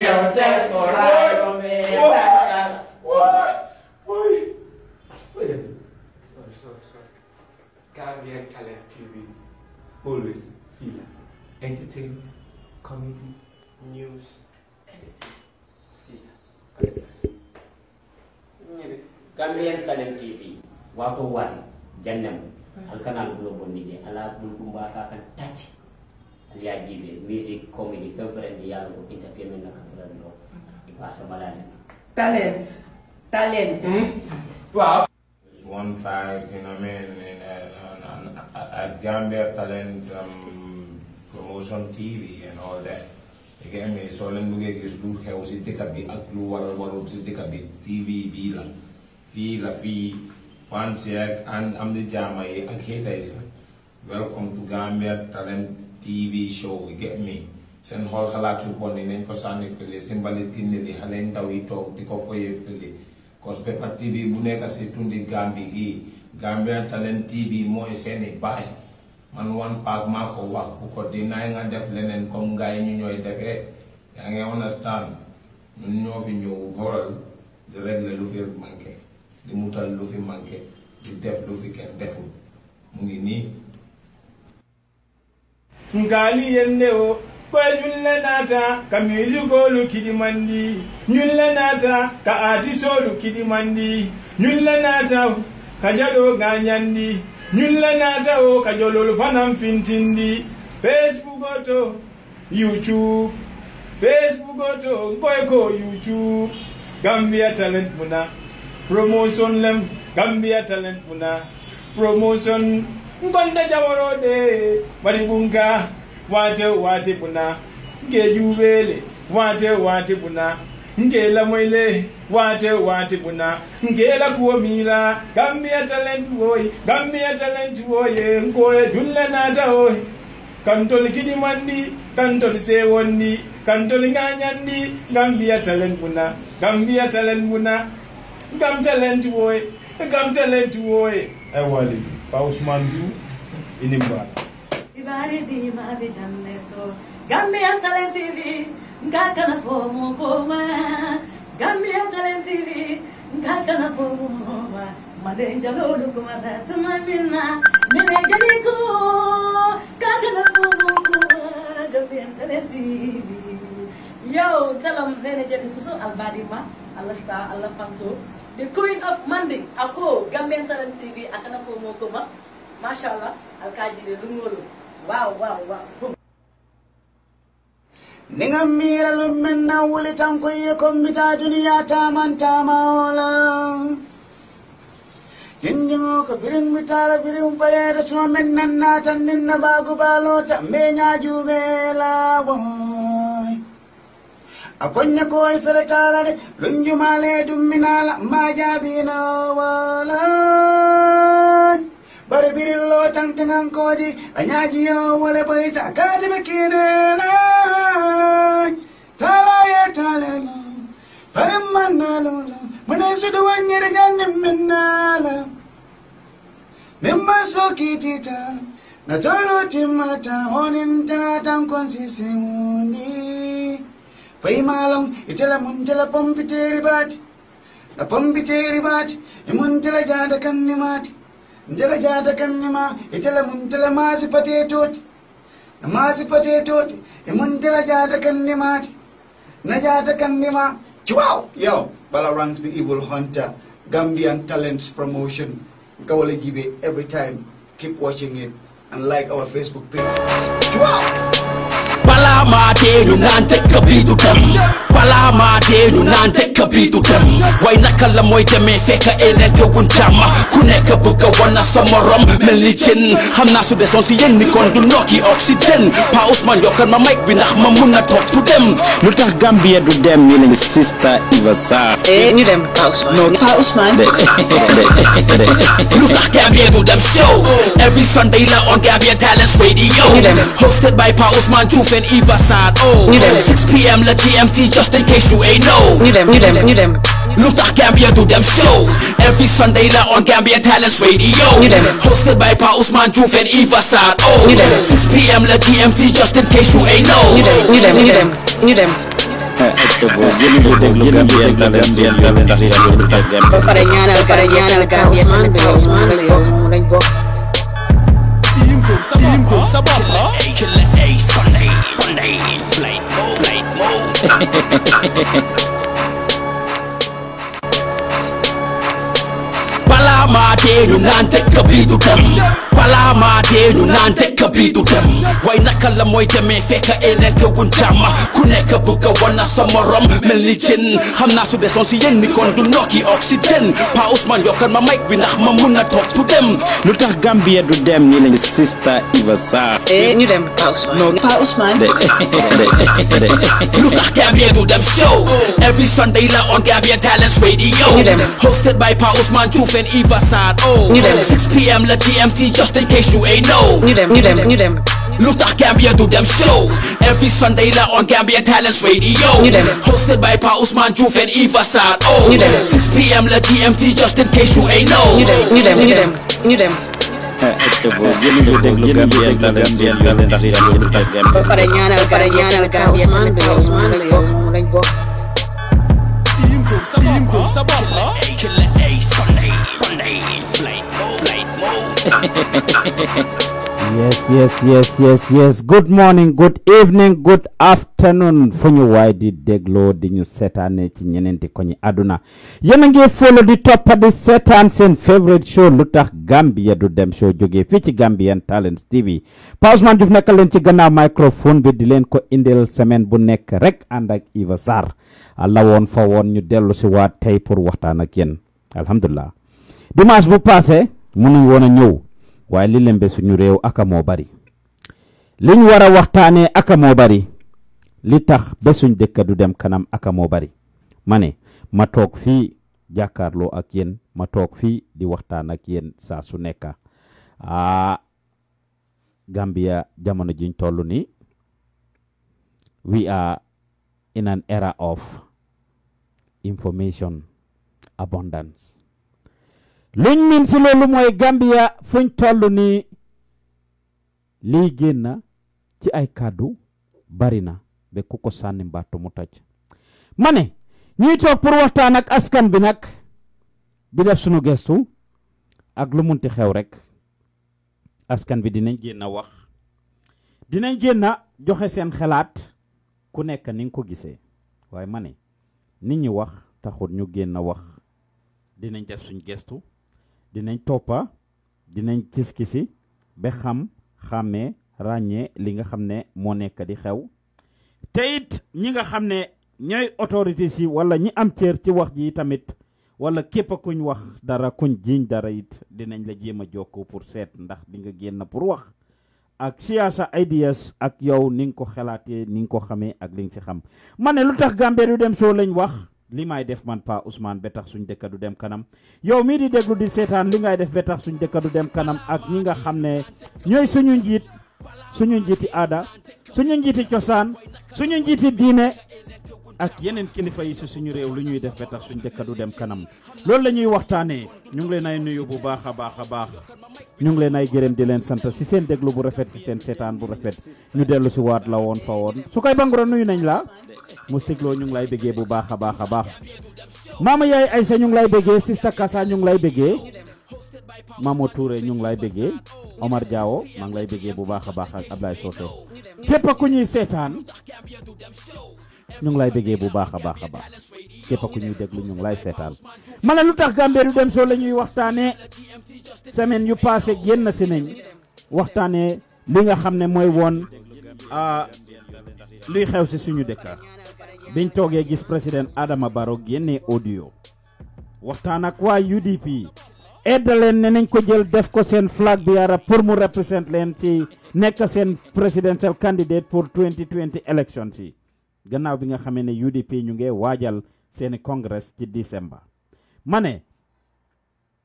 yourself TV. Always feel entertainment, comedy, news, anything. Feel. Talent TV. Wako jannam. Hmm. Alkanal bulo nige. ala bulgumba kakan tachi. liajibe music comedy fɛn de y'a entertainment na ka i b'a talent talent hmm? wow one time you know what i mean and, and, gambia talent um, promotion tv and all that you me so len buge gis du xew si dëkk bi ak lu waral warul si dëkk bi tv bi la fii la fii fans yi ak am di jaama yi ak xéetay sax welcome to gambia talent TV show you get me seen xool xalaatu xool yi nañ ko sànni fële si mbalit gi ne li xale ndaw yi toog di ko foyee fële cause Peppa TV bu nekk si tundi Gambi gii Gambian talent TV mooy seeni baay man one pack maa ko wax bu ko dinaay nga def leneen comme gars yi ñu ñooy defee yaa understand ñun ñoo fi ñëw xoolal di régler lu fi manqué di mutal lu fi manqué di def lu fi kenn deful mu ngali yende o ko julle nata ka miji golu kidimandi julle nata ka adi solu kidimandi julle nata ka jado ganyandi julle nata o ka jololu fanam fintindi facebook oto youtube facebook oto ngoy ko youtube gambia talent muna promotion lem gambia talent muna promotion mgbanda jawarode gbarịgbunga wate wate bụna nkeji ụgbọele wate wate bụna nkela mwele wate wate bụna nkela kuomila gambia talent oyi gambia talent oye nkoye dunle nata oyi kantoli kidimandi kantoli sewondi kantoli nganyandi gambia talent bụna gambia talent bụna gam talent oyi gam talent oyi ewali Pa Ousmane Diouf, Inimba. Ibaridi madi janneto, Gambia Talent TV, ngakana fomu ma, Gambia Talent TV, ngakana fomu koma. Made jalolu kuma datuma bina, mene jaliko, kakana fomu koma. Gambia Talent TV. Yo, tell them, nene jali susu albadima. alasta alla fanso the queen of mandi ako gambian talent tv akana fo moko ma mashallah alkaji de rungolo wow wow wow ninga miralu minna wuli tanko ye kombita duniya taman tamawola jinjingo ko birin mitala birin pareda suma min nanna tan ninna bagu balota me ñajuɓela wom a konya koy fere kalare lunjumale dumminala majabina wala bare birillo tantangan koji anyajiyo wale barita kadime kirena talaye talela parammanalola munasudu wanyiriganimminala mimmasokitita natolo timata honintatan konsisiuni பைமாலம் இஜல முஞ்சல பொம்பிச்சேரி பாட் பொம்பிச்சேரி பாட் இமுஞ்சல ஜாத கன்னிமாட் ஜல itela munjela இஜல முஞ்சல மாசிபதே தோட் மாசிபதே தோட் இமுஞ்சல ஜாத கன்னிமாட் நஜாத கன்னிமா chuaw yo balarang's the evil hunter gambian talents promotion gawale jibe every time keep watching it and like our Facebook page. Wow palama you naan dekka dem way wuñ ku si ni kon du Pa Ousmane yokkal ma mic bi ndax ma mun na toog dem lu tax Gambia du dem Sister ñu eh, dem Pa Pa lu tax Gambia du dem show every Sunday la on Gambia Talents Radio hosted by Pa Ousmane Diouf and Eva Sarr oh 6 p.m. la GMT just just in case you ain't know. Knew them, knew them, knew them. Luther Gambia do them show Every Sunday night on Gambia Talents Radio Hosted by Pa Usman Juf and Eva Sado 6pm la GMT just in case you ain't know New them, new them, new them, new them Ha balaa maa dee ñu naan tekk bii du dem balaa maa way naka la mooy demee fekk enente wuñ jàmm ku nekk bëgg a wana sa morom mel ni jën xam naa su desoon si ni kon du nokki oxygène Pa Ousmane yokkal ma mic bi ndax ma mun a toog du dem lu tax Gambia du dem ñi lañu Sister Eva Sarr eh, ñu dem Pa Ousmane Pa Ousmane lu tax Gambia du dem show every Sunday la on Gambia north and either side. Oh, new them. 6 p.m. La GMT, just in case you ain't know. New them, new them, new them. Luther Gambia do them show Every Sunday live on Gambia Talents Radio Hosted by Pa Usman Juf and Eva Sad Oh 6pm la GMT just in case you ain't know New them, new them, new them yéen ñu déglu Gambian Talents Radio ba pare ñaanal pare ñaanal Gambia Ousmane bi Ousmane la yow moom lañ bokk tiim ko sa bopp yes yes yes yes yes good morning good evening good afternoon fu ñu waay di dégloo di ñu seetaane ci ñeneenti ko ñi àdduna yéen a ngi fóolu di toppa di seetaan seen favorite show lu tax Gambia du dem soo jógee fii ci Gambian Talents TV Pa Ousman Joof nekkal leen ci gannaaw microphone bi di leen ko indil semaine bu nekk rek ànd ak ivasar Sarr la woon fa woon ñu dellu si tey pour waxtaan ak yéen alhamdulilah dimanche bu passé mënuñ woon a ñëw waaye li lembe suñu réew aka moo bari liñ war a waxtaanee aka bari li tax ba suñ du dem kanam aka moo bari ma ma toog fii jàkkaarloo ak yéen ma toog fii di waxtaan ak yéen saa su nekk ah Gambia jamono jiñ toll nii we are in an era of information abondance luñ min si loolu mooy Gambia fuñ toll nii lii génn ci ay kàddu bari na ba ku ko sànni mbattu mu toj ma ne ñuy toog pour waxtaan ak askan bi nag di def sunu gestu ak lu munti xew rekk askan bi dinañ génn wax dinañ génn joxe seen xalaat ku nekk ni ko gisee waaye mane ni ñu wax taxul ñu génn wax dinañ def suñ gestu dinañ toppa dinañ kis-kisi ba xam xàmmee ràññee li nga xam ne moo nekk di xew te ñi nga autorité wala ñi am cër ci wax ji tamit wala képp kuñ wax dara kuñ jiñ dara it dinañ la jéem a jokk pour seet ndax di nga génn pour wax ak ideas ak yow ningko nga ko xalaatee ni nga ko xamee ak li nga xam gambeer yu dem lañ wax li may def man Pa Ousman ba tax suñ dëkk du dem kanam yow mii di déglu di seetaan li ngay def ba tax suñ dëkk du dem kanam ak ñi nga xam ne ñooy suñu njiit suñu njiiti aada suñu njiiti cosaan suñu njiiti diine ak yeneen kilifa yi si suñu réew lu ñuy def ba tax suñ dëkk du dem kanam loolu la ñuy waxtaanee ñu ngi leen ay nuyu bu baax a baax a baax ñu ngi leen ay gërëm di leen sant si seen déglu bu rafet si seen seetaan bu rafet ñu dellu si waat la woon fa woon Moustique Lo ñu ngi lay bëggee bu baax a baax a baax maama yaay Aïssa ñu ngi lay bëggee Sista Kassa ñu ngi lay bëggee Mamo Touré ñu ngi lay bëggee Omar Diawo maa ngi lay bëggee bu baax a baax ak Ablaye Socé képp ku ñuy seetaan ñu ngi lay bëggee bu baax a baax a baax képp ku ñuy déglu ñu ngi lay seetaan ma ne lu tax Gambia du dem show la ñuy waxtaanee semaine yu passé génn si nañ waxtaanee li nga xam ne mooy woon ah, luy xew si suñu dëkka biñ toogee gis président Adama Barrow génnee audio waxtaan ak UDP edda leen ne nañ ko jël def ko sen flag bi yara pour mu represent len ci nek sen presidential candidate pour 2020 élection si gannaaw bi nga xamé ne UDP ñu ngé wajal sen congrès ci décembre mané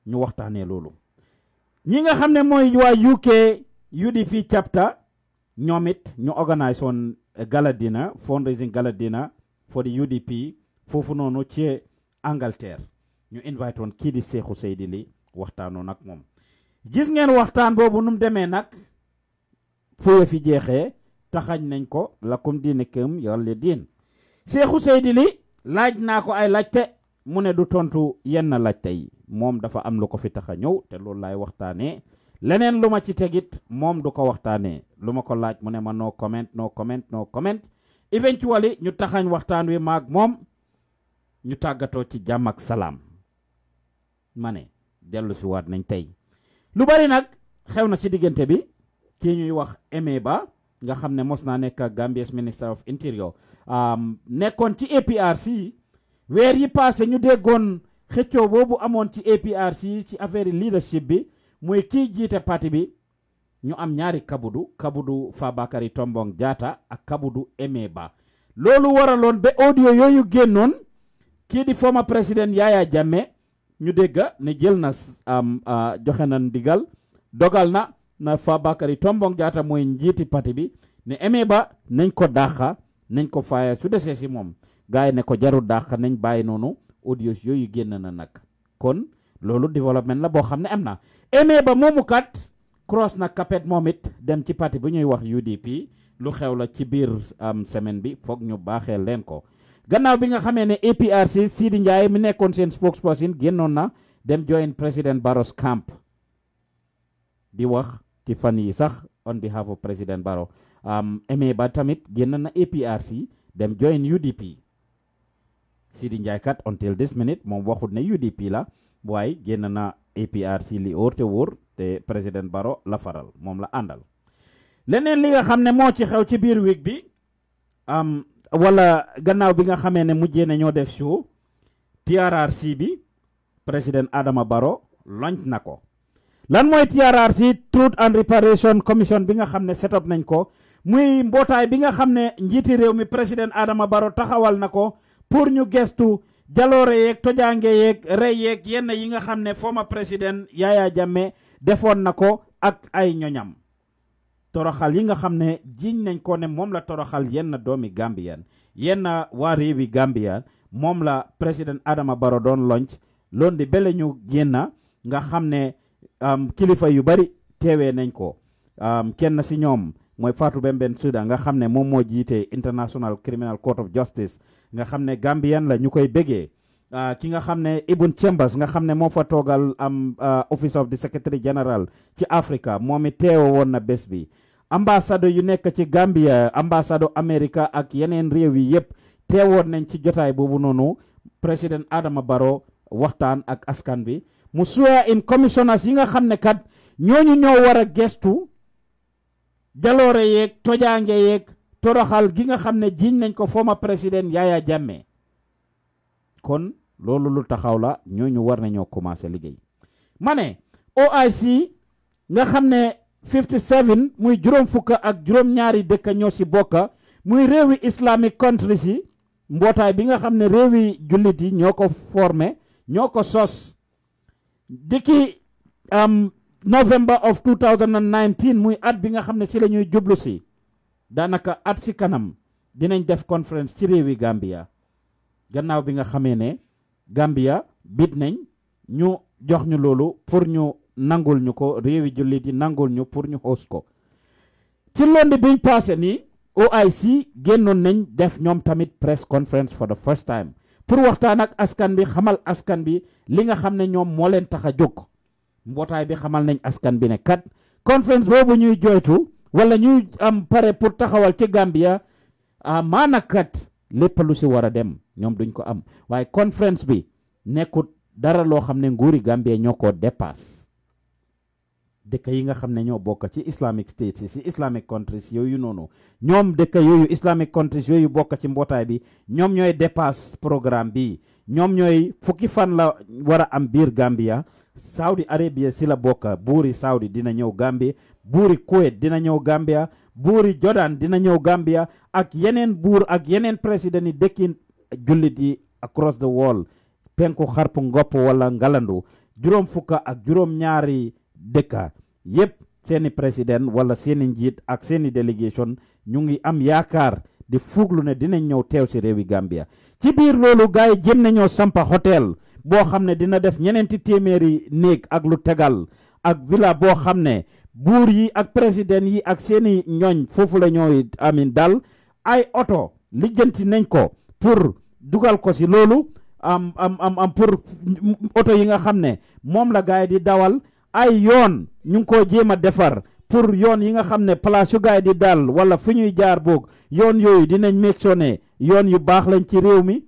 ñu waxtané lolu ñi nga xamné ne wa UK UDP chapter ñomit ñu organise woon gala dinner fundraising gala dinner for the UDP foofu noonu ci Angleterre ñu invite woon kii di Seexu Seydi li waxtaanoon ak moom gis ngeen waxtaan boobu nu mu demee nag fu fi jeexee taxañ nañ ko lakum këm yàlla diin Seexu Seydi li laaj naa ko ay laajte mu ne du tontu yenn laaj tey moom dafa am lu ko fi tax a ñëw te loolu laay waxtaanee leneen lu ma ci tegit moom du ko waxtaanee lu ma ko laaj mu ne ma no comment no comment no comment eventually ñu taxañ waxtaan wi maag moom ñu tàggatoo ci jàmm ak salaam ma ne dellu si waat nañ tey lu bari nag xew na ci diggante bi kii ñuy wax Aimé Ba nga xam ne mos naa nekk Gambia's Minister of Interior nekkoon ci APRC weer yi passé ñu déggoon xëccoo boobu amoon ci APRC ci affaire leadership bi muy kii jiite pati bi ñu am ñaari kabudu kabudu Fabakary Tombong jaata ak kabudu Aimé Ba loolu waraloon ba audio yooyu génnoon kii di former président Yaya Jammeh ñu dégga ne jël na joxe na ndigal dogal na na Fabakary Tombong Jatta mooy njiiti parti bi ne Aimé Ba nañ ko dàqa nañ ko faaya su desee si moom gars yi ne ko jarul dàqa nañ bàyyi noonu audios yooyu génn na nag kon loolu développement la boo xam ne am na Aimé Ba moomu kat cross nag kapet moom dem ci parti bu ñuy wax UDP lu xew la ci biir semaine bi foog ñu baaxee leen ko gannaaw bi nga xamee ne APRC Sidi Ndiaye mi nekkoon seen spokesperson génnoon na dem join président Barro's camp wax ci fan yi sax on président Barrow Aimé Ba tamit génn na APRC dem join UDP Sidi Ndiaye kat until this minute moom waxut ne UDP la waaye génn na APRC li óor te wóor te président Barrow la faral moom la àndal. leneen li nga xam ne moo ci xew ci biir week bi am wala gannaaw bi nga xamee ne mujjee ne ñoo def show TRRC bi président Adama Barrow lonc na ko. lan mooy TRRC Truth and Reparation Commission bi nga xam ne set nañ ko muy mbootaay bi nga xam ne njiiti réew mi président Adama Barrow taxawal na ko pour ñu gestu jaloore yeeg tojange yeeg rey yeeg yenn yi nga xam ne former président yaaya Jammeh defoon na ko ak ay ñoñam toroxal yi nga xam ne jiiñ nañ ko ne moom la toroxal yenn doomi Gambian yenn waa réewi Gambian moom la président Adama Barrow doon lonc loon di bele ñu génn nga xam ne kilifa yu bari teewee nañ ko kenn si ñoom moy Fatou bemben Souda nga xamne mom mo jité International Criminal Court of Justice nga xamne gambian la ñukoy béggé Ah, ki nga xamne ibun Chambers nga xamne mo fa togal am ah, office of the secretary general ci Africa momi téw won na bes bi ambassade yu nekk ci Gambia ambassade America ak yenen réew yi téw won nañ ci jotay bobu nonu president Adama baro waxtaan ak askan bi mu in commissioners yi nga xamne kat ñoñu ñoo wara gestu jaloore yeeg tojaange yeeg toroxal gi nga xam ne jiiñ nañ ko former président Yaya jàmmee kon loolu lu taxaw la ñooñu war nañoo commencé liggéey ma ne OIC nga xam ne 57 muy juróom fukk ak juróom-ñaari dëkk ñoo si bokka muy réewi islamic countries si mbootaay bi nga xam ne réewi jullit yi ñoo ko formé ñoo ko sos dikki november of 2019 muy at bi nga xamne ne lañuy la jublu si danaka at ci kanam dinañ def conference ci rewi Gambia gannaaw bi nga xamé né Gambia bit nañ ñu jox ñu lolu pour ñu nangul ñu ko rewi julli di nangul ñu pour ñu host ko ci londi biñ passé ni OIC gennon nañ def ñom tamit press conference for the first time pour waxtaan ak askan bi xamal askan bi li nga xamne ne mo len leen mbootaay bi xamal nañ askan bi ne kat conférence boobu ñuy joytu wala ñuy am pare pour taxawal ci Gambia ah, maanakat lépp lu si war a dem ñoom duñ ko am waaye conférence bi nekkut dara loo xam ne nguuri Gambia ñoo ko dépasse dëkk yi nga xamne ño ci islamic states isi islamic countries yoyu noonu ñoom yo yooyu islamic countries yoyu bokk ci mbotay bi ñom ñoy dépasse programme bi ñom ñoy fukki fan la wara am bir Gambia Saudi Arabia sila la Buri Saudi dina ñew Gambia Buri Kuwait dina ñew Gambia Buri Jordan dina ñew Gambia ak yenen bur ak yenen president yi dëkki julit yi across the world penku xarpu ngop wala ngalandu juróom fukka ak juróom ñaari deka yépp seeni président wala seeni njiit ak seeni délégation ñu ngi am yaakaar di fuuglu ne dinañ ñëw teew si réewi Gambia ci biir loolu gars yi jëm nañoo sampa hôtel boo xam ne dina def ñeneenti téeméeri néeg ak lu tegal ak villa boo xam ne buur yi ak président yi ak seeni ñooñ foofu la ñooy amin dal ay oto lijjanti nañ ko pour dugal ko si loolu am am am pour oto yi nga xam ne moom la gars yi di dawal ay yoon ñu ngi koo jéem a defar pour yoon yi nga xam ne place yu gaay di dal wala fu ñuy jaar boog yoon yooyu dinañ mentionné yoon yu baax lañ ci réew mi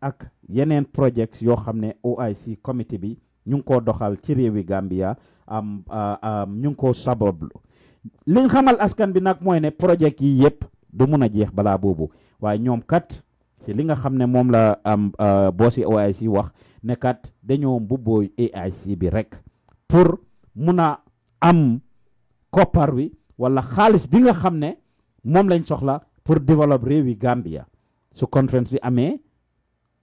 ak yeneen projects yoo xam ne OIC comité bi ñu ngi koo doxal ci réewi Gambia am ñu ngi koo sabablu liñ xamal askan bi nag mooy ne project yi yëpp du mun a jeex balaa boobu waaye ñoom kat si li nga xam ne moom la am boosi OIC wax ne kat dañoo mbubboo AIC bi rek pour mun a am koppar wi wala xaalis bi nga xam ne moom lañ soxla pour développer réewi Gambia su conférence bi amee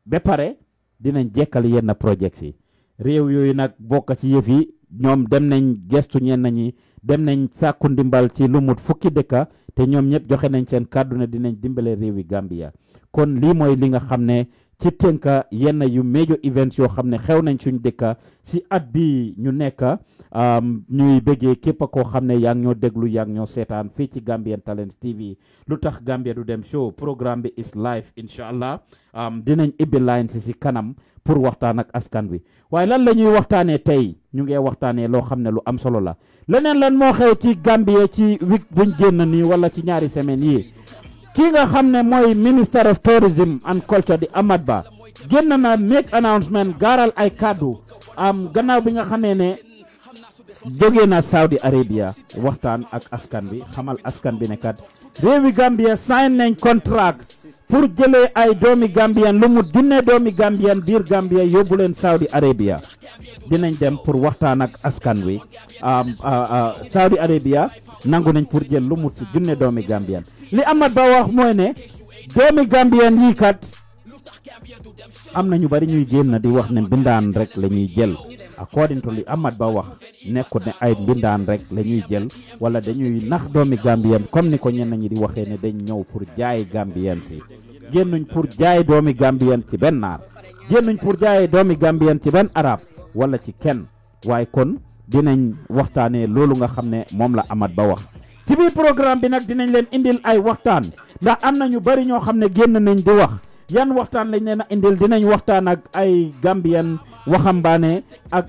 ba pare dinañ jekkal yenn projets si réew yooyu nag bokk ci yëf yi ñoom dem nañ gestu ñeen ñi dem nañ sàkku ndimbal ci lu fukki dëkka te ñoom ñëpp joxe nañ seen kàddu ne dinañ dimbale réewi Gambia kon lii mooy li nga xam ne ci tënka yenn yu major events yoo xam ne xew nañ suñ dëkka si at bi ñu nekk ñuy bëggee képp koo xam ne yaa ngi ñoo déglu yaa ngi ñoo seetaan fii ci Gambian Talents TV lu tax Gambia du dem show programme bi is live incha allah dinañ ibbi line si kanam pour waxtaan ak askan bi waaye lan lañuy waxtaanee tey ñu ngi waxtaanee loo xam ne lu am solo la leneen lan moo xew ci Gambia ci week buñ génn nii wala ci ñaari semaine yi kii nga xam ne mooy minister of tourism and culture di Amat Ba génn na make announcement gaaral ay kàddu am gannaaw bi nga xamee ne jóge na Saudi Arabia waxtaan ak askan bi xamal askan bi ne kat rewi Gambia sign nañ contract pour jëlé ay doomi Gambien lu mu dinné doomi Gambien bir Gambia yobu len Saudi Arabia dinañ dem pour waxtaan ak askan wi Saudi Arabia nangu nañ pour jël lu mu dinné doomi Gambien li Amat Ba wax moy né doomi Gambien yi kat am ñu bari ñuy génn di wax né bindaan rek lañuy jël. according to li Amat Bah wax nekkut ne ay mbindaan rek la ñuy jël wala dañuy nax doomi Gambien comme ni ko ñenn ñi di waxee ne dañ ñëw pour jaay Gambien si génnuñ pour jaay doomi Gambien ci benn naar génnuñ pour jaay doomi Gambien ci benn arab wala ci kenn waaye kon dinañ waxtaanee loolu nga xam ne moom la Amat ba wax. ci biir programme bi nag dinañ leen indil ay waxtaan ndax am na ñu bari ñoo xam ne génn nañ di wax. yan waxtaan lañ leen a indil dinañ waxtaan ak ay Gambien waxambaane ak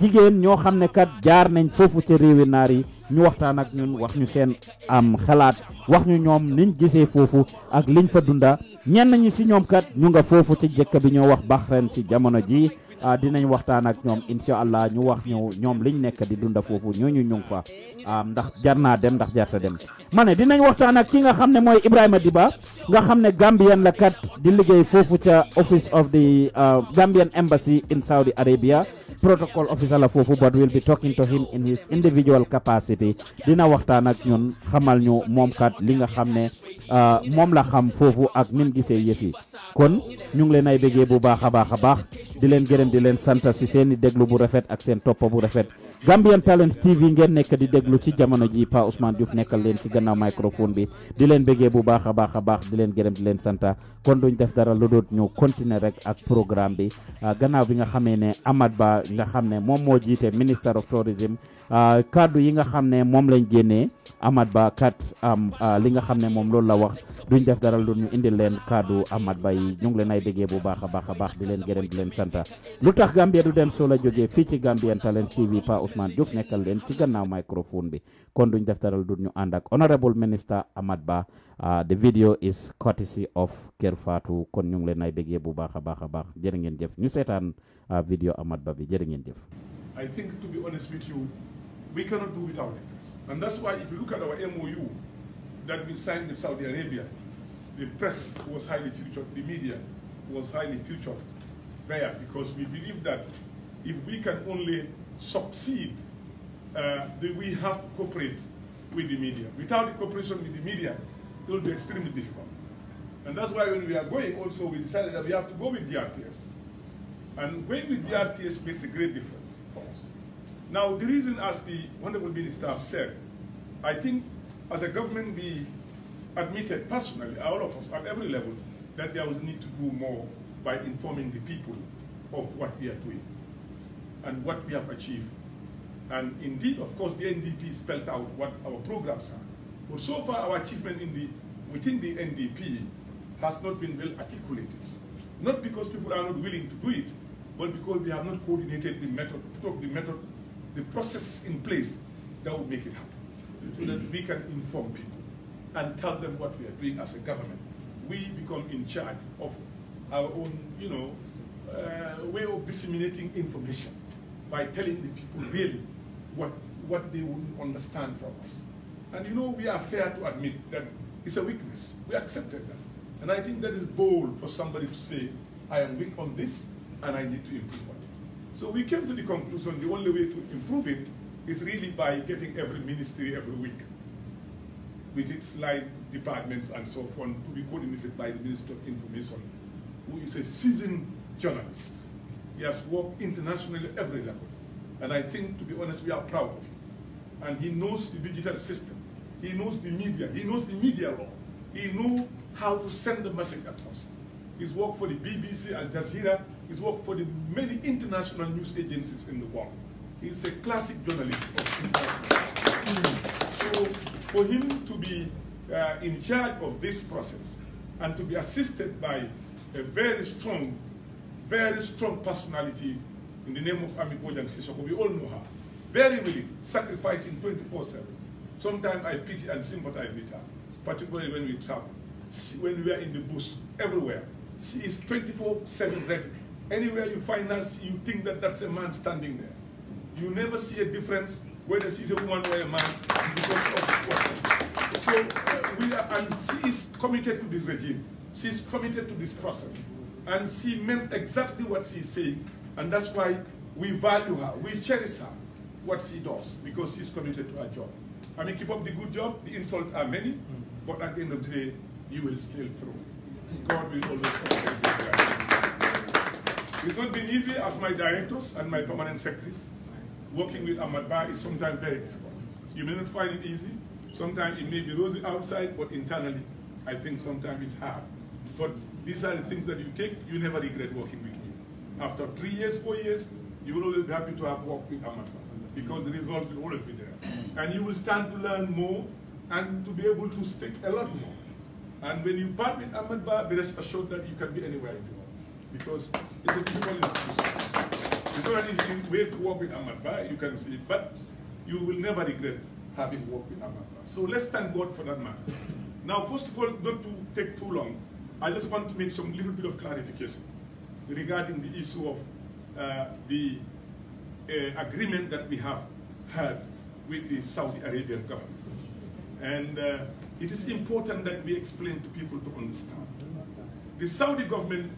jigéen ñoo xam ne kat jaar nañ foofu ci réewi naar yi ñu waxtaan ak ñun wax ñu seen am xalaat wax ñu ñoom niñ gisee foofu ak liñ fa dunda ñenn nañu si ñoom kat ñu nga foofu ci jëkk bi ñoo wax ren ci jamono jii Ah, dinañ waxtaan ak ñoom insha allah ñu wax ñu ñoom liñ nekk di dunda fofu ñoo ñu ngi fa ah, ndax jarna dem ndax jarta dem mané dinañ waxtaan ak ki nga xam moy Ibrahima Diba nga Gambian la kat di liggéey fofu ca office of the ah, Gambian embassy in Saudi Arabia protocol officer la fofu but we'll be talking to him in his individual capacity dina waxtaan ak ñun xamal ñu mom kat li nga xam ne moom la xam fofu ak nim gisee yefi kon ñu ngi lay nay bu baaxa baaxa baax di leen gërëm di leen sant si seen i déglu bu rafet ak seen toppa bu rafet Gambian Talents TV ngeen nekk di déglu ci jamono ji Pa Ousmane Diouf nekkal leen ci gannaaw microphone bi di leen bëggee bu baax a baax a baax di leen gërëm di leen santa kon duñ def dara lu doot ñu continuer rek ak programme bi ah, gannaaw bi nga xamee ne Amat Bah nga xam ne moom moo jiite Minister of Tourism ah, kaddu yi nga xam ne moom lañ génne Amat Bah kat ah, li nga xam ne moom loolu la wax duñ def dara lu ñu indil leen kaddu Amat Bah yi ñu leen ay bëggee bu baax a baax baax di leen gërëm di leen santa Ousmane Diouf nekkal len ci gannaaw microphone bi kon duñ def taral du honorable minister Ba uh, the video is courtesy of Kër Fatou kon ñu ngi lay nay bëggee bu baaxa baaxa baax a ngeen jëf ñu uh, video Ahmad Ba bi jërë ngeen jëf. I think to be honest with you, we cannot do without it. And that's why if you look at our MOU that we signed with Saudi Arabia, the press was highly featured, the media was highly featured there because we believe that if we can only succeed, uh, we have to cooperate with the media. Without the cooperation with the media, it will be extremely difficult. And that's why when we are going also, we decided that we have to go with DRTS. And going with DRTS makes a great difference for us. Now, the reason, as the Honorable Minister have said, I think as a government, we admitted personally, all of us at every level, that there was need to do more by informing the people of what we are doing and what we have achieved. And indeed, of course, the NDP spelled out what our programs are. But so far, our achievement in the, within the NDP has not been well articulated. Not because people are not willing to do it, but because we have not coordinated the method, put the method, the processes in place that will make it happen, so that we can inform people and tell them what we are doing as a government. We become in charge of our own, you know, uh, way of disseminating information by telling the people really what, what they would understand from us. And you know, we are fair to admit that it's a weakness. We accepted that. And I think that is bold for somebody to say, I am weak on this and I need to improve on it. So we came to the conclusion the only way to improve it is really by getting every ministry every week with its line departments and so on to be coordinated by the Minister of Information, who is a seasoned journalist. He has worked internationally at every level. And I think, to be honest, we are proud of him. And he knows the digital system. He knows the media. He knows the media law. He knows how to send the message across. He's worked for the BBC, Al Jazeera. He's worked for the many international news agencies in the world. He's a classic journalist So for him to be uh, in charge of this process and to be assisted by a very strong very strong personality in the name of Ami Bojang Sisoko. We all know her. Very willing, sacrificing 24-7. Sometimes I pity and sympathize with her, particularly when we travel. When we are in the bush, everywhere. She is 24-7 ready. Anywhere you find us, you think that that's a man standing there. You never see a difference whether she's a woman or a man because of So uh, we are, and she is committed to this regime. She is committed to this process and she meant exactly what she's saying, and that's why we value her, we cherish her, what she does, because she's committed to her job. I mean, keep up the good job, the insults are many, mm-hmm. but at the end of the day, you will scale through. God will always protect It's not been easy as my directors and my permanent secretaries. Working with Ahmad Ba is sometimes very difficult. You may not find it easy. Sometimes it may be rosy outside, but internally, I think sometimes it's hard. But these are the things that you take, you never regret working with me. After three years, four years, you will always be happy to have worked with Amatma because the result will always be there. And you will stand to learn more and to be able to stick a lot more. And when you part with Ahmad be rest assured that you can be anywhere you want because it's a people institution. It's not an easy way to work with Ahmad you can see it, but you will never regret having worked with Ahmad So let's thank God for that man. Now, first of all, not to take too long, I just want to make some little bit of clarification regarding the issue of uh, the uh, agreement that we have had with the Saudi Arabian government. And uh, it is important that we explain to people to understand. The Saudi government...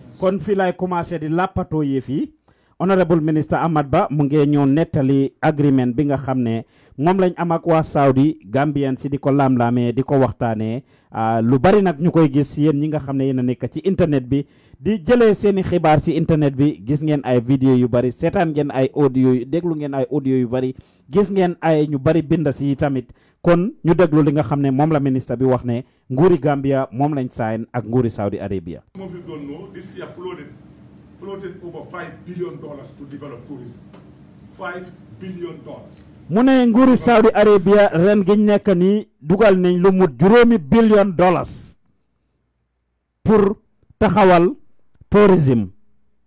honorable minister Ahmad Ba mu ngey ñoo netali agreement bi nga xamne ne lañ am ak wa Saudi gambian ci diko lam lamé diko di ko ah, lu bari nak ñukoy gis yeen ñi nga xamne ne nek ci internet bi di jëlé seeni xibaar ci internet bi gis ngeen ay vidéo yu bari sétane ngeen ay audio yu déglu ngeen ay audio yu bari gis ngeen ay ñu bari bind ci tamit kon ñu déglu li nga xamne ne la minister bi wax ne Gambia mom lañ sign ak nguuri Saudi Arabia. mu ne nguuri Saudi Arabia ren gi nekk nii dugal nañ lu mut juróomi billion dollars pour taxawal tourisme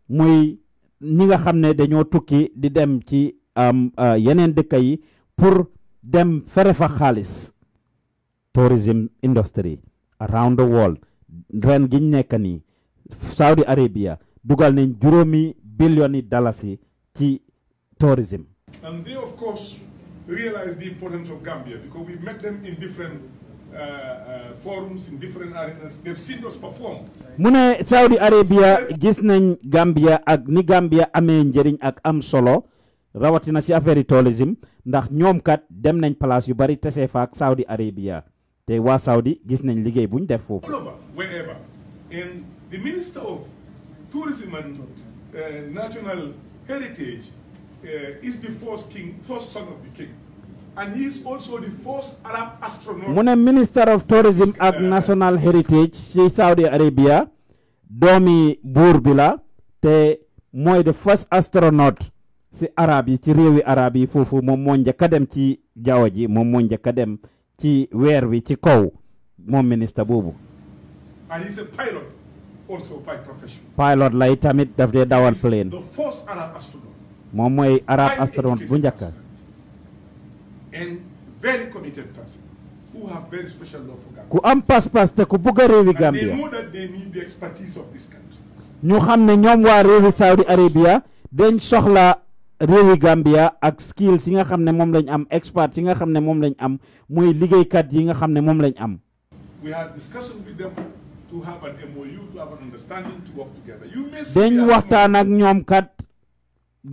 muy ñi nga xam ne dañoo tukki di dem ci euh, yeneen dëkk yi pour dem fere fa xaalis tourism industry around the world ren gi nekk nii Saudi Arabia. dugal nañ juróomi billioni dalasi ci tourism and they of course realize the importance of Gambia because we met them in different Uh, uh, forums in different arenas they've seen us perform Saudi Arabia gis nañ Gambia ak ni Gambia amee njëriñ ak am solo rawatina si affaire tourism ndax ñoom kat dem nañ place yu bari tesee Saudi Arabia te Saudi gis nañ liggéey buñ def wherever and the minister of tourism and uh, national heritage uh, is the first mu ne minister of tourism ak national heritage ci Saudi Arabia doomi buur bi la te mooy the first astronaut si arab yi ci réewi arab yi foofu moom moo njëkk dem ci jaww ji moom moo njëkk dem ci weer wi ci kaw moom ministre boobu. also pilot lay tamit daf dee dawal plane. moom mooy Arab astronaut bu njëkk. ku am pas-pas te ku bugg réewi Gambia. ñu xam ne ñoom waa réewi Saudi Arabia dañ soxla réewi Gambia ak skills yi nga xam ne moom lañ am experts yi nga xam ne moom lañ am muy liggéeykat yi nga xam ne moom lañ am. dañ waxtaan ak ñoom kat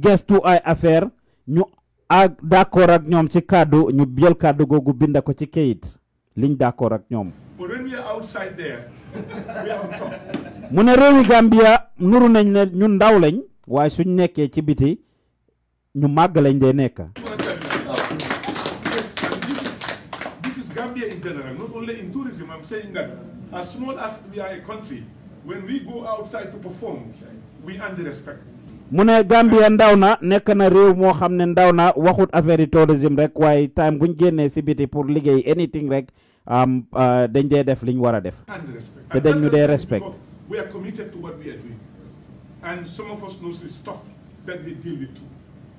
gestu ay affaire ñu ak d'accord ak ñoom ci kàddu ñu jël kàddu googu binda ko ci kayit liñ d'accord ak ñoom mu ne réewi Gambia nuru nañ ne ñu ndaw lañ waaye suñ nekkee ci biti ñu màgg lañ dee nekk general, not only in tourism, I'm saying that as small as we are a country, when we go outside to perform, we earn the respect. mu Gambia ndaw na nekk na réew mo xam ne na waxut affaire tourism tourisme rek waaye time bu ñu génnee si biti pour liggéey anything rek euh, dañ dee def li ñu def. te dañ ñu respect. we are committed to what we are doing. And some of us knows the stuff that we deal with too.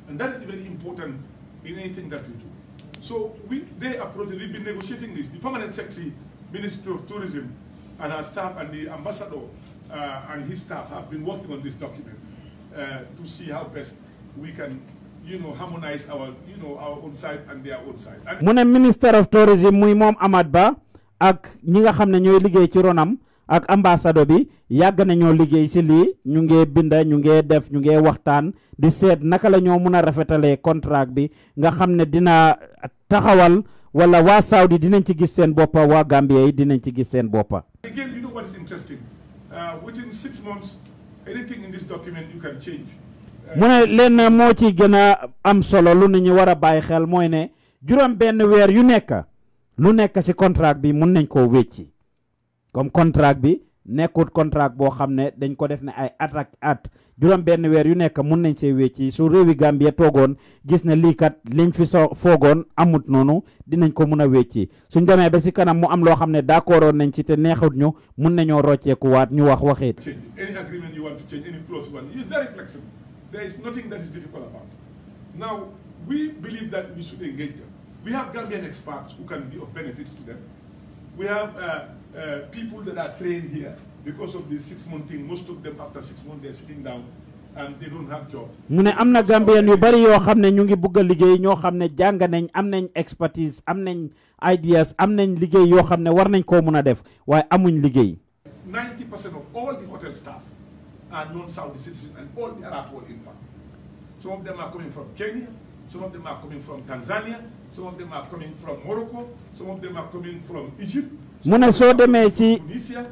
And that is very important in anything that we do. So we, they approached, we've been negotiating this. The permanent secretary, Ministry of Tourism, and our staff, and the ambassador uh, and his staff have been working on this document uh, to see how best we can you know, harmonize our, you know, our own side and their own side. And Minister of Tourism, muy mom Ahmad Ba, ak ñi nga xamne ñoy ronam ak ambassade bi yag nañu liggéey ci li, ñu ngi binda ñu ngi def ñu ngi waxtaan di sét naka la ñoo mëna rafetalé contrat bi nga xamné dina taxawal wala wa Saudi dinañ ci gis seen boppa wa Gambia yi dinañ ci gis seen boppa. Again, you know what is interesting? Uh, within six months, anything in this document you can uh, ci gëna am solo lu ñu wara xel moy ne juroom ben wër yu nekk lu nekk ci contrat bi mën nañ ko wéccii comme contrat bi nekkut contrat boo xam ne dañ ko def ne ay at ak at juróom benn weer yu nekk mun nañ see wecci su réewi Gambia toogoon gis ne lii kat liñ fi so foogoon amut noonu dinañ ko mun a wecci suñ demee ba si kanam mu am loo xam ne d'accordoon nañ ci te neexut ñu mun nañoo rocceeku waat ñu wax waxeet. There is nothing that is difficult about Now, we believe that we should engage them. We have Gambian experts who can be of benefits to them. Uh, people that are trained here because of the six month thing most of them after six months they're sitting down and they don't have job mu ne am yu bari yoo xam ne ñu ngi bugg a liggéey ñoo xam expertise am ideas am nañ liggéey yoo xam ne war def waaye amuñ liggéey 90 percent of all the hotel staff are non-Saudi citizens and all the Arab world in fact some of them are coming from Kenya some of them are coming from Tanzania some of them are coming from Morocco some of them are coming from Egypt mu ne soo demee ci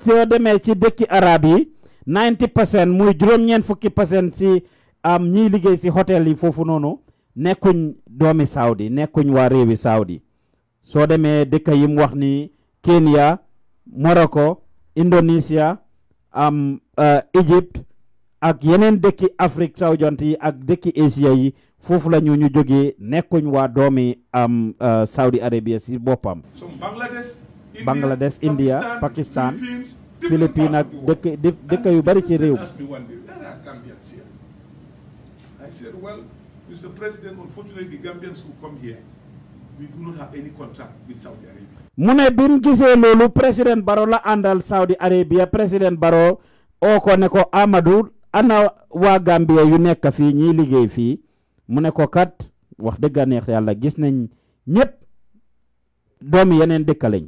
soo demee ci dëkki arab yi 90 percent muy juróom ñeen fukki percent si am ñii liggéey si hôtel yi foofu noonu nekkuñ doomi saudi nekkuñ waa réewi saudi soo demee dëkk yi mu wax ni Kenya Morocco Indonesia am uh, Egypte ak yeneen dëkki Afrique saw jant yi ak dëkki Asia yi foofu la ñu ñu jógee nekkuñ waa doomi am uh, Saudi Arabia si boppam. Bangladesh India Pakistan Philippines ak dëkk yu bari ci rew I said, well, Mr. President, unfortunately, the Gambians who come here, we do not have any contract with Saudi Arabia. mune bim gise mu president loolu président la àndal Saudi Arabia president baro oo ko ne ko Amadou ana wa Gambia yu nek fi ñi liggey fi mune ko kat wax dëgg neex yalla gis nañ ñep doomi yenen dekk lañ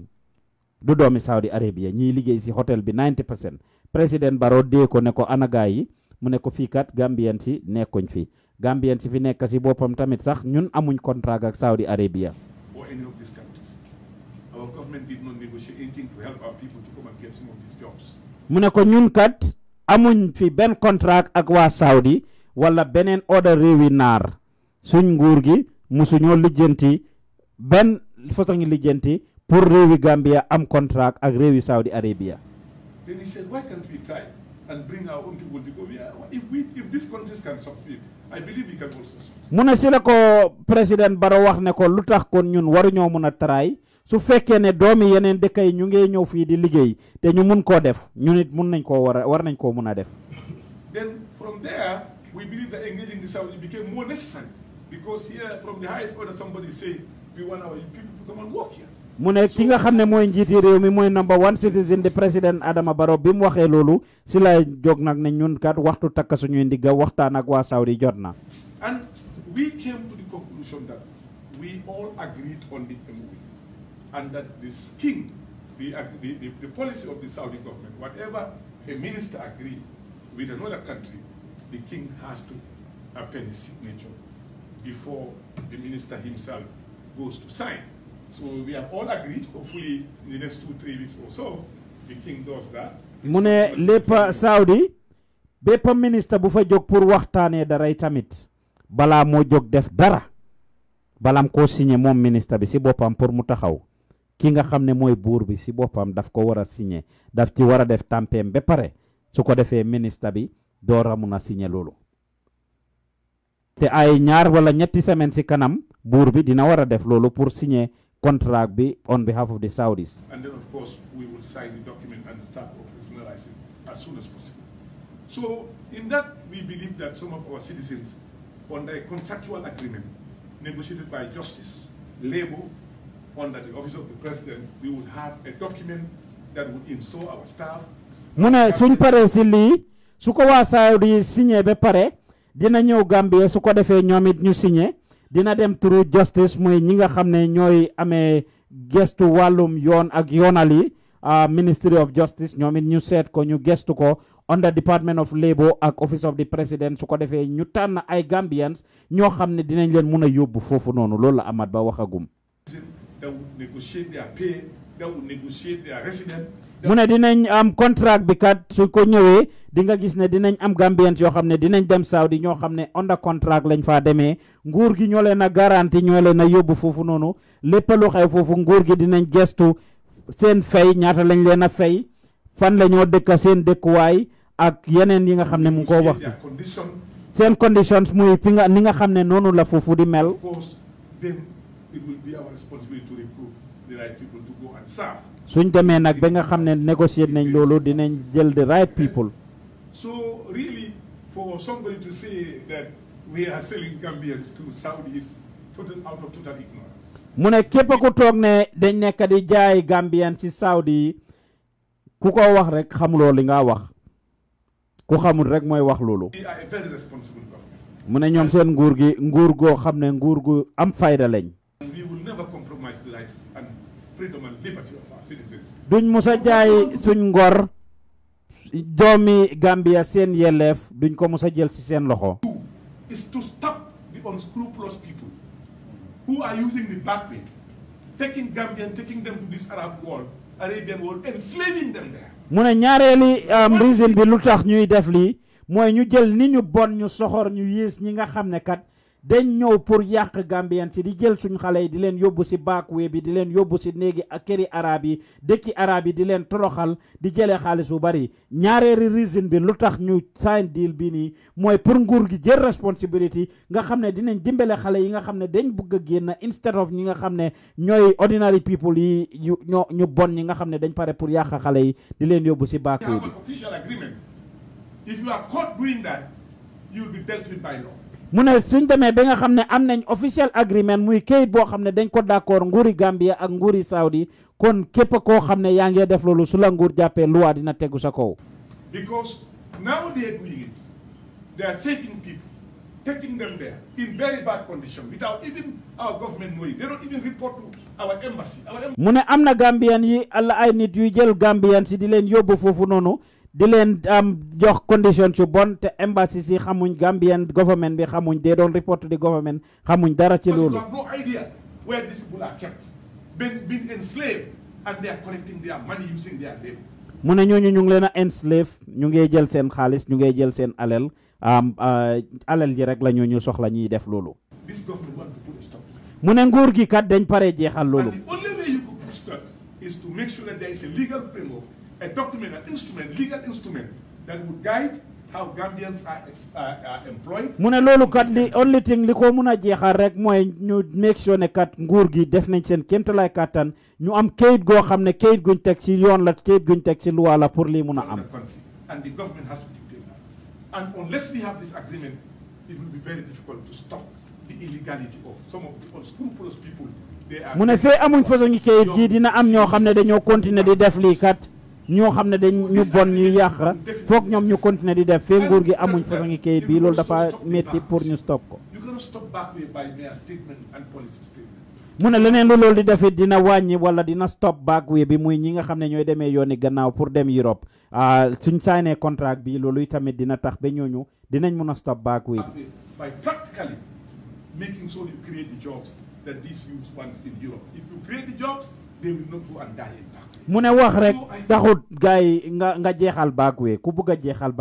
du domi Saudi Arabia ñi liggéey ci hotel bi 90 president baro de ko ne ko anagaa yi mu ne ko fi kat Gambien si nekkuñ fi Gambien ci fi nekk ci bopam tamit sax ñun amuñ contrat ak Saudi Arabia. mu ne ko ñun kat amuñ fi ben contrat ak wa Saudi wala benen order rewi nar, suñ nguur gi musuñu lijeenti ben fotoñu lijeenti pour rewi Gambia am contract, ak rewi Saudi Arabia. Then he said, why can't we try and bring our own people to If we, if this contest can succeed, I believe we can also succeed. mu ne la ko President baro wax ne ko lutax kon ñun waru ñoo mëna try su fekke ne doomi yenen de kay ñu ngey ñëw fi di liggey te ñu mën ko def ñu nit mën nañ ko war war nañ ko mëna def. Then from there we believe that engaging the Saudi became more necessary because here from the highest order somebody say we want our people to come and work here mu ne ki nga xamne moy njiti rew mi moy number 1 citizen de president Adama Barrow bi waxe waxee loolu si la jóg nag ne ñun kat waxtu takk suñuy ndiga waxtaan ak wa Saudi jotna and we came to the conclusion that we all agreed on the MOU e and that the scheme the the the policy of the Saudi government whatever a minister agree with another country the king has to append his signature before the minister himself goes to sign that. Mune lepa Saudi bepa minister bufa jog pur waktane dara tamit Bala mo jog def dara Bala mko sinye mom minister bi si bopam pur mutakaw. ki nga xam ne mooy sinye, bi si bopam daf ko wara sinye. daf wara def tàmpeem mbe pare su ko bi dora muna sinye te ay nyar wala nyeti semen si kanam bur bi dina def lolo pur sinye. contract be on behalf of the Saudis. And then, of course, we will sign the document and start operationalizing as soon as possible. So, in that, we believe that some of our citizens, under a contractual agreement negotiated by justice, labor, under the office of the president, we would have a document that would install our staff. mu suñ paree Saudi signé ba pare dina ñëw Gambie su ko defee ñu signé. dina dem through justice mooy ñi nga xam ne ñooy amee gestu wàllum yoon ak yoonal yi ah, ministry of justice ñoom it ñu seet ko ñu gestu ko under department of labour ak office of the president su ko defee ñu tànn ay Gambians ñoo xam ne dinañ leen mun a yóbbu foofu noonu loolu la Amat ba waxagum. mune dinañ am contract bi kat su ko ñëwé di nga gis ne dinañ am Gambians yo xam dinañ dem Saudi ño xam ne under contract lañ fa démé nguur gi ñolé na garantie garanti na yobbu fofu nonu lepp lu xew fofu nguur gi dinañ gestu sen fay ñaata lañ leena fay fan lañu dekk sen dekk way ak yenen yi nga xam mu ko wax sen conditions muy fi nga ni nga xam nonu la fofu di mel. suñ demee nag ba nga xam ne négocier nañ loolu dinañ jël the right people. so really for somebody to say mu ne képp ku toog ne dañ nekk di jaay Gambian ci Saudi yi ku ko wax rek xamuloo li nga wax ku xamul rek mooy wax loolu. mu ne ñoom seen nguur gi nguur goo xam ne nguur gu am fayda lañ. duñ mus a jaay suñ ngor doomi Gambia seen yelleef duñ ko mus a jël ci seen loxo. is mu ne ñaareeli reason bi lu tax ñuy def lii mooy ñu jël ni ñu bon ñu soxor ñu yées ñi nga xam ne kat. dañ ñëw pour yàq gambien si di jël suñ xale yi di leen yóbbu si baakwee bi di leen yóbbu si néegi ak këri araab yi dëkki araab yi di leen toroxal di jëlee xaalis bu bari ñaareeri reason bi lu tax ñu sign deal bi nii mooy pour nguur gi jël responsibility nga xam ne dinañ dimbale xale yi nga xam ne dañ bëgg a génn instead of ñi nga xam ne ñooy ordinary people yi ñu ñoo ñu bon ñi nga xam ne dañ pare pour yàq xale yi di leen yóbbu si baakwee bi. mu ne suñ demee ba nga xam ne am nañ official agreement muy kayit boo xam ne dañ ko d'accord nguuri Gambia ak nguuri Saudi kon képp koo xam ne yaa ngee def loolu su la nguur jàppee loi dina tegu sa kaw. because now they are doing it they are taking people taking them there in very bad condition without even our government knowing they don't even report to our embassy. mu amna am na Gambian yi alla ay nit yu jël Gambian si di len yobbu fofu nonu di len am jox condition ci bon te embassy ci xamuñ Gambian government bi xamuñ they don't report the government xamuñ dara ci lolu no idea enslaved and they are collecting their money using their mu ne ñooñu ñu ngi leen enslave ñu ngi jël seen xaalis ñu ngi jël seen alal alal ji rek la ñooñu soxla ñuy def loolu. government gi kat dañ pare jeexal loolu. mu ne loolu kat li only thing li ko mun a jeexal rek mooy ñu make sure ne kat nguur gi def nañ seen kéemtalaay kàttan ñu am kayit goo xam ne kayit guñ teg ci yoon la kayit guñ teg ci luwa la pour lii mun a am. and the government has to dictate mu ne fee amuñ façon kayit gi dina am ñoo xam ne dañoo continuer di def lii kat. ñoo xam ne dañ ñu bon ñu yàq foog ñoom ñu continuer di def fee nguur gi amuñ façon ngi kayit bii loolu dafa métti pour ñu stop ko mu ne leneen lu loolu di def dina wàññi wala dina stop back bi muy ñi nga xam ne ñooy demee yooni gannaaw pour dem Europe ah, suñ signé contrat bi loolu yi tamit dina tax ba ñooñu dinañ mën a stop back way bi mune wax rek taxut gars nga nga jeexal baak ku bugg a jeexal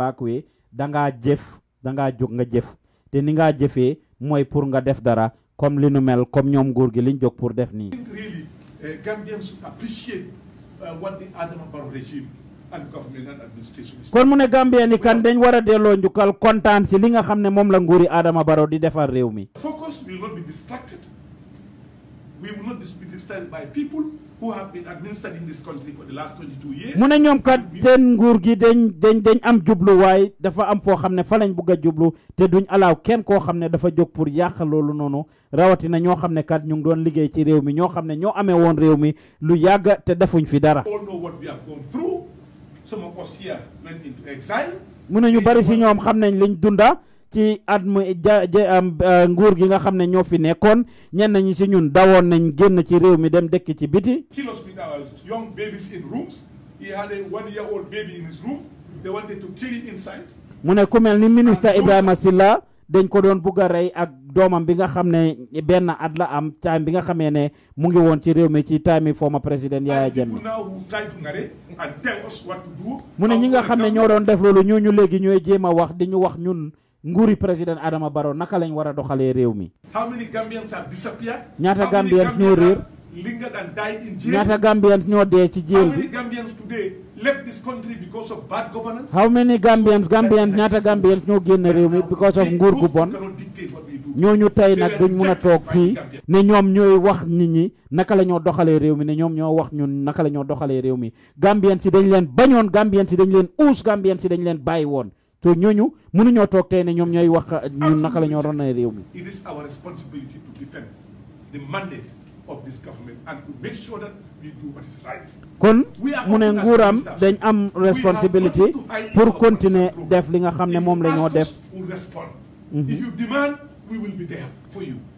da nga jëf da nga jóg nga jëf té ni nga jëfé moy pour nga def dara comme li nu mel comme ñom nguur gi liñ jóg pour def ni Really, uh, should appreciate eh, what the Barrow regime and government and administration kon mune Gambien kan dañ wara délo ñukal contane ci li nga xamné mom la nguuri Adama Barrow di defar réew mi. Focus will not be distracted. We will not be distracted by people. who have been mu ne ñoom kat seen nguur gi dañ dañ dañ am jubluwaay dafa am foo xam ne fa lañ bugg a jublu te duñ alaaw kenn koo xam ne dafa jóg pour yàq loolu noonu rawatina ñoo xam ne kat ñu ngi doon liggéey ci réew mi ñoo xam ne ñoo amee woon réew mi lu yàgg te defuñ fi dara. all know what mu ne ñu bari si ñoom xam nañ liñ dunda. ci at mu euh, nguur gi nga xam ne ñoo fi nekkoon ñenn nañu si ñun dawoon nañ génn ci réew mi dem dëkk ci biti. Kill hospitalized uh, young babies in mu ne ku mel ni ministre Ibrahima Silla dañ ko doon bugg a rey ak doomam bi nga xam ne benn at la am time bi nga xamee ne mu ngi woon ci réew mi ci time yi former président Yaya Jammeh mu ne ñi nga xam ne ñoo doon def loolu ñooñu léegi ñooy jéem wax di ñu wax ñun. nguur yi président Adama baro naka lañu war a doxalee réew mi. how many Gambians have ñaata Gambians ñoo réer. ñaata Gambians ñoo dee ci jail bi. how many Gambians today left ñaata Gambians ñoo génn réew mi because of nguur gu bon. ñooñu tey nag duñ mën a toog fii ne ñoom ñooy wax nit ñi naka la ñoo doxalee réew mi ne ñoom ñoo wax ñun naka la ñoo doxalee réew mi Gambians yi dañ leen bañoon Gambians yi dañ leen uus Gambians yi dañu leen bàyyi woon. te ñooñu mënuñoo toog tey ne ñoom ñooy wax ñun naka la ñoo doon na réew mi. It is our responsibility to kon mu ne nguuram dañ am responsibility pour continuer def li nga xam ne moom la ñoo def. Mhm.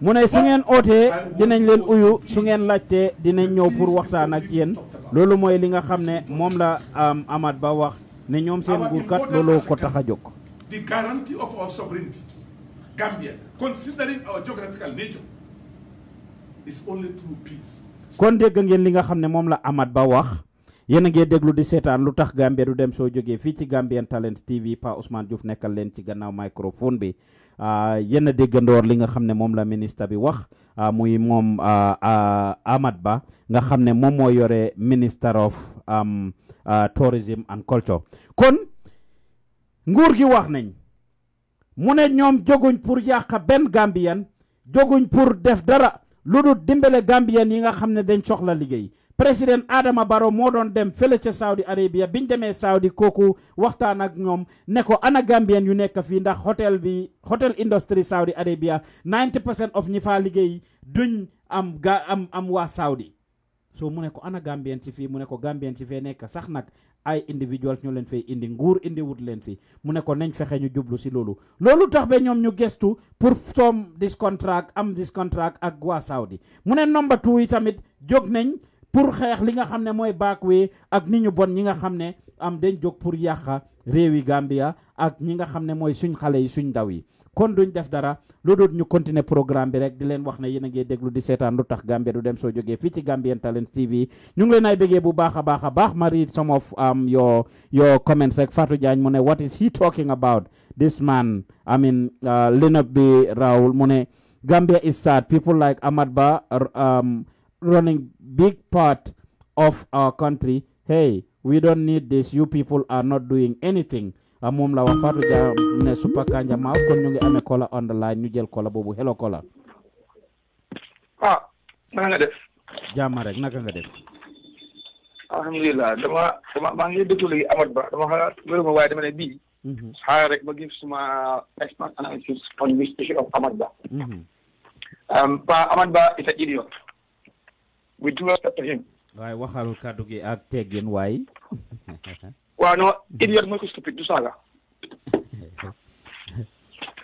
mu ne su ngeen ootee dinañ leen uyu su ngeen laajtee dinañ ñëw pour waxtaan ak yéen loolu mooy li nga xam ne moom la um, amaat ba wax. ne ñom seen nguur kat lolo ko taxa a the guarantee of our sovereignty Gambia considering our geographical nature is only through peace kon dégg ngeen li nga xamne mom la amad ba wax yéen a ngee di seetaan lu tax Gambia du dem so jógee fi ci Gambian talent TV Pa Ousmane Diouf nekkal len ci gannaaw microphone bi ah, yéen a ndor li nga xamne mom la ministre bi wax ah, muy moom ah, amad ba nga xamne mom mo yore minister of Euh, tourism and culture kon nguur gi wax nañ mu ne ñoom joguñ pour yàq benn Gambian joguñ pour def dara lu dul dimbale Gambian yi nga xam ne dañ soxla liggéey président Adama Barrow moo doon dem fële ca Saudi Arabia biñ demee Saudi kooku waxtaan ak ñoom ne ko ana Gambian yu nekk fii ndax hôtel bi hôtel industrie Saudi Arabia 90 percent of ñi faa liggéey duñ am ga am am waa Saudi. so mu ne ko ana Gambien ci fii mu ne ko Gambien ci fee nekk sax nag ay individuals ñoo leen fay indi nguur indiwut leen fii mu ne ko nañ fexe ñu jublu si loolu loolu tax ba ñoom ñu gestu pour soom this contract am this ak waa Saudi mu ne number two yi tamit jóg nañ pour xeex li nga xam ne mooy backway ak ni ñu bon ñi nga xam ne am dañ jóg pour yàqa réewi Gambia ak ñi nga xam ne mooy suñ xale yi suñ ndaw yi kon duñ def dara lu ñu continuer programme bi rek di leen wax ne yéen a ngi déglu di seetaan lu tax Gambia du dem soo jógee fii ci Gambian Talents TV ñu ngi leen ay bëggee bu baax a baax a baax ma read some of um, your your comments rek Fatou Jagne mu ne what is he talking about this man I mean uh, Linab bi Raoul mu ne Gambia is sad people like Ahmad Ba are, um, running big part of our country hey we don't need this you people are not doing anything mum la wafatu ja ne supaka jama kon ñu ngi amé kola on the line ñu jël kola bobu hello kola ah naka nga def jama rek naka nga def alhamdulillah dama dama ma ngi deglu yi amat ba dama xala wëru ma way dama ne bi ha mhm. rek ma gis suma expert analysis on this issue of amat ba mhm. um pa amat ba is idiot we do not to him way waxal kaddu gi ak teggin way waaw non idiot, mooy ko stupide du saaga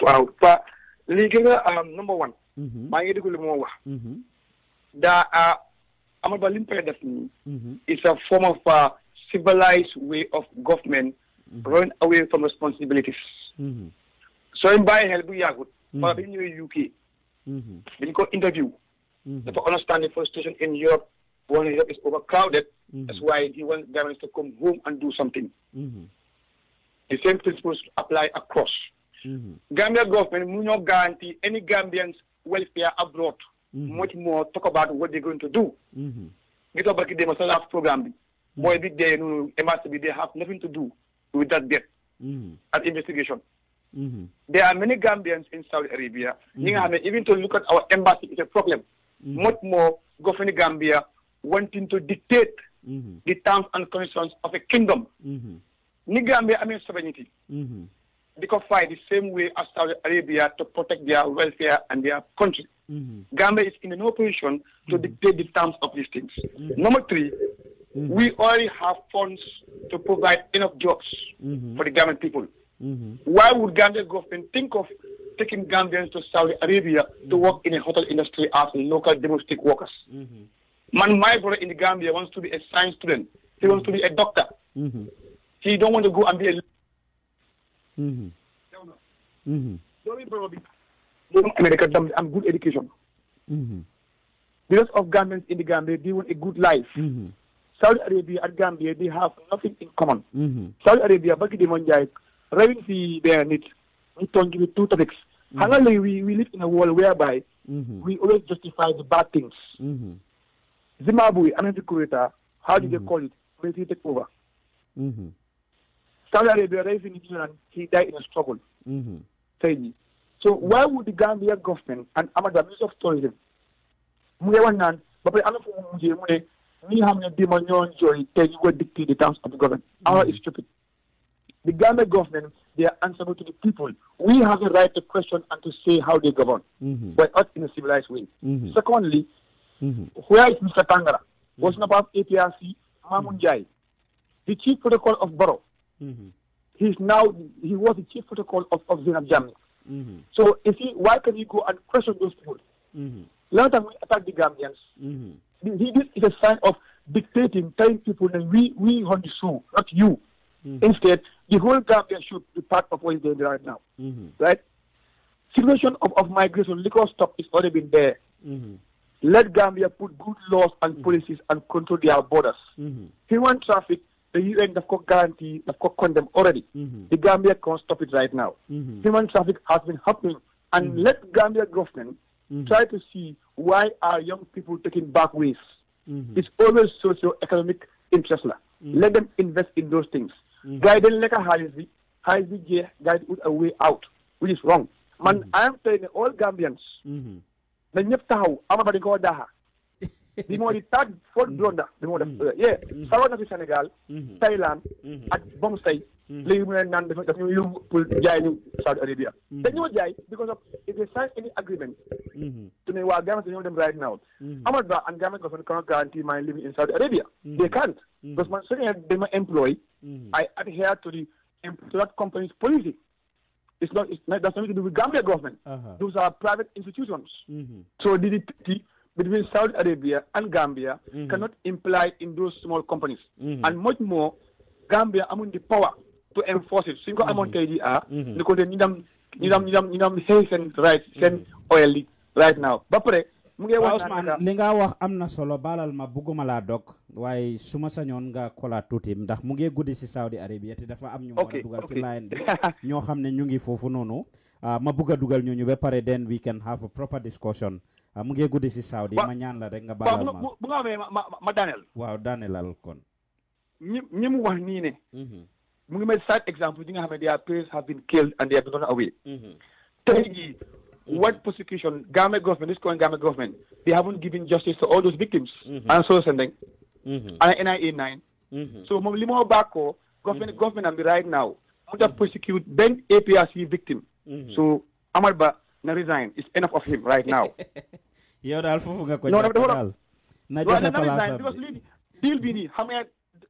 waaw pa lii gën nga number one mm-hmm. maa ngi déglu li moo wax mm-hmm. daa ah, Amadou Ba li mu def nii mm-hmm. it's a form of a ah, civilized way of government running away from responsibilities sooy bàyyi xel bu yàggut ba bi ñëwee UK dañ ko interview dafa understand the frustration in Europe one Health is overcrowded. Mm-hmm. That's why he wants governments to come home and do something. Mm-hmm. The same principles apply across. Mm-hmm. Gambia government will not guarantee any Gambians welfare abroad. Mhm. Much more talk about what they're going to do. Get up back in must have program. Boy, big day, no, they have nothing to do with that debt mm and investigation. Mhm. There are many Gambians in Saudi Arabia. Mhm. Even to look at our embassy is a problem. Much more, go Gambia wanting to dictate mm-hmm. the terms and conditions of a kingdom. Mm-hmm. Gambia, I mean sovereignty. They mm-hmm. fight the same way as Saudi Arabia to protect their welfare and their country. Mm-hmm. Gambia is in no position to mm-hmm. dictate the terms of these things. Mm-hmm. Number 3 we already have funds to provide enough jobs for the Gambian people. Why would Gambia government think of taking Gambians to Saudi Arabia to work in a hotel industry as local domestic workers? Man, my brother in the Gambia wants to be a science student. He wants to be a doctor. Mm-hmm. He don't want to go and be a. Mm-hmm. Mm-hmm. America and good education. Mm-hmm. Because of Gambians in the Gambia, they want a good life. Mm-hmm. Saudi Arabia and Gambia, they have nothing in common. Mm-hmm. Saudi Arabia, back in the Monjai, raving the their need. We don't give two topics. Mm-hmm. However, we, we live in a world whereby mm-hmm. we always justify the bad things. Mm-hmm. Zimbabwe, another creator, how do mm -hmm. they mm-hmm. call it? When he take over. Mm -hmm. Saudi Arabia, raising and he died in a struggle. Mm -hmm. So why would the Gambia government and Amada Minister of Tourism, Muyawanan, but I don't know me how many demon joy tell you what dictate the terms of the government. Mm -hmm. is stupid. The Gambia government, they are answerable to the people. We have the right to question and to say how they govern, mm -hmm. but not in a civilized way. Mm -hmm. Secondly, Mm-hmm. where is Mr. Tangara? Mm-hmm. Wasn't about APRC, Mamun Jai, the chief protocol of Borough. Mm-hmm. He's now, he was the chief protocol of, of So if he, why can you go and question those people? Mm-hmm. Let we attack the Gambians. Mm-hmm. This is a sign of dictating, telling people that we, we on the show, not you. Mm-hmm. Instead, the whole Gambia should be part of what is on right now. Mm-hmm. Right? Situation of, of migration, legal stop is already been there. Mm-hmm. Let Gambia put good laws and mm-hmm. policies and control their borders. Mm-hmm. Human traffic, the UN have got guarantee, have got condemned already. Mm-hmm. The Gambia can't stop it right now. Human mm-hmm. traffic has been happening, and mm-hmm. let Gambia government mm-hmm. try to see why are young people taking back ways. It's always socio-economic interest now. Let them invest in those things. Guide them like a high, Halisby guide with a way out, which is wrong. Man, I am telling all Gambians na ñëpp taxaw ama ba dañ koo daaxa bi moo di taag faute mm-hmm. blonde bi moo def yee sawoon na si Sénégal mm-hmm. Thaïlande mm-hmm. ak bom say léegi mu ne naan dafa daf ñu yóbbu pour Saudi Arabia dañoo jaay because of if they sign any agreement to me, waa Gambians dañoo dem right now Amad Ba and Gambian government cannot guarantee my living in Saudi Arabia they can't because man su ñu dama employ I adhere to the to that company's policy it's not, it's not that's nothing to do with Gambia government. Uh-huh. Those are private institutions. Mm-hmm. So the treaty between Saudi Arabia and Gambia mm-hmm. cannot imply in those small companies. Mm-hmm. And much more, Gambia among the power to enforce it. So you got among KDR, because they need them, need them, need them, need them, hey, send right, send oil right now. But mu ngi wax Ousmane li nga wax solo balal ma bugguma laa dog waaye su ma nga kola tuuti ndax mu ngi guddi Saudi Arabia te dafa am ñu war a dugal ci line bi ñoo ñu ngi ma bugg a dugal ñooñu pare then we can have a proper discussion ah, mu ngi guddi si Saudi ma ñaan la rek nga baalal ma bu nga amee ma ma waaw daanelal kon ñi ñi mu wax ne mu ngi may example ñi nga their parents have been killed and they have been away mm-hmm. tey Mm-hmm. What prosecution, Ghana government, this current Ghana government, they haven't given justice to all those victims mm-hmm. and so sending mm-hmm. and NIA 9. Mm-hmm. So, Limo Bako, government, mm-hmm. government, and right now, want to prosecute Ben APRC victim. Mm-hmm. So, Amar now resign. It's enough of him right now. no, no, no, no, because deal bi nii xam nga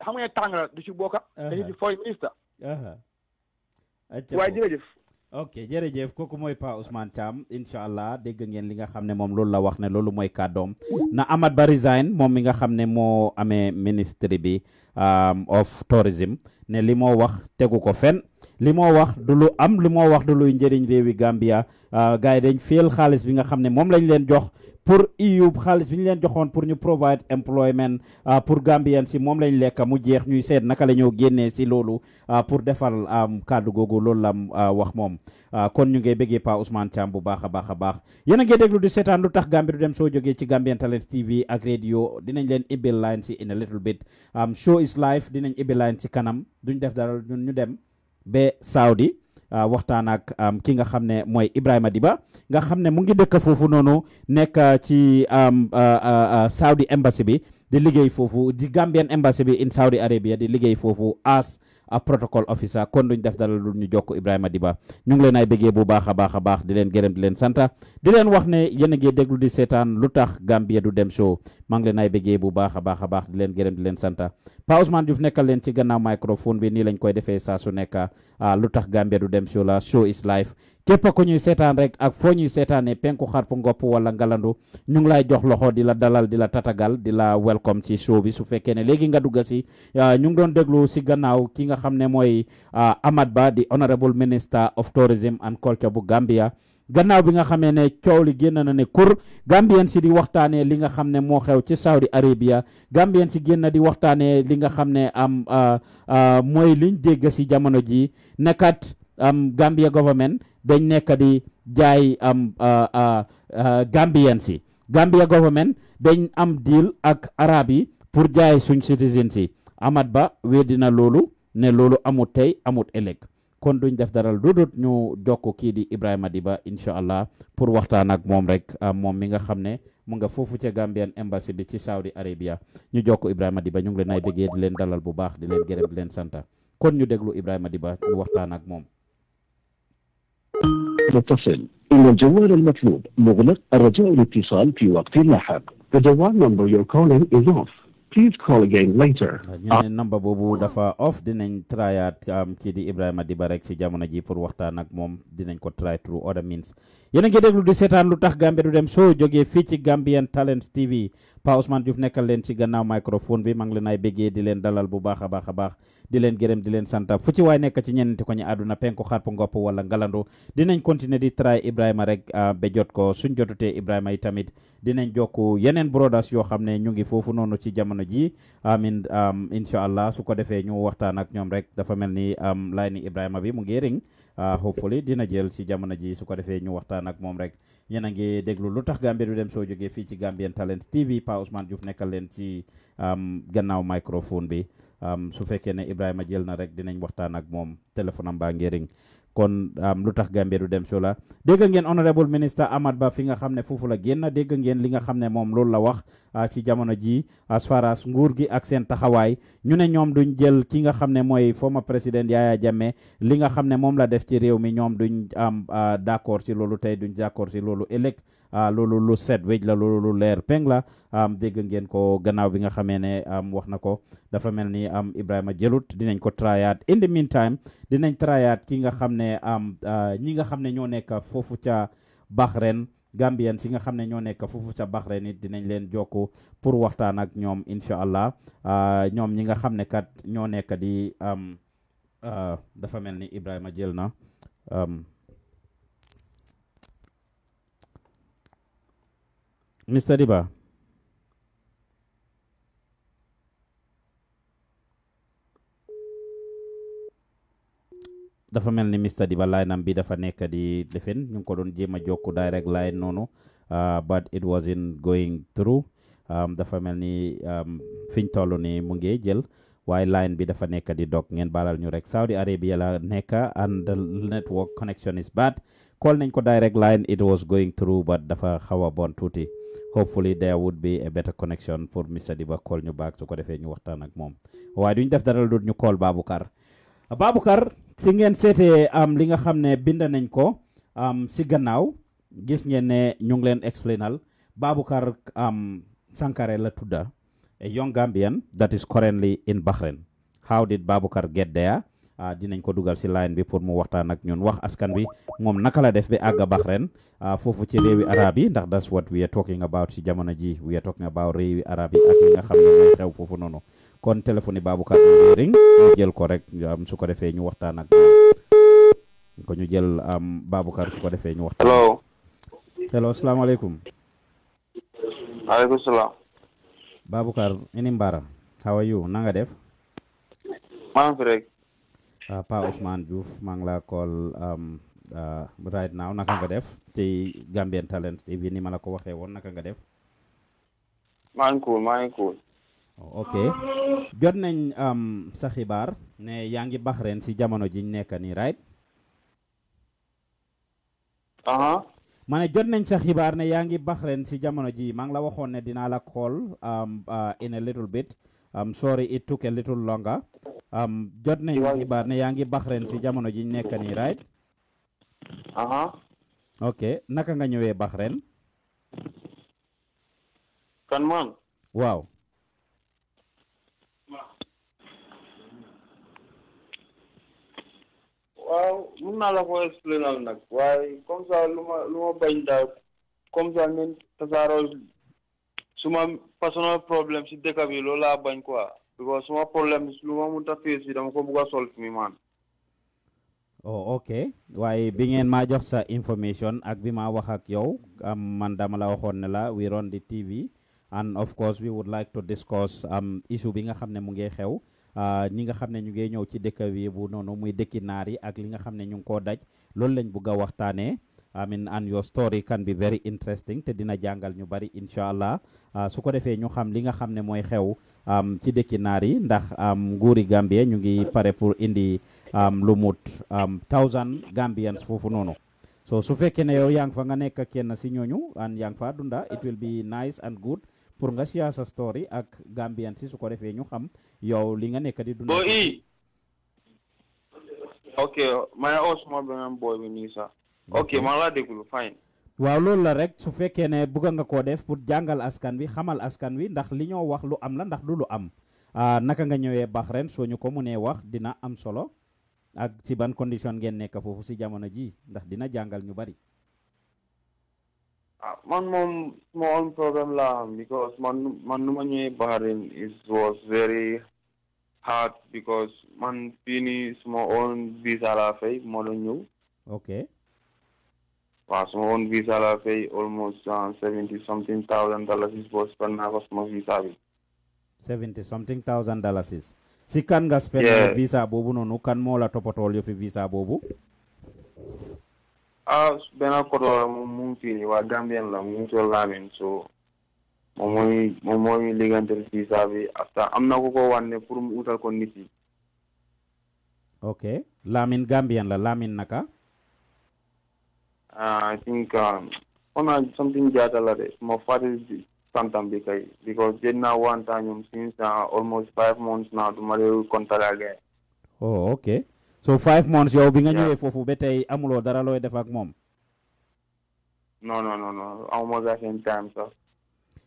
xam nga tàng la du ci bokk. dañuy di foreign minister. waaye jërëjëf. ok jërëjëf kooku mooy Pa Ousmane Thiam incha allah dégg ngeen li nga xam ne moom loolu la wax ne loolu mooy kàddoom na Amat Bah resign moom mi nga xam ne moo amee ministry bi um, of tourism ne li moo wax tegu ko fen li moo wax du lu am li moo wax du luy njëriñ réewi Gambia ah, gars yi dañ feel xaalis bi nga xam ne moom lañ leen jox pour EU xaalis bi ñu leen joxoon pour ñu provide employment ah, pour Gambien si moom lañ lekka mu jeex ñuy seet naka la ñoo génnee si loolu ah, pour defar kàddu googu loolu la wax moom kon ñu ngee bëggee Pa Ousmane Thiam bu baax a baax a baax yéen a ngi déglu di seetaan lu tax gambi du dem soo jógee ci Gambian Talents TV ak radio dinañ leen ibbil line si in a little bit um, show is dinañ ibbil si kanam duñ def dara ñun ñu dem ba Saudi ah, waxtaan ak ki nga xam ne mooy Ibrahima Diba nga xam ne mu ngi dëkk foofu noonu nekk ah, ci ah, Saudi embassy bi di liggéey foofu di Gambian embassy bi in Saudi Arabia di liggéey foofu as ab protocol officer kon duñ def dara lu ñu jokk Ibrahima Diba ñu ngi leen ay bëggee bu baax a baax a baax di leen gërëm di leen santa di leen wax ne yéen a ngi déglu di seetaan lu tax Gambia du dem show maa ngi leen ay bëggee bu baax a baax a baax di leen gërëm di leen santa Pa Ousmane Diouf nekkal leen ci gannaaw microphone bi nii lañ koy defee saa su nekk ah, lu tax Gambia du dem show la show is life képp ku ñuy seetaan rek ak foo ñuy seetaanee penku xarpu ngopp wala ngalandu ñu ngi lay jox loxo di la dalal di la tatagal di la welcome ci show bi su fekkee ne léegi nga dugga si ah, ñu ngi doon déglu si gannaaw ki nga xam ne mooy Amat ah, ba di honorable minister of tourism and culture bu Gambia gannaaw bi nga xamee ne coow li génn na ne kur Gambien si di waxtaanee li nga xam ne moo xew ci Saudi Arabia Gambien si génn di waxtaanee li nga xam ne am ah, mooy liñ dégg si jamono ji nekkat am Gambia government dañ nekk di jaay am Gambian si Gambia government dañ am deal ak araab yi pour jaay suñ citizen si Amat ba weddi na loolu ne loolu amut tey amut ëllëg kon duñ def dara lu dul ñu jokk kii di Ibrahima ba incha allah pour waxtaan ak moom rek moom mi nga xam ne mu nga foofu ca Gambian embassy bi ci Saudi Arabia ñu jokk Ibrahima Diba ñu ngi leen ay bëggee di leen dalal bu baax di leen gërëm di leen santa kon ñu déglu Ibrahima di ñu waxtaan ak moom. متصل إن الجوال المطلوب مغلق الرجاء الاتصال في وقت لاحق The one number you're calling is off please call again later. ñu ne number boobu dafa off dinañ tryaat um, kii di Ibrahima ba rek si jamono ji pour waxtaan ak moom dinañ ko try through other means. yéen a ngi déglu di seetaan lu tax Gambia du dem soo jógee fii ci Gambian Talents TV Pa Ousmane Diouf nekkal leen ci gannaaw microphone bi maa ngi leen ay béggee di leen dalal bu baax a baax a baax di leen gërëm di leen sant fu ci waay nekk ci ñeenti ko ñu àdduna penku xarpu ngopp wala ngalandu nañ continuer di try Ibrahima rek uh, ba jot ko suñ jotutee Ibrahima yi tamit dinañ jokku yeneen brothers yoo xam ne ñu jamono ji amin incha allah su ko defee ñu waxtaan ak ñoom rek dafa mel ni laay ni Ibrahima bi mu ngi ring hopefully dina jël si jamono ji su ko defee ñu waxtaan ak moom rek yéen a ngi déglu lu tax Gambia du dem soo jógee fii ci Gambian Talents TV Pa Ousmane Diouf nekkal leen ci gannaaw microphone bi su fekkee ne Ibrahima jël na rek dinañ waxtaan ak moom téléphone am baa ngi ring kon lu tax Gambie du dem soola dégg ngeen honorable minister Amat ba fi nga xam ne foofu la génn dégg ngeen li nga xam ne moom loolu la wax ah, ci jamono ji as nguur gi ak seen taxawaay ñu ne ñoom duñ jël ki nga xam ne mooy former président Yaya Jammeh li nga xam ne moom la def ci réew mi ñoom duñ am ah, d'accord si loolu tey duñ d'accord si loolu ëllëg loolu ah, lu set wéj la loolu leer peng la dégg ngeen ko gannaaw bi nga xamee ne wax na ko dafa mel ni am Ibrahima jëlut dinañ ko trayaat in the meantime dinañ trayaat ki nga xam ne ah, ñi nga xam ne ñoo nekk foofu ca Bahrain Gambien si nga xam ne ñoo nekk foofu ca Bahrain it dinañ leen jokku pour waxtaan ak ñoom incha allah ah, ñoom ñi nga xam ne kat ñoo nekk di dafa mel ni Ibrahima jël na. Mr. Diba. dafa mel ni Mr Diba line am bi dafa nekk di defen ñu ngi ko doon jéem a jokku direct line noonu uh, but it wasn't going through um, dafa mel ni um, fiñ toll ni mu ngi jël waaye line bi dafa nekk di dog ngeen baalal ñu rek Saudi Arabia la nekk and the network connection is bad call nañ ko direct line it was going through but dafa xaw a bon tuuti hopefully there would be a better connection for Mr Diba call you back to ko defee ñu waxtaan ak moom waaye duñ def dara dut ñu call Baboucarr Baboucarr si ngeen seetee am li nga xam ne bind nañ ko am si gannaaw gis ngeen ne ñu ngi leen explainal Baboucarr am Sankare la tudda a young Gambian that is currently in Bahrain how did Baboucarr get there Ah, dinañ ko duggal ci line bi pour mu waxtaan ak ñun wax askan bi mom naka la def ba aga bahrain ah, fofu ci rewi arab yi ndax that's what we are talking about si jamono ji we are talking about rewi arab yi ak nga xam ne xew fofu kon téléphone babu ka ring ñu jël ko rek su ko defé ñu waxtaan ak ko ñu jël ka su ko defé ñu waxtaan. hello hello alaykum maaleykum babu ka ini mbara how are you na nga def. man fi rek uh, Pa Usman, Diouf maa ngi call um, uh, right now naka nga def ci Gambian Talents TV ni mala ko waxe won naka nga def. maa ngi cool ngi cool. Oh, ok jot nañ um, sa xibar ne yaangi Bahrain si jamono ji nekk ni right. aha Mana ne jot nañ sa xibar ne yaangi Bahrain si jamono ji maa ngi la waxone dina la call um, uh, in a little bit. am sorry it took a little longer am um, jot nañu xibaar ne yaa ngi Bahrain si jamono ji nekka nii right ok naka nga ñëwee Bahrain kan man waaw mun naa la ko explainal nag waaye comme ça lu ma lu ma bañ daal comme ça ngeen tasaaroo suma personal problème si dëkk bi loolu laa bañ quoi because suma problème lu ma mënta face bi dama ko bugg solve mi man oh ok waaye bi ngeen maa jox sa information ak bi ma wax ak yow man dama la waxoon ne la we di the TV and of course we would like to discuss issue bi nga xam ne mu ngi xew ni ah, nga xam ne ñu ngi ñëw ci dëkk bi bu noonu muy dëkki naar yi ak li nga xam ne ñu ngi koo daj loolu lañ bugg a waxtaanee I mean and your story can be very interesting te dina jangal ñu bari inshallah allah su ko defee ñu xam li nga xam ne mooy xew ci guri nar yi ndax nguuri Gambie ñu ngi pare pour indi lu mut thousand Gambians fofu nono so su fekkee né yow yang fa nga nekk kenn si ñoñu and yang fadunda fa dunda it will be nice and good pour nga sia sa story ak Gambians si su ko ham. ñu xam yow li nga nek di dunda. Okay, my house maa boy with me, sir. Oke, malah deh, fine waaw loolu la rek su fekkee ne bëgg nga def pour jangal askan wi xamal askan ndax wax lu am la ndax du lu am ah, naka nga Bahrain soo ñu ko dina am solo ak ciban ban condition ngeen nekk foofu si jamono ji ndax dina janggal nyubari. bari ah, man mom mo own problem la because man man numa Bahrain it was very hard because man pini small on own visa laa fay okay waaw su ma woon visa la fay almost uh, seventy something thousand dalasis boo spend naa ko suma visa bi seventy something thousand dalasis si kan nga spend visa boobu noonu kan moo la toppatool yëfi visa boobu ah benn koto la moom mu ngi fii waa Gambien la mu ngi toll laamin so moom mooy moom mooy ligganteel visa bi after am na ko ko wanne pour mu utal ko nit yi ok laamin Gambien la laamin naka I think um, on something that like my father is because because they now one time since uh, almost five months now tomorrow contact again. Oh okay. So five months yow bi nga ñëwee for better Amulo, amuloo dara Mom. No, no, no, no. no no non almost the same time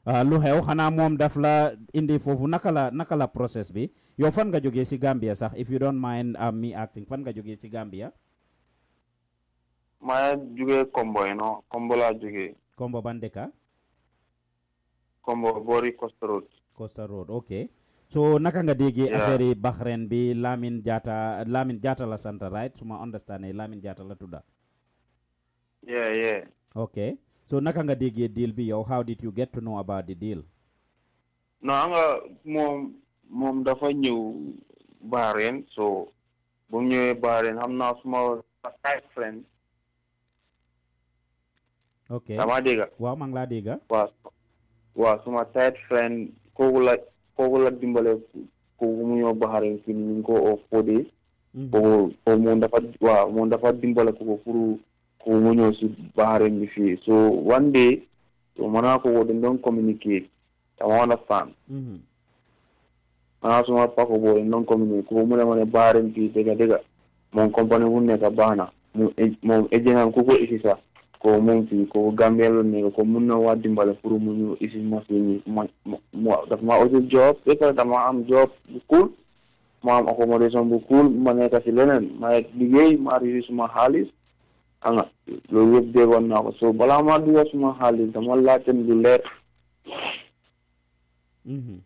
uh, lu xew xanaa mom dafla indi Fufu nakala nakala proses process bi yo fan ga joge si Gambia sax if you don't mind uh, me acting fan ga joge si Gambia ma juga combo eno kombo la jugee kombo bandeka ka bori costa road costa road ok so naka nga déggee yeah. affaire bahrain bi lamin jata lamin jata la sant right suma understandé lamin jata la tuda yeah yeah ya. oke so naka nga deal bi yow how did you get to know about the deal no nga mom mom dafa ñëw bahrain so bu ñëwee bahrain xam naa suma friend ok damaa dégg waaw maa ngi laa dégg waaw waaw suma side friend kooku la kooku la dimbale kooku mu ñëw baxare si ñu ko oo fodee kooku kooku moom dafa waaw moom dafa dimbale koko pour kooku mu ñëw si baxare bi fii so one day so mana koko dañ doon communiquer dama understand mm-hmm. mana suma pako boo dañ doon communiquer kooku mu ne ma ne baxare bi fii dëgg dëgg moom compagnie bu nekk baax na moom moom agent am ku ko isi sax ko moom fii ko Gambia la nekk ko mun na waa dimbale pour mu ñëw ici ma fi nii ma ma daf ma aussi job ba pare dama am job bu cool ma am accommodation si leneen ma liggéey ma arrivé suma xaalis xam nga loolu yëpp déggoon ko so balaa maa dugal suma xaalis dama laajte lu leer mm-hmm.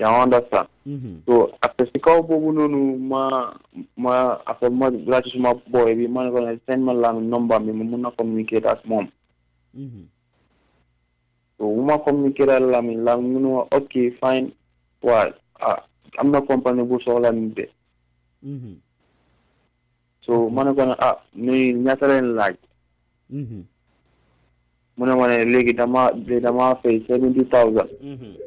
ya an dasan so apesikaw pou bunou nou ma afe mwenk la chous mwenk boy mwenk a sen mwen lan nomba mi mwenk na komuniket at mhm. moun so mwenk na komuniket at lan mwenk nan ou a ok fany wad mwenk a kompan nou gwo chou lan mwenk de mwenk a nyatran la mwenk mwenk lage dama fay 70,000 mwenk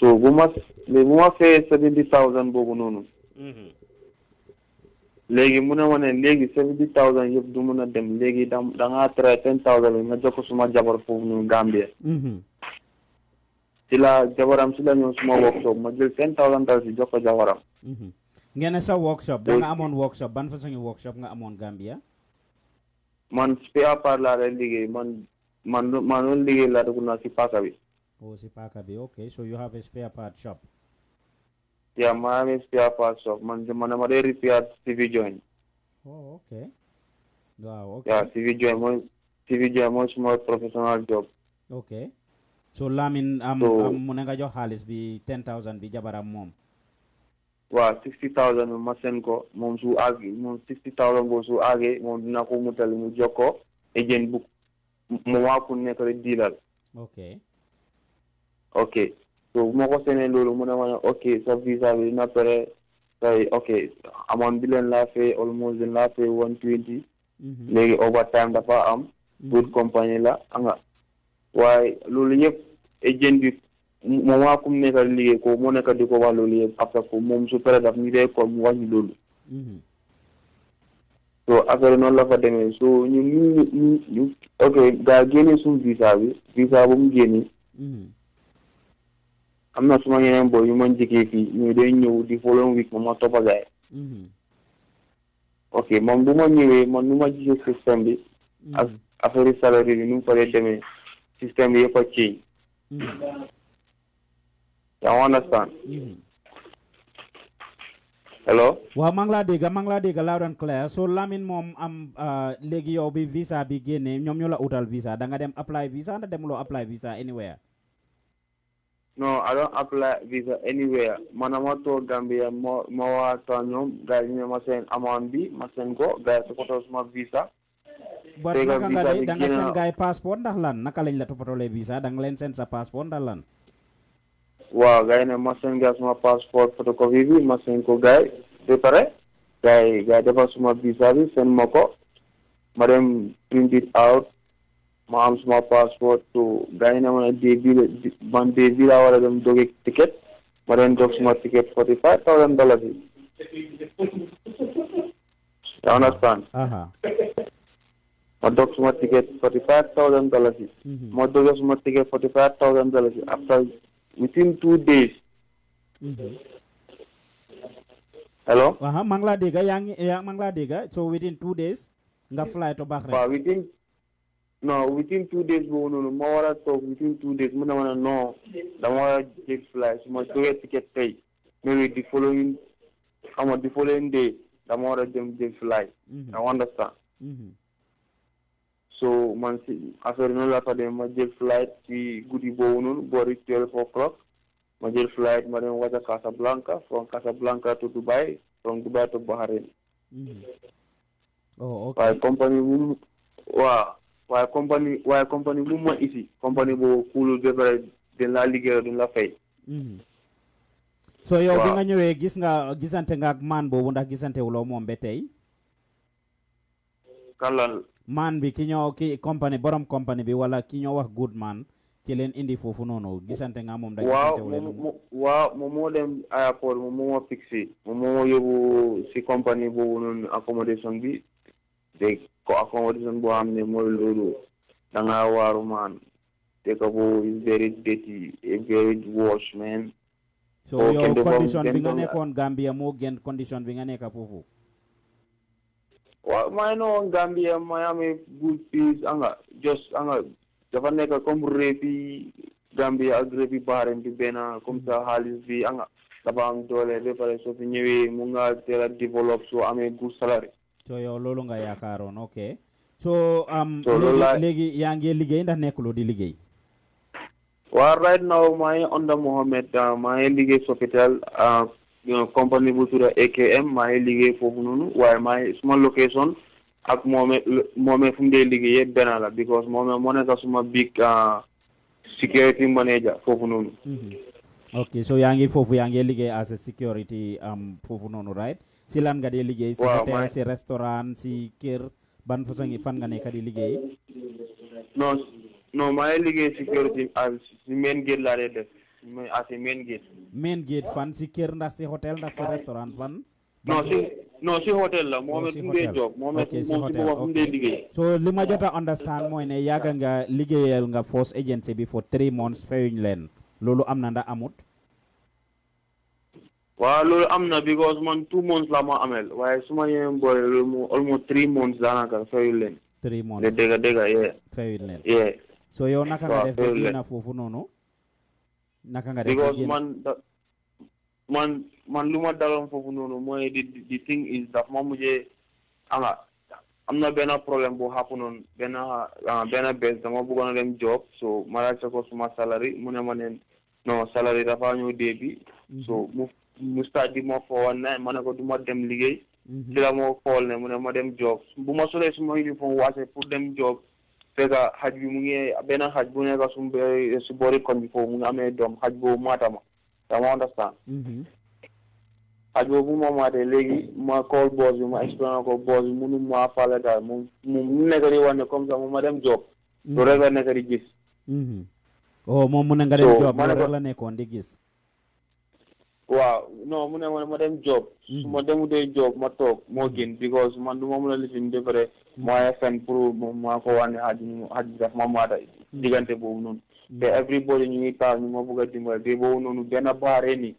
so bu ma bu ma fayee seventy thousand boobu noonu mhm. léegi mu ne ma ne léegi seventy thousand yëpp du mun a dem léegi da da ngaa traité ten thousand nga jox ko suma jabar foofu noonu Gambia si mhm. la jabaram si la ñëw suma workshop ma jël ten thousand dal si jox ko jabaram mhm. ngeen ne sa workshop da nga amoon workshop ban façon workshop nga amoon Gambia man spare part laa lay liggéey man man man loolu liggéey laa dugg naa si paaka bi Oh si okay so you have a spare part shop. Yeah, I have a spare part shop. Man, म्हणजे मला मध्ये repair TV joint? Oh, okay. Wow, okay. Yeah, CV TV CV much more professional job. Okay. So lamin am so, am munenga jo halis bi 10,000 bi jabara mom. Wa 60,000 mo masen ko mom su agi mom 60,000 go su agi mom dina ko mutal mu joko agent book mo aku ku dealer. Okay. ok so bu ma ko seenee loolu mu ne ma ne ok sa visa bi dina pare say ok amoon bi leen laa fay almost leen laa fay one twenty mhm. léegi overtime dafa am mhm. good compagnie la anga waaye loolu yëpp agent bi moom waa kum nekka liggéey ko moo nekka di ko wax loolu yëpp après ko moom su pare daf ñu dee ko mu wàññi loolu mhm. so affaire noonu la fa demee so ñu ñu ñu ok gaa génne visa bi visa bu mu génne am na suma yeneen booy yu ma njëkkee fii ñu day ñëw di following week moom ma topp gaay mm-hmm. ok moom bu ma ñëwee man nu ma gisee système bi mm-hmm. ak salari bi nu mu faree demee système bi yëpp a change mm-hmm. yaa understand hello waaw maa laa dégg maa ngi laa dégg loud and clear so Lamin moom am uh, léegi yow bi visa bi génnee ñoom ñoo la utal visa da nga dem apply visa ndax la apply visa anywhere No, I don't apply visa anywhere. Manamato Gambia Mawa Tanyum Gardenia Masen Amandi Masen go gaya topoto suma visa. Buat naka nga de danga sen gay passport ndax lan naka lañ la topoto le visa dang len sen sa passport ndax lan. Waaw gay ne masen gay suma passport photocopy bi masen ko gay de pare gay gay defa suma visa bi sen mako ma dem print it out maams semua password tuh. gay na mana debi ban debi la wala dem doge tiket ma don dox ma ticket 45000 dollars yi ya understand aha ma dox semua tiket 45000 dollars yi ma doge ma ticket 45000 dollars yi after within two days Halo. Mm-hmm. aha mang la yang yang mang la so within two days nga flight to bahrain within no within two days bo nono ma wara talk within two days muna wana no da ma wara get flight ma must get ticket pay maybe the following on the following day the ma them dem get mm -hmm. i understand mm -hmm. so man si affaire noonu la fa dem ma jël flight ci guddi boobu noonu boori twelve o'clock ma jël flight ma dem wàcca Casablanca from Casablanca to Dubai from Dubai to Bahrain. Mm-hmm. oh ok waaye company bi waaw. waaye compagnie waaye compagnie bu isi. mën ici compagnie boobu kuulul ba pare dañ laa liggéeyal duñ la fay. Mhm. so yow bi nga ñëwee gis nga gisante nga ak maan boobu ndax gisante wuloo moom ba tey. kan lan maan bi ki ñoo ki compagnie borom compagnie bi wala ki ñoo wax good man ki leen indi foofu noonu gisante nga moom. gisante wu leen moom waaw moom moo dem aéroport moom moo fixé moom moo yóbbu si compagnie boobu noonu accommodation bi dégg ko afan waɗi tan bo hamne moylo ɗo ɗaga man te ko bo is very dirty a eh, very wash man so oh, yo condition bi nga nekkoon gambia mo gen condition bi nga nekka fofu wa my no Gambia, Miami, good peace. Anga, just anga. Dapat neka comme repi Gambia ak repi barem bi bena comme ça halis bi anga. Dapat am dole pare so mu nga tera develop so ame good salary. so yow loolu nga yaakaaroon ok so um, léegi yaa ngi liggéey ndax nekkuloo di liggéey waaw right now maa ngi under Mohamed uh, maa liggéey Sofitel uh, compagnie bu tudda AKM maa ngi liggéey foofu noonu waaye maa suma location ak moome moome fu mu dee liggéey yëpp benn la because moome moo nekk suma big uh, security manager foofu noonu mm-hmm. ok so yaa ngi foofu yaa ngi liggéey as a security am um, foofu noonu right si lan nga dee liggéey si hôtel si restaurant si kër ban façon yi fan nga nekk di liggéey non non maa ngi liggéey security as si main gate laa dee def mooy as a main gate main gate fan si kër ndax si hôtel ndax si restaurant fan non si non si hotel la moom main gate job moom it moom si boppam day liggéey so li ma jot a understand mooy ne yàgg nga liggéeyal nga force agency bi for three months fayuñ leen loolu am na amut waaw amna am na because man two months la amel waaye su ma boleh booy mu almost three months daanaka fayul leen. three months Dega-dega yeah fayul leen Yeah. so yow naka nga def ba génn foofu noonu. naka nga def because man man man lu ma daloon foofu noonu mooy di di thing is daf ma mujjee anga, ah, am na benn problème bu xàpp noonu benn ah, benn bés dama bëggoon a dem job so ma laajte ko salary mu ne ma salary dafa ñëw dee bi mhm. so mu moustache bi moo foowoon ne ma ne ko du ma dem liggéey mhm. ci moo xool ne mu ne ma dem job bu ma solee suma uniforme waase pour dem job fekk xaj bi mu ngi benn xaj bu nekk su si boori koñ bi foofu mu ngi amee doom boobu maatama dama understand mhm. xaj boobu ma maatee léegi ma call boss bi ma expliqué ko boss bi munu daal moom mu nekk di wax ne comme ça moom ma dem job mhm. loolu rek la nekk di gis oh moom mu ne nga dem job loolu rek la nekkoon di gis waaw non mu ne ma ma dem job hmm. su ma demutee job ma toog moo gën hmm. because man du ma mun a lifin de vrai mooy fen pour maa ko wànne xaaju xaaju daf ma maata hmm. diggante boobu noonu te everybody ñu ngi taal ñu ma bëgg a dimbali te boobu noonu benn baaree ni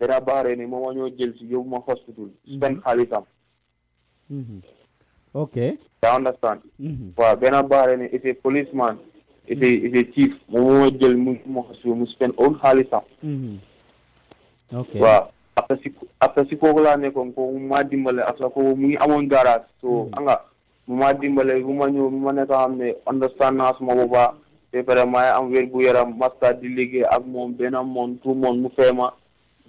benn baaree ni moom ñoo jël si yóbbu ma hospital spend xaalisam ok I understand waaw benn baaree ni it's a policeman it's a it's a chief moom ma jël mu hospital mu spend own xaalisam waaw après si après laa nekkoon kooku mu maa dimbale après kooku mu ngi amoon hmm. mu ma ñëw bu ma nekk xam ne understand naa suma bu baax te pare maa am wér gu di liggéey ak moom benn moom tout moom mu fay ma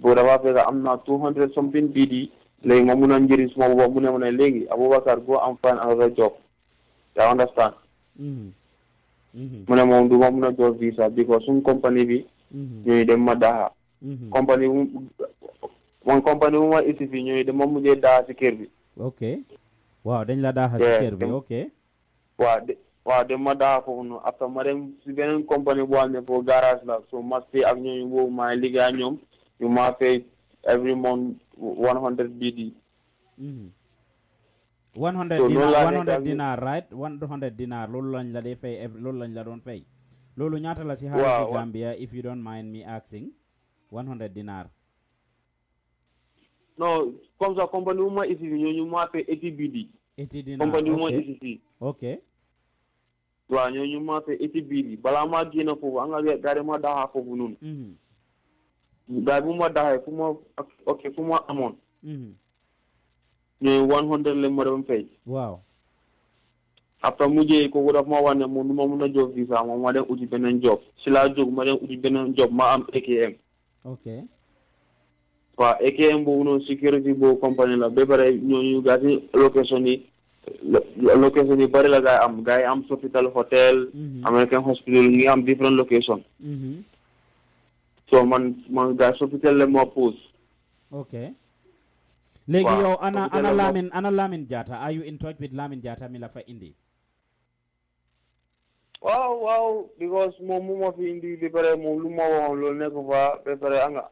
boo dafa fekk am naa two hundred something bii léegi ma mun a njëriñ suma booba mu ne ma ne léegi Aboubacar go and find another job yaa understand hmm. Hmm. mu ne moom du ma mun a jox visa because suñ compagnie bi ñooñu dem ma daxa compagnie won compagnie mo isi fi ñoy de mom mu da ci kër bi ok waaw dañ la daa ci kër bi ok waaw waaw de ma daa foofu noonu après ma dem si beneen compagnie bu xam ne garage la so ma fee ak ñooñu boobu maa liggéey ak ñoom ñu maa fay every month one hundred BD. Mhm. one hundred dinar one hundred dinar right one hundred dinar loolu lañ la dee fay loolu lañ la doon fay loolu ñaata la si xaalis Gambia if you don't mind me asking 100 dinar non comme ça compagnie bu ma ici ñooñu maa fee eighty bidi eighty dinar compagnie bu ma ici si ok waaw ñooñu maa fee eighty bidi balaa maa génn foofu an nga gari ma daxaa foofu noonu mhm. gars bu ma daxee fu ma ok fu ma amoon mhm. ñooñu one hundred lañ ma doon fay waaw après mu jëyee kooku daf ma wax ne moom mun a job visa moom ma dem uti beneen job si laa jóg ma dem uti beneen job ma am AKM okay waaw AKM boobu noonu security boobu compagnie la ba pare ñooñu gaa si location yi location yi bari la gaa yi am gaa yi am Sofitel hotel mhm. American hospital ngi am different location mhm. so man man gaa Sofitel la moo pose ok léegi yow ana ana ana Lamin Jatta are you in touch with Lamin Jatta mi la fa indi waaw waaw because moom mu ma fi indi ba pare moom lu ma waxoon loolu nekk fa ba pare anga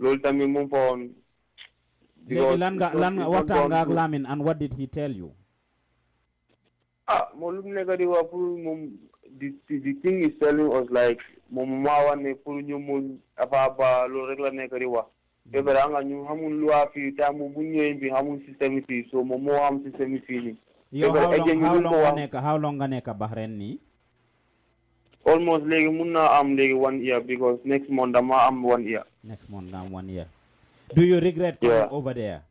loolu tamit mu fa woon léegi lan nga lan nga waxtaan nga ak Lamin and what did he tell you ah moom lu mu nekk di wax pour moom the the thing is telling us like moom maa wax ne pour ñu mun afa ba loolu rek la nekk di wax ba pare anga ñu xamul loi fii te amul bu ñëwee bi xamul système fii so moom moo xam système fii how long nga nekk how long nga nekk Bahrain nii almost like, mun i am like one year because next month i am one year. next month i am one year. do you regret coming over there?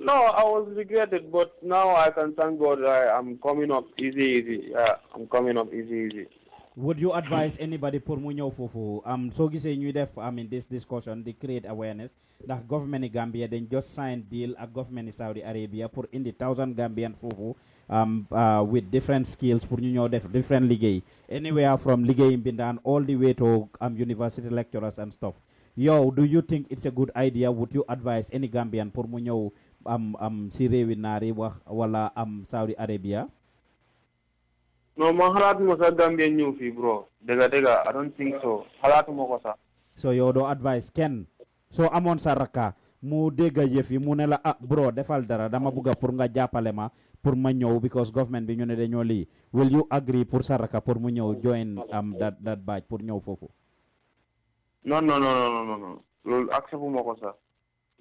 No, I was regretted, but now I can thank God I, am coming up easy, easy. Yeah, I'm coming up easy, easy would you advise anybody pour mu ñëw foofu am um, soo gisee ñuy def I mean this discussion di create awareness ndax government Gambia dañ just sign deal ak government Saudi Arabia pour indi thousand Gambian foofu am um, uh, with different skills pour ñu ñëw def different liggéey anywhere from liggéey mbindaan all the way to um university lecturers and stuff Yo, do you think it's a good idea would you advise any Gambian pour mu ñëw am um, am si réewi wax wala am Saudi Arabia No, ma mo sa Gambia ñëw fii bro. Dëgga dëgga, I don't think so. mo ko sa So yow doo advice kenn soo amoon sa rakka mu dégg yëf yi mu ne la ah bro defal dara dama bugga pour nga jàppale ma pour ma ñëw because government bi ñu ne dañoo lii will you agree pour sa rakka pour mu ñëw join am um, dat dat baaj pour ñëw foofu. non non non non non non loolu accepté ma ko sa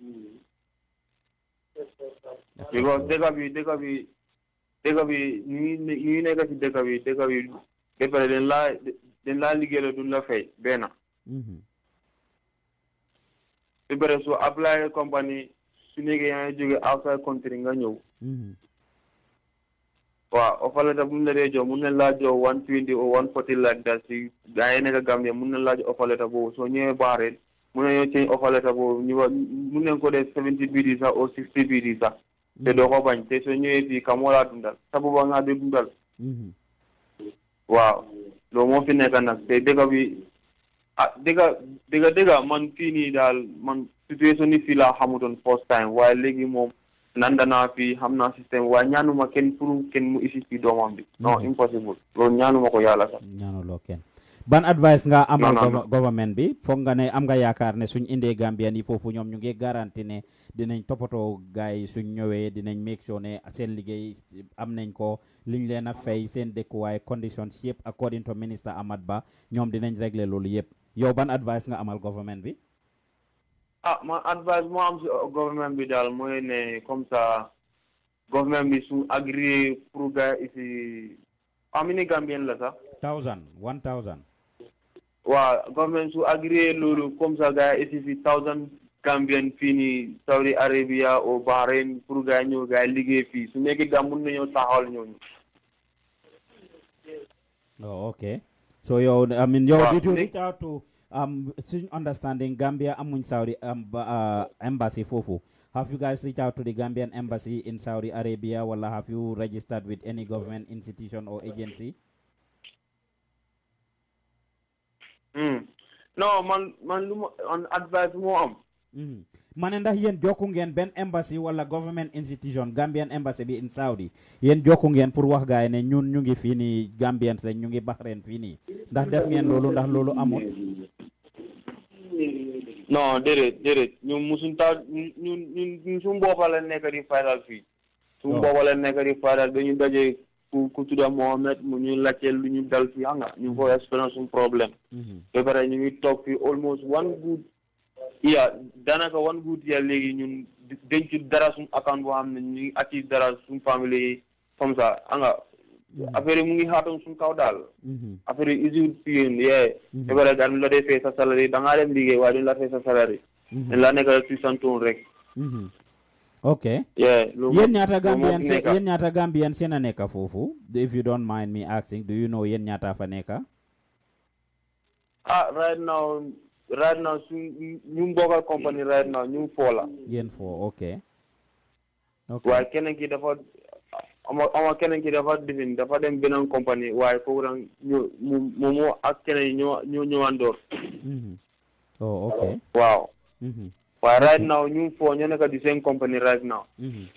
hmm. because dëgga bi dega bi deka bi ñu ñu nekk ci deka bi deka bi ba pare dañ laa dañ laa liggéeyal du la fay benn. Mm-hmm. E ba pare soo apply compagnie su nekkee yaa ngi jóge outside country nga ñëw. Mm-hmm. waaw fa la mun na dee jox mun na laa jox one twenty or one forty lakh dal si gars yi nekk Gambia mun na laa jox offre letter boobu soo ñëwee baaree mun na ñëw change offre letter boobu ñu mun nañ ko def seventy bidi sax or sixty bidi sax. te mm-hmm. doko bañ te so ñëwee fii e kamoo laa dundal sabuba nga de dundal mm-hmm. waaw loolu moo fi nekk nag te dëkk bi ah dëgg dëgg dëgg man fii nii daal man situation ni fii laa xamutoon first time waaye léegi moom nanda naa fii xam naa système waaye ñaanuma kenn pour kenn mu isi fii doomam bi non mm-hmm. impossible loolu ñaanuma ko yàlla sax ñaanuloo kenn ban advice nga amal government bi foog nga ne am nga yaakaar ne suñ indee Gambian yi foofu ñoom ñu ngi garanti ne dinañ toppatoo gars yi suñ ñëwee dinañ make sure ne seen liggéey am nañ ko liñ leen a fay seen dëkkuwaay conditions yëpp according to minister Amat Bah ñoom dinañ régler loolu yëpp yow ban advice nga amal government bi. ah man advice moo am uh, mooy ne comme la sax. thousand. waaw government su agréé loolu comme ça gars yi fi thousand Gambian fii nii Saudi Arabia au Bahrain pour gars yi ñëw gars yi liggéey fii su nekkee gars mun nañoo taxawal ñooñu. oh ok so yow I mean yow did you reach out to um suñ understanding Gambia amuñ Saudi um, uh, embassy foofu have you guys reached out to the Gambian embassy in Saudi Arabia wala have you registered with any government institution or agency. Hmm. non man man lu on advice moo am. Hmm. ma ndax yéen jokku ngeen benn embassy wala government institution Gambian embassy bi in Saudi yéen jokku ngeen pour wax gaay ne ñun ñu ngi fii nii Gambian lañ ñu ngi Bahrain fii nii ndax def ngeen loolu ndax loolu amut. non déedéet déedéet ñu musuñ taa ñun ñun suñu bopp la nekk di fayal fii. suñu oh. bopp la nekk di fayal dañu daje ku ku tudda Mohamed mu ñu laccé lu ñu dal fi ah, nga ñu ko expérience un problème be mhm. bare ñu ngi toog fi almost one good year daanaka one good ya légui ñun dencu dara sun account bo xamné ñu ngi acci dara sun family comme ça ah, nga mhm. affaire mu ngi xaatoon sun kaw dal mhm. affaire yi usine piin yee be bare dañ la défé sa salaire da nga dem liggéey wa dañ la fee sa salaire la nekkal ci santon rek ok yéen ñaata Gambian yéen ñaata Gambian seen a foofu if you don't mind me asking do you know yéen ñaata fa nekka ah right now right now su ñu bokkal company right now ñu foo la yéen foo ok ki dafa ama ama ki dafa difin dafa dem beneen compagnie waaye foofu nag ñu mu mu ak keneen ñoo ñoo ñëwandoor mhm. oh ok waaw mhm. But right okay. now, new phone, you know, the same company right now. Mm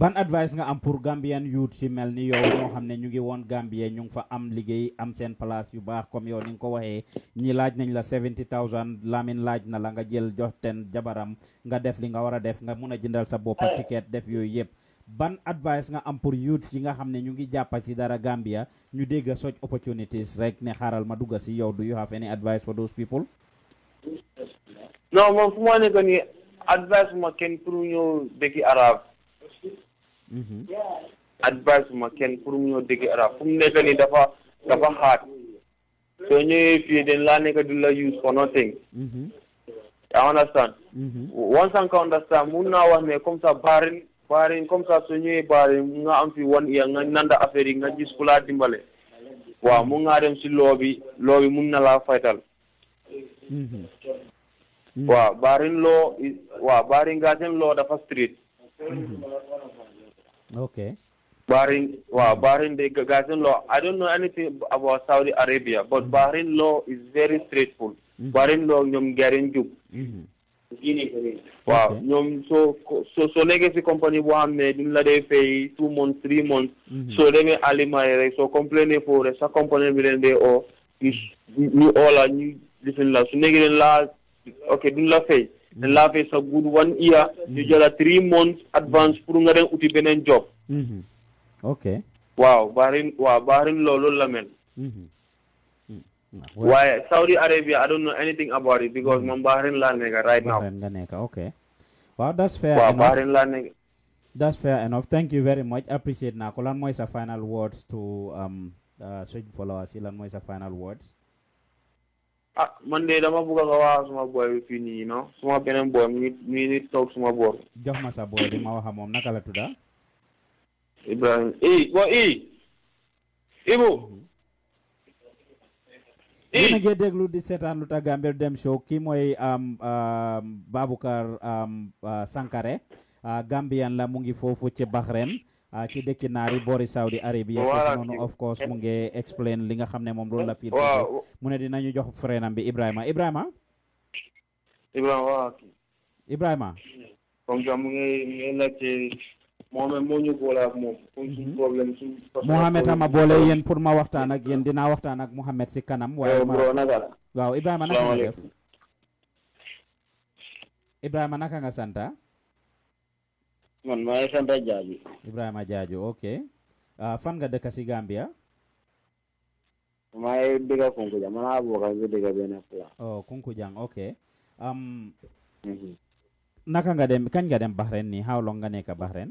ban advice nga am pour Gambian youth si mel ni yow ñoo xam ne ñu ngi woon Gambie ñu ngi fa am liggéey am seen place yu baax comme yow ni nga ko waxee ñi laaj nañ la 70000 Lamin laaj na la nga jël jox ten jabaram nga def li nga war a def nga mun a jëndal sa bopp ticket def yooyu yëpp ban advice nga am pour youth yi nga xam ne ñu ngi jàppa si dara Gambia ñu dégg such opportunities rek ne xaaral ma dugga si yow do you have any advice for those people non moom fu ma kenn pour mu ñëw dëkki arab mhm. advice ma kenn pour mu ñëw arab fu mu nekk nii dafa dafa xaat soo ñëwee fii dañ laa nekk du la for nothing I mhm. understand mhm. once nga understand mun naa wax na comme ça baarin baarin comme soo ñëwee baarin nga am fi wan ya nga nanda affaire yi nga gis ku laa dimbale waaw mun ngaa dem si loo bi mun na laa faytal Mm. waaw baarin loo waaw baarin gaasem loo dafa street mm-hmm. okay Bahrain, wow, mm. Bahrain, the gasin law. I don't know anything about Saudi Arabia, but mm-hmm. Bahrain law is very straightful. Mm-hmm. Bahrain law, nyom garen juk. Wow, nyom so so so si company bo hamne dun la dey pay two months, three months. Mm-hmm. So dem alima re so complain for sa company bilen dey o. Oh, ni all a ni listen la so negi la ok duñ la fay dañ laa sa good one year ñu jëla three months advance pour nga dem uti beneen job mhm. ok waaw Bahrain waaw Bahrain loolu la mel mhm. Mhm. waaye Saudi Arabia I don't know anything about it because moom Bahrain laa nekk right now Bahrain waaw that's fair Bahrain laa nekk that's fair enough thank you very much appreciate naa ko lan mooy sa final words to um uh, followers yi lan mooy sa final words ah man de dama bëgg nga wax suma boy bi fii nii non suma beneen boy mi ngi ngi toog suma boor. jox ma sa boy bi ma wax moom naka la tudda Ibrahim eh bo eh I. yéen a déglu di seetaan lu tax Gambian Dem Show kii mooy um, um, Baboucarr um, uh, Sankare ah, Gambian la mu ngi foofu ci uh, ci naari boori Saudi Arabia voilà noonu of course mu ngi explain li nga xamne mom moom loolu la fiir mu ne dinañu jox freenam bi Ibrahima Ibrahima Ibrahima waaw Ibrahima comme ça ngi mu ci nekk mo ñu bolé ak mom comme suñu mhm. problème ci mohammed ama bolé yeen pour ma waxtaan ak yeen dina waxtaan ak mohammed ci kanam ma waaw Ibrahima naka Ibrahima nak nga santa ah? man maa ngi sant ibrahim ajaju Jaaju ok uh, fan nga dëkk si Gambia. may diga kunku Kunkujang man laa kan bokk ak dëkk benn place. oh Kunkujang ok. Um, mm -hmm. naka nga dem kan nga dem Bahrain ni how long nga kan ya nekk Bahrain.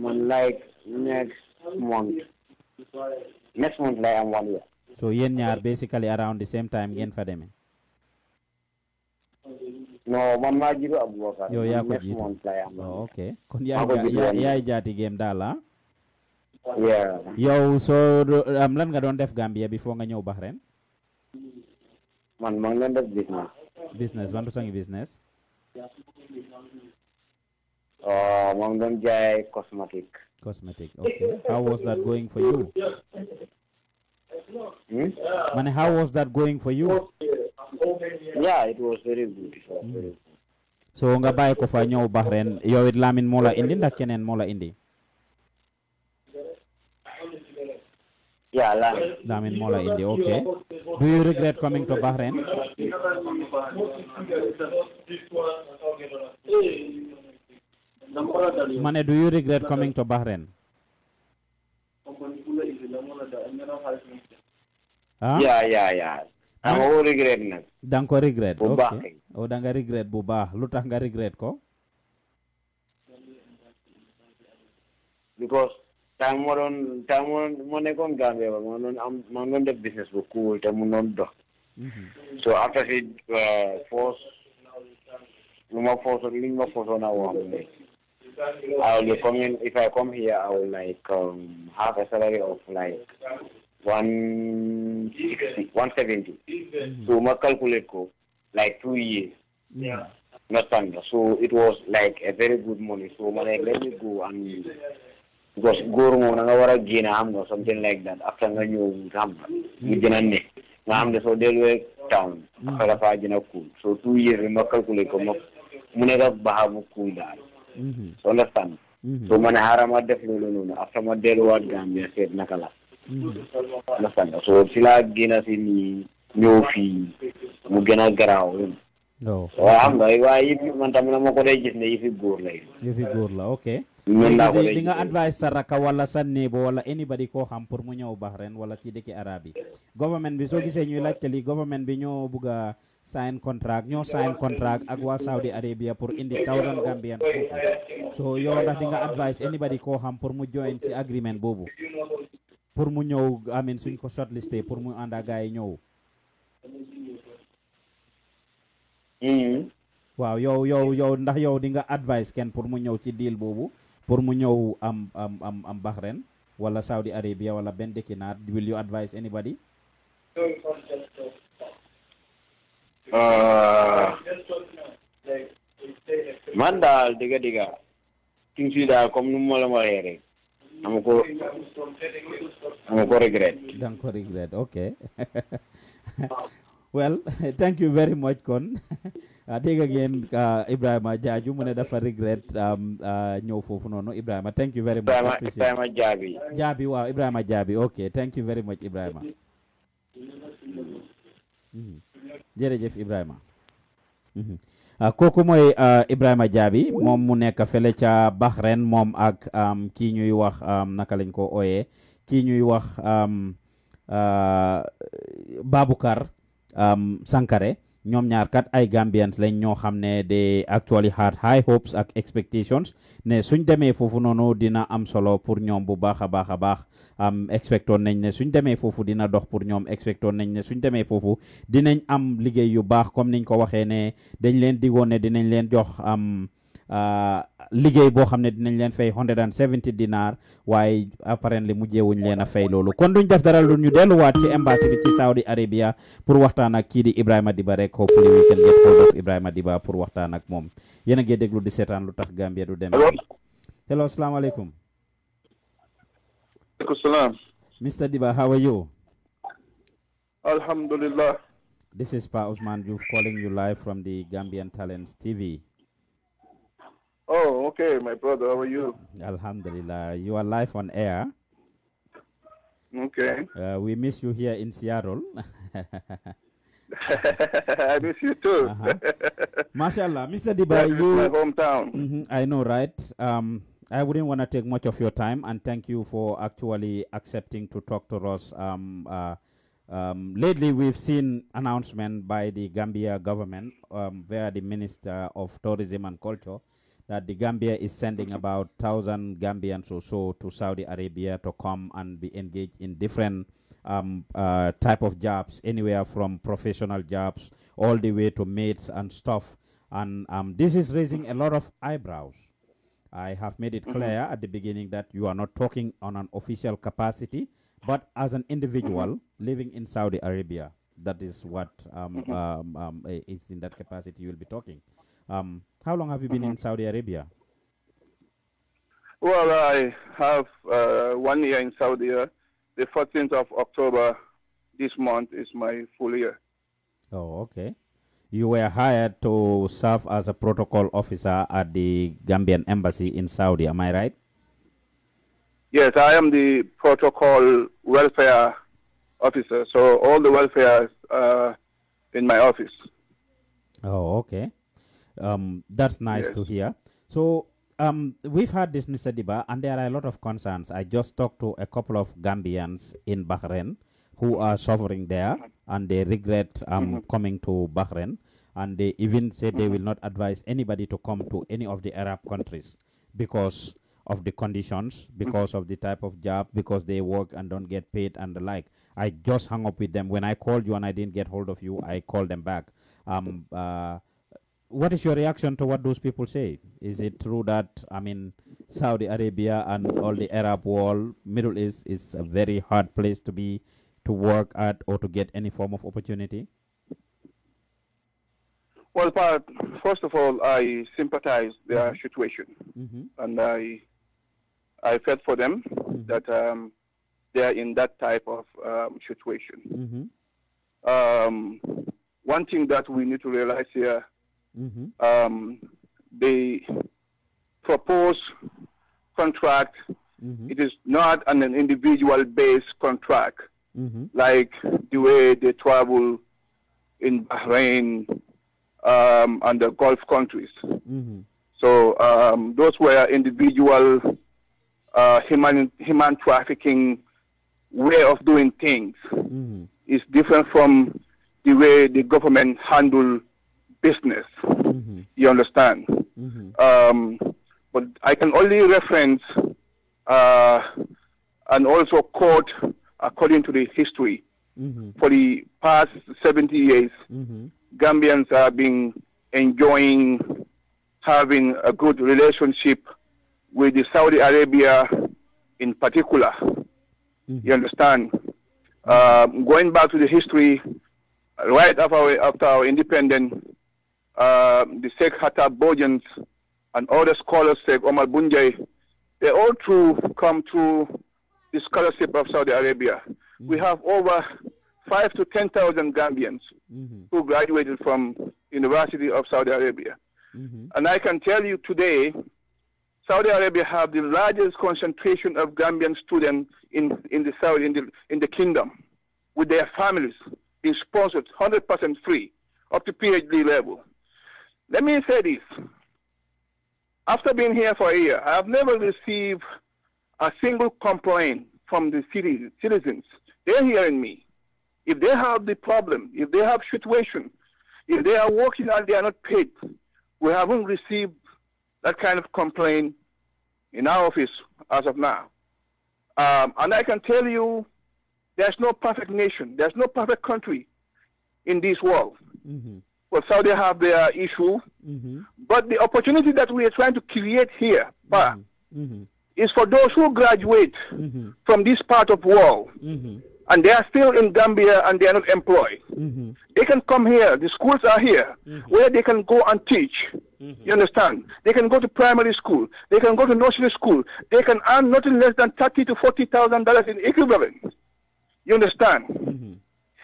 man mm, like next month. next month lay am one year. so yen ñaar basically around the same time ngeen fa demee no man ma jiru abubakar yo ya ko jitu oh, okay kon ya ya ya, ya jaati game dala yeah yow so am lan nga don def gambia fo nga ñew bahrain man ma ngi def business business wantu sangi business Oh, uh, kosmetik. Kosmetik. cosmetic. Cosmetic, okay. How was that going for you? Hmm? Man, how was that going for you? Okay. Yeah, it was very good. Hmm. So nga bàyyi ko fa ñëw Bahrain yow it Lamine mola. indi ndak kenen mola indi. Yeah, Lamine. Lamine mola indi okay. Do you regret coming to Bahrain? Mane? do you regret coming to Bahrain? Huh? yeah yeah yeah. amoo regret nag. da ko regret. bu baax ok oh da nga regret bu baax lu tax nga regret ko. because time moo doon time moo moo nekkoon Gambia ba maa doon am maa doon def business bu cool te mu doon dox. so after si uh, force lu ma force li ma force woon naa woo xam ne. I will come in if I come here I will like um, have a salary of like. 160, 170. Mm-hmm. So, I calculate like two years. Yeah. Not Tanzania. So, it was like a very good money. So, man, I let me go and because Gormo, Nagawara, Gina, or something like that. After I knew Hamga, we didn't know. Hamga, so they were town. Mm. After I Gina cool. So, two years, I calculate come up. Munega Bahavu cool down. Mm-hmm. So, understand? Mm-hmm. So, man, Harama, the Flulu, after my dead word, Gambia said, Nakala. silagina sini nyofi mu gën a garaaw waaw xam nga waaye Oh man tamit na ma ko day gis ne yëfi góor la yëfi góor la ok di nga advice sa raka wala sa néebo wala anybody ko xam pour mu ñëw Bahrain wala ci government bi soo gisee ñuy li government bi ñoo sign contract ñoo sign contract ak Saudi Arabia pour indi thousand Gambian so yo ndax di nga advice anybody ko xam pour mu join ci agreement bubu pour mu ñew amin suñ ko shortlisté pour mu anda gaay ñew hmm waaw yow yow yow ndax yow di nga advice ken pour mu ñew ci deal bobu pour mu ñew am am am am Bahrain wala Saudi Arabia wala ben dëkki will you advise anybody ah. man daal diga diga ci si daal comme nu mo la rek amoko ko regret danga regret ok well thank you very much kon dégg ngeen Ibrahima Jaaju mu ne dafa regret ñëw um, uh, foofu noonu Ibrahima thank you very much Ibrahima Jaabi Jaabi waaw Ibrahima Jaabi ok thank you very much Ibrahima mm-hmm. jërëjëf Ibrahima mm-hmm. Ah, kooku mooy ah, Ibrahima Diaby moom mu nekk fële ca Bahrain moom ak kii ñuy wax naka lañ ko ooyee kii ñuy wax ah, Baboucar Sankare ñoom ñaar kat ay Gambians lañ ñoo xam ne de actually had high hopes ak expectations ne suñ demee foofu noonu dina am solo pour ñoom bu baax a baax a baax. am expectoon nañ ne suñ demee foofu dina dox pour ñoom expectoon nañ ne suñ demee foofu dinañ am liggéey yu baax comme niñ ko waxee ne dañ leen digoon ne dinañ leen jox am euh, liggéey boo xam ne dinañ leen fay 170 dinar waaye apparemment mujjeewuñ leen a fay loolu kon duñ def dara lu ñu delluwaat ci embassy bi ci Saudi Arabia pour waxtaan ak kii di Ibrahima Diba rek hopefully we can get Ibrahima Diba pour waxtaan ak moom yéen a ngi déglu di seetaan lu tax Gambia du dem. allo Salam. Mr. Diba, how are you? Alhamdulillah. This is Pa Usman you are calling you live from the Gambian Talents TV. Oh, okay, my brother. How are you? Alhamdulillah. You are live on air. Okay. Uh, we miss you here in Seattle. I miss you too. uh-huh. MashaAllah. Mr. Diba, you. My hometown. Mm -hmm, I know, right? Um, I wouldn't want to take much of your time, and thank you for actually accepting to talk to us. Um, uh, um, lately, we've seen announcement by the Gambia government um, via the Minister of Tourism and Culture that the Gambia is sending about 1,000 Gambians or so to Saudi Arabia to come and be engaged in different um, uh, type of jobs, anywhere from professional jobs all the way to mates and stuff. And um, this is raising a lot of eyebrows. I have made it mm-hmm. clear at the beginning that you are not talking on an official capacity, but as an individual mm-hmm. living in Saudi Arabia. That is what um, mm-hmm. um, um, is in that capacity you will be talking. Um, how long have you been in Saudi Arabia? Well, I have uh, one year in Saudi. Uh, the 14th of October this month is my full year. Oh, okay you were hired to serve as a protocol officer at the Gambian embassy in Saudi. Am I right? Yes, I am the protocol welfare officer. So all the welfare uh, in my office. Oh, okay. Um, that's nice yes. to hear. So um, we've had this, Mr. Diba, and there are a lot of concerns. I just talked to a couple of Gambians in Bahrain who are suffering there and they regret um, mm -hmm. coming to Bahrain. And they even said they mm-hmm. will not advise anybody to come to any of the Arab countries because of the conditions, mm-hmm. because of the type of job, because they work and don't get paid and the like. I just hung up with them. When I called you and I didn't get hold of you, I called them back. Um, uh, what is your reaction to what those people say? Is it true that I mean Saudi Arabia and all the Arab world, Middle East is a very hard place to be to work at or to get any form of opportunity? Well, first of all, I sympathize their mm-hmm. situation, mm -hmm. and I I felt for them mm -hmm. that um, they are in that type of um, situation. Mm -hmm. um, one thing that we need to realize here, mm-hmm. um, they propose contract. Mm-hmm. It is not an, an individual-based contract mm-hmm. like the way they travel in Bahrain um, and the Gulf countries. Mm-hmm. So um, those were individual uh, human human trafficking way of doing things. Mm-hmm. It's different from the way the government handle business. Mm-hmm. You understand? Mm-hmm. Um, but I can only reference uh, and also quote according to the history. Mm-hmm. For the past 70 years, mm-hmm. Gambians have been enjoying having a good relationship with the Saudi Arabia in particular. Mm-hmm. You understand? Uh, going back to the history, right after our, after our independence, uh, the Sheikh Hatta Bojans and other scholars, Sheikh Omar Bunjay, they all through come to the scholarship of Saudi Arabia. Mm-hmm. We mm. have over five to 10,000 Gambians mm-hmm. who graduated from University of Saudi Arabia. Mm-hmm. And I can tell you today, Saudi Arabia have the largest concentration of Gambian students in, in the Saudi, in the, in the kingdom, with their families being sponsored 100% free up to PhD level. Let me say this. After being here for a year, I have never received a single complaint from the city, citizens. They're hearing me. If they have the problem, if they have situation, if they are working and they are not paid, we haven't received that kind of complaint in our office as of now. Um, and I can tell you, there's no perfect nation, there's no perfect country in this world. Mm-hmm. Well, Saudi have their issue, mm-hmm. but the opportunity that we are trying to create here, mm-hmm. Bah, mm-hmm is for those who graduate mm-hmm. from this part of world mm-hmm. and they are still in Gambia and they are not employed. Mm-hmm. They can come here. The schools are here mm-hmm. where they can go and teach. Mm-hmm. You understand? They can go to primary school. They can go to nursery school. They can earn nothing less than thirty to forty thousand dollars in equivalent. You understand? Mm-hmm.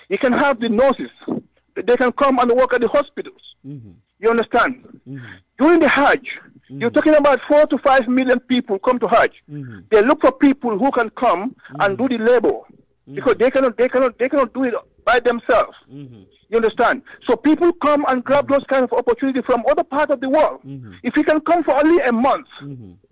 You can have the nurses. They can come and work at the hospitals. You understand? During the Hajj, Mm-hmm. You're talking about four to five million people come to Hajj. Mm-hmm. They look for people who can come mm-hmm. and do the labor mm-hmm. because they cannot, they cannot, they cannot do it by themselves. Mm-hmm. You understand? So people come and grab those kind of opportunity from other part of the world. If you can come for only a month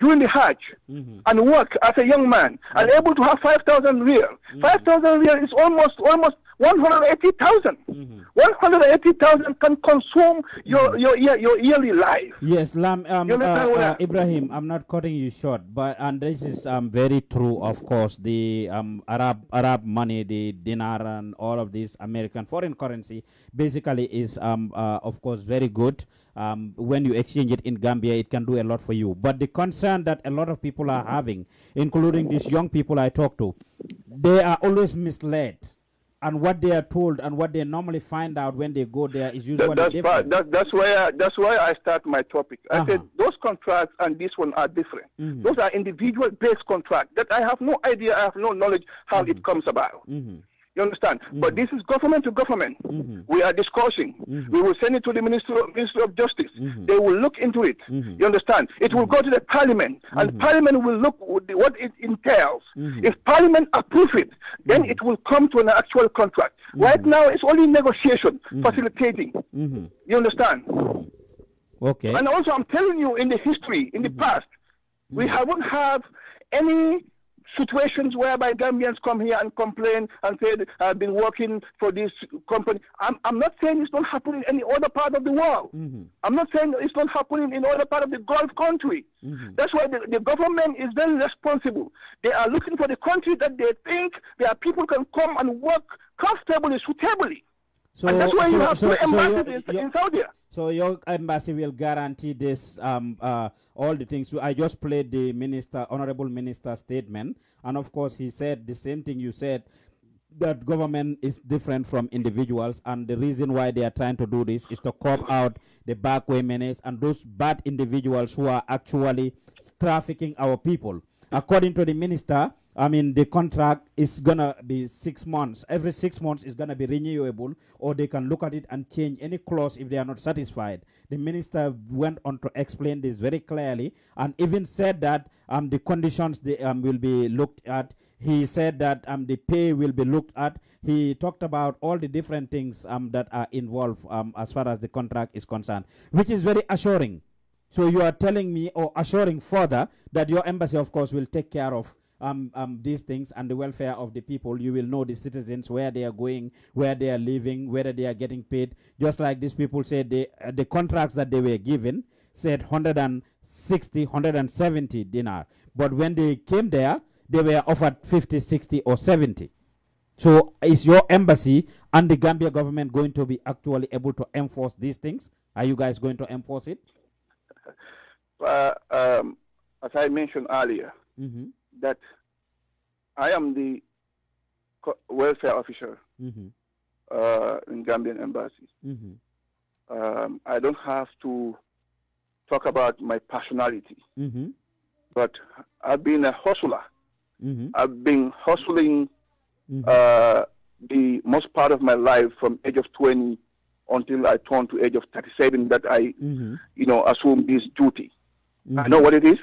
during the Hajj and work as a young man and able to have five thousand real, five thousand real is almost almost 180,000. Mm-hmm. 180,000 can consume your, mm. your, your, your yearly life. Yes, Lam, um, uh, uh, Ibrahim, I'm not cutting you short, but and um, this is um, very true, of course. The um, Arab Arab money, the dinar, and all of this American foreign currency basically is, um, uh, of course, very good. Um, when you exchange it in Gambia, it can do a lot for you. But the concern that a lot of people are having, including these young people I talk to, they are always misled and what they are told and what they normally find out when they go there is usually different. That, that's why I, that's why I start my topic. I uh-huh. said those contracts and this one are different. Mm-hmm. Those are individual based contracts that I have no idea, I have no knowledge how mm-hmm. it comes about. Mm-hmm. You understand? Mm-hmm. But this is government to government. Mm-hmm. We are discussing. Mm-hmm. We will send it to the Ministry of, Ministry of Justice. Mm-hmm. They will look into it. Mm-hmm. You understand? It will go to the Parliament, and mm-hmm. Parliament will look what it entails. If Parliament approve it, then it will come to an actual contract. Right now, it's only negotiation, facilitating. You understand? Okay. And also, I'm telling you, in the history, in the past, we haven't have any situations whereby Gambians come here and complain and say, I've been working for this company. I'm, I'm not saying it's not happening in any other part of the world. Mm -hmm. I'm not saying it's not happening in other part of the Gulf country. Mm -hmm. That's why the, the, government is very responsible. They are looking for the country that they think their people can come and work comfortably, suitably. So, and that's why so, you have so, two embassies so in Saudi. So your embassy will guarantee this, um, uh, all the things. I just played the minister, honorable minister statement, and of course he said the same thing you said, that government is different from individuals, and the reason why they are trying to do this is to cop out the bad menace and those bad individuals who are actually trafficking our people according to the minister, I mean, the contract is going to be six months. Every six months is going to be renewable, or they can look at it and change any clause if they are not satisfied. The minister went on to explain this very clearly and even said that um, the conditions they, um, will be looked at. He said that um, the pay will be looked at. He talked about all the different things um, that are involved um, as far as the contract is concerned, which is very assuring. So you are telling me or assuring further that your embassy, of course, will take care of um, um, these things and the welfare of the people. You will know the citizens, where they are going, where they are living, whether they are getting paid. Just like these people said, they, uh, the contracts that they were given said 160, 170 dinar. But when they came there, they were offered 50, 60, or 70. So is your embassy and the Gambia government going to be actually able to enforce these things? Are you guys going to enforce it? Uh, um, as I mentioned earlier, mm-hmm. that I am the welfare officer mm-hmm. uh, in Gambian embassy. Mm-hmm. Um, I don't have to talk about my personality, mm-hmm. but I've been a hustler. Mm-hmm. I've been hustling mm-hmm. uh, the most part of my life from age of 20 until I turned to age of 37 that I, mm-hmm. you know, assumed this duty. Mm-hmm. I know what it is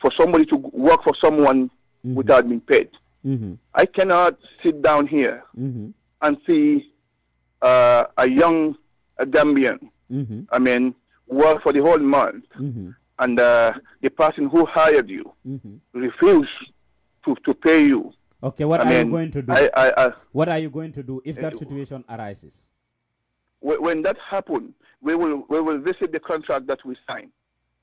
for somebody to work for someone mm-hmm. without being paid. Mm-hmm. I cannot sit down here mm-hmm. and see uh, a young a Gambian, mm-hmm. I mean, work for the whole month, and uh, the person who hired you refuse to, to pay you. Okay, what I are mean, you going to do? I, I, what are you going to do if that situation arises? When that happens, we will, we will visit the contract that we sign,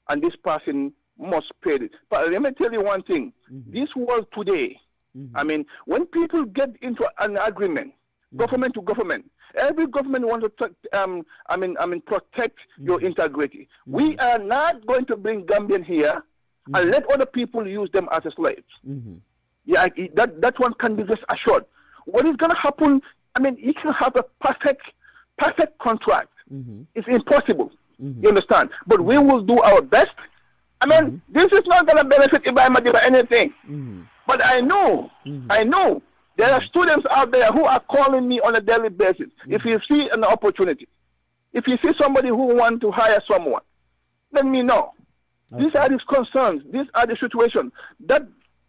and this person must pay it. But let me tell you one thing mm-hmm. this world today, mm-hmm. I mean, when people get into an agreement, Mm-hmm. government to government. Every government wants to, um, I mean, I mean, protect mm-hmm. your integrity. Mm-hmm. We are not going to bring Gambian here mm-hmm. and let other people use them as slaves. Mm-hmm. Yeah, that that one can be just assured. What is going to happen? I mean, you can have a perfect perfect contract mm-hmm. is impossible. Mm-hmm. You understand? But we will do our best. I mean, mm-hmm. this is not going to benefit Ibrahim Madiba anything. Mm-hmm. But I know, mm-hmm. I know there are students out there who are calling me on a daily basis. If you see an opportunity, if you see somebody who wants to hire someone, let me know. Okay. These are the concerns. These are the situations that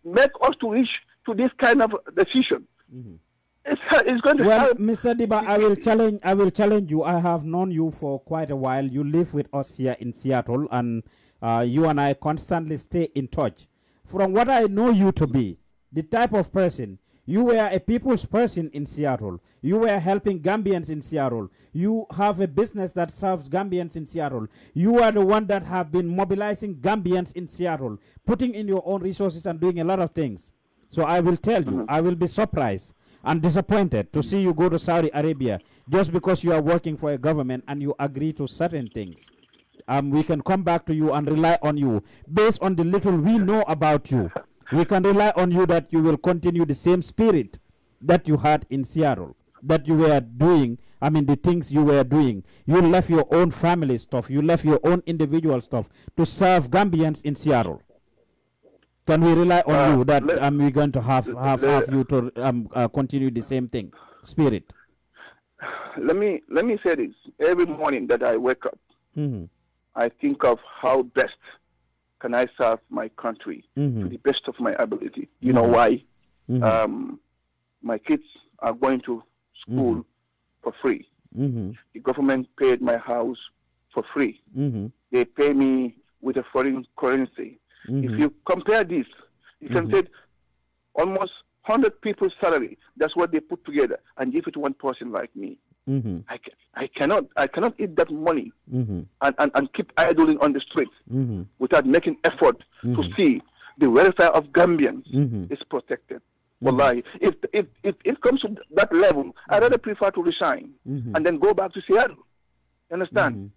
make us to reach to this kind of decision. Mm-hmm. It's, going to well, Mr. Diba, I will challenge. I will challenge you. I have known you for quite a while. You live with us here in Seattle, and uh, you and I constantly stay in touch. From what I know you to be, the type of person you were a people's person in Seattle. You were helping Gambians in Seattle. You have a business that serves Gambians in Seattle. You are the one that have been mobilizing Gambians in Seattle, putting in your own resources and doing a lot of things. So I will tell you, mm-hmm. I will be surprised and disappointed to see you go to Saudi Arabia just because you are working for a government and you agree to certain things. Um, we can come back to you and rely on you based on the little we know about you. We can rely on you that you will continue the same spirit that you had in Seattle, that you were doing. I mean, the things you were doing. You left your own family stuff. You left your own individual stuff to serve Gambians in Seattle. Can we rely on uh, you that um, we're going to have have, have you to um, uh, continue the same thing, spirit? Let me let me say this. Every morning that I wake up, mm -hmm. I think of how best can I serve my country mm -hmm. to mm-hmm. the best of my ability. You mm -hmm. know mm-hmm. why? Mm-hmm. Um, my kids are going to school for free. The government paid my house for free. They pay me with a foreign currency. Mm-hmm. If you compare this, you can mm-hmm. say almost 100 people's salary. That's what they put together and give it to one person like me. Mm-hmm. I, I cannot I cannot eat that money mm-hmm. and, and, and keep idling on the streets mm-hmm. without making effort to mm-hmm. see the welfare of Gambians mm-hmm. is protected. Wallahi, if, if, if it comes to that level, I rather prefer to resign and then go back to Seattle. Understand?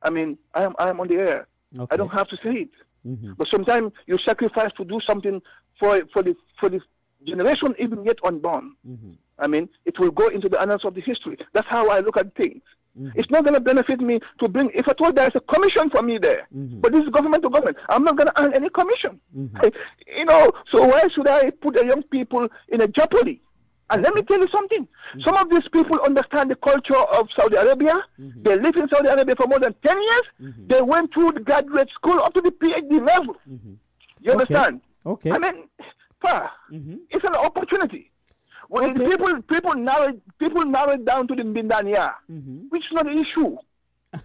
I mean, I am I am on the air. Okay. I don't have to say it. Mm-hmm. But sometimes you sacrifice to do something for for the for the generation even yet unborn. Mm-hmm. I mean, it will go into the annals of the history. That's how I look at things. Mm-hmm. It's not going to benefit me to bring. If at all there is a commission for me there, mm-hmm. but this is government to government, I'm not going to earn any commission. Mm-hmm. I, you know, so why should I put the young people in a jeopardy? And let me tell you something. Mm-hmm. Some of these people understand the culture of Saudi Arabia. Mm-hmm. They live in Saudi Arabia for more than 10 years. Mm-hmm. They went through the graduate school up to the PhD level. Mm-hmm. You understand? Okay. okay. I mean, pa, mm-hmm. it's an opportunity. When okay. people people narrow people narrow it down to the Mindania, mm-hmm. which is not an issue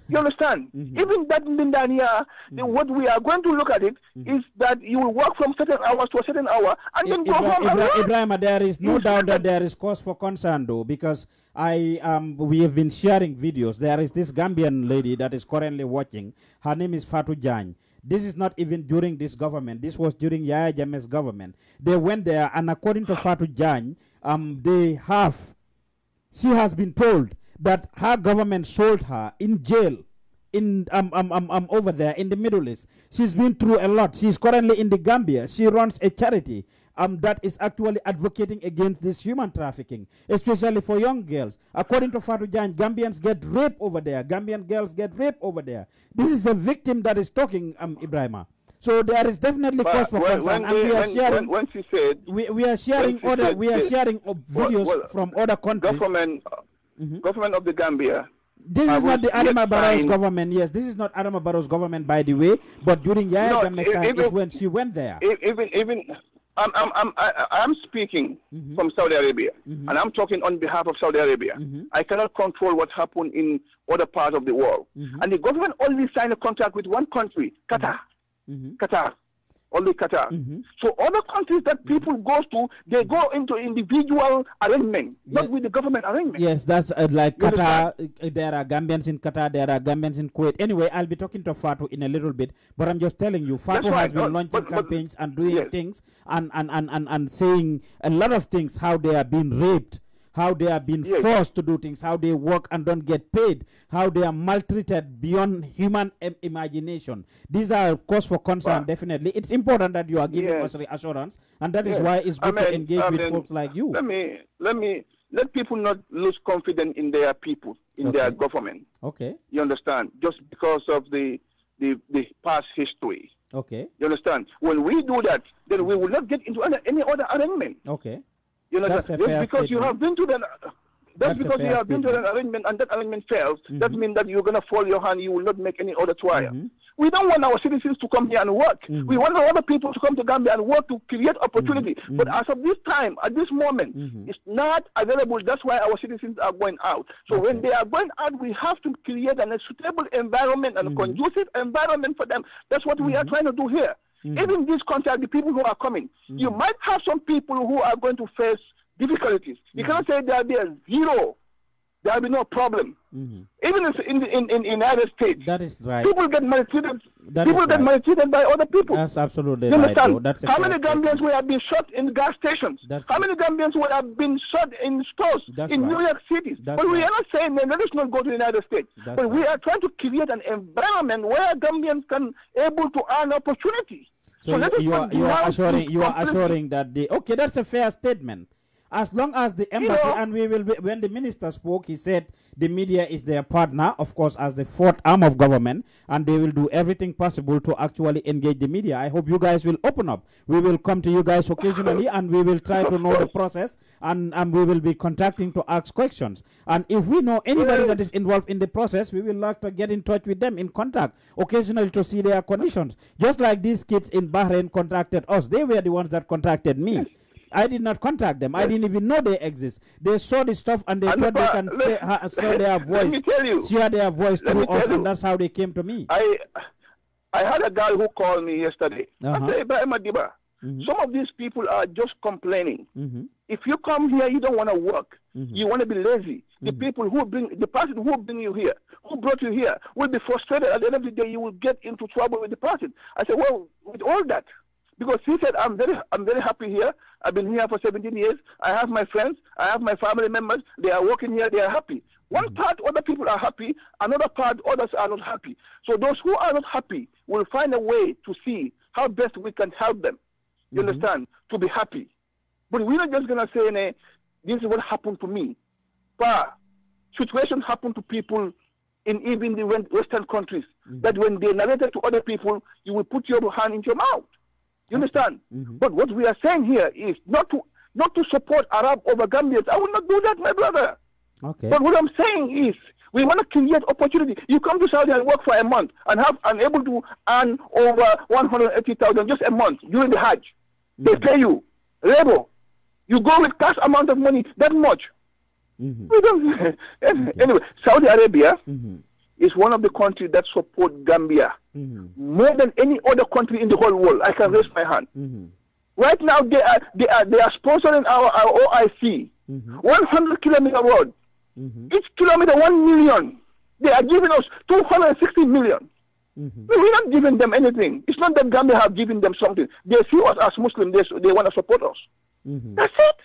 you understand? Mm-hmm. Even that Mindania, mm-hmm. what we are going to look at it mm-hmm. is that you will work from certain hours to a certain hour and I, then go home. Ibra- Ibrahim, there is no doubt that there is cause for concern, though, because I um, we have been sharing videos. There is this Gambian lady that is currently watching. Her name is Fatu Jan. This is not even during this government. This was during Yaya Jame's government. They went there, and according to Fatu Jan, um, they have, she has been told that her government sold her in jail in um, um, um, um, over there in the Middle East. She's been through a lot. She's currently in the Gambia. She runs a charity um, that is actually advocating against this human trafficking, especially for young girls. According to Fatou Jan, Gambians get raped over there. Gambian girls get raped over there. This is a victim that is talking, um, Ibrahima. So there is definitely but cause for when, concern, when, and we are when, sharing. When, she said, we, we are sharing other, we are sharing videos what, what, from other countries. Government, mm-hmm. government of the Gambia. This I is not the Adama Barrow's government. Yes, this is not Adama Barrow's government, by the way. But during Yaya no, Jammeh's time even, is when she went there. Even even I'm I'm I'm I, I'm speaking mm-hmm. from Saudi Arabia, mm-hmm. and I'm talking on behalf of Saudi Arabia. Mm-hmm. I cannot control what happened in other parts of the world, mm-hmm. and the government only signed a contract with one country, Qatar. Mm-hmm. Mm-hmm. Qatar only Qatar. Mm-hmm. So other countries that mm-hmm. people go to, they go into individual arrangement, not with the government arrangement. Yes, that's uh, like you Qatar. Understand? Uh, there are Gambians in Qatar. There are Gambians in Kuwait. Anyway, I'll be talking to Fatu in a little bit, but I'm just telling you, Fatu has been launching but, campaigns and doing yes. things and, and, and, and, and saying a lot of things how they are being raped how they are being forced to do things, how they work and don't get paid, how they are maltreated beyond human imagination. These are cause for concern, definitely. It's important that you are giving yes. us assurance, and that yes. is why it's good I mean, to engage I mean, with folks like you. Let me, let me, let people not lose confidence in their people, in okay. their government. Okay. You understand? Just because of the, the, the past history. Okay. You understand? When we do that, then we will not get into any other arrangement. Okay. You know, that's, because statement. you have been to the. That's, that's because you have statement. been to an arrangement and that arrangement fails. Mm -hmm. That means that you're going to fall your hand. You will not make any other trial. Mm -hmm. We don't want our citizens to come here and work. Mm -hmm. We want other people to come to Gambia and work to create opportunity. Mm-hmm. But as of this time, at this moment, mm-hmm. it's not available. That's why our citizens are going out. So okay. when they are going out, we have to create an suitable environment and mm-hmm. conducive environment for them. That's what we are trying to do here mm Even this contract, the people who are coming, mm you might have some people who are going to face difficulties. You mm. cannot say that there are zero there will be no problem. Mm-hmm. Even in, in, in, in United States, that is right. People get maltreated. That people get right. maltreated by other people. That's absolutely you right. That's How many Gambians would have been shot in gas stations? That's How many Gambians would have been shot in stores That's in right. New York City? That's but right. we are not saying that let us not go to the United States. That's but we are trying to create an environment where Gambians can able to earn opportunity. So, so you, you, are, you are assuring you are assuring that the okay that's a fair statement as long as the embassy you know, and we will be, when the minister spoke he said the media is their partner of course as the fourth arm of government and they will do everything possible to actually engage the media i hope you guys will open up we will come to you guys occasionally and we will try to know the process and, and we will be contacting to ask questions and if we know anybody that is involved in the process we will like to get in touch with them in contact occasionally to see their conditions just like these kids in bahrain contacted us they were the ones that contacted me I did not contact them. Yes. I didn't even know they exist. They saw the stuff and they and thought they can say, saw their voice, let me tell you, share their voice through us, you. and that's how they came to me. I I had a guy who called me yesterday. Uh-huh. I said, Ibrahim Adiba, mm-hmm. some of these people are just complaining. Mm-hmm. If you come here, you don't want to work. Mm-hmm. You want to be lazy. The mm-hmm. people who bring the person who bring you here, who brought you here, will be frustrated. At the end of the day, you will get into trouble with the person. I said, well, with all that, because he said, I'm very, I'm very happy here. I've been here for 17 years. I have my friends. I have my family members. They are working here. They are happy. One mm. part, other people are happy. Another part, others are not happy. So those who are not happy will find a way to see how best we can help them. You mm-hmm. understand? To be happy. But we're not just going to say, nee, this is what happened to me. But situations happen to people in even the Western countries mm-hmm. that when they narrate to other people, you will put your hand into your mouth. You understand? Mm-hmm. But what we are saying here is not to not to support Arab over Gambians. I will not do that, my brother. Okay. But what I'm saying is we want to create opportunity. You come to Saudi and work for a month and have and able to earn over one hundred eighty thousand just a month during the Hajj. Mm-hmm. They pay you labor. You go with cash amount of money that much. Mm-hmm. anyway, Saudi Arabia. Mm-hmm is one of the countries that support Gambia mm-hmm. more than any other country in the whole world. I can mm-hmm. raise my hand. Mm-hmm. Right now, they are they are they are sponsoring our, our OIC, mm-hmm. 100 kilometer road. Mm-hmm. Each kilometer, one million. They are giving us 260 million. Mm-hmm. We're not giving them anything. It's not that Gambia have given them something. They see us as Muslims. They, they want to support us. That's it.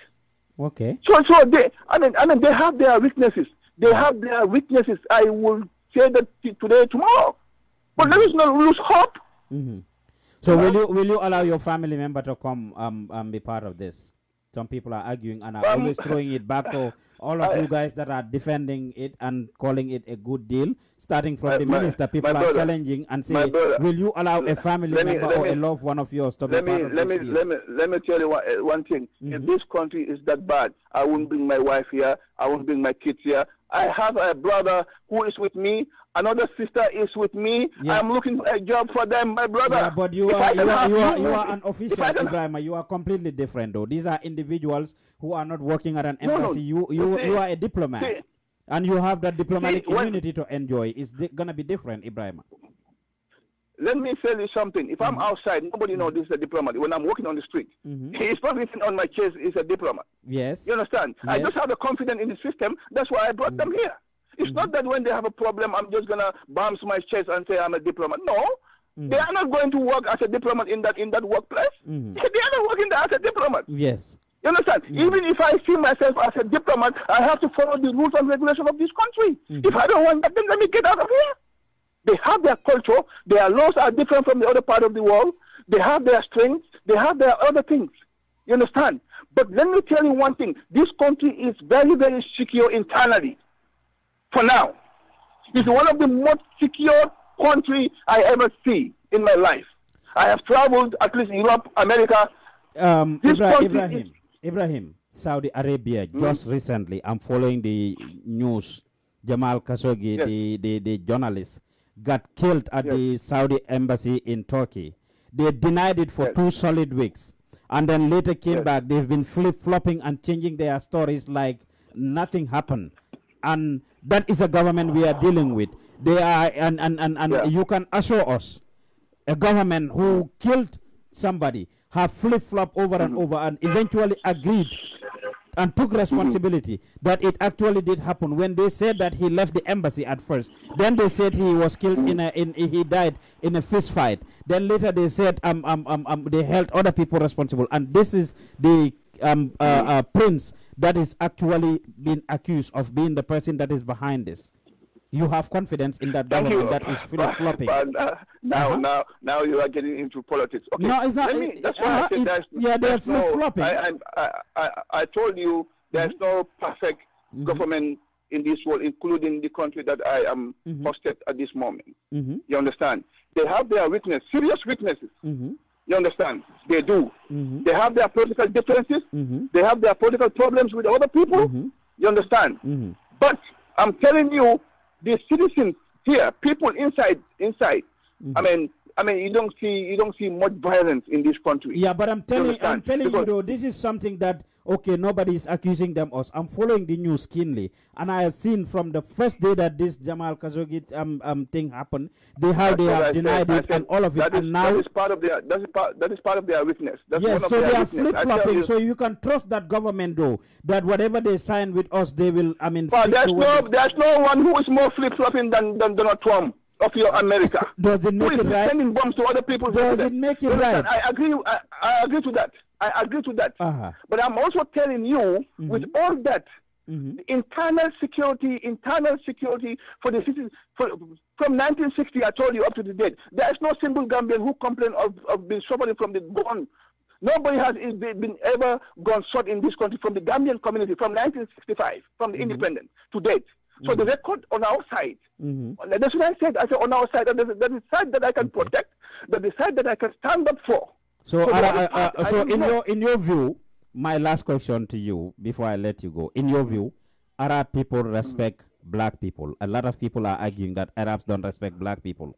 Okay. So so they I mean I mean they have their weaknesses. They have their weaknesses. I will say that today, tomorrow. But let mm-hmm. us not lose hope. Mm-hmm. So will you will you allow your family member to come um, and be part of this? Some people are arguing and are um, always throwing it back to all of you guys that are defending it and calling it a good deal. Starting from my, the minister, people brother, are challenging and saying, "Will you allow a family me, member or me, a loved one of yours to be part me, of let this me, deal?" Let me let me tell you one, uh, one thing. Mm -hmm. If mm-hmm. this country is that bad, I won't bring my wife here. I won't bring my kids here. I have a brother who is with me. Another sister is with me. Yeah. I'm looking for a job for them, my brother. Yeah, but you if are you are, you are you are an official, Ibrahim. You are completely different, though. These are individuals who are not working at an embassy. No, no. You you see, you are a diplomat, see, and you have that diplomatic see, immunity when, to enjoy. It's di- gonna be different, Ibrahim. Let me tell you something. If mm-hmm. I'm outside, nobody knows mm-hmm. this is a diplomat. When I'm walking on the street, mm-hmm. he's probably on my chest is a diplomat. Yes. You understand? Yes. I just have the confidence in the system. That's why I brought mm-hmm. them here. It's not mm-hmm. that when they have a problem, I'm just gonna bounce my chest and say I'm a diplomat. No. Mm-hmm. They are not going to work as a diplomat in that in that workplace. They are not working there as a diplomat. Yes. You understand? Mm-hmm. Even if I see myself as a diplomat, I have to follow the rules and regulations of this country. Mm-hmm. If I don't want that, then let me get out of here. They have their culture. Their laws are different from the other part of the world. They have their strengths. They have their other things. You understand? But let me tell you one thing. This country is very, very secure internally. For now. It's one of the most secure country I ever see in my life. I have traveled at least Europe, America. Um, Ibra- Ibrahim, is- Ibrahim, Saudi Arabia, mm-hmm. just recently, I'm following the news. Jamal Khashoggi, yes. the, the, the journalist, got killed at the Saudi embassy in Turkey. They denied it for yes. two solid weeks and then later came yes. back. They've been flip flopping and changing their stories like nothing happened. And that is a government we are dealing with. They are, and, and, and, and yeah. you can assure us a government who killed somebody have flip flop over mm -hmm. and mm-hmm. over and eventually agreed and took responsibility mm-hmm. that it actually did happen when they said that he left the embassy at first then they said he was killed in a in he died in a fist fight then later they said um, um, um, um they held other people responsible and this is the um, uh, uh, prince that is actually being accused of being the person that is behind this you have confidence in that government you. that is flopping. But, uh, now, uh -huh. now, now you are getting into politics. Okay. No, it's not. Me, that's why I uh-huh, said it, there's, yeah, there's no, flopping. I, I, I, I told you there's mm -hmm. no perfect mm -hmm. government in this world, including the country that I am mm hosted at this moment. Mm-hmm. You understand? They have their weaknesses, serious weaknesses. Mm-hmm. You understand? They do. They have their political differences. They have their political problems with other people. You understand? But I'm telling you, the citizens here, people inside, inside. Mm-hmm. I mean, I mean, you don't see you don't see much violence in this country. Yeah, but I'm telling I'm telling because you though, this is something that okay, nobody is accusing them us. I'm following the news keenly, and I have seen from the first day that this Jamal Khashoggi um, um thing happened, they how they have denied said, it said, and all of it, is, and now that is part of their that is part that is part of their weakness. That's yes, so they are flip flopping. So you can trust that government though that whatever they sign with us, they will. I mean, but there's no there's no one who is more flip flopping than, than Donald Trump of your America. Does it make it right? Sending bombs to other people. Does it make it right? I agree. I, I agree to that. I agree to that. Uh -huh. But I'm also telling you, mm -hmm. with all that, mm -hmm. internal security, internal security for the citizens. from 1960, I told you up to the date, there is no single Gambian who complained of, of being suffering from the gun. Nobody has been ever gone shot in this country from the Gambian community from 1965, from the mm -hmm. independence to date. So mm-hmm. the record on our side, mm-hmm. that's what I said. I said on our side, that is, the side that I can okay. protect, that is the side that I can stand up for. So, so, uh, uh, so in know. your in your view, my last question to you before I let you go. In your view, Arab people respect mm-hmm. black people. A lot of people are arguing that Arabs don't respect black people.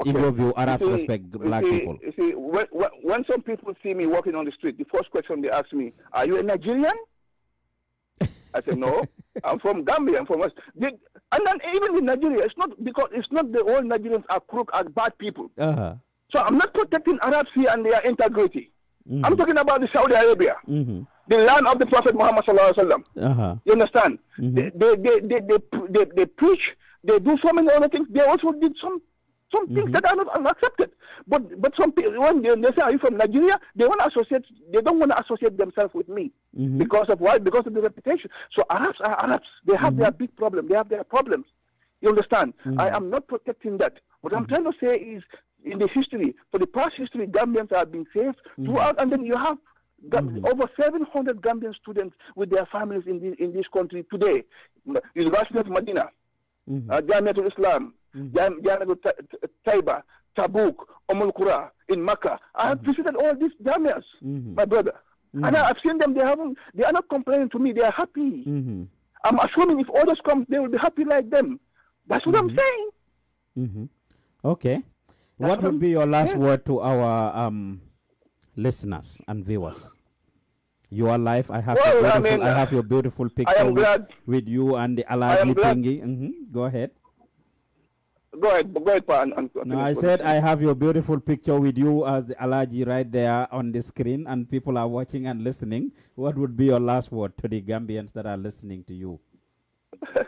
Okay. In your view, Arabs see, respect black see, people. See, when, when some people see me walking on the street, the first question they ask me, "Are you a Nigerian?" I said, no, I'm from Gambia, I'm from West. and then even in Nigeria, it's not because it's not the all Nigerians are crook as bad people. Uh-huh. So I'm not protecting Arabs here and their integrity. Mm-hmm. I'm talking about the Saudi Arabia, mm-hmm. the land of the Prophet Muhammad sallallahu alaihi wasallam. Uh-huh. You understand? Mm-hmm. They, they, they, they, they, they, they preach. They do so many other things. They also did some some mm-hmm. things that are not accepted. But but some people when they, they, say, "Are you from Nigeria?" They want to associate. They don't want to associate themselves with me mm-hmm. because of why? Because of the reputation. So Arabs are Arabs. They have mm-hmm. their big problem. They have their problems. You understand? Mm-hmm. I am not protecting that. What I'm mm-hmm. trying to say is, in the history, for the past history, Gambians have been saved mm-hmm. throughout, and then you have Mm-hmm. Over 700 Gambian students with their families in this, in this country today. University of Medina, mm-hmm. uh, to Islam, Jam go Taiba, Tabuk, Omul in Makkah. I have mm-hmm. visited all these Jamias, mm-hmm. my brother. And mm-hmm. I, have seen them, they haven't, they are not complaining to me, they are happy. I'm assuming if others come, they will be happy like them. That's what I'm saying. Okay. That's what would be your last word to our um, listeners and viewers? You are I have, well, your, beautiful, I, mean, I have your beautiful picture with, with, you and the Alaji thingy. Mm -hmm. Go ahead. Go ahead, go ahead, pa, and, and No, I said I have your beautiful picture with you as the allergy right there on the screen, and people are watching and listening. What would be your last word to the Gambians that are listening to you?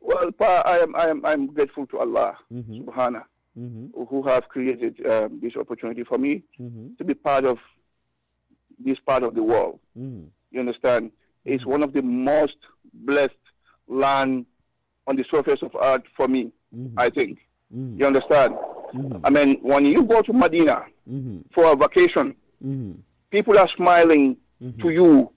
well, Pa, I am, I am, I am grateful to Allah, mm -hmm. Subhana, mm -hmm. who have created um, this opportunity for me mm -hmm. to be part of this part of the world. Mm-hmm. You understand? It's mm-hmm. one of the most blessed land on the surface of earth for me. Mm-hmm. I think. Mm-hmm. You understand? Mm-hmm. I mean, when you go to Medina mm-hmm. for a vacation, mm-hmm. people are smiling to you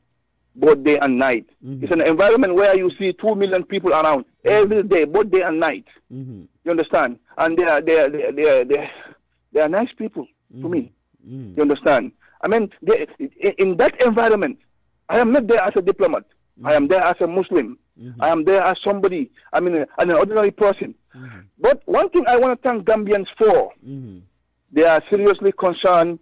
both day and night. It's an environment where you see two million people around every day, both day and night. You understand? And they are they are, they are, they are, they are, nice people to me. You understand? I mean, they, in, in that environment, I am not there as a diplomat. I am there as a Muslim. Mm-hmm. I am there as somebody, I mean, uh, an ordinary person. Mm-hmm. But one thing I want to thank Gambians for, mm-hmm. they are seriously concerned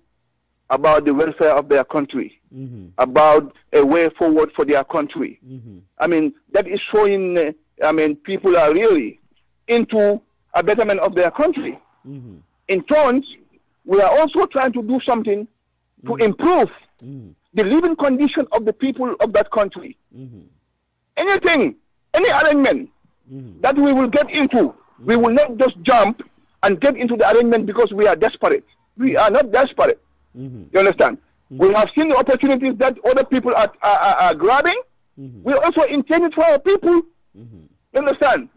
about the welfare of their country, mm-hmm. about a way forward for their country. Mm-hmm. I mean, that is showing, uh, I mean, people are really into a betterment of their country. Mm-hmm. In turn, we are also trying to do something to improve the living condition of the people of that country. Mm-hmm. Anything, any arrangement mm-hmm. that we will get into, mm-hmm. we will not just jump and get into the arrangement because we are desperate. We are not desperate. Mm-hmm. You understand? Mm-hmm. We have seen the opportunities that other people are, are, are, are grabbing. Mm-hmm. We also intend it for our people. You understand?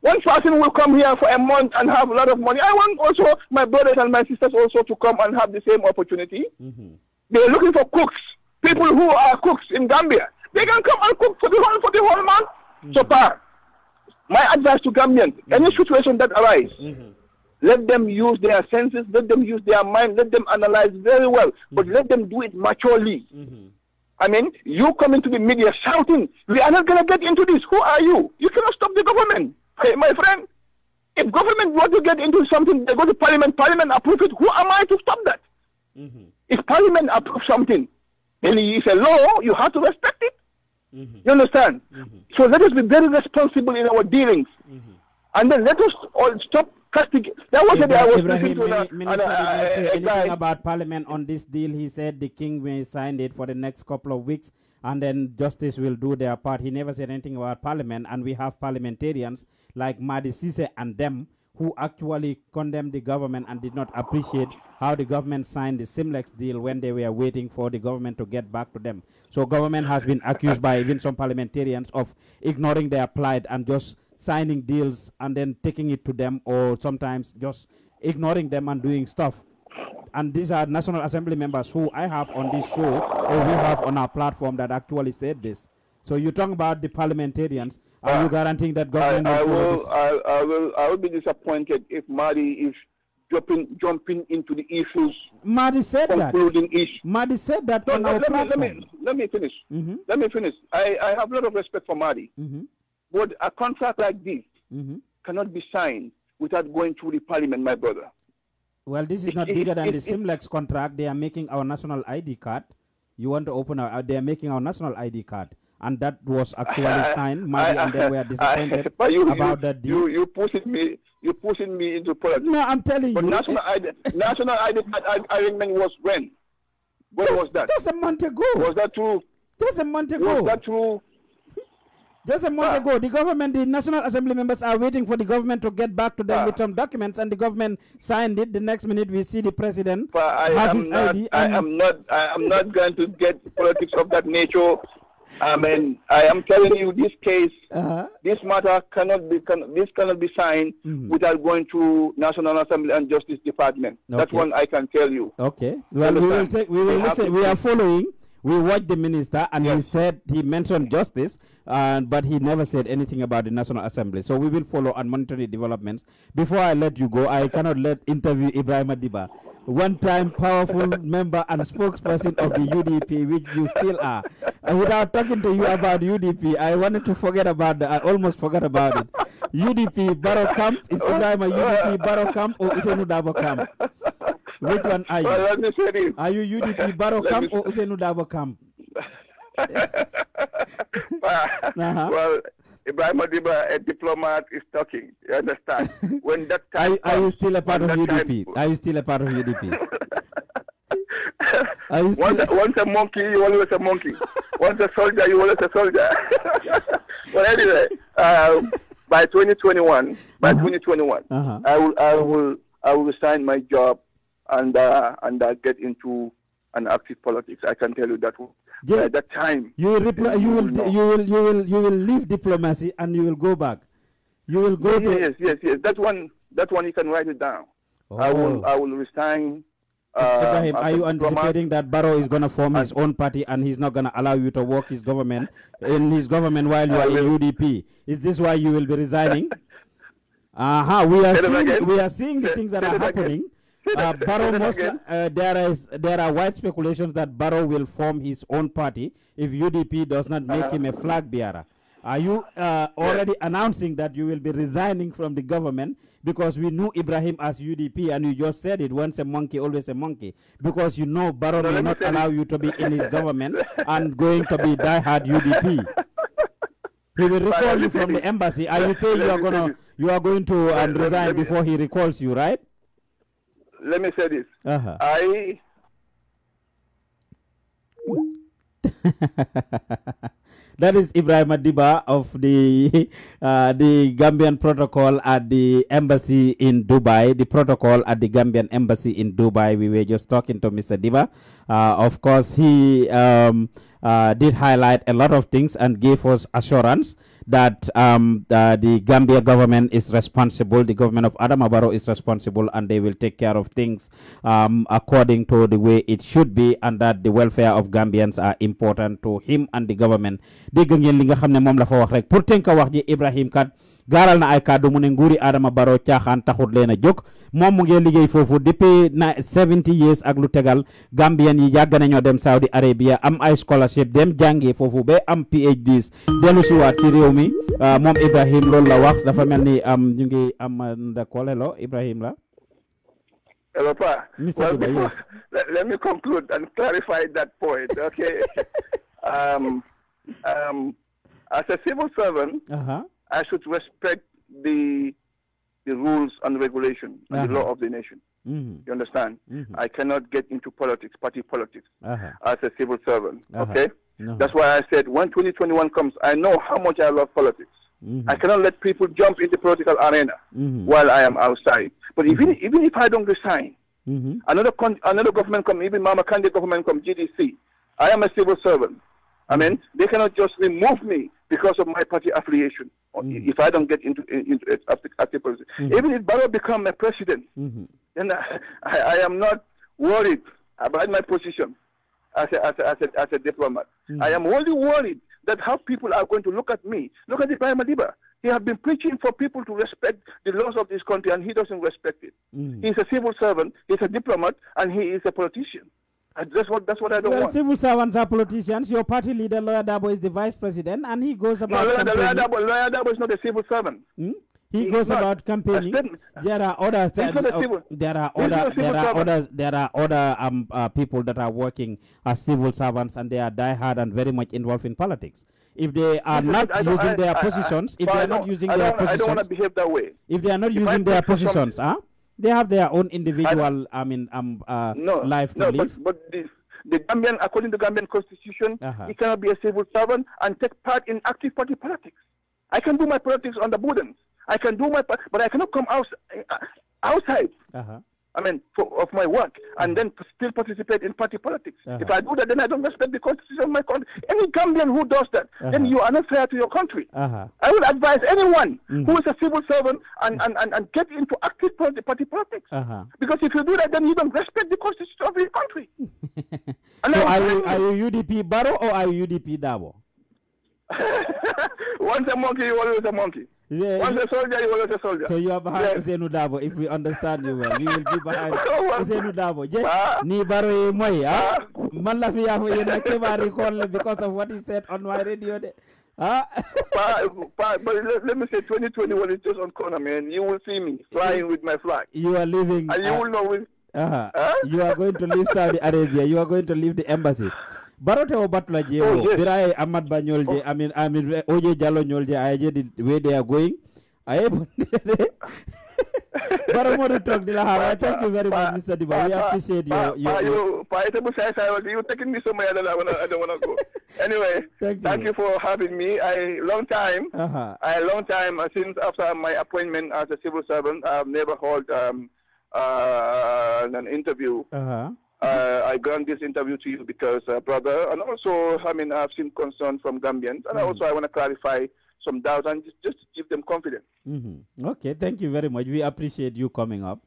One person will come here for a month and have a lot of money. I want also my brothers and my sisters also to come and have the same opportunity. They're looking for cooks, people who are cooks in Gambia. They can come and cook for the whole for the whole month. Mm -hmm. So mm-hmm. far, my advice to Gambians: mm -hmm. any situation that arises, mm -hmm. let them use their senses, let them use their mind, let them analyze very well, but mm-hmm. let them do it maturely. Mm-hmm. I mean, you come into the media shouting, "We are not going to get into this." Who are you? You cannot stop the government, hey, my friend. If government want to get into something, they go to parliament. Parliament approve it. Who am I to stop that? Mm -hmm. If Parliament approves something, then it's a law, you have to respect it. Mm -hmm. You understand? Mm -hmm. So let us be very responsible in our dealings. Mm -hmm. And then let us all stop casting. That was Ibra- the I was Ibrahim, to Min- Minister uh, did not uh, say uh, anything about Parliament on this deal. He said the King may sign it for the next couple of weeks and then justice will do their part. He never said anything about Parliament. And we have parliamentarians like Madi Sise and them who actually condemned the government and did not appreciate how the government signed the Simlex deal when they were waiting for the government to get back to them. So government has been accused by even some parliamentarians of ignoring their plight and just signing deals and then taking it to them or sometimes just ignoring them and doing stuff. And these are National Assembly members who I have on this show or we have on our platform that actually said this. So you're talking about the parliamentarians. Are uh, you guaranteeing that government I, I will, I, I, will. I will be disappointed if Madi is jumping jumping into the issues. Madi said concluding that. Madi said that no, on no, our let Me, let, me, let me finish. Mm -hmm. Let me finish. I, I have a lot of respect for Madi, mm -hmm. but a contract like this mm -hmm. cannot be signed without going through the parliament, my brother. Well, this is not it, bigger it, than it, the Simlex contract. They are making our national ID card. You want to open our? They are making our national ID card and that was actually signed. Mali and they were disappointed I, you, about you, that deal. You, you pushing me, you pushing me into politics. No, I'm telling but you. national ID, national ID arrangement was when? When was that? That's a month ago. Was that true? That's a month ago. Was that true? Just a month ah. ago, the government, the National Assembly members are waiting for the government to get back to them ah. with some documents, and the government signed it. The next minute, we see the president I have his not, ID. I am not. I am not going to get politics of that nature I mean, I am telling you, this case, uh-huh. this matter cannot be can, this cannot be signed mm-hmm. without going to National Assembly and Justice Department. Okay. That's one I can tell you. Okay. Well, we will take. We will listen. We are following we watched the minister, and yes. he said he mentioned justice, uh, but he never said anything about the National Assembly. So we will follow and monitor the developments. Before I let you go, I cannot let interview Ibrahim Adiba, one-time powerful member and spokesperson of the UDP, which you still are. without talking to you about UDP, I wanted to forget about that. I almost forgot about it. UDP Barrow Camp is Ibrahim a UDP Barrow Camp or is it Camp? Which one are you? Well, let me tell you. Are you UDP Barrow Camp or Uzenu Dabo Camp? uh-huh. Well, Ibrahim Madiba, a diplomat, is talking. You understand? When that time are, comes, are you still a part of UDP? Time, are you still a part of UDP? are you still once, a, once a monkey, you always a monkey. once a soldier, you always a soldier. Well, anyway, uh, by 2021, by uh -huh. 2021, uh -huh. I will, I will, I will resign my job and uh, and uh, get into an active politics. I can tell you that yeah. by that time you will, repl- you, will, you will you will you will leave diplomacy and you will go back. You will go. Yes, yes, yes, yes. That one that one you can write it down. Oh. I will I will resign. Uh, Ibrahim, are you anticipating that Barrow is going to form his own party and he's not going to allow you to work his government in his government while you are in UDP? Is this why you will be resigning? Aha, uh-huh. we are seeing, we are seeing the things that are happening uh, Barrow most, uh, there is there are wide speculations that Barrow will form his own party if UDP does not make uh -huh. him a flag bearer. Are you uh, already announcing that you will be resigning from the government because we knew Ibrahim as UDP and you just said it once a monkey, always a monkey because you know Barrow no, will not allow you to be in his government and going to be diehard UDP. He will recall you from the embassy. Are you saying you are gonna you are going to um, resign before he recalls you, right? let me say this. Uh-huh. I. that is Ibrahim Adiba of the uh, the Gambian protocol at the embassy in Dubai. The protocol at the Gambian embassy in Dubai. We were just talking to Mr. Diba. Uh, of course, he um, uh, did highlight a lot of things and gave us assurance that um, uh, the Gambia government is responsible, the government of Adamabaro is responsible, and they will take care of things um, according to the way it should be, and that the welfare of Gambians are important to him and the government. Ibrahim kat. garal na ay kado mu ne nguri Adama Baro tiaxan taxut leena jog mom mu ngee liggey fofu depuis na 70 years ak lu tegal Gambian yi yag nañu dem Saudi Arabia am ay scholarship dem jangé fofu be am PhDs delu ci wat ci rewmi ah, mom Ibrahim lol la wax dafa melni am ñu ngi am ndakole lo Ibrahim la Hello, Pa. Well, let, let, me conclude and clarify that point, okay? um, um, as a civil servant, uh -huh. I should respect the the rules and regulation and uh-huh. the law of the nation. Mm-hmm. You understand? Mm-hmm. I cannot get into politics, party politics, uh-huh. as a civil servant. Uh-huh. Okay, uh-huh. that's why I said when 2021 comes, I know how much I love politics. Mm-hmm. I cannot let people jump into political arena mm-hmm. while I am outside. But even mm-hmm. even if I don't resign, mm-hmm. another con- another government come, even Mama Kandi government come, GDC. I am a civil servant. I mean, they cannot just remove me because of my party affiliation. Mm-hmm. If I don't get into, into active, active mm-hmm. even if Barrow become a president, mm-hmm. then I, I, I, am not worried about my position as a, as a, as a, as a diplomat. Mm-hmm. I am only worried that how people are going to look at me. Look at the Prime Madiba. He has been preaching for people to respect the laws of this country, and he doesn't respect it. Mm-hmm. He's a civil servant, he's a diplomat, and he is a politician. That's what that's what I don't well, want. Civil servants are politicians. Your party leader, Lawyer Dabo, is the vice president, and he goes about. No, Lawyer, Lawyer, Dabo, Lawyer Dabo is not a civil servant. Hmm? He He's goes about campaigning. There are other uh, there are other. There are others. There are other um, uh, people that are working as civil servants, and they are diehard and very much involved in politics. If they are not using I, their I, positions, I, if they are not using their positions, I don't want to behave that way. If they are not if using their positions, huh? They have their own individual, I, I mean, um, uh, no, life no, to live. But, but the Gambian, according to the Gambian constitution, uh-huh. he cannot be a civil servant and take part in active party politics. I can do my politics on the burdens. I can do my, but I cannot come out, uh, outside. Uh-huh. I mean, for, of my work, and mm. then still participate in party politics. Uh-huh. If I do that, then I don't respect the constitution of my country. Any Gambian who does that, uh-huh. then you are not fair to your country. Uh-huh. I would advise anyone mm-hmm. who is a civil servant and, uh-huh. and, and, and get into active party, party politics. Uh-huh. Because if you do that, then you don't respect the constitution of your country. so are you, are you UDP Baro or are you UDP Dabo? Once a monkey, always a monkey. Yeah, once a soldier, you always a soldier. So you are behind yes. Usainu Dabo, if we understand you well. You will be behind Usainu Dabo. Je, ni baro ye moy, ah. ah? Man la fi ya ho yena kema recall because of what he said on my radio de. Ah? pa, pa, but let, let me say 2021 is just on corner, man. You will see me flying with my flag. You are leaving. And you uh, will know with... Uh-huh. Huh? You are going to leave Saudi Arabia. You are going to leave the embassy barote o batula je o oh, yes. biraye amad ba nyolde oh. amin amin eh, oje jalo nyolde aje di where they are going aye bara mo de talk dila hara thank you very much mr diba we appreciate your your you pa ite bu sai sai you taking me somewhere that i don't want to go anyway thank, thank you. for having me i long time uh -huh. i long time uh, since after my appointment as a civil servant i've never held um, uh, an interview uh -huh. Uh, I grant this interview to you because, uh, brother, and also, I mean, I've seen concern from Gambians, and mm. also I want to clarify some doubts and just, just give them confidence. Mm -hmm. Okay, thank you very much. We appreciate you coming up.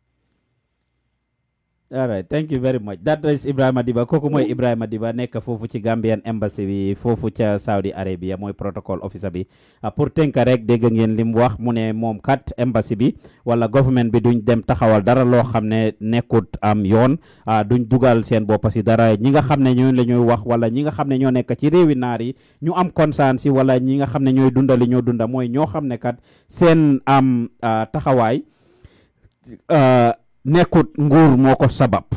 all right thank you very much that is Ibrahima Diba kooku mooy mm-hmm. Ibrahima Diba nekk foofu ci Gambian embassy bi foofu ca Saudi Arabia mooy protocol officer bi ah, pour tenka rek dégg ngeen li mu wax mu ne moom kat embassy bi wala government bi duñ dem taxawal dara loo xam ne nekkut am yoon ah, duñ dugal seen bopp si dara ñi nga xam ne ñoo la ñuy wax wala ñi nga xam ne ñoo nekk ci réewi naar yi ñu am conscience si wala ñi nga xam ne ñooy dundali ñoo dunda mooy ñoo xam ne kat seen am ah, taxawaay nekkut nguur moo ko sabab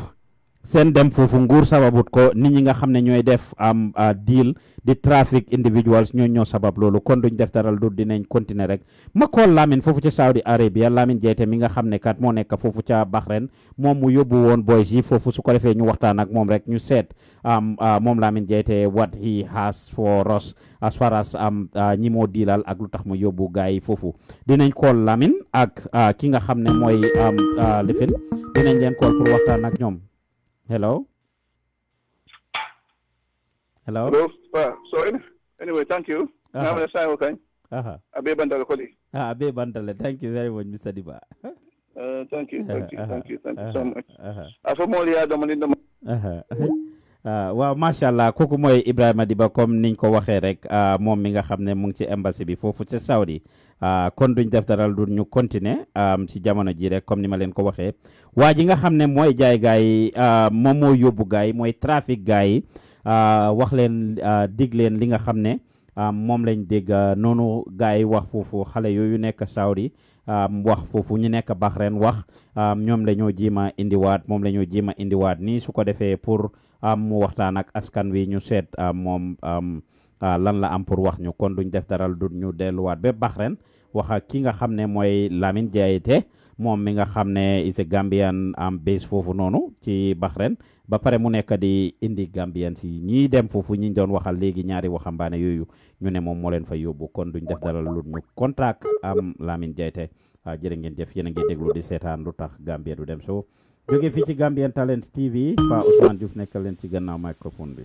seen dem foofu nguur sababut ko nit ñi nga xam ne ñooy def am ah, deal di traffic individuals ñoo ñoo sabab loolu kon duñ def dara du dinañ continuer rek ma kool Lamin foofu ca Saudi Arabia Lamin Jeyte mi nga xam ne kaat moo nekk foofu ca Bahrain moom mu yóbbu woon boys yi foofu su ko defee ñu waxtaan ak moom rek ñu seet am ah, moom Lamin Jeyte what he has for us as far as am ah, ñi moo diilal ak lu tax mu yóbbu gars yi foofu dinañ kool Lamin ak ki nga xam ne mooy lifin dinañ leen ak ñoom. Hello? Hello? Hello? Uh, so in, anyway, thank you. Uh-huh. Now I'm okay. Uh-huh. Abe Bandale Koli. Ah, Abe Bandale. Thank you very much, Mr. Diba. uh, thank you, thank you, uh-huh, thank you, thank you so uh-huh, much. Uh-huh. Uh-huh. uh-huh. Euh, waaw macha allah kooku mooy Ibrahima di ba comme niñ ko waxee rek euh, moom mi nga xam ne mu ngi ci embassy bi foofu ca Saudi euh, kon duñ def dara du ñu continuer ci jamono ji rek comme ni ma leen ko waxee waa ji nga xam ne mooy jaay gaay yi moom moo yóbbu gaa yi mooy trafic gaa yi wax leen dig leen li nga xam ne moom lañ dégg noonu gaa yi wax foofu xale yooyu nekk Saudi. wax foofu ñu nekk ren wax ñoom la ñoo jiima indiwaat moom la ñoo jiima indiwaat nii su ko defee pour mu waxtaan ak askan wi ñu seet moom lan la am pour wax ñu kon duñ def dara du ñu delluwaat ba Bahrain wax ak ki nga xam ne mooy Lamin Jaayite moom mi nga xam ne is a Gambian am um, base foofu noonu ci Bahrain ba pare mu nekk di indi Gambian si ñii dem foofu ñi doon waxal léegi ñaari waxambaane yooyu ñu ne moom moo leen fa yóbbu kon duñ def dara lu ñu contact am Lamin Jaiteh ah, jërë ngeen jëf yéen a ngi déglu di seetaan lu tax Gambia du dem so jóge fii ci Gambian Talents TV Pa Ousmane Diouf nekkal leen ci gannaaw microphone bi.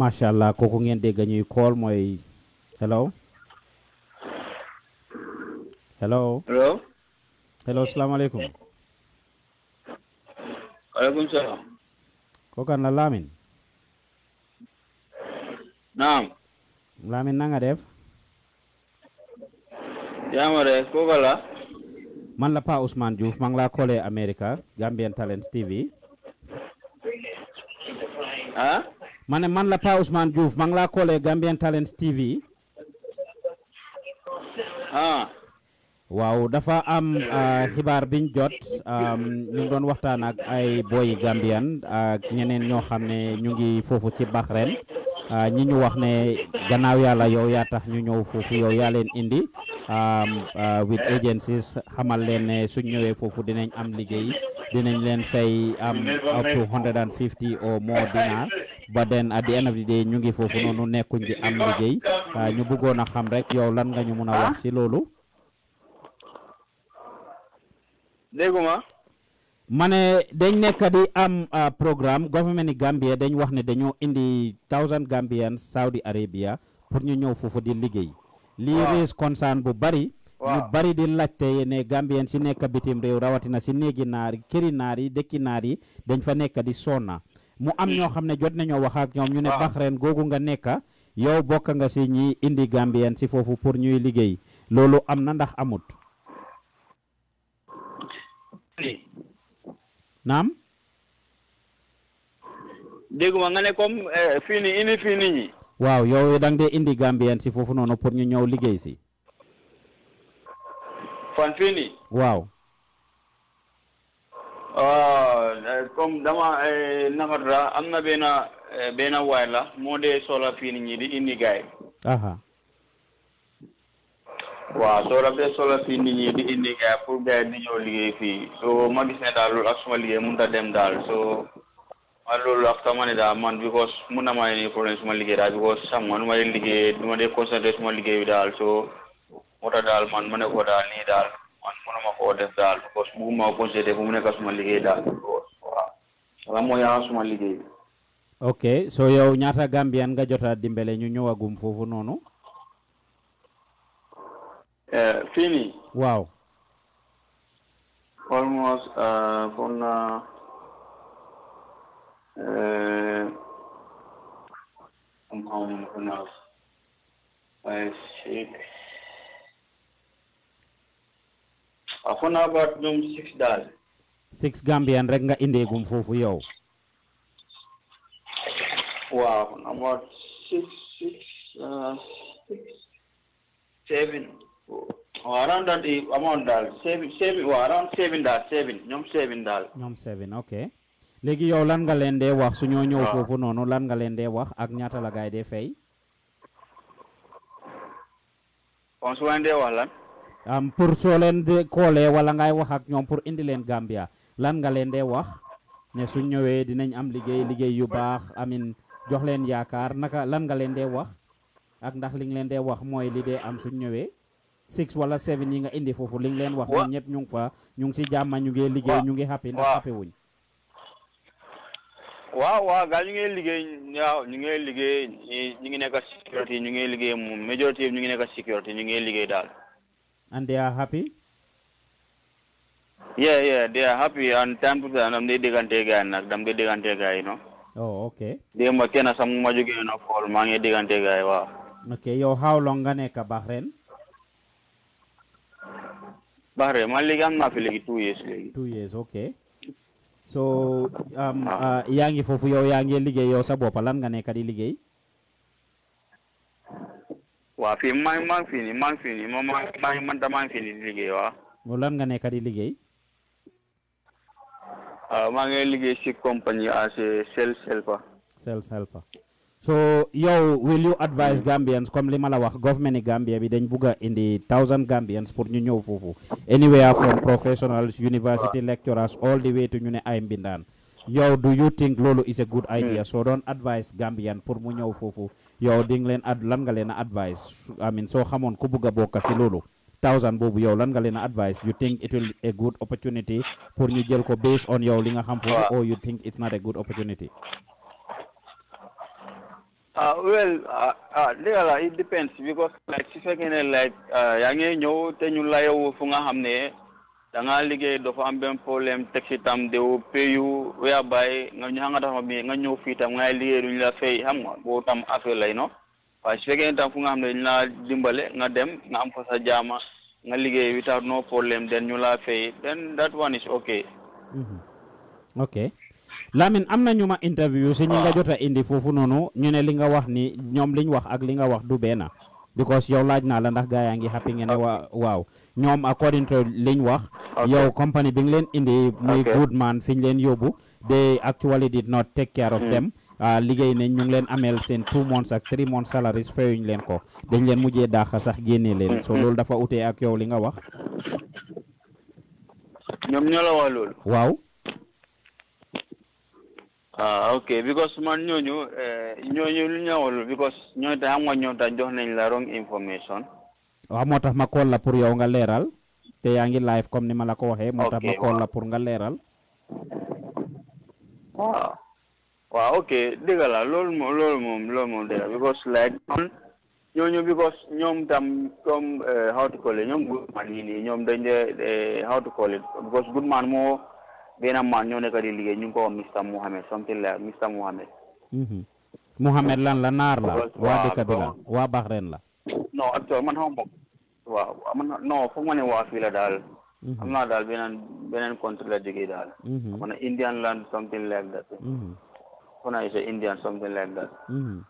macha allah kooku ngeen dégg ñuy call mooy hello hello hello hello salaamaaleykum waaleykum salaam kookan la Lamin naam Lamin nanga def yaama de kooka la man la Pa Ousmane Diouf maa laa koolee America Gambian Talents TV ah ma ne man la Pa Ousmane Diouf maa ngi laa koolee gambien Talents TV. ah. waaw dafa am ah, xibaar biñ jot ñu doon waxtaan ak ay boy Gambian ak ñeneen ñoo xam ne ñu ngi foofu ci Bahrain ah, ñi ñu wax ne gannaaw yàlla yow yaa tax ñu ñëw foofu yow yaa leen indi ah, with agencies xamal leen ne suñ ñëwee foofu dinañ am liggéey. dinañ leen fay am up to hundred and fifty or more dinar but then at the end of the day ñu ngi foofu noonu nekkuñ di am liggéey ah, ñu bëggoon a xam rek yow lan nga ñu mun a wax ah? si loolu dégguma ma ne dañ nekk di am ah, programme government Gambia dañ wax ne dañoo indi thousand Gambians Saudi Arabia pour ñu ñëw foofu di liggéey lii raise bu bari ñu bari di laajte ne Gambien si nekk bitim réew rawatina si néegi naar yi këri naar yi dëkki naar yi dañ fa nekk di sonna mu am ñoo xam ne jot nañoo wax ak ñoom ñu ne Bahrain googu nga nekka yow bokk nga si ñi indi Gambien si foofu pour ñuy liggéey loolu am na ndax amut. naam. dégguma nga ne comme eh, fii nii ñi. waaw yow da nga dee indi Gambien si foofu noonu pour ñu ñëw liggéey si. Fantini. Waaw. comme ah, eh, dama eh, naxatra am na benn eh, benn waay la moo dee sola fii nit ñi di indi gaay aha waaw soo rafetee sola fii nit ñi di indi gaay pour gaay di ñëw liggéey fii so ma gis ne daal loolu ak suma liggéey mënut dem daal so ma loolu ak sama ne daal man because mun na maa ni problème suma liggéey daal because xam nu ma dee liggéey du ma dee concentré suma liggéey bi daal so moo tax daal man mu ne ko daal nii daal man mënuma koo def daal parce que bugguma considéré bu mu nekk suma liggéey daal waaw wala mooy yaa suma liggéey ok so yow ñaata Gambian nga jota dimbale ñu ñëwagum foofu noonu eh, fii nii waaw almost uh, foog naa um, um, who knows? Five, six, a uh, fona about ñoom six daal six Gambian rek nga indeegum foofu yow waaw about six uh, six seven waaw around that amount daal seven seven waaw around seven daal seven ñoom seven daal ñoom seven ok léegi yow lan nga leen dee wax su ñoo ñëw foofu noonu lan nga leen dee wax ak ñaata la gaay dee fay kon su leen dee wax lan am pour soo leen de koolee wala ngay wax ak ñoom pour indi leen Gambia lan nga leen dee wax ne suñ ñëwee dinañ am liggéey liggéey yu baax amin jox leen yaakaar naka lan nga leen dee wax ak ndax li leen dee wax mooy li dee am suñ ñëwee six wala seven yi nga indi foofu li leen wax ñoom ñëpp ñu ngi fa ñu ngi si jàmm ñu ngi liggéey ñu ngi happy ndax happy wuñ waaw waaw gaa ñu ngi liggéey ñu ngi liggéey ñu ngi nekk sécurité ñu ngi liggéey majorité ñu ngi nekk sécurité ñu ngi liggéey daal and they are happy? Yeah, yeah, they are happy and time to time they can take and they can take you know. Oh, okay. They must na some maju ke na fall mange they can take wa. Okay, yo how long kan ka Bahrain? Bahrain mali gam na fili 2 years lagi. 2 years, okay. So um ah. uh, yangi fofu yo yangi liggéey yow sa bopp lan nga kan nekk di waa fii maa ngi maa ngi fii nii maa ngi fii nii moom maa ngi man damaa fii nii di liggéey waaw. mu lan nga nekk di liggéey. Ah, maa ngi liggéey si compagnie as ah, a sales helper. sales so yow will you advise Gambians comme li ma la wax government ni Gambia bi dañ bugg a indi thousand Gambians pour ñu ñëw foofu anywhere from professionals university lecturers all the way to ñu ne ay mbindaan. yow do you think loolu is a good hmm. idea soo doon advice Gambian pour mu ñëw foofu yow di nga leen ad lan nga leen a advice I mean soo xamoon ku bugg a bokk si loolu thousand boobu yow lan nga leen a advice you think it will a good opportunity pour ñu jël ko based on yow li nga xam foofu or you think it's not a good opportunity. ah well ah, ah dëgg la it depends because like su fekkee ne like ah, yaa ngi ñëw te ñu layoo fu nga xam ne. danga liggéey dafa am benn problème teg si tam dew payu wea bàyyi nga ñu xam nga dafa bi nga ñëw fi tam ngay liggéey duñu la fay xam nga bo tam affaire lay no waaye su fekkee tam fu nga xam ne ñu la dimbale nga dem nga am fa sa jaama nga liggéey wi tax no problème den ñu la fay then that one is okay mm-hmm. ok Lamin am na ñu ma interview si ñi nga indi foofu noonu ñu ne li nga wax ni ñoom liñ wax ak li nga wax du benn because yow laaj naa la ndax gaa yaa ngi happy ngeen wa waaw ñoom according to liñ wax yow company bi nga leen indi muy Goodman fi ñu leen yóbbu they actually did not take care of hmm. them ah, liggéey nañ ñu ngi leen ameel seen two months ak three months salaries feyuñ leen ko dañ leen mujjee daaxa sax génne leen so hmm. loolu dafa utee ak yow li nga wax ñoom ñoo la wax loolu waaw ah ok because man ñooñu ñooñu eh, lu ñawul because ñooñu tam xam nga ñoom tam jox nañ la wrong information. waaw ah, moo tax ma call la pour yow nga leeral te yaa ngi live comme ni ma la ko waxee. moo tax ma call la pour nga leeral. waaw ah. waaw ok dëgg la loolu moom loolu moom loolu moom dëgg la because like ñooñu because ñoom tam comme eh, how to call it ñoom Goodman yi nii ñoom dañ de eh, how to call it because Goodman moo. benn man ñoo nekk di liggéey ñu ngi ko wax Mr Mohamed something la Mr Mohamed. Mhm. Mohamed lan la naar la. waa dëkk bi la waa Bahrain la. non actuellement man xaw ma man non foog ma ne waa fii la daal. Mhm. am naa daal beneen beneen contre la jógee daal. Mhm. man Indian land something like that. when I say Indian, something like that. Mm.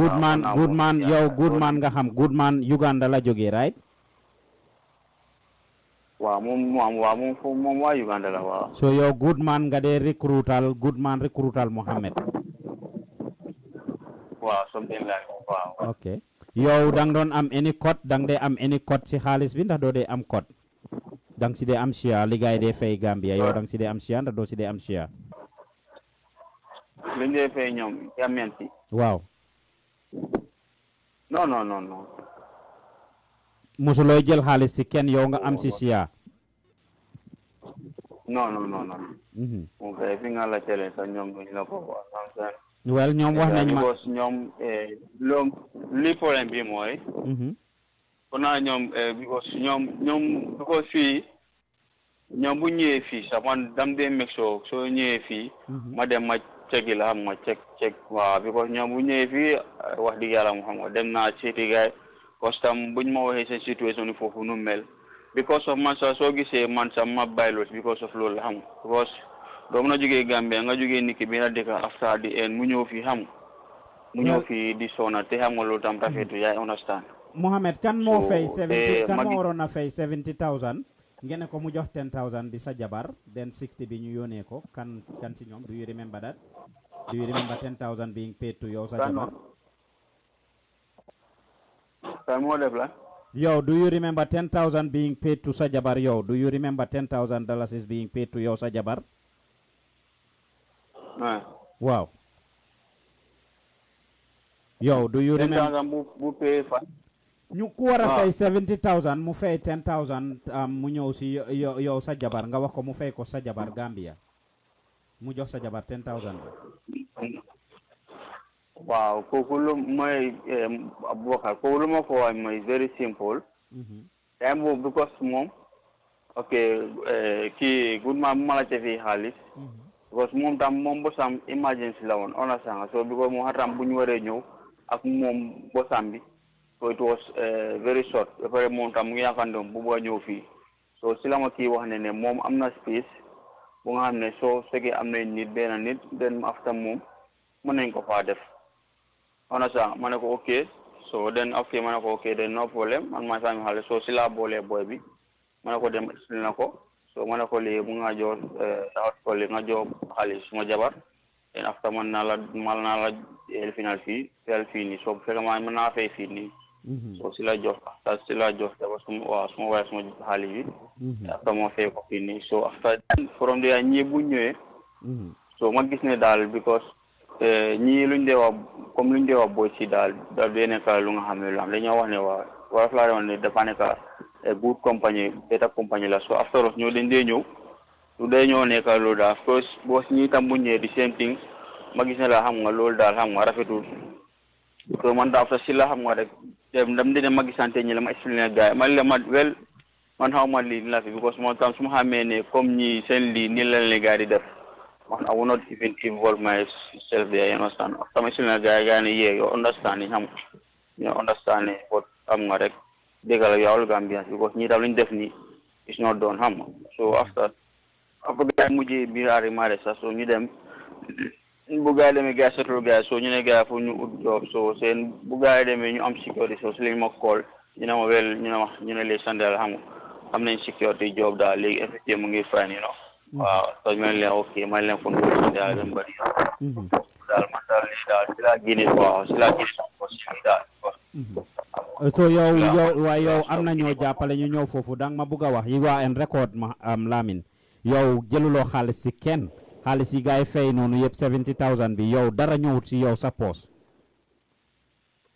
good man, good man, yo, good man nga xam, good man Uganda la jóge, right? waaw moom moom waaw moom foofu waa Uganda la waaw. so yow good nga dee recrutal good man recrutal Mohamed. waaw something like waaw. ok yow da doon am any code da dee am any code ci xaalis bi ndax doo dee am code. da nga si dee am chia li dee fay Gambia yow da si dee am chia ndax doo si dee am chia. li dee fay ñoom Gambien waaw. non non non mosuloo jël xaalis si kenn yow nga am si siyaa non non non non mhm. moom kay fi nga la tele sax ñoom duñ la ko wax xam well ñoom wax nañ ma ñoom eh, bi mooy mhm. kon naa ñoom eh, because ñoom ñoom fii ñoom bu ñëwee fii sax man dam dee make sure soo ñëwee fii mhm. ma dem ma la xam ma ceg ceg waaw because ñoom bu ñëwee fii wax dëgg yàlla mu xam nga dem naa seeti gaay cause tam buñ ma waxee seen situation yi foofu nu mel because of man sax soo gisee man sax ma loolu because of loolu xam because doo mën a nga jógee nit ki bi na dëkk after mu ñëw fii xam mu ñëw fii di soona te xam nga loolu tam rafetu yaay kan moo fay eh, seventy waroon a fay seventy thousand ngeen ne ko mu jox ten thousand bi sa jabar den sixty bi ñu yónnee ko kan si ñoom do you remember that do you remember ten thousand being paid to yow sa jabar Yo, do you remember 10,000 being paid sa jabar yow do you remember 10,000 dollars is being paid to yow sa jabar wow. Yo, do you remember? ñu ku war a ah. fay 70000 mu fay am um, mu ñëw si yow yow sa jabar nga wax ko mu fay ko sa jabar Gambia mu jox sa jabar 10000 bi. Wow, kooku my mooy Aboubacar kooku lu ma ko wax is very simple. time mm-hmm. boobu because moom ok kii gudmaa bu ma halis. cefee xaalis. because mom tam moom bosam emergency la woon sanga so because moom xatam bu ñu waree ñëw ak bi so it was eh, very short ba mom moom tam mu ngi yaakandoom bu bëgg so si ki ma wax ne ne moom amna na space bu nga xam ne soo fekkee na nit benn nit after moom mën nañ ko def. understand ma ne ko ok so then after ma ne ko ok then no problem man maa sami xale so si laa boolee booy bi ma ne ko dem expliqué na ko so ma ne ko lii mu nga jox taxat eh, ko li nga jox xaalis suma jabar then after man naa la mal naa la el final fii feel fii nii so fekk maa mën naa fay fii nii mm-hmm. so si la jox after si la jox jabar suma waaw suma waaye suma xaalis bi mm-hmm. after moo fay ko fii nii so after from there ñii bu ñëwee mm-hmm. so ma gis ne daal because Eh, ñii luñ dee wax comme ñu dee wax booy si daal daal dee nekk lu nga xam ne lu am ñoo wax ne waa wala laa doon ne dafa nekk eh, good compagnie better compagnie la so after us ñoo dañ dee ñëw lu dee ñoo nekk loolu daal so boo si ñii tam buñ ñëwee di same thing ma gis ne la xam nga loolu daal xam nga rafetul so man daa after si la xam nga rek dem dam dina ma gisante ñi la ma expliqué gars ma man ma wel man xaw ma lii la fi because su ma xamee ne comme ñi seen lii nii lañ di def I will not even involve myself there, you understand. Commissioner guy guy yeah, you understand him you understand what I'm correct. They are all Gambians because neither definitely it's not done harm. So after after guy mujhe birari mare sa so ni dem bu gaay demee gaay setul gaay so ñu ne gaay fo ñu ut job so seen bu gaay demee ñu am sécurité so si lañ ma call ñu ne ma wel ñu ne ma ñu ne les sandel xam xam nañ sécurité job daal léegi effectivement mu waaw tooñ mhm. mhm. so yow yow waaye yow am na ñoo jàppale ñu ñëw foofu dang ma bugg a wax yi waa en record ma am yow jëluloo xaalis si kenn xaalis yi gars yi fay noonu yëpp seventy thousand bi yow dara ñëwut si yow sa poche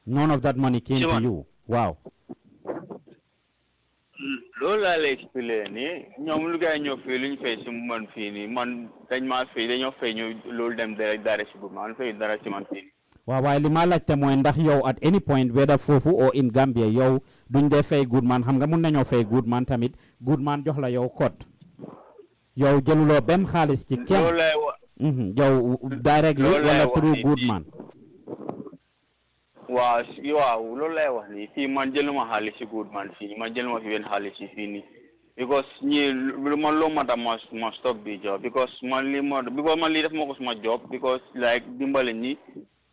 none of that money came to you waaw loolu laa lay expliqué nii ñoom lu gars yi ñoo fii lu ñu fay si man fii nii man dañ maa fii dañoo fay ñu loolu dem dara dara si bu man fay dara si waaw waaye li ma laajte mooy ndax yow at any point whether foofu oo in Gambia yow duñ dee fay Goodman xam nga mun nañoo fay Goodman tamit Goodman jox la yow code yow jëluloo benn xaalis ci kenn mhm, yow direct wala through Goodman waaw waaw loolu lay wax nii fii man jëluma xaalis si good man fii man jëluma fi benn xaalis si fii nii because ni, man loo ma tam ma stop bi job because man lii ma because man lii def ma ko job because like dimbale ñi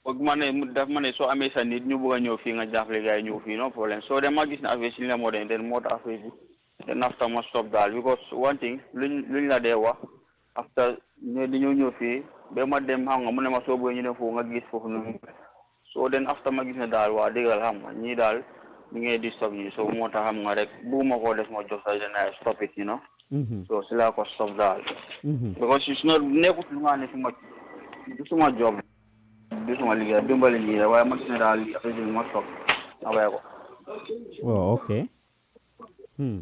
foog ma ne daf so ne soo amee sa nit ñu bëgg a ñëw fii nga jàppale gars yi ñëw fii non problème soo dem ma gis ne affaire si la den den moo tax bi den after ma stop daal because one thing luñ luñ la dee wax after ñoo di ñëw ñëw fii ba ma dem xam nga mu ne ma soo bëggee ñu ne foofu nga gis foofu noonu so den after ma gis ne daal waa dëggal xam nga ñii daal ñu ngi disturb ñi so moo tax xam nga rek bugguma koo def ma jox sax dana stop it you know mm-hmm. so si laa ko stop daal mm-hmm. because it's not nekkut lu nga ne suma du suma job du suma liggéey dimbali ñi waaye ma gis ne daal li affaire bi ma stop ma bàyyi ko oh ok hmm.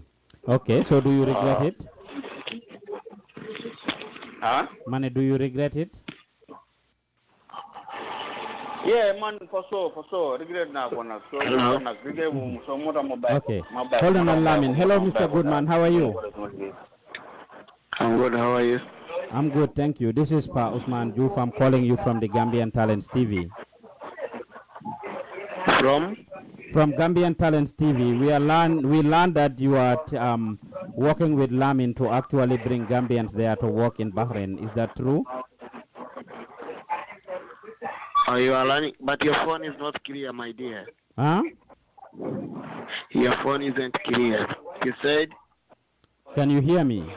ok so do you regret it ah ma ne do you regret it Yeah, man, for sure, for sure. Regret now, Bonas. Hello. Okay. Hold on, Lamin. Hello, Mr. Goodman. How are you? I'm good. How are you? I'm good, thank you. This is Pa Usman Juf. I'm calling you from the Gambian Talents TV. From? From Gambian Talents TV. We are learn we learned that you are um, working with Lamin to actually bring Gambians there to work in Bahrain. Is that true? Are you are learning, but your phone is not clear, my dear. Huh? Your phone isn't clear. You said. Can you hear me?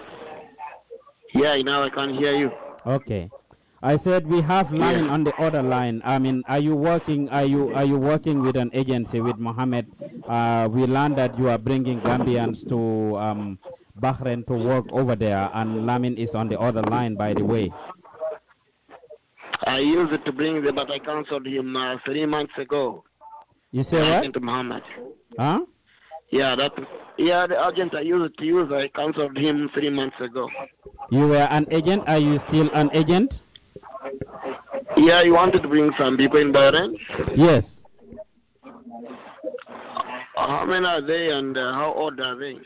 Yeah, now I can hear you. Okay. I said we have line yeah. on the other line. I mean, are you working? Are you are you working with an agency with Mohammed? Uh, we learned that you are bringing Gambians to um, Bahrain to work over there, and Lamin is on the other line, by the way. I used it to bring the, but I canceled him uh, three months ago. You say what? Agent Muhammad. Huh? Yeah, that. Yeah, the agent I used to use, I canceled him three months ago. You were an agent. Are you still an agent? Yeah, you wanted to bring some people in Bahrain. Yes. How many are they, and uh, how old are they?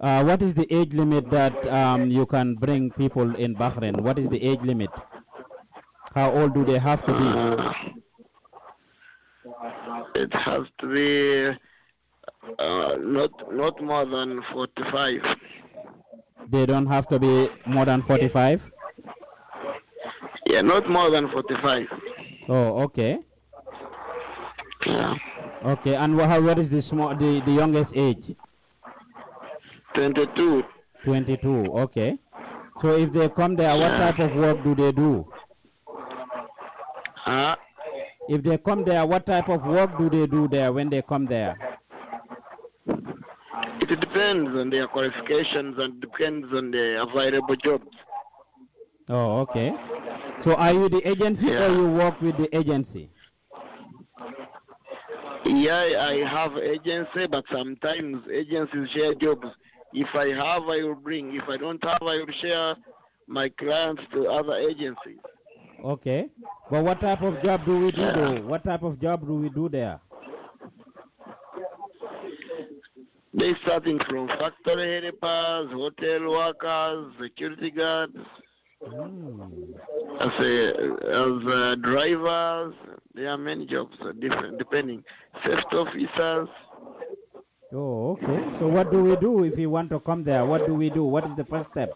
Uh, what is the age limit that um, you can bring people in Bahrain? What is the age limit? How old do they have to be? It has to be uh, not not more than 45. They don't have to be more than 45? Yeah, not more than 45. Oh, okay. Yeah. Okay, and what, what is the, small, the, the youngest age? 22. 22, okay. So if they come there, yeah. what type of work do they do? Huh? If they come there, what type of work do they do there when they come there? It depends on their qualifications and depends on the available jobs. Oh, okay. So are you the agency yeah. or you work with the agency? Yeah, I have agency, but sometimes agencies share jobs. If I have, I will bring. If I don't have, I will share my clients to other agencies. Okay. But what type of job do we do though? What type of job do we do there? They starting from factory helpers, hotel workers, security guards, mm. as, a, as a uh, drivers. There are many jobs, uh, different depending. Safety officers. Oh, okay. So what do we do if we want to come there? What do we do? What is the first step?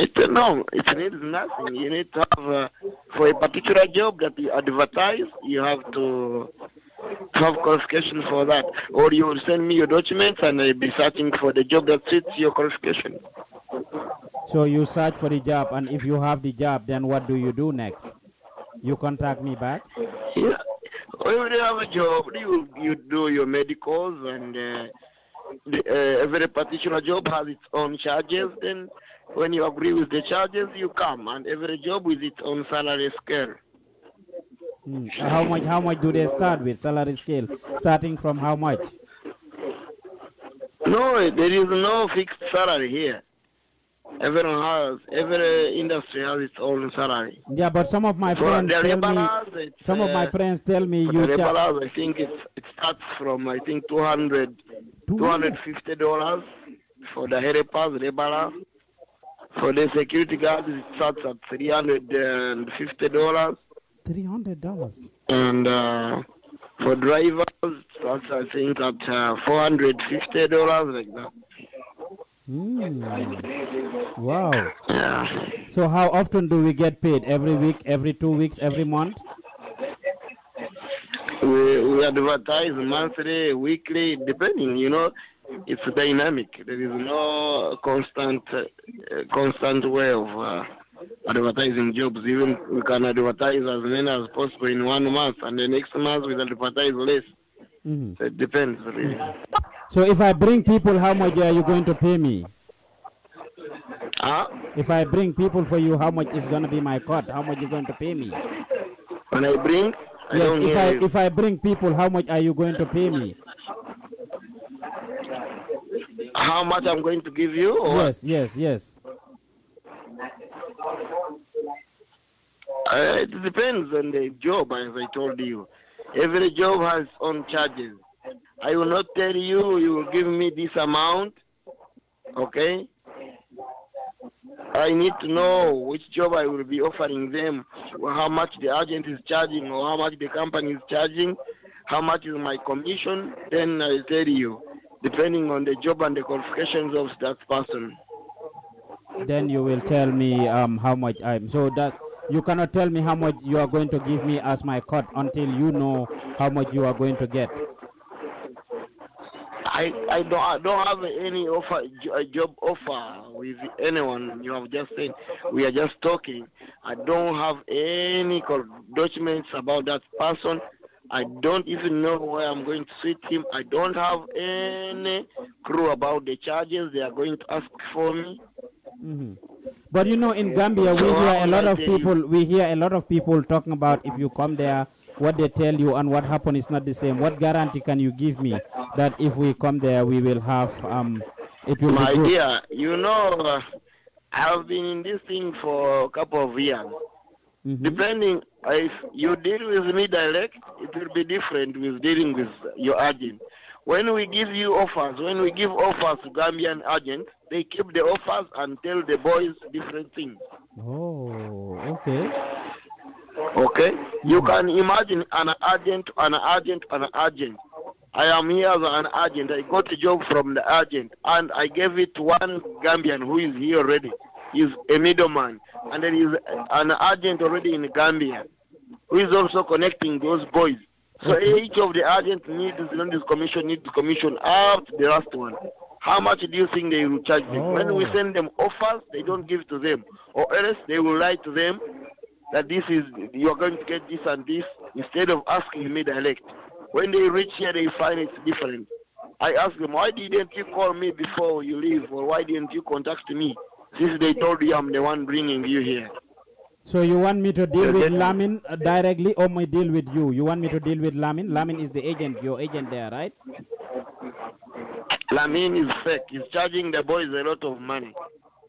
It's no, it needs nothing. You need to have uh, for a particular job that you advertise. You have to have qualification for that, or you will send me your documents and I'll be searching for the job that suits your qualification. So you search for the job, and if you have the job, then what do you do next? You contact me back. Yeah, when you have a job, you you do your medicals and. Uh, the, uh, every particular job has its own charges, then when you agree with the charges, you come, and every job with its own salary scale. Mm. How much? How much do they start with salary scale? Starting from how much? No, there is no fixed salary here. Everyone has, every industry has its own salary. Yeah, but some of my uh, friends tell me, some uh, of my friends tell me you. The I think it, it starts from I think two hundred two hundred fifty $250 for the helpers, rebalas. For the security guard, it starts at three hundred and fifty dollars. Three hundred dollars. And uh, for drivers, starts I think at uh, four hundred fifty dollars, like that. Mm. Wow. Yeah. So how often do we get paid? Every week, every two weeks, every month? We, we advertise monthly, weekly, depending. You know, it's dynamic. There is no constant, uh, constant way of uh, advertising jobs. Even we can advertise as many as possible in one month, and the next month we advertise less. Mm-hmm. So it depends, really. So if I bring people, how much are you going to pay me? Huh? If I bring people for you, how much is going to be my cut? How much are you going to pay me? When I bring? I yes, if I, if I bring people, how much are you going to pay me? how much I'm going to give you? Or? Yes, yes, yes. Uh, it depends on the job, as I told you. Every job has own charges. I will not tell you, you will give me this amount, okay? I need to know which job I will be offering them, how much the agent is charging, or how much the company is charging, how much is my commission, then I'll tell you depending on the job and the qualifications of that person. Then you will tell me um, how much I'm. So that you cannot tell me how much you are going to give me as my cut until you know how much you are going to get. I, I don't I don't have any offer a job offer with anyone. You have just said we are just talking. I don't have any documents about that person. I don't even know where I'm going to sit him. I don't have any clue about the charges they are going to ask for me. Mm-hmm. But you know, in Gambia, we hear a lot of people. We hear a lot of people talking about if you come there, what they tell you and what happened is not the same. What guarantee can you give me that if we come there, we will have um, it will My be good? dear, you know, I've been in this thing for a couple of years. Mm-hmm. Depending if you deal with me direct, it will be different with dealing with your agent. When we give you offers, when we give offers to Gambian agents, they keep the offers and tell the boys different things. Oh, okay. Okay, mm-hmm. you can imagine an agent, an agent, an agent. I am here as an agent. I got a job from the agent, and I gave it to one Gambian who is here already is a middleman, and there is an agent already in Gambia who is also connecting those boys. So each of the agents needs you know, this commission, needs commission out the last one. How much do you think they will charge them? Oh. When we oh. send them offers, they don't give to them, or else they will lie to them that this is you are going to get this and this instead of asking me direct. When they reach here, they find it's different. I ask them, why didn't you call me before you leave, or why didn't you contact me? Since they told you I'm the one bringing you here. So you want me to deal with Lamin uh, directly or my deal with you? You want me to deal with Lamin? Lamin is the agent, your agent there, right? Lamin is fake. He's charging the boys a lot of money.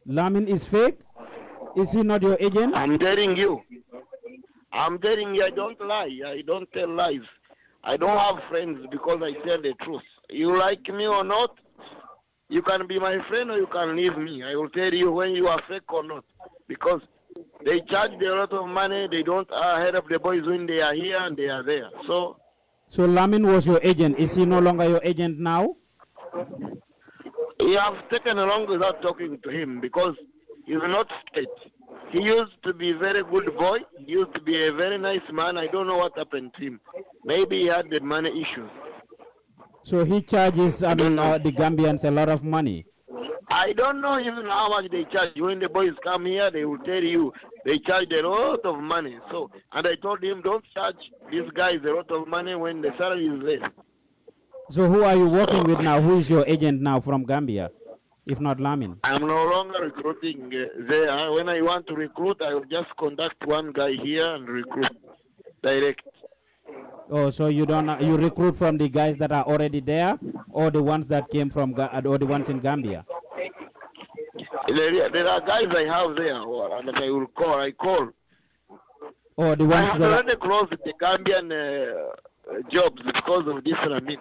Lamin is fake? Is he not your agent? I'm telling you. I'm telling you, I don't lie. I don't tell lies. I don't have friends because I tell the truth. You like me or not, you can be my friend or you can leave me. I will tell you when you are fake or not. Because they charge a lot of money. They don't uh, of the boys when they are here and they are there. So. So Lamin was your agent. Is he no longer your agent now? You have taken long without talking to him because he's not straight. He used to be a very good boy. He used to be a very nice man. I don't know what happened to him. Maybe he had the money issues. So he charges, I mean, uh, the Gambians a lot of money. I don't know even how much they charge. When the boys come here, they will tell you they charge a lot of money. So, and I told him, don't charge these guys a lot of money when the salary is less. So, who are you working with now? Who is your agent now from Gambia, if not Lamin? I'm no longer recruiting uh, there. When I want to recruit, I will just conduct one guy here and recruit direct. Oh, so you don't uh, you recruit from the guys that are already there, or the ones that came from or the ones in Gambia? There, there are guys I have there and I will call. I call. Oh, the ones I have that already closed the Gambian uh, jobs because of this Lamin.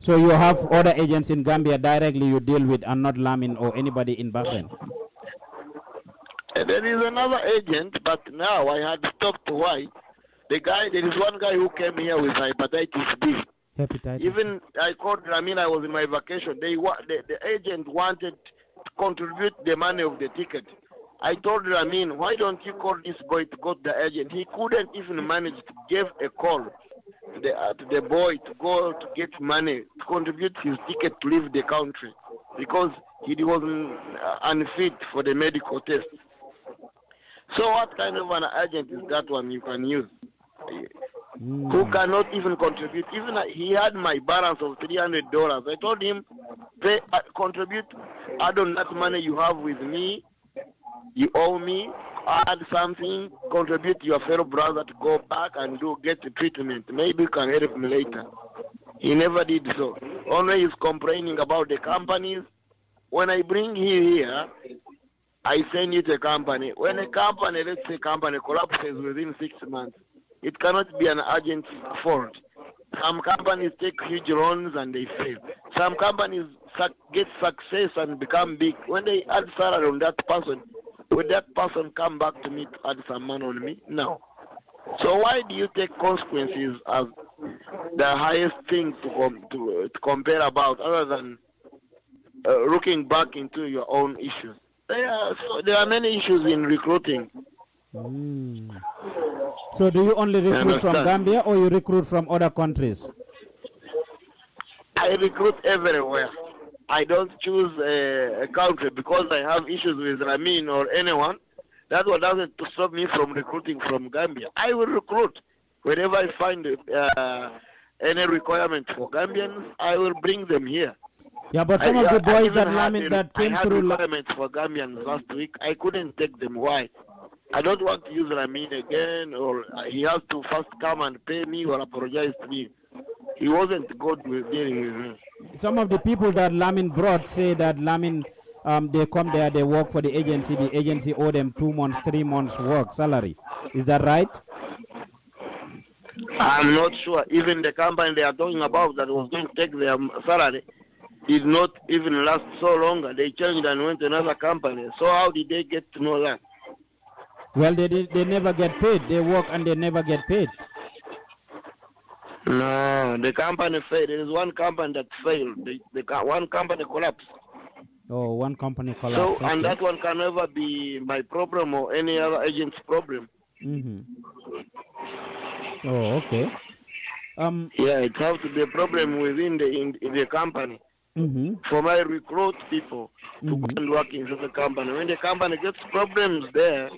So you have other agents in Gambia directly you deal with, and not Lamin or anybody in Bahrain. There is another agent, but now I had stopped. Why? The guy, there is one guy who came here with hepatitis B. Hepatitis. Even I called. I mean, I was in my vacation. They the, the agent wanted to contribute the money of the ticket. I told Ramin, why don't you call this boy to go to the agent? He couldn't even manage to give a call to the, uh, to the boy to go to get money to contribute his ticket to leave the country because he wasn't uh, unfit for the medical test. So what kind of an agent is that one you can use? Hmm. who cannot even contribute. Even he had my balance of three hundred dollars. I told him, pay, uh, contribute, add on that money you have with me. You owe me. Add something. Contribute your fellow brother to go back and do get the treatment. Maybe you can help me later. He never did so. Only is complaining about the companies. When I bring him here, I send it to a company. When a company, let's say company collapses within six months, it cannot be an urgent fault. Some companies take huge loans and they fail. Some companies get success and become big. When they add salary on that person, will that person come back to me to add some money on me? No. So why do you take consequences as the highest thing to, com- to, to compare about other than uh, looking back into your own issues? There are, so there are many issues in recruiting. Mm. So do you only recruit from Gambia or you recruit from other countries? I recruit everywhere. I don't choose a, a country because I have issues with Ramin or anyone. That's what doesn't stop me from recruiting from Gambia. I will recruit wherever I find uh, any requirement for Gambians. I will bring them here. Yeah, but some I, of the boys that Ramin that came I had through requirements for Gambians last week. I couldn't take them. Why? I don't want to use Ramin again, or he has to first come and pay me or apologize to me. He wasn't good with dealing with me. Some of the people that Lamin brought say that Lamin, um, they come there, they work for the agency, the agency owe them two months, three months work salary. Is that right? I'm not sure. Even the company they are talking about that was going to take their salary did not even last so long. They changed and went to another company. So how did they get to know that? Well, they they never get paid. They work and they never get paid. No, the company failed. There is one company that failed. The, the one company collapsed. Oh, one company collapsed. So, okay. and that one can never be my problem or any other agent's problem. Mm-hmm. Oh, okay. Um. Yeah, it has to be a problem within the in, in the company. Mm-hmm. For my recruit people to mm-hmm. work in the company. When the company gets problems there,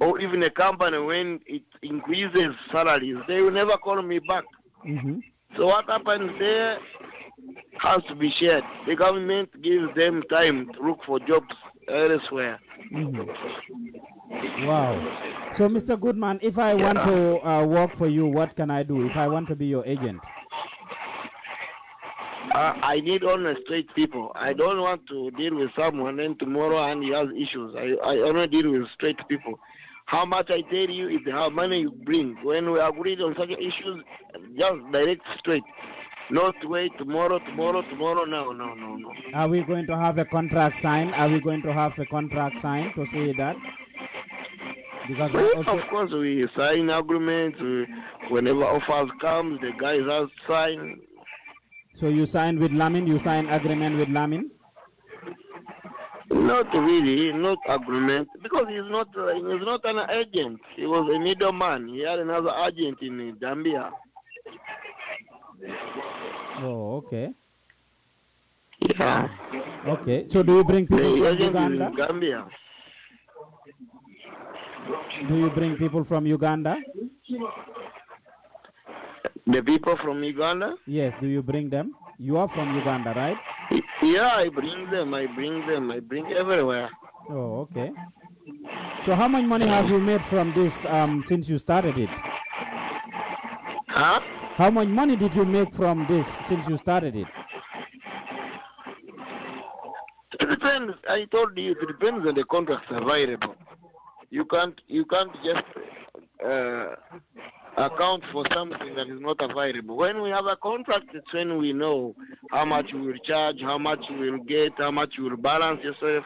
or even a company when it increases salaries, they will never call me back. Mm-hmm. So what happens there has to be shared. The government gives them time to look for jobs elsewhere. Mm-hmm. Wow. So, Mr. Goodman, if I yeah. want to uh, work for you, what can I do? If I want to be your agent? Uh, I need only straight people. I don't want to deal with someone and tomorrow and he has issues. I, I only deal with straight people. How much I tell you is how money you bring. When we agree on such issues, just direct straight. Not wait tomorrow, tomorrow, tomorrow. No, no, no, no. Are we going to have a contract signed? Are we going to have a contract signed to say that? Because also... of course we sign agreements. Whenever offers come, the guys have signed so you signed with Lamin, you signed agreement with Lamin? Not really, not agreement, because he's not uh, he's not an agent. He was a middleman. He had another agent in Zambia. Oh, okay. Yeah. Okay. So do you bring people the from Uganda? Gambia. Do you bring people from Uganda? The people from Uganda? Yes, do you bring them? You are from Uganda, right? Yeah, I bring them, I bring them, I bring everywhere. Oh, okay. So how much money have you made from this um, since you started it? Huh? How much money did you make from this since you started it? It depends. I told you it depends on the contracts available. You can't you can't just uh, account for something that is not available. When we have a contract, it's when we know how much we will charge, how much we will get, how much we will balance yourself,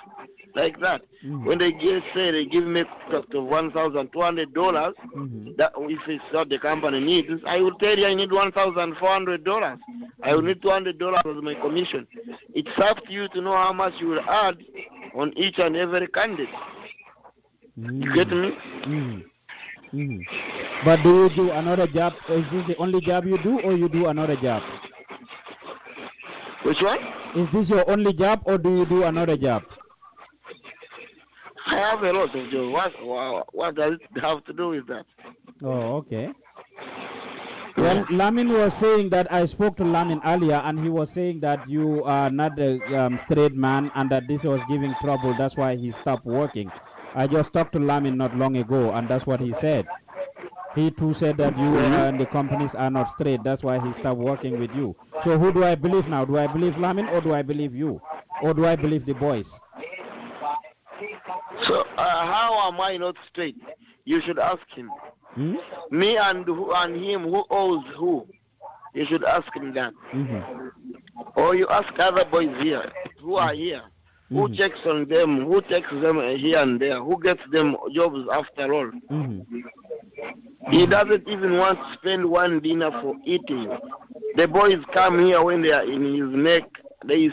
like that. Mm-hmm. When they give, say they give me contract of one thousand two hundred dollars, mm-hmm. that if it's what the company needs, I will tell you I need one thousand four hundred dollars. I will need two hundred dollars as my commission. It's up to you to know how much you will add on each and every candidate. Mm-hmm. You get mm-hmm. me? Mm-hmm. Mm. But do you do another job? Is this the only job you do, or you do another job? Which one? Is this your only job, or do you do another job? I have a lot of jobs. What, what, what does it have to do with that? Oh, okay. Well, Lamin was saying that I spoke to Lamin earlier, and he was saying that you are not a um, straight man and that this was giving trouble. That's why he stopped working. I just talked to Lamin not long ago, and that's what he said. He too said that you mm-hmm. and the companies are not straight. That's why he stopped working with you. So who do I believe now? Do I believe Lamin or do I believe you? Or do I believe the boys? So uh, how am I not straight? You should ask him. Hmm? Me and who, and him, who owes who? You should ask him that. Mm -hmm. Or you ask other boys here who are here. Mm-hmm. Who checks on them? Who checks them here and there? Who gets them jobs after all? Mm-hmm. He doesn't even want to spend one dinner for eating. The boys come here when they are in his neck. They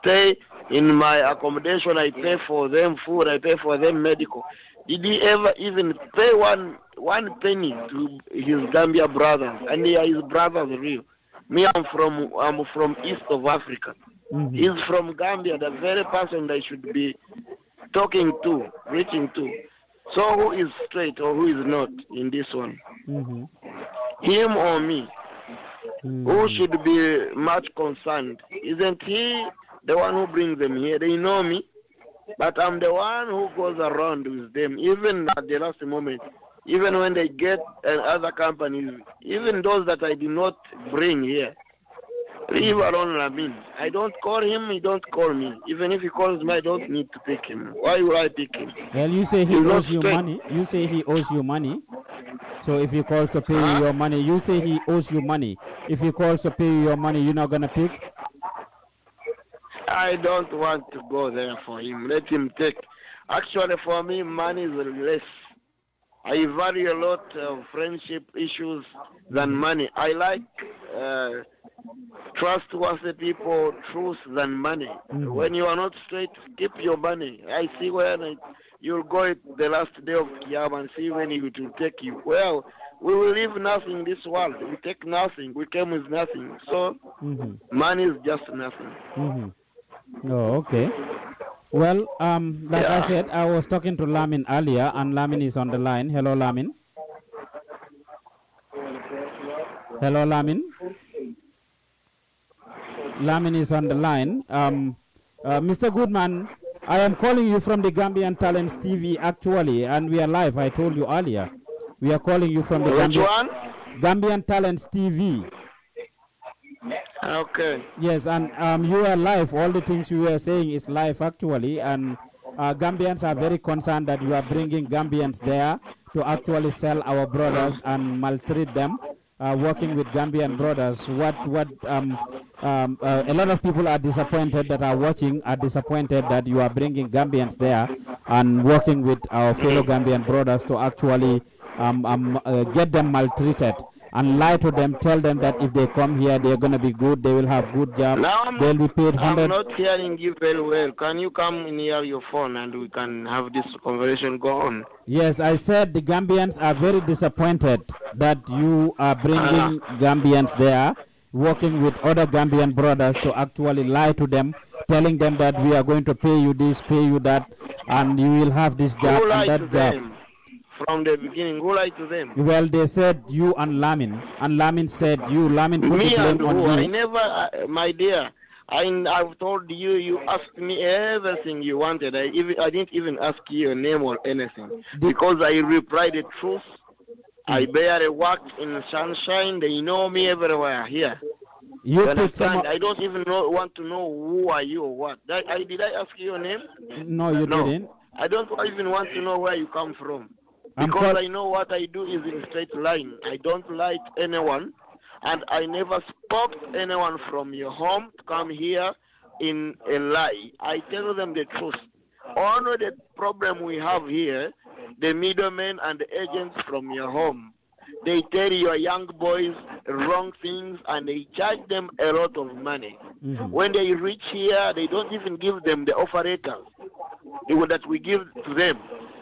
stay in my accommodation. I pay for them food. I pay for them medical. Did he ever even pay one one penny to his Gambia brothers? And they are his brothers real. Me, I'm from I'm from east of Africa mm-hmm. from Gambia, the very person they should be talking to, reaching to. So who is straight or who is not in this one? Mm-hmm. Him or me? Mm-hmm. Who should be much concerned? Isn't he the one who brings them here? They know me, but I'm the one who goes around with them, even at the last moment, even when they get another uh, other companies, even those that I did not bring here. Leave alone Rabin. I don't call him, he don't call me. Even if he calls me, I don't need to pick him. Why would I pick him? Well, you say he He's owes you money. You say he owes you money. So if he calls to pay huh? you your money, you say he owes you money. If he calls to pay you your money, you're not going to pick? I don't want to go there for him. Let him take. Actually, for me, money is less. I value a lot of friendship issues than money. I like... Uh, Trust was the people truth than money. Mm-hmm. When you are not straight, keep your money. I see where you'll go the last day of Qiyam and see when it will take you. Well, we will leave nothing in this world. We take nothing. We came with nothing. So mm-hmm. money is just nothing. Mm-hmm. Oh, okay. Well, um, like yeah. I said, I was talking to Lamin earlier, and Lamin is on the line. Hello, Lamin. Hello, Lamin. Lamin is on the line. Um, uh, Mr. Goodman, I am calling you from the Gambian Talents TV actually, and we are live. I told you earlier. We are calling you from the Which Gambian, one? Gambian Talents TV. Okay. Yes, and um, you are live. All the things you were saying is live actually, and uh, Gambians are very concerned that you are bringing Gambians there to actually sell our brothers and maltreat them uh, working with Gambian brothers. What what um, um, uh, a lot of people are disappointed that are watching are disappointed that you are bringing Gambians there and working with our fellow Gambian brothers to actually um, um, uh, get them maltreated and lie to them, tell them that if they come here, they're going to be good, they will have good job, they'll be paid 100. I'm not hearing you very well. Can you come near your phone and we can have this conversation go on? Yes, I said the Gambians are very disappointed that you are bringing Gambians there, working with other Gambian brothers to actually lie to them, telling them that we are going to pay you this, pay you that, and you will have this job and that job. Them? from the beginning. Who lied to them? Well, they said you and Lamin, and Lamin said you. Lamin put me the blame on who? you. I never, uh, my dear. I, I've told you, you asked me everything you wanted. I, even, I didn't even ask you your name or anything. The, because I replied the truth. I bear a walk in sunshine. They know me everywhere here. You, understand? I don't even know, want to know who are you or what. Did I, did I ask you your name? No, you no. didn't. I don't even want to know where you come from. Because I know what I do is in straight line. I don't like anyone, and I never stopped anyone from your home to come here in a lie. I tell them the truth. Only the problem we have here, the middlemen and the agents from your home, they tell your young boys wrong things and they charge them a lot of money. Mm-hmm. When they reach here, they don't even give them the operators that we give to them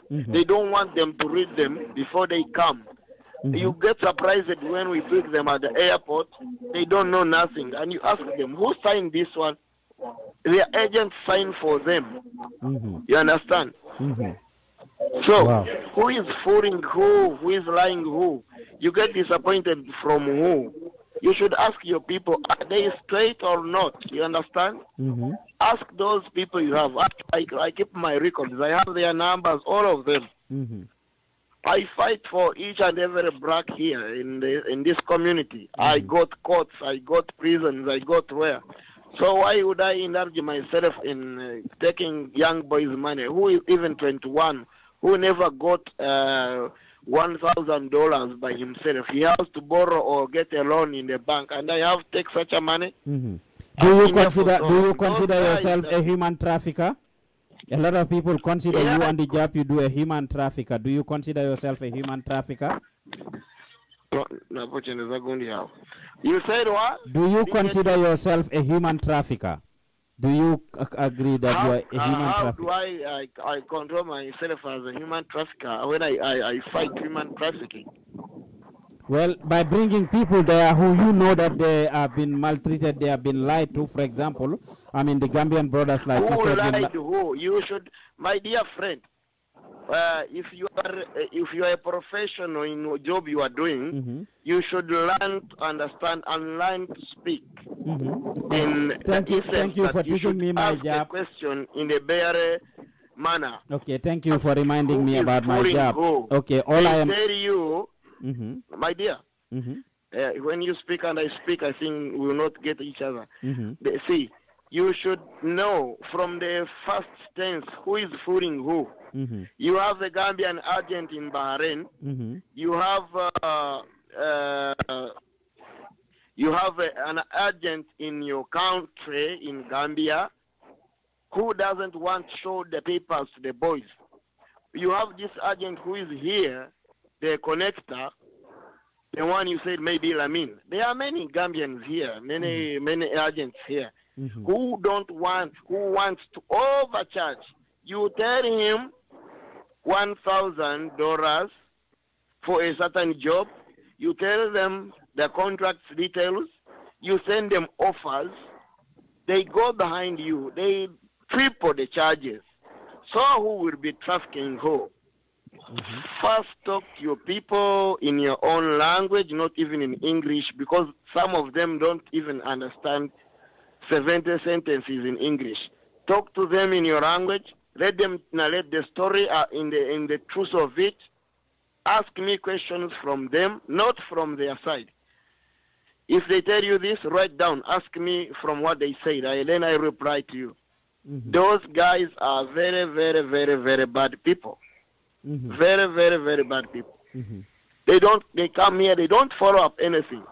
hmm They don't want them to read them before they come. Mm-hmm. You get surprised when we pick them at the airport. They don't know nothing. And you ask them, who signed this one? Their agent signed for them. Mm-hmm. You understand? Mm-hmm. So, wow. who is fooling who? Who is lying who? You get disappointed from who? You should ask your people, are they straight or not? You understand? Mm-hmm. Ask those people you have. I, I, keep my records. I have their numbers, all of them. Mm-hmm. I fight for each and every black here in the, in this community. Mm-hmm. I got courts, I got prisons, I got where. So why would I indulge myself in uh, taking young boys' money who is even 21, who never got... Uh, $1,000 by himself. He has to borrow or get a loan in the bank, and I have to take such a money. Mm-hmm. Do you consider do you consider yourself a human trafficker? A lot of people consider yeah. you and the job you do a human trafficker. Do you consider yourself a human trafficker? You said what? Do you consider yourself a human trafficker? Do you agree that how, you are a uh, human uh, trafficker? How do I, I, I, control myself as a human trafficker when I, I, I fight human trafficking? Well, by bringing people there who you know that they have been maltreated, they have been lied to, for example. I mean, the Gambian brothers like who you said. lied who? You should, my dear friend, uh, if you are uh, if you are a professional in a job you are doing, mm-hmm. you should learn to understand and learn to speak. Mm-hmm. In thank you, thank you for teaching me my job. question in a bare manner. Okay, thank you for reminding Who me about my job. Okay, all I, I am. Tell you, mm-hmm. my dear. Mm-hmm. Uh, when you speak and I speak, I think we will not get each other. Mm-hmm. see, you should know from the first tense who is fooling who. Mm-hmm. You have the Gambian agent in Bahrain. Mm-hmm. You have uh, uh, you have a, an agent in your country in Gambia who doesn't want to show the papers to the boys. You have this agent who is here, the connector, the one you said maybe Lamin. There are many Gambians here, many mm-hmm. many agents here mm-hmm. who don't want who wants to overcharge. You tell him $1,000 for a certain job. You tell them the contract details. You send them offers. They go behind you. They triple the charges. So who will be trafficking who? Mm-hmm. First, talk to your people in your own language, not even in English, because some of them don't even understand 70 sentences in English. Talk to them in your language. Let them narrate the story uh, in, the, in the truth of it. Ask me questions from them, not from their side. If they tell you this, write down. Ask me from what they said. I, then I reply to you. Mm-hmm. Those guys are very, very, very, very bad people. Mm-hmm. Very, very, very bad people. Mm-hmm. They don't. They come here. They don't follow up anything.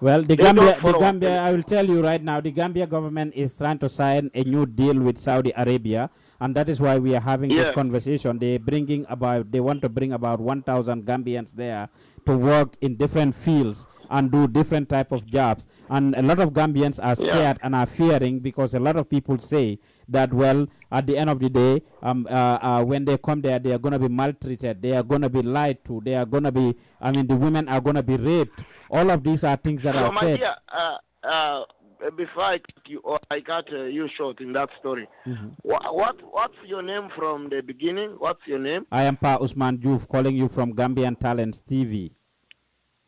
Well, the they Gambia, the Gambia, I will tell you right now, the Gambia government is trying to sign a new deal with Saudi Arabia and that is why we are having yeah. this conversation. They bringing about they want to bring about 1,000 Gambians there to work in different fields and do different type of jobs. And a lot of Gambians are scared yeah. and are fearing because a lot of people say that well, at the end of the day, um, uh, uh, when they come there, they are going to be maltreated, they are going to be lied to, they are going to be, I mean, the women are going to be raped. All of these are things that so are said. Dear, uh, uh uh, before I cut you, oh, I got uh, you short in that story. Mm-hmm. What, what, what's your name from the beginning? What's your name? I am Pa Usman Juf calling you from Gambian Talents TV.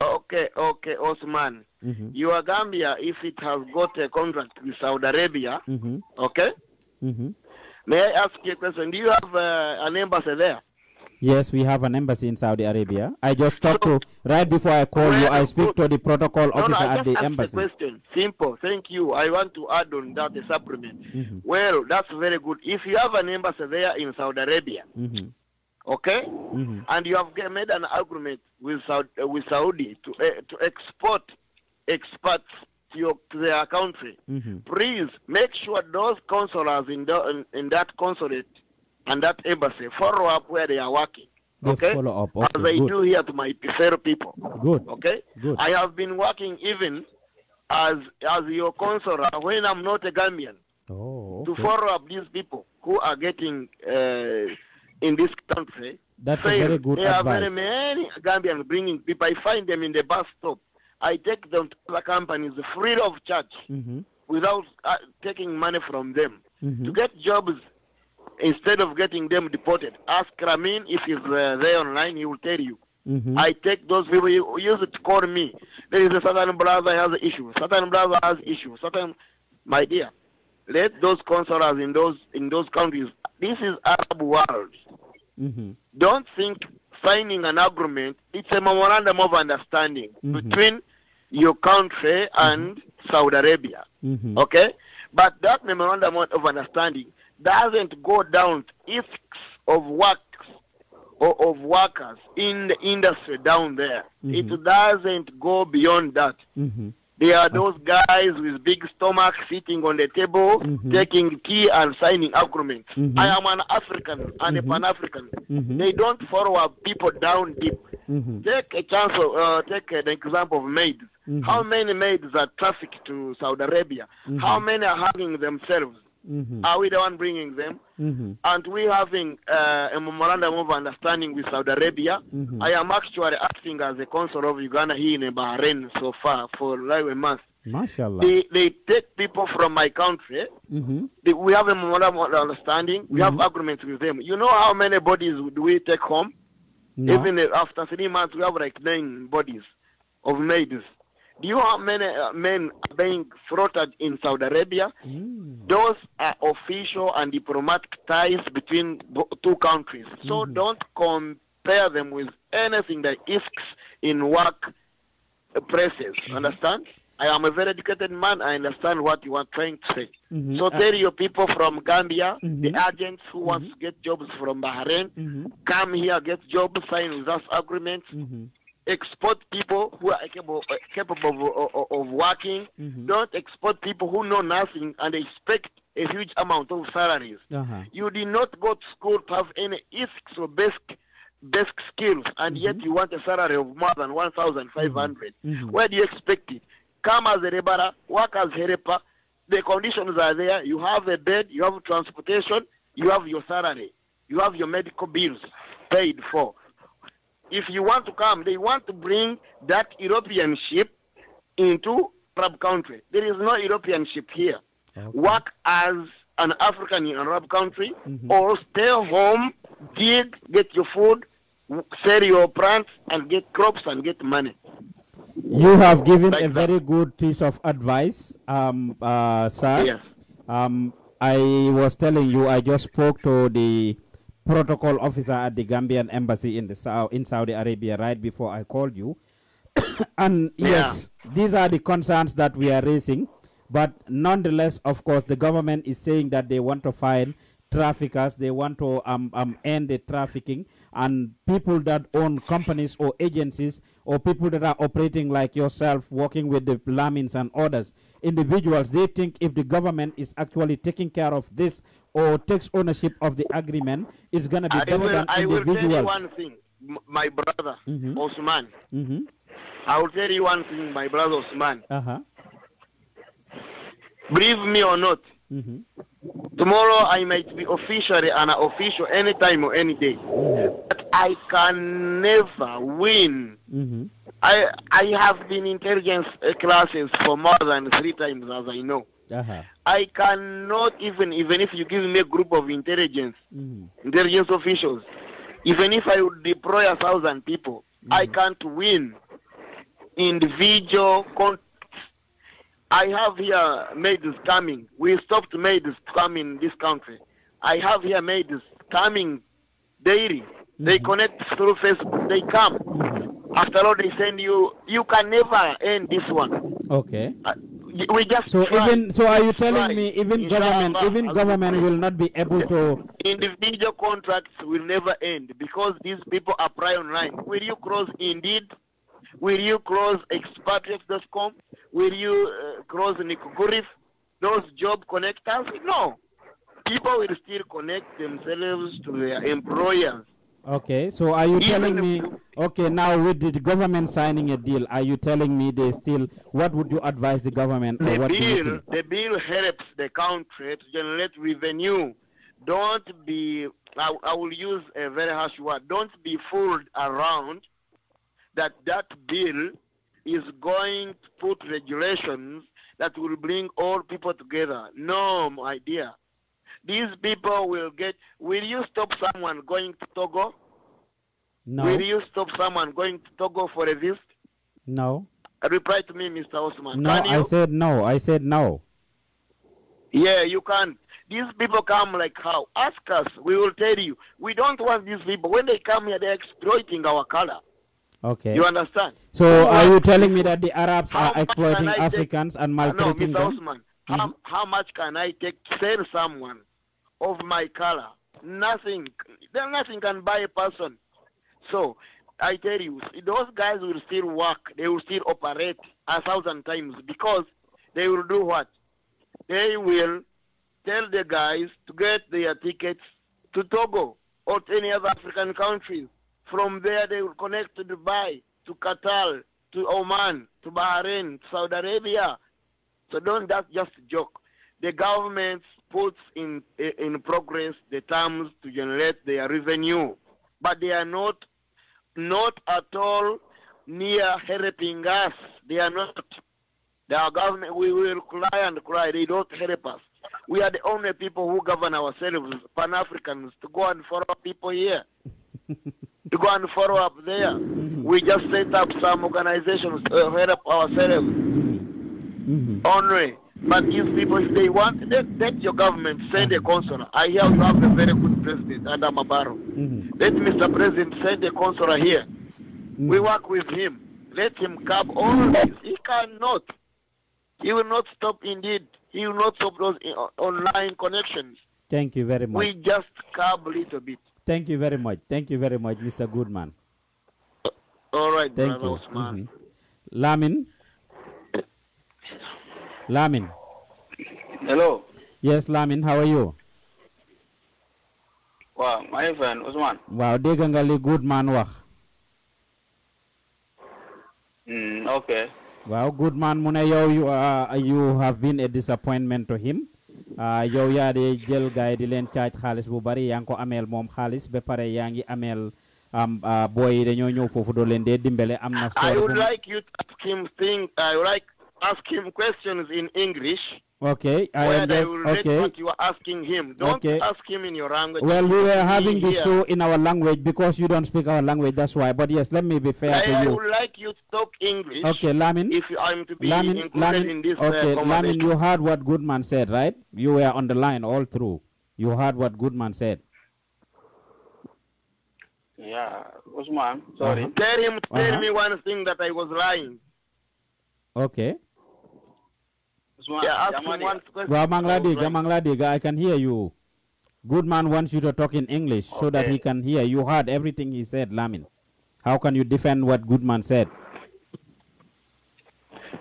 Okay, okay, Osman. Mm-hmm. You are Gambia if it has got a contract with Saudi Arabia. Mm-hmm. Okay. Mm-hmm. May I ask you a question? Do you have uh, an embassy there? Yes, we have an embassy in Saudi Arabia. I just talked so, to, right before I call you, I speak to the protocol officer no, at the embassy. question. Simple. Thank you. I want to add on that a supplement. Mm -hmm. Well, that's very good. If you have an embassy there in Saudi Arabia, mm -hmm. okay, mm -hmm. and you have made an agreement with Saudi, uh, with Saudi to, uh, to export experts to, your, to their country, mm-hmm. please make sure those consulars in, the, in, in that consulate – and that embassy follow up where they are working. They okay? follow up. Okay, As I do here to my Picero people. Good. Okay? Good. I have been working even as as your consul when I'm not a Gambian. Oh, okay. To follow up these people who are getting uh, in this country. That's a very good there advice. There are very many Gambians bringing people. I find them in the bus stop. I take them to other companies free of charge mm -hmm. without uh, taking money from them. Mm -hmm. To get jobs instead of getting them deported, ask Ramin if he's uh, there online, he will tell you. Mm-hmm. I take those people who used to call me. There is a certain brother has an issue. Certain brother has issue. Certain, my dear, let those consulars in those in those countries. This is Arab world. Mm-hmm. Don't think signing an agreement. It's a memorandum of understanding mm-hmm. between your country and mm-hmm. Saudi Arabia. Mm-hmm. Okay, but that memorandum of understanding doesn't go down if of works or of workers in the industry down there. Mm-hmm. It doesn't go beyond that. Mm-hmm. There are those guys with big stomachs sitting on the table, mm-hmm. taking tea and signing agreements. Mm-hmm. I am an African and mm-hmm. a Pan African. Mm-hmm. They don't follow our people down deep. Mm-hmm. Take a chance of, uh, take an example of maids. Mm-hmm. How many maids are trafficked to Saudi Arabia? How many are hugging themselves? Mm-hmm. Are we the one bringing them? Mm-hmm. And we having uh, a memorandum of understanding with Saudi Arabia. Mm-hmm. I am actually acting as a consul of Uganda here in Bahrain so far for like a month. Mashallah. They, they take people from my country. Mm-hmm. They, we have a memorandum of understanding. We have mm-hmm. agreements with them. You know how many bodies do we take home? No. Even after three months, we have like nine bodies of maids. Do you have many uh, men being thwarted in Saudi Arabia? Mm. Those are official and diplomatic ties between two countries. Mm. So mm-hmm. don't compare them with anything that isks in work places. Mm. Mm-hmm. Understand? I am a very educated man. I understand what you are trying to say. Mm-hmm. So uh, tell your people from Gambia, mm-hmm. the agents who mm-hmm. want to get jobs from Bahrain, mm-hmm. come here, get jobs, sign with us agreements export people who are capable, uh, capable of, uh, of, of working. Mm-hmm. Don't export people who know nothing and expect a huge amount of salaries. Uh-huh. You did not go to school to have any ethics or basic basic skills, and mm-hmm. yet you want a salary of more than one thousand five hundred. Mm-hmm. mm-hmm. Where do you expect it? Come as a laborer, work as a helper. The conditions are there. You have a bed, you have transportation, you have your salary, you have your medical bills paid for if you want to come, they want to bring that European ship into Arab country. There is no European ship here. Okay. Work as an African in Arab country mm-hmm. or stay home, dig, get your food, sell your plants and get crops and get money. You have given like a that. very good piece of advice, um, uh, sir. Yes. Um, I was telling you, I just spoke to the protocol officer at the Gambian embassy in the South in Saudi Arabia right before I called you. and yeah. yes, these are the concerns that we are raising. But nonetheless, of course, the government is saying that they want to file traffickers. They want to um, um, end the trafficking. And people that own companies or agencies or people that are operating like yourself, working with the lamins and others, individuals, they think if the government is actually taking care of this or takes ownership of the agreement, it's going to be I better will, than I individuals. I will tell you one thing, my brother, mm -hmm. Osman. Mm -hmm. I will tell you one thing, my brother Osman. Uh-huh. Believe me or not, Mm-hmm. Tomorrow I might be officially an official anytime or any day, mm-hmm. but I can never win. Mm-hmm. I I have been intelligence uh, classes for more than three times, as I know. Uh-huh. I cannot even even if you give me a group of intelligence mm-hmm. intelligence officials, even if I would deploy a thousand people, I mm-hmm. can't win individual contest I have here maidens coming. We stopped maidens coming in this country. I have here maidens coming daily. They mm-hmm. connect through Facebook. They come. Mm-hmm. After all, they send you. You can never end this one. Okay. Uh, we just so try. even so are you telling try. me even in government even government will not be able to individual contracts will never end because these people apply online will you cross indeed Will you close expatriates.com? Will you uh, cross Nikugurif? Those job connectors? No. People will still connect themselves to their employers. Okay, so are you Even telling me? Okay, now with the government signing a deal, are you telling me they still? What would you advise the government? The bill, the bill helps the country to generate revenue. Don't be. I, I will use a very harsh word. Don't be fooled around that that bill is going to put regulations that will bring all people together. No, my dear. These people will get. Will you stop someone going to Togo? No. Will you stop someone going to Togo for a visit? No. Reply to me, Mr. Osman. No, I said no. I said no. Yeah, you can't. These people come like how? Ask us. We will tell you. We don't want these people. When they come here, they're exploiting our color. Okay. You understand? So are you telling me that the Arabs are exploiting Africans take, and maltreating no, Mr. them? How, mm -hmm. how much can I take sell someone of my color? Nothing. Then nothing can buy a person. So I tell you, those guys will still work. They will still operate a thousand times because they will do what? They will tell the guys to get their tickets to Togo or to any other African countries from there, they will connect to Dubai, to Qatar, to Oman, to Bahrain, Saudi Arabia. So don't that's just a joke. The government puts in in progress the terms to generate their revenue, but they are not not at all near helping us. They are not. Our government, we will cry and cry. They don't help us. We are the only people who govern ourselves, Pan Africans, to go and follow people here. to go and follow up there. Mm-hmm. We just set up some organizations to help ourselves mm-hmm. only. But these people, if they want, let, let your government send a consular. I hear you have a very good president, Adam Abaro. Mm-hmm. Let Mr. President send a consular here. We mm-hmm. work with him. Let him curb all this. He cannot. He will not stop, indeed. He will not stop those uh, online connections. Thank you very much. We just curb a little bit. Thank you very much. Thank you very much, Mr. Goodman. All right, Thank you. Mm -hmm. Lamin. Lamin. Hello. Yes, Lamin, how are you? friend, maa ngi fenn Ousmane. waaw dégg nga li Goodman wax. Mm, ok. Well, Goodman mu ne you have been a disappointment to him. Ah, yow yaa dee jël gaay di leen caaj xaalis bu bari yaa ko ameel moom xaalis ba pare yaa ngi ameel ah, booy yi dañoo ñëw foofu doo leen dee dimbale am na. I would like you to ask him thing I would like ask him questions in English. Okay, I am just, okay. What you are asking him. Don't okay. ask him in your language. Well, we were having this show in our language because you don't speak our language. That's why. But yes, let me be fair I, to I you. I would like you to talk English. Okay, Lamin. If you, I'm to be Lamin, included Lamin, in this uh, okay, uh, Lamin, you heard what Goodman said, right? You were on the line all through. You heard what Goodman said. Yeah, Osman. Sorry. Uh -huh. Tell him. Tell uh -huh. me one thing that I was lying. Okay. Yeah, ask one question. Ramangladega, I can hear you. Goodman wants you to talk in English okay. so that he can hear. You heard everything he said, Lamin. How can you defend what Goodman said?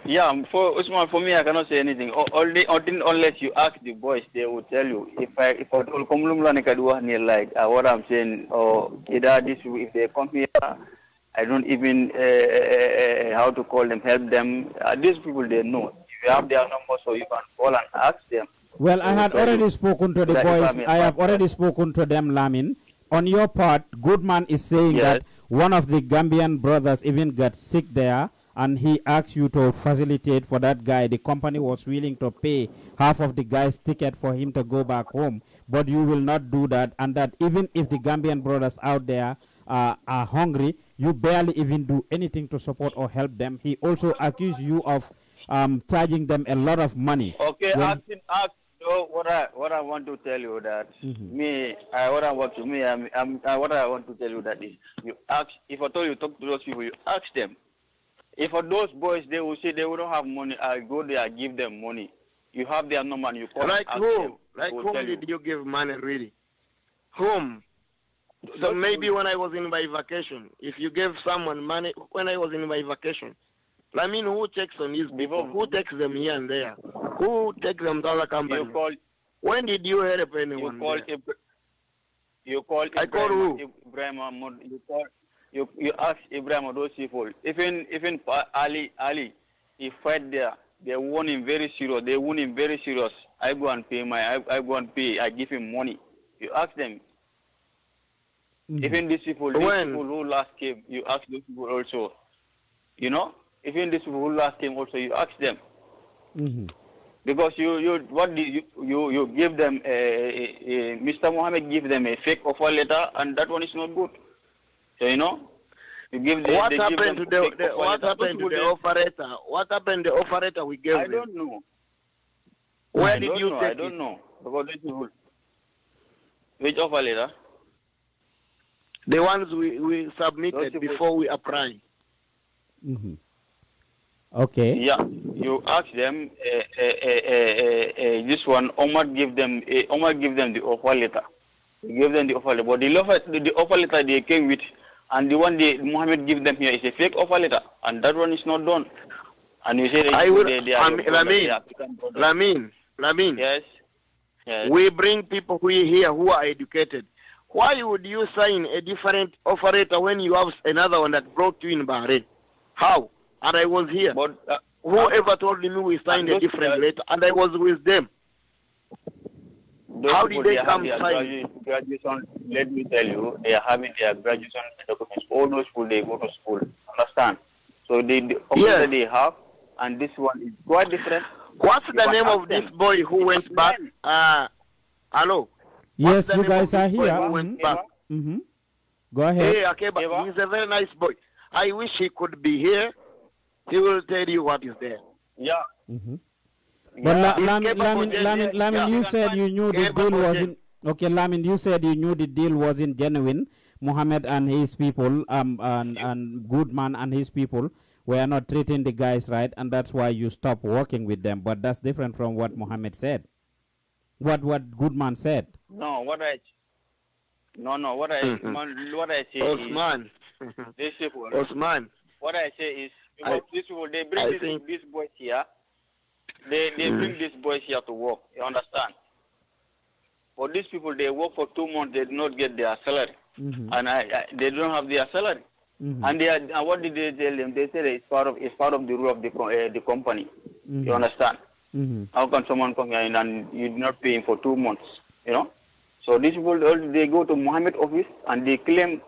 Yeah, for Usman, for me, I cannot say anything. Only, only unless you ask the boys, they will tell you. If I, if I told Kumlumla Nekadua like uh, what I'm saying, or either this, if they come here, I don't even uh uh, uh, uh, how to call them, help them. Uh, these people, they know you have their number so you can call and ask them. Well, I had already spoken to the boys. I have already spoken to them, Lamin. On your part, Goodman is saying yes. that one of the Gambian brothers even got sick there, and he asked you to facilitate for that guy. The company was willing to pay half of the guy's ticket for him to go back home, but you will not do that. And that even if the Gambian brothers out there uh, are hungry, you barely even do anything to support or help them. He also accused you of um, charging them a lot of money. Okay, when... ask him. Ask. So what I what I want to tell you that mm -hmm. me I what I want to me I'm, I'm I, what I want to tell you that is you ask if I told you talk to those people you ask them if for those boys they will say they will not have money I go there I give them money you have their number and you call like who them, like whom did you. you give money really whom so maybe when I was in my vacation, if you gave someone money when I was in my vacation, I mean, who checks on these people? Who takes them here and there? Who takes them to other companies? You call, when did you help anyone? You call. There? You call. I call who? Ibrahim, you call. You, you ask Ibrahim those people. Even even Ali Ali, he fight there. They won him very serious. They won him very serious. I go and pay my. I, I go and pay. I give him money. You ask them. Mm -hmm. Even these people, these when? people who last came, you ask those people also. You know even this ruler came also, you ask them. Mm -hmm. Because you, you what did you, you, you give them, a, a, a, Mr. Mohammed give them a fake offer letter and that one is not good. So, you know, you give the, what, happened, give to the, the, what happened to the, operator? What happened the operator we gave I them? don't know. Where I did you know, take I don't it? know. Because this rule. Which offer letter? The ones we, we submitted before we applied. Mm -hmm. Okay. Yeah, you ask them uh, uh, uh, this one. Omar give them eh, Omar give them the offer letter. He them the offer letter, but the offer the, the offer letter they came with, and the one the Muhammad give them here is a fake offer letter, and that one is not done. And you say I will. They, they um, Lamin, Lamin, Lamin. Yes. Yes. We bring people who here who are educated. Why would you sign a different offer letter when you have another one that brought you in Bahrain? How? and I was here. But uh, whoever told me we signed a different letter, and I was with them. How did they come sign? Graduation. Let me tell you, they are having their graduation documents. All those people they go to school. Understand? So the, the they have, and this one is quite different. What's the name of them? this boy who went back? Uh, hello. yes, you guys are here. Mm -hmm. Go ahead. Hey, Akeba, Eva? he's a very nice boy. I wish he could be here he will tell you what is there. Yeah. Mm -hmm. But yeah. Lamin, Lamin, Lamin, Lamin yeah. you said you knew the deal wasn't okay. Lamin, you said you knew the deal wasn't genuine. Mohammed and his people, um, and and Goodman and his people were not treating the guys right, and that's why you stopped working with them. But that's different from what Mohammed said. What what Goodman said. No, what I. No, no. What I mm-hmm. what I say Osman. is these people. Osman. What I say is because I, this they bring this, think, these boys here. They they mm. bring these boys here to work. You understand? But these people they work for two months, they do not get their salary, mm-hmm. and I, I, they don't have their salary. Mm-hmm. And they are, and what did they tell them? They said it's part of it's part of the rule of the uh, the company. Mm-hmm. You understand? Mm-hmm. How can someone come here and you do not pay him for two months? You know. So these people they go to Mohammed office and they claim,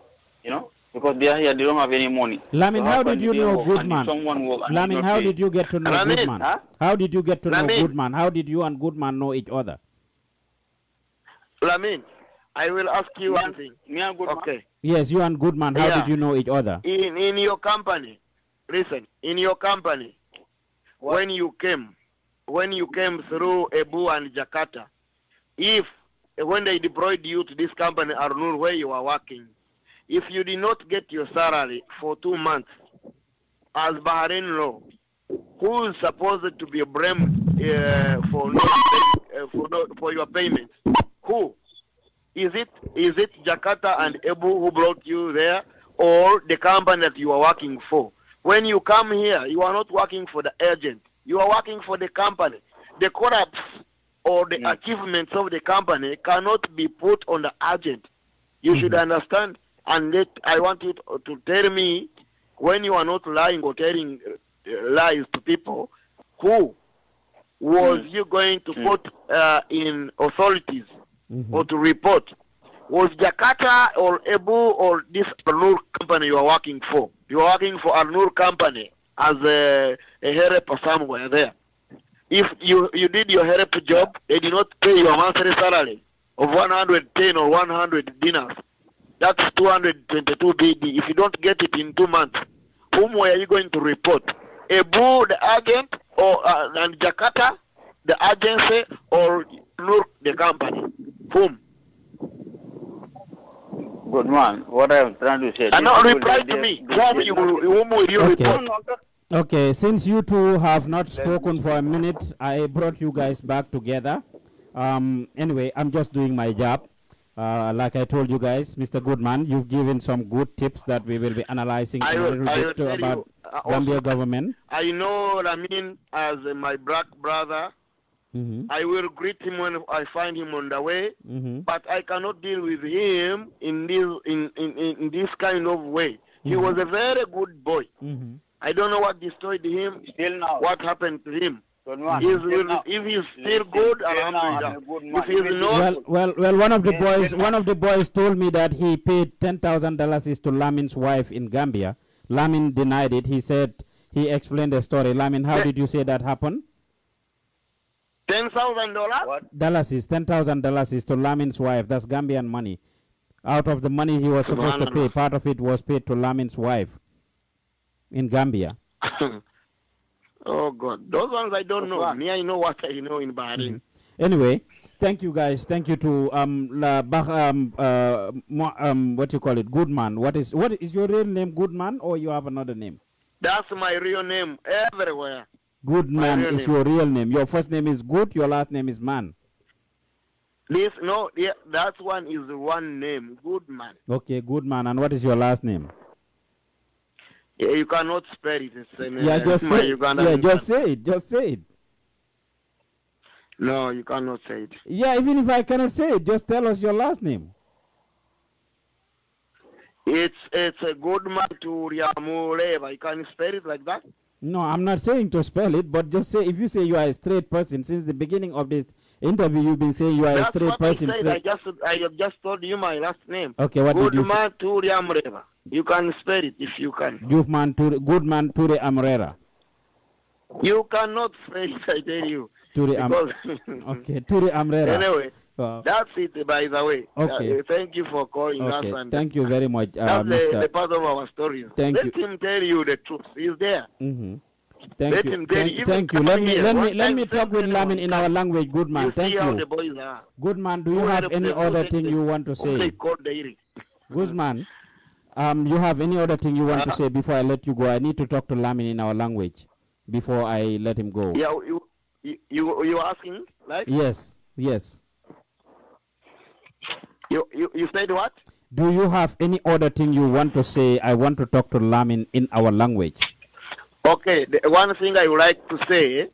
you know, because they are here, they don't have any money. Lamin, so how, how did you know Goodman? Lamin, how did you get to know Goodman? How did you get to know Goodman? How did you and Goodman know each other? Lamin, I will ask you one thing. Me and Goodman. Okay. Yes, you and Goodman. How yeah. did you know each other? In in your company. Listen, in your company, what? when you came, when you came through Abu and Jakarta, if when they deployed you to this company, know where you are working, if you did not get your salary for two months, as Bahrain law, who is supposed to be blamed uh, for not uh, for not, for your payments? Who is it? Is it Jakarta and Ebu who brought you there, or the company that you are working for? When you come here, you are not working for the agent. You are working for the company. The corrupts or the mm. achievements of the company cannot be put on the agent. You mm -hmm. should mm-hmm. understand and I want you to, to tell me when you are not lying or telling uh, lies to people, who was mm. you going to mm. put uh, in authorities mm-hmm. or to report? Was Jakarta or Ebu or this Arnur company you are working for? You are working for Arnur company as a, a helper somewhere there. If you, you did your help job, they did not pay your monthly salary of 110 or 100 dinars. That's 222 BD. If you don't get it in two months, whom were you going to report? Ebu, the agent, or uh, and Jakarta, the agency, or Nur, the company? Whom? Good man, what I'm trying to say. And not reply to me. Whom, you, whom will you okay. report? Okay, since you two have not spoken for a minute, I brought you guys back together. Um, anyway, I'm just doing my job. Uh, like I told you guys, Mr. Goodman, you've given some good tips that we will be analyzing I will, a little bit about you, uh, Gambia government. I know Ramin as uh, my black brother. Mm -hmm. I will greet him when I find him on the way, mm -hmm. but I cannot deal with him in this in, in, in this kind of way. Mm -hmm. He mm-hmm. was a very good boy. Mm-hmm. I don't know what destroyed him, what happened to him. If, if he's still good, alhamdulillah. If he's not, well, well, well, one of the boys, one of the boys told me that he paid ten thousand dollars to Lamin's wife in Gambia. Lamin denied it. He said he explained the story. Lamin, how did you say that happened? Ten thousand dollars. Dollars is ten thousand dollars is to Lamin's wife. That's Gambian money. Out of the money he was supposed to pay, part of it was paid to Lamin's wife in Gambia. Oh God, those ones I don't know. Me, I know what I know in Bahrain. Mm. Mm-hmm. Anyway, thank you guys. Thank you to um, La bah, um, uh, um, what you call it, Goodman. What is what is your real name, Goodman, or you have another name? That's my real name everywhere. Goodman is name. your real name. Your first name is Good. Your last name is Man. This no, yeah, that one is one name, Goodman. Okay, Goodman. And what is your last name? Yeah, you cannot spell it in Yeah, just say, Uganda, yeah, just say it. Just say it. No, you cannot say it. Yeah, even if I cannot say it, just tell us your last name. It's it's a good man to Riamureva. You can spell it like that? No, I'm not saying to spell it, but just say if you say you are a straight person since the beginning of this interview, you've been saying you are That's a straight what person. I, said. Straight... I just I have just told you my last name. Okay, what good did you man say? Ture Amrera. You can spell it if you can. Good man Ture, good man Ture Amrera. You cannot spell it, I tell you. Ture Amrera. okay, Ture Amrera. Anyway, uh, That's it, by the way. Uh, okay. Uh, thank you for calling okay. us. Uh, thank you very much. Uh, That's the, the, part of our story. Thank Let you. him tell you the truth. He's there. Mm-hmm. Thank let you. Thank, thank you. Let me let me let me talk with Lamin in our language. Good man. You thank you. Good man. Do you have any other thing you want to say? Guzman, um, you have any other thing you want to uh, say before I let you go? I need to talk to Lamin in our language before I let him go. Yeah, you you you, you asking like? Yes, yes. You, you, you said what? Do you have any other thing you want to say? I want to talk to Lamin in our language. Okay, the one thing I would like to say,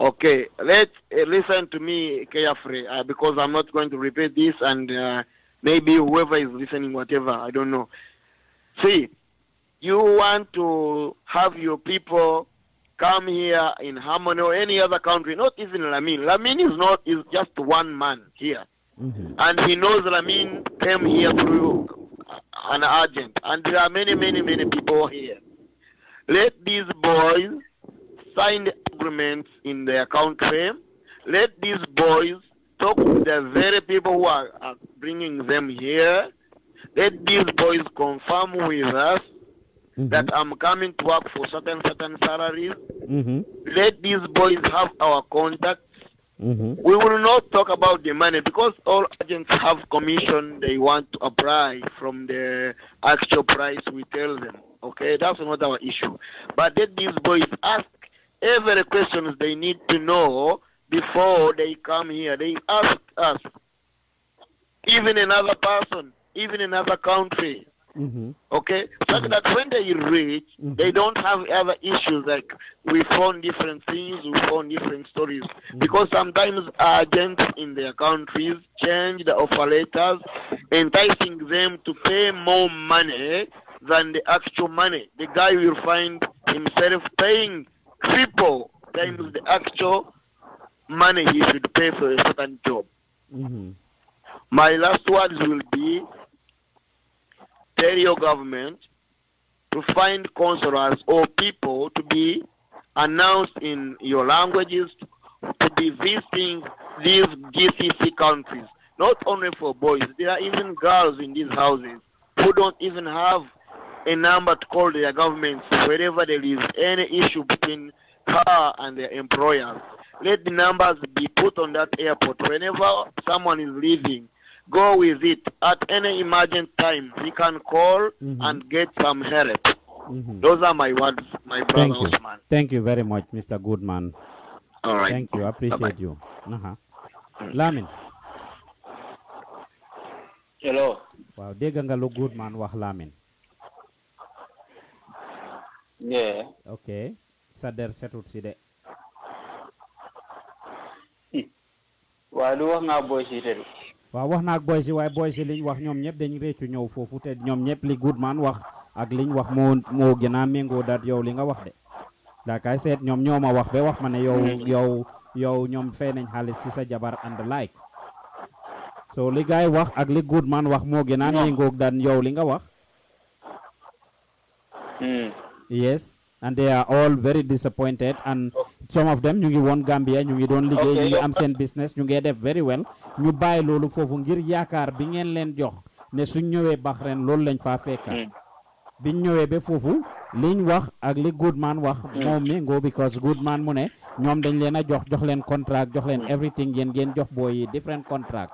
okay, let uh, listen to me carefully uh, because I'm not going to repeat this and uh, maybe whoever is listening, whatever, I don't know. See, you want to have your people come here in Harmony or any other country, not even Lamin. Lamin is not is just one man here hmm And he knows Ramin came here through an agent. And there are many, many, many people here. Let these boys sign agreements in their country. Let these boys talk to the very people who are, are bringing them here. Let these boys confirm with us Mm-hmm. that I'm coming to work for certain certain salaries. Mm-hmm. Let these boys have our contact. Mm-hmm. We will not talk about the money because all agents have commission they want to apply from the actual price we tell them. Okay, that's not our issue. But let these boys ask every questions they need to know before they come here. They ask us, even another person, even another country, Mm-hmm. Okay, fact mm-hmm. that when they reach, mm-hmm. they don't have other issues like we found different things, we found different stories. Mm-hmm. Because sometimes agents in their countries change the offer letters, enticing them to pay more money than the actual money. The guy will find himself paying triple times the mm-hmm. actual money he should pay for a certain job. Mm-hmm. My last words will be tell your government to find consulars or people to be announced in your languages to be visiting these GCC countries. Not only for boys, there are even girls in these houses who don't even have a number to call their governments wherever there is any issue between her and their employers. Let the numbers be put on that airport. Whenever someone is leaving, go with it at any emergent time. He can call mm-hmm. and get some help. Mm-hmm. Those are my words, my brother Thank you. Osman. Thank you very much, Mr. Goodman. All right. Thank you. I appreciate Bye-bye. you. Uh-huh. Mm. Lamin. Hello. Wow. dégg nga Goodman wah Lamin. Yeah. Okay. Sa der setut si de. nga boy waaw wax naa boy si waaye boy si liñ wax ñoom ñëpp dañ réccu ñëw foofu te ñoom ñëpp li man wax ak liñ wax moo moo gën a méngoo daat yow li nga wax de daakaay seet ñoom ñoo ma wax ba wax ma ne yow mm-hmm. yow yow ñoom fay nañ xaalis ci sa jabar and like so li gaay wax ak li man wax moo gën a méngoo daan yow li nga wax mm. yes and they are all very disappointed and some of them ñu ngi woon Gambia ñu ngi doon liggéey ñu ngi am seen business ñu ngi def very well ñu bàyyi loolu foofu ngir yaakaar bi ngeen leen jox ne suñ ñëwee baax Bahrain loolu lañ faa fekka hmm. biñ ñëwee ba foofu liñ wax ak li Goodman wax hmm. moo méngoo because Goodman mu ne ñoom dañ leen a jox jox leen contract jox leen hmm. everything yéen ngeen jox booy yi different contract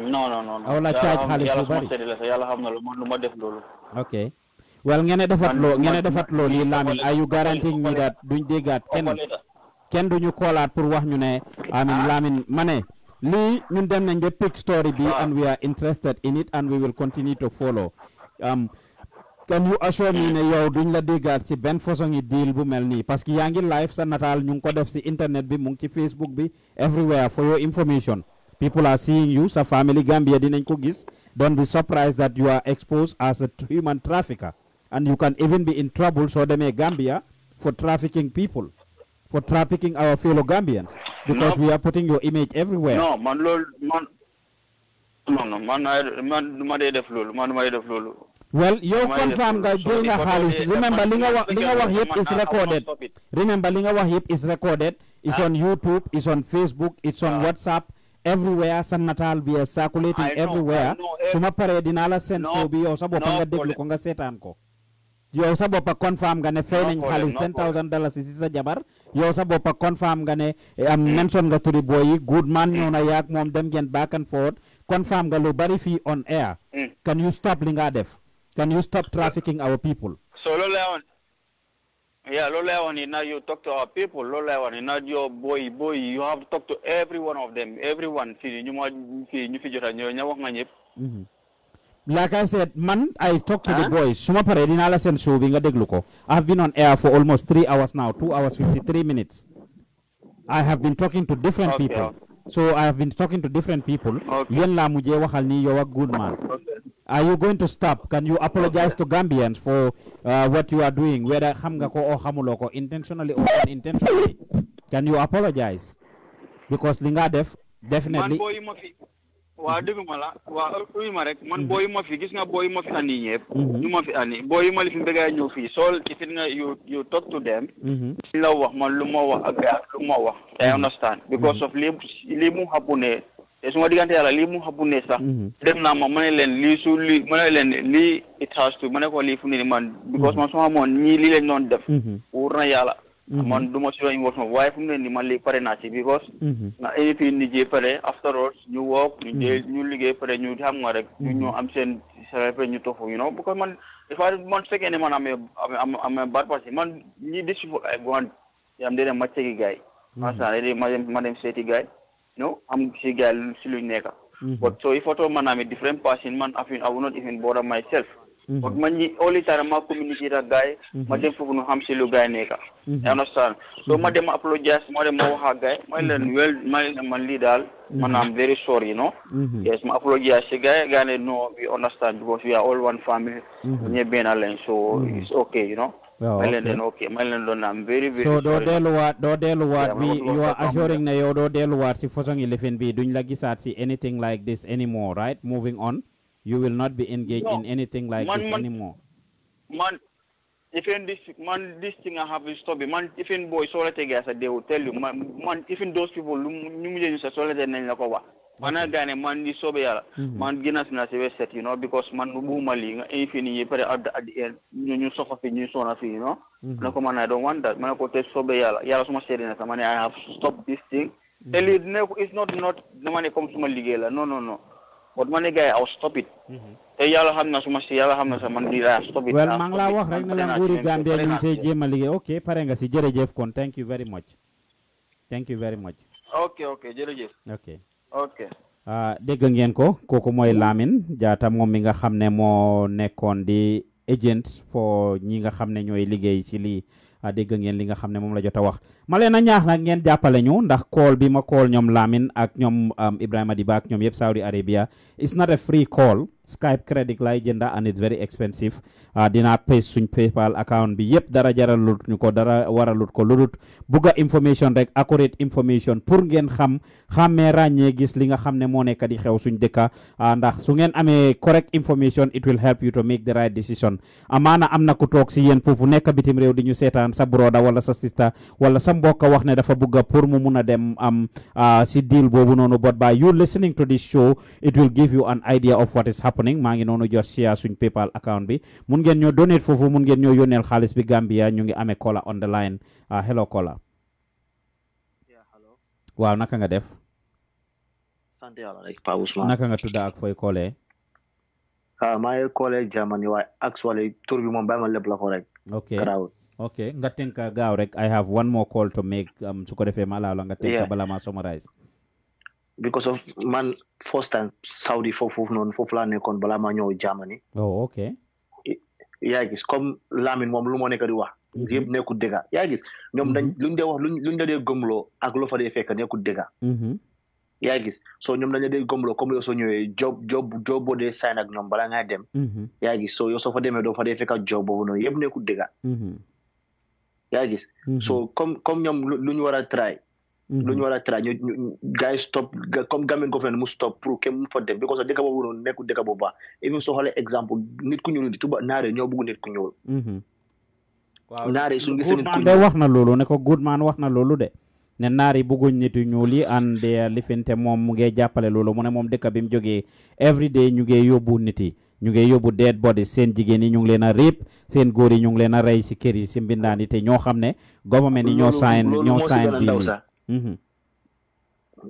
non non non lu ma def loolu ok well ngeen defat loo ngeen defat loo lii Lamin are you guaranteeing me that duñ déggaat kenn kenn duñu koolaat pour wax ñu ne amin ah. Lamin ma ne lii ñun dem nañ ba pick story bi ah. and we are interested in it and we will continue to follow um, can you assure mm. ne yow duñ la déggaat si benn façon yi deal bu mel nii parce que yaa ngi live sa nataal ñu ngi ko def si internet bi mu ngi ci Facebook bi everywhere for your information people are seeing you sa family Gambia dinañ ko gis don't be surprised that you are exposed and you can even be in trouble, so they may Gambia, for trafficking people, for trafficking our fellow Gambians, because no. we are putting your image everywhere. No, man, lol, man, man, man, man, man, def lol, man, man, def lol. Well, you confirm that during so Halis, remember, Lingawa, Lingawa Hip is recorded. Remember, Lingawa Hip is recorded. It's uh, on YouTube, it's on Facebook, it's on uh, WhatsApp everywhere San Natal we are circulating know, everywhere suma pare dinala sense no, obi o sabo no, kanga deblu kanga setan ko yo sa a confirm gane ne fay nañ xaalis ten thousand dollars si sa jabar yo sa a confirm gane am mention nga turi boy good man ñëw na yak mom dem gen back and forth confirm nga lu bari fi on air can you stop li nga def can you stop trafficking our people so lo leon yeah lo laa woon now you talk to our people lo laa woon now your boy boy you have to talk to every one of them everyone fi ñu ma nyu ñu fi jota ñoo ña wax nga like I said, man, I talked to the ah. boys. Suma pare dinaa la sen subi nga déglu ko. I have been on air for almost three hours now, two hours fifty-three minutes. I have been talking to different people. So I have been talking to different people. Okay. Yen la muje waxal ni yow ak good man. Okay. Are you going to stop? Can you apologize to Gambians for uh, what you are doing, whether xam nga ko or xamuloo ko, intentionally or unintentionally? Can you apologize? Because li waa mhm. dégguma la waa uy rek man mhm. booyu ma fi gis nga booyu ma fi andi ñëpp ñu mhm. ma fi andi booyu ma li fi mbégaa ñëw fii sool if it nga yu you talk to them si la wax man lu ma wax ak gaa lu ma wax I understand because of lii mu xabu ne te su ma diggante yàlla lii mu xabu ne sax dem naa ma ma ne leen lii su li ma ne leen lii it has to ma ne ko lii fu ne ni man because man su ma moon ñii lii lañ doon def wóor na yàlla Mm-hmm. man du ma si doon involvement waaye fu mu ne nii man lii pare naa si because mm-hmm. na anything liggéey pare after all ñu wook ñu jël mm-hmm. ñu liggéey pare ñu xam nga rek ñu ñoo am seen célébré ñu tofu you know because man dafa man fekkee ne man am amee bad passé man ñi dis ay goan am dee ma cegi gaay masan dee ma dem ma dem seeti gaay no am si gaay si luñ nekka but so il faut man amee different passion man afin I will not even bother myself Mm But man, all the time I communicate with guy, mm -hmm. ma dem fofu no ham ci lu guy neka. Mm-hmm. You understand? So ma dem apologize, ma dem wax guy, ma len mm-hmm. well ma man li dal, man I'm very sorry, you know. Yes, ma apologize ci guy, guy ne no, we understand because we are all one family. Ñe ben alen, so it's okay, you know. Oh, okay. okay. Very, very so doo do doo delluwaat bi you are assuring ne yow doo delluwaat si façon yi lifin bi duñ la gisaat si anything like this anymore right moving on you will not be engaged no. in anything like man, this man, anymore. Man, even this man, this thing I have is stubborn. Man, even boys, all that guys, they will tell you. Man, man even those people, you may use all that and like what. Man, again, man, this so bad. Man, Guinness na se set, you know, because man, who mali, if you need, but at the end, you suffer, you so na you know. Like man, I don't want that. Man, I go test so bad. Yala, so much that. Man, I have stopped this thing. Mm -hmm. It's not not the money comes from Ligela. No, no, no. kon ma ne gars yi aw stop it xam mm-hmm. na su ma si yàlla xam na sa man di laa stop it well ngi laa wax rek ne la nguuri Gambia ñu ngi see a liggéey ok pare nga si jërëjëf kon thank you very much thank you very much ok ok jërëjëf ok ah, dégg ngeen ko kooku mooy Lamin Jaata moom mi nga xam ne moo nekkoon di agent fo ñi nga xam ne ñooy liggéey ci li Ah, dégg ngeen li nga xam ne moom la jot a wax ma leen a ñaax nag ngeen jàppale ñu ndax call bi ma kool ñoom Lamine ak ñoom um, Ibrahima Diba ak ñoom yëpp Saudi Arabia it's not a free kool Skype credit lay jënda and it's very expensive ah, dinaa paste suñ PayPal account bi yëpp dara jaralut ñu ko dara waralut ko ludut bugga information rek accurate information pour ngeen xam xàmmee ràññee gis li nga xam ne moo nekk di xew suñ dëkka ah, ndax su ngeen amee correct information it will help you to make the right decision amaana am na ku toog si yéen foofu nekk bitim réew di ñu seetaan sa broda wala sa sista wala sa mbokk wax ne dafa bugga pour mu mun a dem am ah, si boobu noonu but by happening ma ngi nonu jot share suñ PayPal account bi mun ngeen ñoo donate fofu mun ngeen ñoo yonel xaliss bi Gambia ñu ngi amé kola on the line ah, hello kola waaw naka nga def sant yàlla rek Pa Ousmane naka nga tudda ak foy koolee ah maa ngi Germany actually tour bi mom bàyyi lepp la ko rek ok ok nga tenka gaaw rek I have one more call to make um, su ko defee ma la nga yeah. bala ma summarize because of man first time Saudi foofu noonu foofu laa nekkoon balaa maa ñëw Germany. oh ok. yaa gis comme Lamine moom lu moo nekk di wax. Mhm. yëpp nekkul dëgg yaa gis ñoom dañ mhm. luñ dee wax luñ luñ la de gëmloo ak loo fa dee fekk nekkul dëgg. Mhm. yaa gis soo ñoom dañ la dee comme yow ñëwee job job job boo dee sign ak ñoom dem. yaa gis soo yow soo fa demee doo fa dee fekk job boobu noonu yëpp nekkul dëgg. yaa gis. soo comme ñoom lu ñu war a try. Mm-hmm. lu ñu war a tra ñu gars yi stop comme gamin ko fen mu stop pour que mu fa dem because dëkk boobu noonu nekkul dëkk boobu baax even soo xoolee exemple nit ku ñuul tuba naare ñoo bëgg nit ku ñuul mm-hmm. waaw naare suñu de wax na loolu ne ko Goodman wax na loolu de ne naar yi bëgguñ nit yu ñuul yi and lifinte moom mu ngee jàppale loolu mu ne moom dëkk bi mu jógee every day ñu ngee yóbbu nit yi ñu ngee yóbbu dead body seen jigéen yi ñu ngi leen a réep seen góor yi ñu ngi leen a rey si kër yi si mbindaan yi te ñoo xam ne government yi ñoo sign ñoo sign Mm-hmm.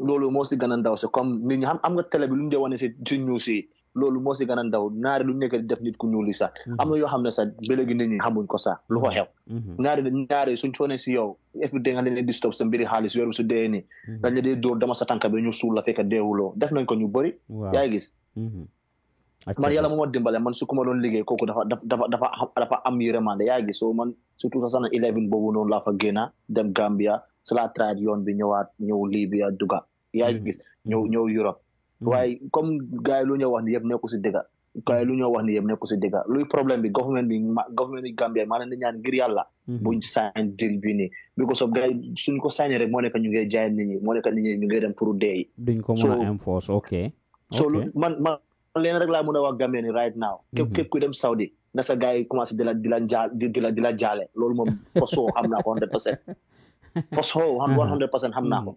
loolu moo si gën ndaw si comme nit ñi xam am na télé lu ñu dee wane si si news yi loolu moo si gën ndaw naari lu nekk def nit ku ñuul yi sax mm-hmm. am na yoo xam ne sax ba léegi nit ñi xamuñ ko sax lu ko mm-hmm. xew naari naari suñ foone si yow FBI da nga leen di sa mbiri xaalis weer bi su dee nii dañ la dee dóor dama sa tànk bi ñu suul la fekk deewuloo def nañ ko ñu bari yaa ngi gis man yàlla moo a dimbale man su ku ma doon liggéey kooku dafa dafa dafa dafa am yërmande yaa ngi gis soo man surtout sa sana eleven boobu noonu laa fa génna dem Gambia salaataraat yoon bi ñëwaat ñëw libya duga yaa mm-hmm. gis ñëw ñëw europe mm-hmm. waaye comme gars yi lu ñu wax ni yëpp nekku si dëgga gars yi lu ñu wax ni yëpp nekku si dëgga luy problème bi government bi government bi gambia maa leen di ñaan ngir yàlla mm-hmm. buñ sign deal bi nii bi ko soog gars yi suñ ko signé rek moo nekk ñu ngay jaay nit ñi moo nekk nit ñi ñu ngay dem pour dee yi duñ ko mën a enforce ok so man man leen rek laa mën a wax gambia ni right now képp képp kuy dem saudi na sa gars yi commencé di la di la jaal di la di la jaale loolu moom fa soo xam naa ko 100 percent Fosho han 100% xam naa ko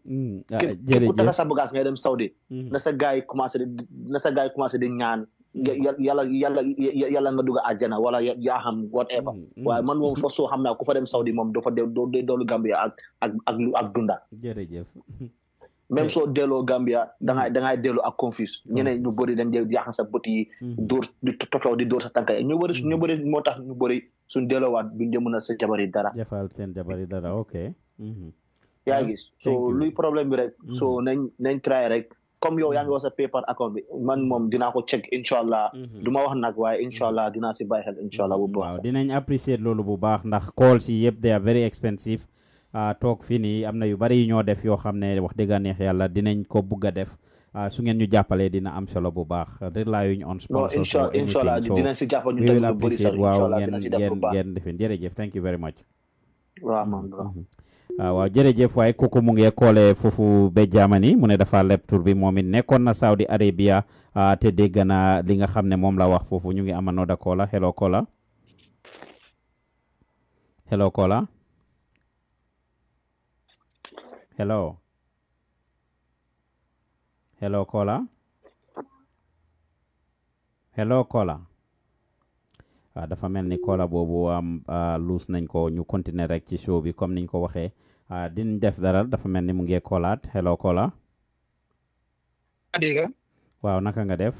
képp ku sa bagage ngay dem Saudi na sa gaay commencé na sa gaay commencé di ñaan yalla yalla yalla nga dugg aljana wala ya, ya whatever hmm, hmm, waaye man moom fosso xam ku fa dem Saudi mom do fa de Gambia ak ak ak lu ak dunda jërëjëf même eh. Gambia da ngay hmm. da ngay delloo ak confuse ñeneen oh. ñu bëri dañ dee yaaxan sa bët yi di totoo di dóor sa tànk ñu bëri ñu bëri moo ñu bëri suñ delloowaat sa dara dara Mm-hmm. yaa gis so luy problème bi rek so mm-hmm. nañ nañ try rek comme yow yaa ngi mm-hmm. wax sa paper account man moom dinaa ko check incha allah du ma wax nag waaye incha allah dinaa si bàyyi xel incha allah bu baax waaw dinañ bu baax ndax call si yëpp they are very expensive ah, toog fii nii am na yu bari yu ñoo def yoo xam ne wax dëgga neex yàlla dinañ ko bugg a def ah, su ngeen ñu jàppalee dina am solo bu baax relying on sponsors so dinañ si jàppal ñu tamit lu bëri sax waaw ngeen ngeen ngeen defin jërëjëf thank you very much waaw man Ah, waaw jërëjëf waaye kooku mu ngi koole foofu ba jamani mu ne dafa leb tur bi moom it nekkoon na Saudi Arabia ah, te dégg na li nga xam ne moom la wax foofu ñu ngi amanoo da koola hello koola hello koola hello hello koola hello koola Ah, dafa mel ni koola boobu am ah, luus nañ ko ñu continuer rek ci show bi comme niñ ko waxee ah, di def dara dafa mel ni mu ngee koolaat hello koola waaw naka nga def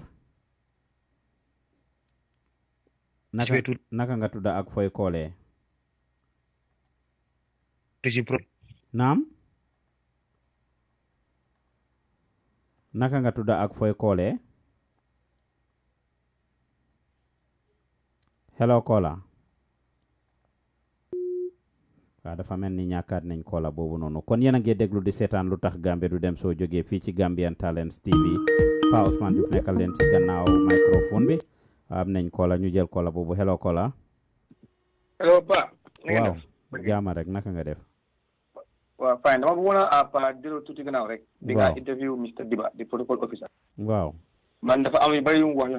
naka naka nga tudda ak fooy koolee naam naka nga tudda ak fooy koolee hello kola Ka dafa melni ni nañ kola bobu nonu. kon yéen ngey deglu di sétane lu Gambie du dem so joggé fi ci Gambian Talents TV Pa Ousmane Diouf nekkal len ci gannaaw microphone bi am nañ kola ñu jël kola bobu. hello kola hello Pa Wow. jaama rek naka nga def Wa fine dama bëggoon a Pa delloo tuti gannaaw rek di nga interview Mr Diba di protocol officer Wow. man dafa am bari yu wax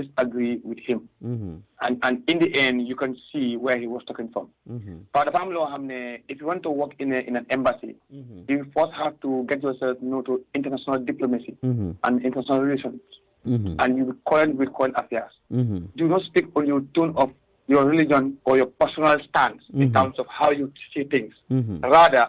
disagree with him. Mm-hmm. and and in the end you can see where he was talking from. Mm-hmm. but dafa am if you want to work in a, in an embassy. Mm-hmm. you first have to get yourself you know, to international diplomacy. and international relations. and you be current with current affairs. do not speak on your tone of your religion or your personal stance in terms of how you see things. rather.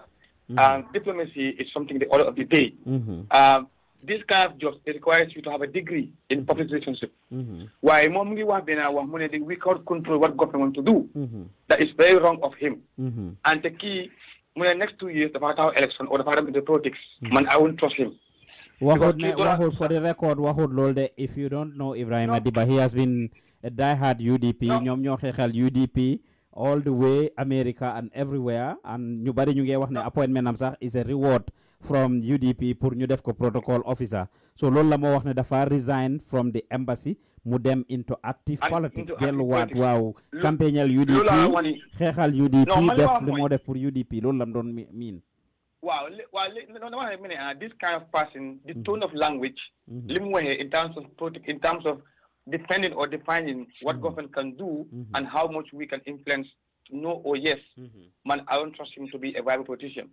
Um, diplomacy is something the order of the day. Um, this kind of job requires you to have a degree in public relationship. Mm-hmm. Why normally one we can't control what government to do. Mm-hmm. That is very wrong of him. Mm-hmm. And the key, when the next two years, the Fatah election or the Fatah the politics, mm-hmm. man, I won't trust him. Wahood, ne, Wahood, for the record, Wahood Lolde, if you don't know Ibrahim no. Adiba, he has been a diehard UDP, ñom ñoo xexal UDP all the way America and everywhere and nobody knew ñu appointment am is a reward from UDP pour ñu def ko protocol officer so loolu la moo wax ne dafa resign from the embassy mu dem into active politics delluwaat waaw campagnal UDP xeexal UDP def li moo def pour UDP loolu la mu doon miin waaw waaw no No ne mine ah this kind of person the mm-hmm. tone of language mm-hmm. li mu waxee in terms of in terms of defending or defining what mm-hmm. government can do and how much we can influence no or yes man I don't trust him to be a viable politician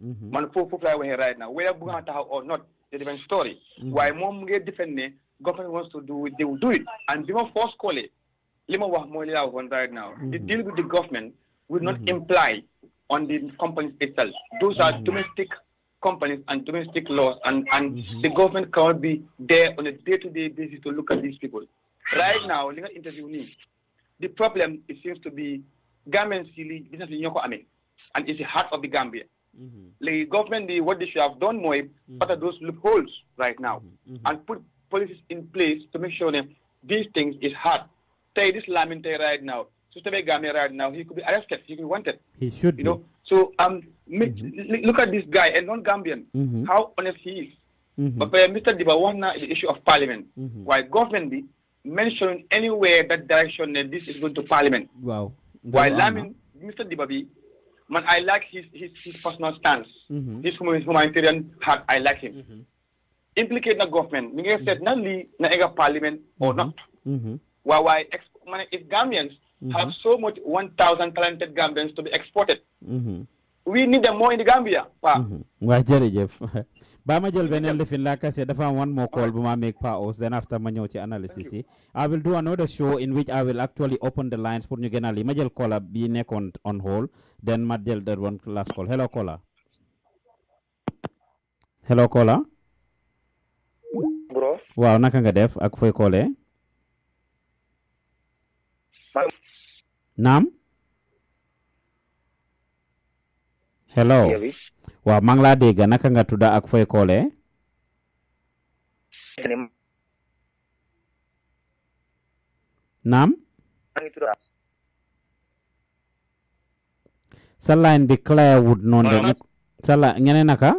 Mm-hmm. man foofu foofu laay waxee right now whether mm-hmm. bëgg naa taxaw or not the different story mm-hmm. Why mom get defend ne government wants to do they will do it and bi ma force callee li ma wax mooy li right now the deal with the government will not imply on the companies itself those are domestic companies and domestic laws and, and the government cannot be there on a day-to-day basis to look at these people right now li nga interview nii the problem it seems to be Gambian si business in Yoko, ko and it's the heart of the Gambia Mm-hmm. The government, the, what they should have done more, mm-hmm. what are those loopholes right now, mm-hmm. mm-hmm. and put policies in place to make sure that these things is hard. Say this Laminté right now, Sustabe Game right now, he could be arrested, he could be wanted. He should, you be. know. So um, mm-hmm. look at this guy, a non-Gambian, mm-hmm. how honest he is. But uh, Mr. Dibawana is the uh, issue of parliament. Why government be mentioning anywhere that direction that this is going to parliament. Wow. Why Lamin, Mr. Dibabi man I like his his, his personal stance. Mm-hmm. his humanitarian heart I like him. Mm-hmm. implicate na government mi ngi seet mm-hmm. na lii na ega parliament or not. waaw waaye ex ma ne if Gambians. have so much one thousand talented Gambians to be exported. we need them more in the Gambia waaw. waa jërëjëf. baa ma jël beneen lifin laa kase dafa am one more ah. call bu ma make pause then after ma ñëw ci analysis yi I will do another show in which I will actually open the lines pour ñu gën a lii ma jël caller bi nekkoon on hold then ma jël that one last call hello waaw naka nga def ak fooy koolee naam hello wa mangla de gana dégg naka nga tudd ak fooy koolee naam sa bi clair wood non de sala la naka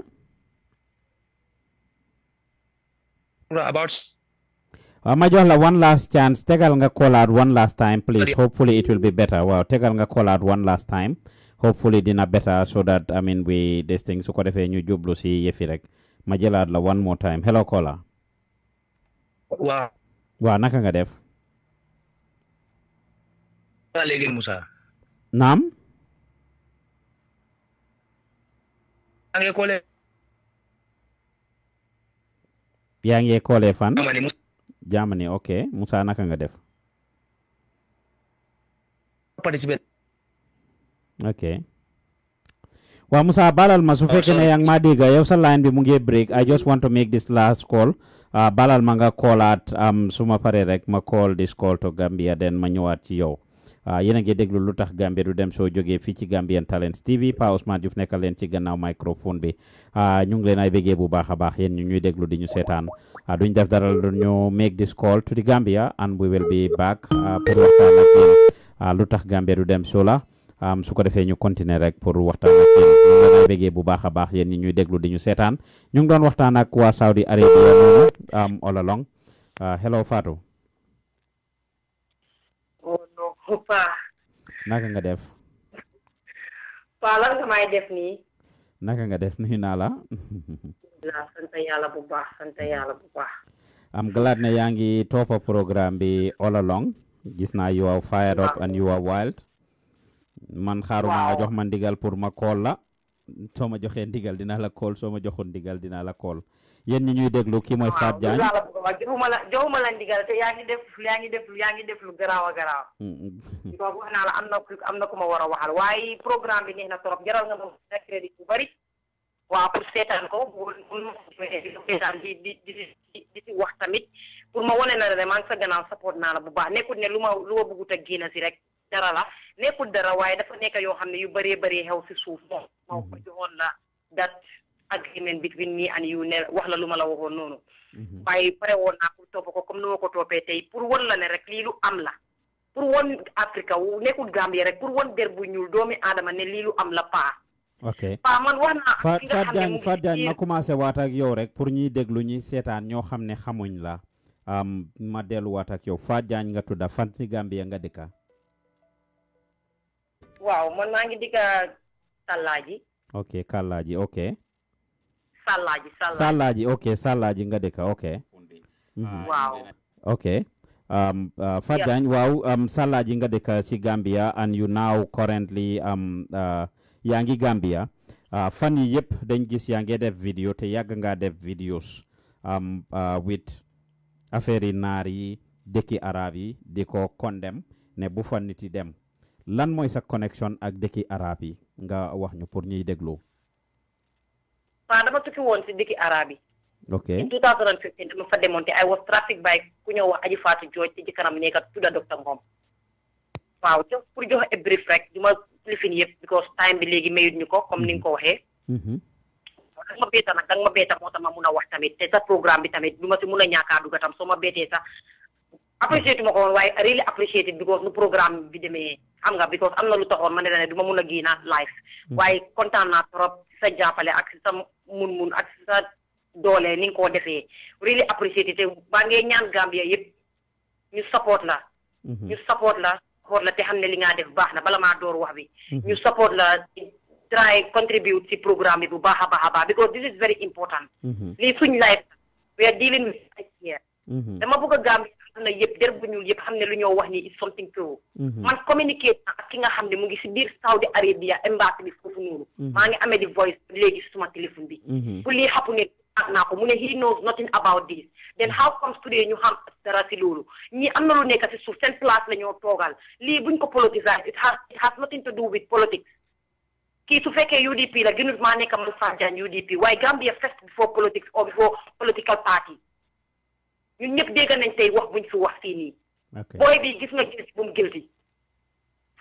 about ama jox la one last chance tegal nga call out one last time please hopefully it will be better wow tegal nga call out one last time hopefully dina better so that I mean we this thing su ko defé ñu jublu ci yefi rek ma jëlaat la one more time hello Kola. wa wa naka nga def. waaw Musa. Nam? yaa kole. koolee. yaa ngi koolee fan. Germany okay. Musa naka nga def ok wa musa balal masu fekene yang madiga yow ya sa line bi mu ngi break i just want to make this last call uh, balal ma nga at am suma pare rek ma call this call to gambia den ma ñëwaat ci yow ah, yéen a ngi déglu Gambia du dem so joge fi ci Gambian Talents TV Pa Ousmane Diouf nekkal len ci gannaaw microphone bi ah, ñu ngi leen ay bege bu baaxa baax yéen ñuy deglu di ñu uh, duñ def daral ñu make this call to the Gambia and we will be back pour waxtaan ak yéen Gambia du dem so la am su ko defee ñu continuer rek pour waxtaan ak ñu ngi leen bu baaxa baax yeen ñi ñuy déglu di ñu sétane ñu ngi doon waxtaan ak wa Saudi Arabia noonu am all along ah, hello Fatou. Oh, naka nga def. pa la nga may def ni naka nga def ni nala la. alhamdulilah yalla bu baax sant yalla bu baax. am glad na yaangi top programme bi all along gis naa you are fired up and you are wild man xaruma nga jox man digal pour ma kol la soma joxe digal dina la kol soma joxon digal dina la kol yen ñi ñuy déglu kii mooy Fatou Jagne waaw joxuma la joxuma la digal te yaangi def yaangi def yaangi def lu graw graw garaaw kooku la amna na am na ma war waxal waye programme bi neena na trop jaral nga mo na bari wa pour setan ko di di di di wax tamit pour ma na ne maa sa gannaaw support na la bu baax nekut ne lu luma lu ta bëggut ci rek dara la nekul dara waye dafa nek yo xamne yu bëree bëree xew si suuf mo ko joxon la dat agreement between me and you ne wax la luma la waxoon nonu waaye mhm. pare won na pour top ko comme no ko topé tay pour won la ne rek li lu am la pour won africa nekul gambie rek pour won der bu ñul doomi adama ne li lu am la pa ok pa man wax naa Fat Diagne ma commencé wat ak yow rek pour ñi deglu ñi sétane ño xamne xamuñ la ma delluwaat ak yow fadjan nga tudda fan Gambia nga dëkka waaw man maa ngi dikka Sallaaji. ok Kallaaji ok. Sallaaji ok Sallaaji nga dëkka ok. Mhm. Ah, waaw. ok. Um, uh, Fat waaw um, Sallaaji nga dëkka si Gambia and you now currently um, uh, yaa ngi Gambia uh, fan yi yëpp dañ gis yaa ngi def vidéo te yàgg ngaa def videos with affaire yi naar yi dëkki yi di ko condemn ne bu dem. lan mooy sa connexion ak dëkki araab yi nga wax ñu pour ñuy déglu. waaw dama tukki woon si dëkki arab yi. ok in 2015 dama fa demoon te I was traffic by ku ñëw wax aji Fatou Jooj ci kanam nekkat tudda docteur Ngom. waaw jox pour jox a rek du ma lifin yëpp because time bi léegi mayut ñu ko comme ni nga ko mm-hmm. waxee. Mm-hmm. danga ma beeta nag danga ma beeta moo tax ma mun a wax tamit te sa programme bi tamit du ma si mun a ñàkk a tam soo ma beetee sax apprécié tu ma because nu programme bi demee xam nga because am na lu taxoon ma ne la ne du ma mun a génnaat live mm. waaye kontaan naa trop sa jàppale ak sa mun-mun ak sa doole ni nga ko defee really apprécié it te baa ngee ñaan Gambia yëpp ñu support la mm-hmm. ñu support la support te xam ne li ngaa def baax na bala maa door wax bi mm-hmm. ñu support la try contribute ci programme bi bu baax a baax a baax because this is very important mm-hmm. lii suñ live we dealing with here dama na yëpp der bu ñuul yëpp xam ne lu ñoo wax ni is something true mhm. man communiqué ak ki nga xam ne mu ngi si biir Saudi Arabia embassy bi foofu noonu mhm. maa ngi amee di voice léegi suma téléphone bi bu mhm. lii xapu ne ak ah ko mu ne he knows nothing about this then how comes today ñu xam dara si loolu ñii am na lu nekk si suuf seen place la ñoo toogal lii buñ ko politiser it has it has nothing to do with politics kii su fekkee UDP la gënut maa nekk man Fajaan waaye Gambia first before politics ñun ñëpp dégg nañ tey wax buñ fi wax fii nii. booy bi gis nga guilty bu mu guilty.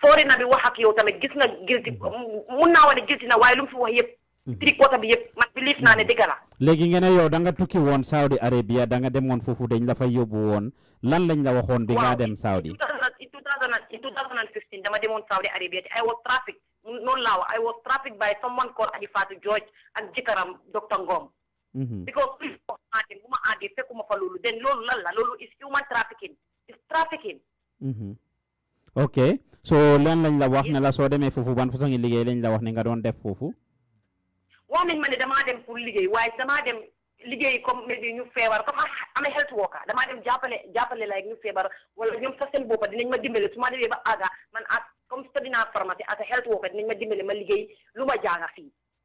foori na bi wax ak yow tamit gis nga guilty mm-hmm. mun naa wane guilty na waaye lu mu fi wax yëpp. Mm-hmm. tri kota bi yëpp man believe naa ne mm-hmm. dëgg la. léegi ngeen yow da nga tukki woon Saudi Arabia da nga foofu dañ la fa yóbbu woon lan lañ la waxoon. bi nga dem Saudi. in 2015 dama demoon Saudi Arabia te I was trafficked noonu laa wax I was trafficked by someone called Adifatu George ak jëkkëram docteur Ngom. because police of Martin bu ma àggee fekkuma fa loolu den loolu lan la loolu is human trafficking is trafficking mm-hmm. ok so lan lañ la wax ne la soo demee foofu ban façon liggéey lañ la wax ne nga doon def foofu wax nañ ma ne damaa dem pour liggéey waaye damaa dem liggéey comme maybe ñu feebar comme am ah, a health worker damaa dem jàppale jàppale la ñu feebar wala ñoom sax seen boppa dinañ ma dimbale su ma demee ba àgga man ak comme study naa pharmacie ak health worker dinañ ma dimbale ma liggéey lu ma jànga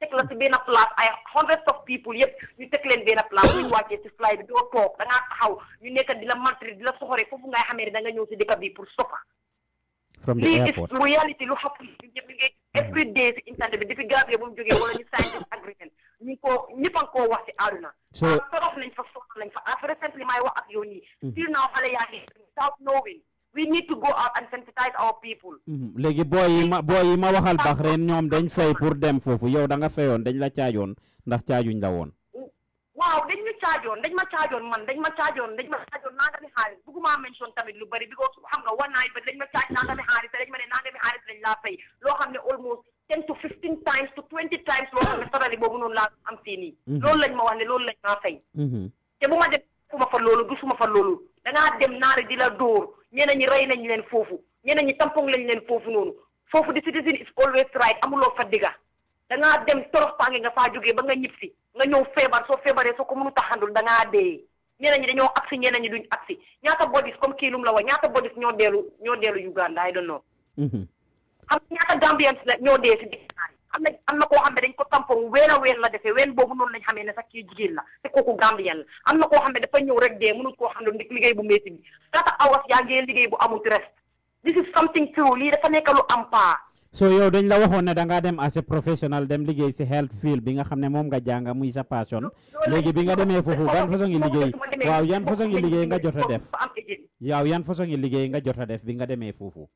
teg la si benn place ay hundreds of people yëpp ñu teg leen benn place ñu wàccee si fly bi doo toog da ngaa taxaw ñu nekk di la maltraité di la soxore foofu ngay xamee ne da nga ñëw si dëkk bi pour sofa from the airport lii is reality lu xapp ñëpp ngay every day si internet bi depuis Gambia bu mu jógee wala ñu sign agreement ñu ko ñëpp a koo wax si àdduna so torof nañ fa soxla nañ fa après ah, simplement may wax ak yow nii still mm. now xale yaa ngi without knowing we need to go out and sensitize our people. Mhm. léegi booy yi ma booy yi ma waxal bax ren ñoom dañ fay pour dem foofu yow da nga fayoon dañ la caajoon ndax caajuñ la woon. waaw dañ ñu caajoon dañ ma caajoon man dañ ma caajoon dañ ma caajoon nangami xaalis bëgguma mention tamit lu bëri because xam nga one night ba dañ ma caaj nangami xaalis dañ ma dañ laa fay loo xam ne almost ten to fifteen times to twenty times boobu noonu laa am fii mhm. loolu lañ ma wax ne loolu lañ dangaa dem naari di la dóor ñeneen ñi rey nañ leen foofu ñeneen ñi tampong lañ leen foofu noonu foofu di citizen is always right amuloo fa digga dangaa dem torox tànge nga faa jógee ba nga ñib si nga ñëw feebar soo feebaree soo ko mënu taxandul dangaa dee ñeneen ñi dañoo agsi ñeneen ñi duñ agsi ñaata bodis comme kii la wax ñaata bodis ñoo delu ñoo dellu Uganda I don't know xam mm-hmm. ñaata Gambians ñoo dee si am na am na dañ ko tampon ween a ween la defee ween boobu noonu lañ xamee ne sax kii jigéen la te kooku gambien la am na koo xam ne dafa ñëw rek dee mënul koo xam ndik liggéey bu métti bi tata awas ya ngee liggéey bu amul rest this is something true lii dafa nekk lu am paa so yow dañ la waxoon ne da ngaa dem as a professional dem liggéey si health field bi nga xam ne moom nga jànga muy sa passion léegi bi nga demee foofu ban façon ngi liggéey waaw yan façon ngi liggéey nga jot def waaw yan façon ngi liggéey nga jot def bi nga demee foofu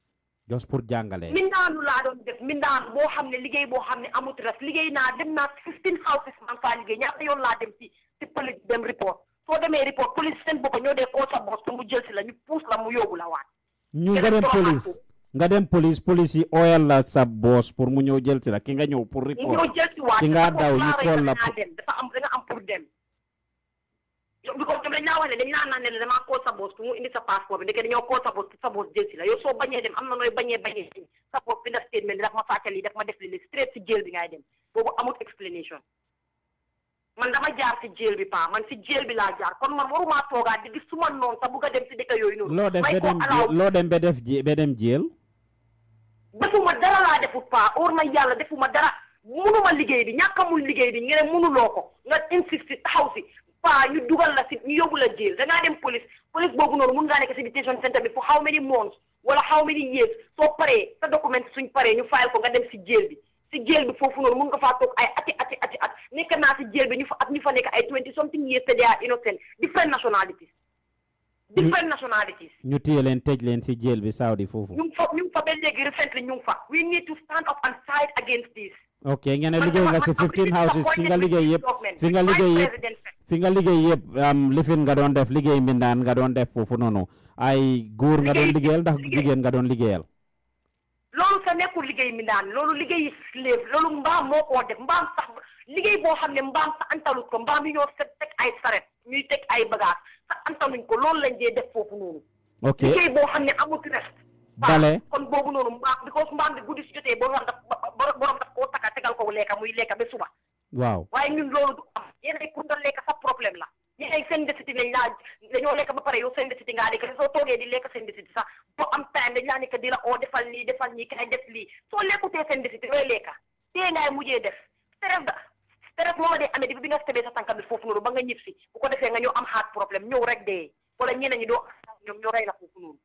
jos pour jàngale. mindaanu laa doon def mindaan boo xam ne liggéey boo xam ne amut ref liggéey naa dem naa fifteen houses man faa liggéey ñaata yoon laa dem ci ci police dem report soo demee report police seen bopp ñoo dee koo sa boss pour mu jël la ñu puus la mu yóbbu la waat. ñu nga dem police nga dem police police yi ooyal la sa boos pour mu ñëw jël si la ki nga ñëw pour report. ki nga daw ñu kool la dafa am da am pour dem. yow bi wax ne dañ naan ne la damaa koo sabos pour mu indi sa passeport bi ndeke dañoo koo sabos pour sabos jël si la yow soo bañee dem am na nooy bañee bañee sabos bi daf seen mel ni daf ma sàccal yi daf ma def li straight si jël bi ngay dem boobu amul explanation man dama jaar si jéel bi paa man si jéel bi laa jaar kon man waruma toogaat di gis su ma noonu sax bugg a dem si dëkk yooyu noonu. loo dem ba dem loo dem ba def ji ba dem jéel. defuma dara laa defut paa óor na yàlla defuma dara munuma liggéey bi ñàkkamul liggéey bi nga ne munuloo ko nga insiste taxaw si pas ñu dugal la si ñu yóbbu la jail da ngaa dem police police boobu noonu mun ngaa nekk si detention center bi for how many months wala sa document suñ paree ñu fayal ko nga dem si jail bi si jail bi foofu noonu mun nga faa toog ay ati ati at nekk naa si jail bi ñu fa at ñu fa nekk ay twenty something years te they innocent different nationalities different nationalities. ñu téye leen tëj leen si jail bi Saudi foofu. fi nga liggéey yëpp lifin nga doon def liggéey mbindaan nga doon def foofu noonu ay góor nga doon liggéeyal ndax jigéen nga doon liggéeyal loolu sa nekkul liggéey mbindaan loolu liggéey slave loolu mbaam moo koo def mbaam sax liggéey boo xam ne mbaam sa antalut ko mbaam yi ñoo set teg ay saret ñuy teg ay bagage sa antaluñ ko loolu lañ dee def foofu noonu ok liggéey boo xam ne amut rest bale kon boobu noonu mbaam because mbaam bi guddi si jotee ba waaw waaye ñun loolu du am yéen ay pour nga lekk sa problème la yéen ay seen desiti lañ laa dañoo lekk ba pare yow seen desiti ngaa lekk soo toogee di lekk seen desiti sax boo am time dañ laa nekk di la oo defal lii defal nii kay def lii soo lekkutee seen desiti looy lekka tee ngaay mujjee def stress da stress moo dee amee di bi nga tebee sa tànk bi foofu noonu ba nga ñib si bu ko defee nga ñëw am heart problème ñëw rek dee wala ñeneen ñi doo ñoom ñoo rey la foofu noonu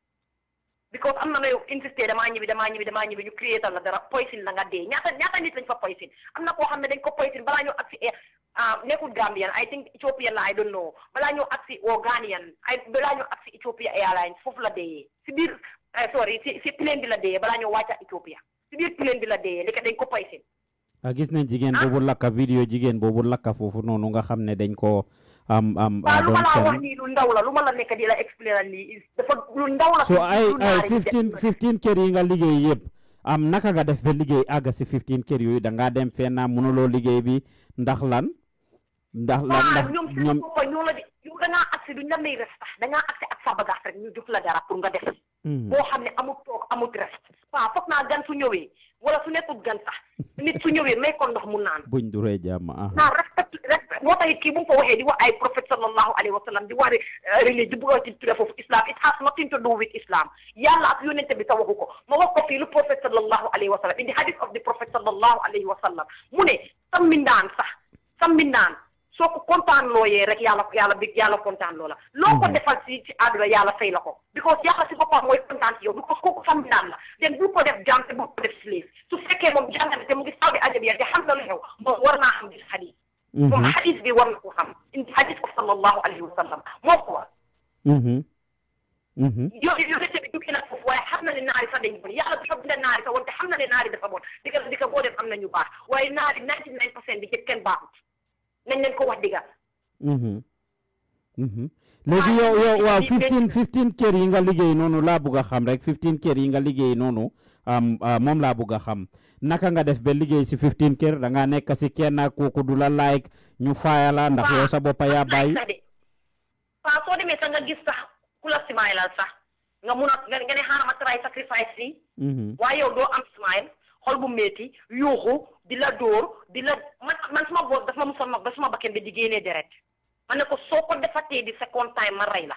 because am na looy insisté damaa ñibbi damaa ñibbi damaa ñibbi ñu créé la dara poison la nga dee ñaata ñaata nit lañ fa poison am na koo xam ne dañ ko poison balaa ñoo agsi eh, ah, nekkul Gambian I think Ethiopian la I don't know balaa ñoo agsi oo oh, Ghanaian ay balaa ñoo Ethiopia Airlines foofu la dee si biir eh, sorry si si plane bi la dee balaa ñoo a Ethiopia si biir plane bi la dee léegi dañ ko poison. Ah, gis nañ jigéen ah. boobu lakka vidéo jigéen boobu lakka foofu noonu nga xam ne dañ ko am ndaw la lu ma la nekk di la so ay ay fifteen fifteen kër yi nga liggéey yëpp am naka nga def ba liggéey àgg si fifteen kër yooyu da ngaa dem fenn mënuloo liggéey bi ndax lan ndax lan ndax ñoom ñoo la di yow da ngaa agsi duñ la may res sax da ngaa agsi ak sa bagage rek ñu jox la dara pour nga def mhm. boo xam ne amut toog amut res waaw foog naa gan su ñëwee wala su nekkul gan nit su ñëwee may ko ndox mu naan. buñ duree jàmm ah. naa respect respect moo taxit kii bu mu ko waxee di wax ay prophète sallallahu alayhi wa sallam di wax religion di bëgg a tuddee foofu islam it has nothing to do with islam yàlla ak yónnente bi sa waxu ko ma wax ko fii lu prophète sallallahu alayhi wa sallam indi hadith of the prophet sallallahu alayhi wa sallam mu ne sa mbindaan sax sa mbindaan. soo kontaan loo yee rek yàlla yàlla bi yàlla kontaan loo la loo ko mhm. defal si ci yàlla fay la ko because yàlla si boppam mooy kontaan si yow because kooku xam naan la den bu ko def jaam te bu ko def slave su fekkee moom jaam te mu ngi saudi arabia te xam na lu xew moom war naa xam bis xadis mhm. moom xadis bi war na ko xam indi xadis ko sallallahu alayhi wa sallam moo ko war yooyu yooyu te bi jógee na ne naari sax dañu bon yàlla dafa bind naari sax na ne naari dafa bon di ko di ko boo def am na ñu baax waaye naari ninety nine percent bi nañ leen ko mhm. Mhm. léegi yow yow waaw fifteen fifteen kër yi nga liggéey noonu laa bugg a xam rek fifteen kër yi nga liggéey noonu moom laa bugg a xam naka nga def ba liggéey si fifteen kër da nekk si kenn kooku du la like ñu faaya la ndax yow sa boppa yaa bàyyi waaw soo demee sax nga gis sax ku la smile sax nga mun a nga ne xaaral try sacrifice si mhm. waaye yow doo am smile xol bu metti yuuxu di la dóor di la man man sama bopp dafa ma musa ba sama bakken bi di génnee deret ma ne ko soo ko defatee di second time ma rey la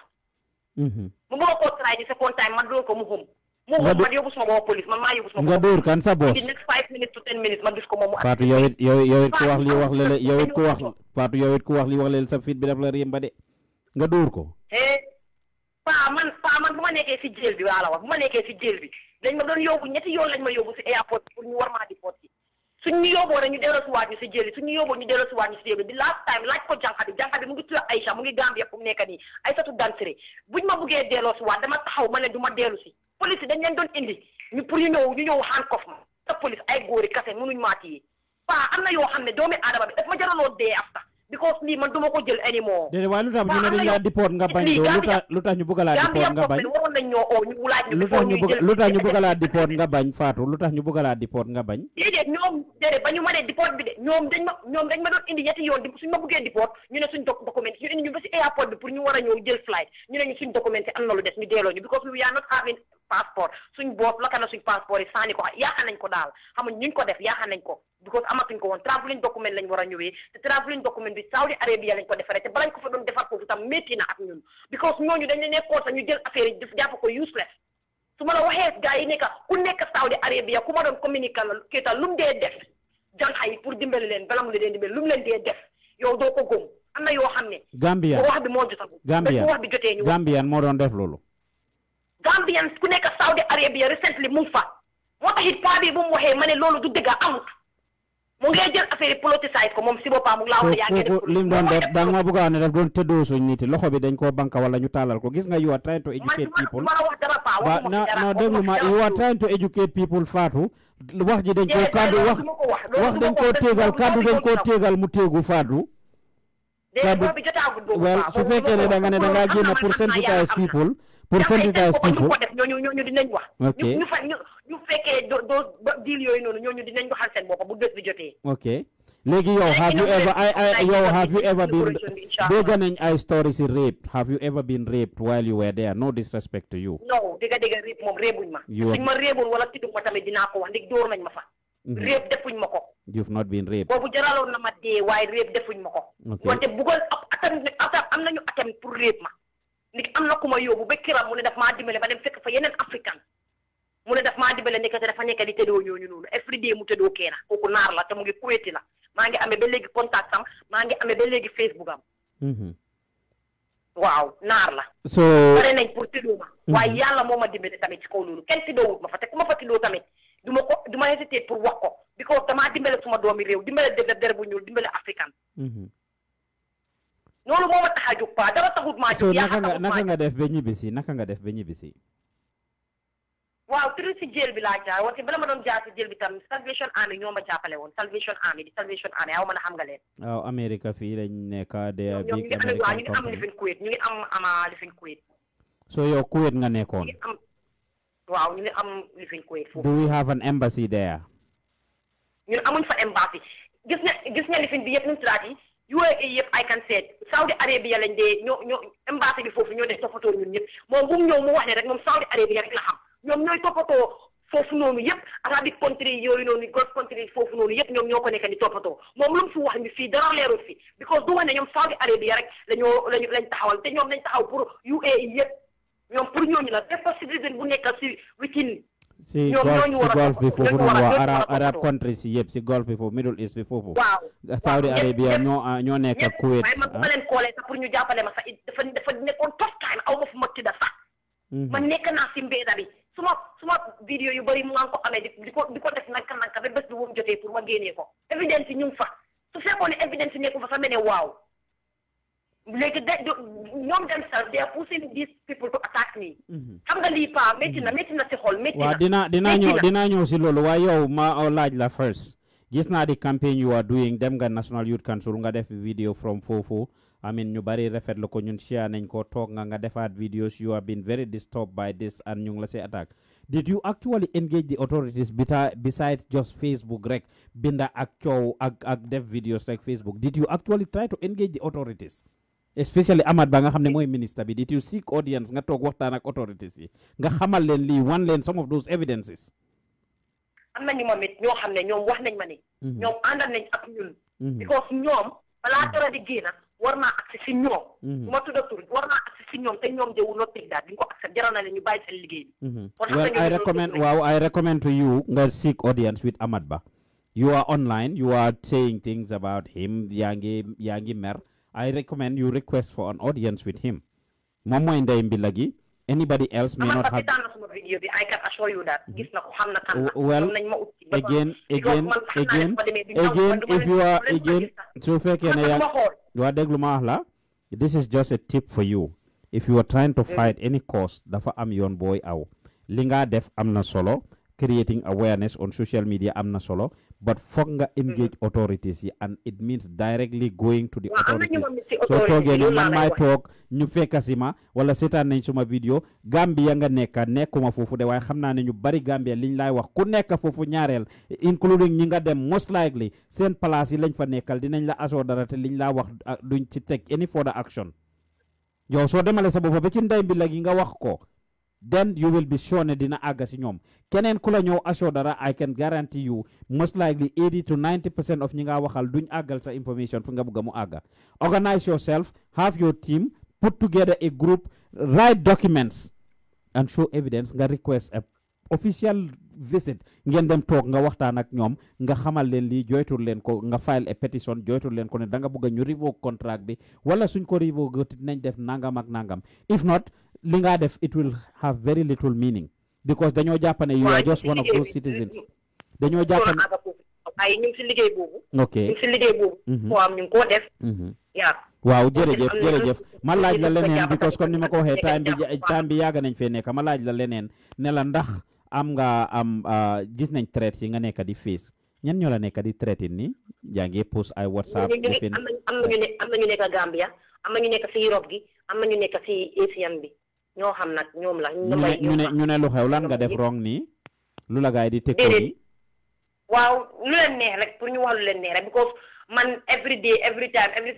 mu mhm. bëgg koo try di second time ma dóor ko mu xum mu xum man yóbbu suma dóor kan sa boss di next five ko moom mu Fatou yow it yow yow it ku wax li wax lele yow it ku wax Fatou yow ku wax li wax lele sa fit bi daf la réem ba de nga dóor ko eh, paa man paa man bu ma nekkee si jéel bi waa la wax bu ma nekkee si jéel bi dañ ma doon yóbbu ñetti yoon lañ ma yóbbu si airport pour ñu war maa di pot si suñ ñu yóbboo rek ñu delloo waat ñu si jëli suñ ñu yóbboo ñu delloo waat ñu si jëli di last time laaj ko jànqa bi jànqa bi mu ngi tudd Aïcha mu ngi Gambie fu mu nekk nii Aïssatu Danséré buñ ma buggee delloo waat dama taxaw ma ne du ma si police yi dañ leen doon indi ñu pour ñu ñëw ñu ñëw handcuff ma sa police ay góori kase mënuñ maa téye paa am na yoo xam ne doomi aadama bi daf ma jaraloo dee af sax because lii man duma ko jël anymore. déedéet waaye lu tax ñu ne dañ laa diport nga bañ doo lu tax lu tax ñu bëgg laa diport nga bañ waroon nañ ñoo oo ñu laaj lu tax ñu bëgg lu tax ñu bëgg laa diport nga bañ lu tax ñu bëgg laa diport nga bañ déedéet ñoom déedéet ñu ma nee diport bi de ñoom dañ ma ñoom dañ ma doon indi ñetti yoon di suñ ñu ne suñ document ñu indi ñu ba si airport bi pour ñu war a ñëw jël flight ñu ne ñu suñ document am na lu des ñu delloo ñu because ko yaaxan nañ ko daal ko def yaaxan nañ ko because amatuñ ko woon travelling document lañ war a ñëwee te travelling document bi Saudi Arabia lañ ko defaree te balañ ko fa doon defar foofu tam métti na ak ñun because ñooñu dañ ne nekkoon sax ñu jël affaire yi def jàpp ko useless su ma waxee gars yi nekk ku nekk Saudi Arabia ku wax bi moo jotagul. Gambia moo doon def loolu. Gambian ku nekk Saudi Arabia recently mu fa moo taxit paa bi waxee ma loolu du dëgg amut. mu ngi jël affaire yi politicise doon def da nga ma bëgg a ne daf doon tëddoo suñ nit loxo bi dañ koo banka wala ñu taalal ko gis nga you are trying to educate people ba na na déglu ma you are trying to educate people Fatou wax ji dañ koo kaddu wax wax dañ koo téegal kaddu dañ koo téegal mu téegu Fatou kaddu well su fekkee ne da ne da ngaa génn pour sensitize people pourcentage bi ñu ko def ñooñu ñooñu dinañ wax. ok ñu fa ñu ñu fekkee do do deal yooyu noonu ñooñu dinañ waxal seen bopp bu bés bi jotee. ok léegi yow have you ever ay ay yow have you ever been dégg nañ ay stories si rape have you ever been raped while you were there no disrespect to you. non dégg dégg rape moom réebuñ ma. suñ ma réeboon wala tiddu ma tamit dinaa ko wax ndig dóor nañ ma fa. Mhm. rape defuñ ma ko. you've not been raped. boobu jaraloon na ma dee waaye rape defuñ ma ko. ok wante bugal ab atam am nañu atam pour rape ma. léegi am na ku ma yóbbu ba kiram mu ne daf maa dimbale ma dem fekk fa yeneen africain mu ne daf maa dimbale nekk te dafa nekk di tëddoo ñooñu noonu everyday mu tëddoo keena ngi kuweeti la ba léegi contact am maa ngi amee ba léegi facebook am mm-hmm. waaw naar la so pare nañ pour tëddoo ma mm-hmm. moo ma dimbale tamit ci kaw ma fa te ku ma fa tëddoo tamit du ma ko du ma hésité pour wax ko because damaa dimbale suma doomi réew dimbale def def der bu ñuul dimbale africain mm-hmm. loolu moo tax a jóg paa dara taxut maa jóg. yaa naka nga def ba ñibbisi naka nga def ba ñibbisi. waaw turu si jël bi laa jaar wante bala doon jaar si jël bi tam Salvation Army ñoo a jàppale woon Salvation Army di Salvation Army aw ma na xam nga leen. waaw Amérique fii lañ nekk de. ñoom ñu ngi am waaw ñu so yow Kuwait nga nekkoon. waaw ñu ngi am lifin Kuwait foofu. do we have an embassy there. ñun amuñ fa embassy gis nga gis nga lifin bi UAE yëpp ay kan seet Saudi Arabia lañ dee ñoo ñoo embassé bi foofu ñoo ne toppatoo ñun ñëpp moom bu mu ñëw mu wax ne rek moom Saudi Arabia rek la xam ñoom ñooy toppatoo foofu noonu yëpp arabic country yooyu noonu gulf country foofu noonu yëpp ñoom ñoo ko nekk di toppatoo moom lu mu fi wax ñu fii dara leerul fii because du ma ne ñoom Saudi Arabia rek lañoo lañu lañ taxawal te ñoom lañ taxaw pour UAE yëpp ñoom pour ñooñu la bépp citizen bu nekk si si golf si golf bi foofu noonu waa arab arab countries si yëpp si golf bi foofu middle east bi foofu Saudi Arabia ñoo ah, ñoo nekk ak Kuwait ma ah. ma leen pour ñu jàppale ma sax dafa dafa nekkoon tough time aw fu ma tëdd sax mhm. ma nekk naa si mbéeda bi suma suma vidéo yu bëri mu ngi ko amee di ko di ko def nanka nanka ba bés bi mu jotee pour ma génnee ko évidence ñu fa su fekkoon ne évidence fa sax mene waaw léegi da ñoom dem they are pushing these people to attack me. waaw dinaa dinaa ñëw dinaa ñëw si loolu waa yow ma uh, laaj la first gis naa di campaign you are doing dem nga National Youth Council nga def video from foofu amin ñu bari rafetlu ko ñun share nañ ko toog nga nga defaat videos you have been very disturbed by this and ñu ngi la see attack. did you actually engage the authorities besides just Facebook rek binda ak coow ak ak def videos rek Facebook did you actually try especially Amat ba nga xam ne mooy ministre bi did you seek audience nga toog waxtaan ak authorities yi nga xamal leen lii wan leen some of those evidences. am nañu moom it ñoo xam ne ñoom wax nañ ma ne. Mhm. ñoom àndal nañ ak ñun. Mhm. because ñoom balaa mhm. dara di génn war naa agsi si ñoom. ma tudd tur war naa agsi si ñoom te ñoom di nga ko accept jaral na leen ñu bàyyi seen liggéey bi. well I recommend waaw I recommend to you nga seek audience with Amat Bah. you are online you are saying things about him yaa I recommend you request for an audience with him moom mooy ndey mbila gi anybody else may not have well again again again again if you are again su fekkee ne yaa waa déglu ma wax la this is just a tip for you if you are trying to mm. fight any cause dafa am yoon booy aw li nga def am na solo creating awareness on social media am na solo but foog nga mm-hmm. engage authorities and it means directly going to the authorities So toogee ni man may tok ñu fekkasi ma wala setan nañ suma video Gambia nga nekka nekkuma fofu de way xamna ni ñu bari Gambia liñ lay wax ku nekk fofu ñaarel including ñi nga dem most likely sen place yi lañ fa nekkal dinañ la asso dara te liñ la wax ah, duñ ci tek any further action yo so demale sa bopp ba ci nday bi la gi nga wax ko then you will be sure a dina àgg si ñoom keneen ku dara I can guarantee you most likely 80 to 90 percent of ñi nga waxal duñ sa information mu organize yourself have your team put together a group write documents and show evidence nga request a official visit ngeen dem toog nga waxtaan ak ñoom nga xamal leen lii joytul leen ko nga file a petition joytul leen ko ne danga nga bëgg a ñu revoke contract bi wala suñ ko revoke nañ def nangam ak nangam if not li ngaa def it will have very little meaning because dañoo jàpp ne you are just one of those citizens dañoo jàpp ne waaw jërëjëf jërëjëf ma laaj la leneen because comme ni ma ko waxee time bi time bi nañ fee nekk ma laaj la leneen ne la ndax am nga am ah, gis nañ traite yi nga nek di face ñan ñola nek di threat ni yaa post ay whatsapp defin am na ñu am nek Gambia am na nek fi Europe gi am na nek fi si bi ño xam nak ñom la ñu ne ñu ne lu xew lan nga def wrong ni lu la gay di ni waaw lu len neex rek pour ñu wax lu neex rek because man every day every time every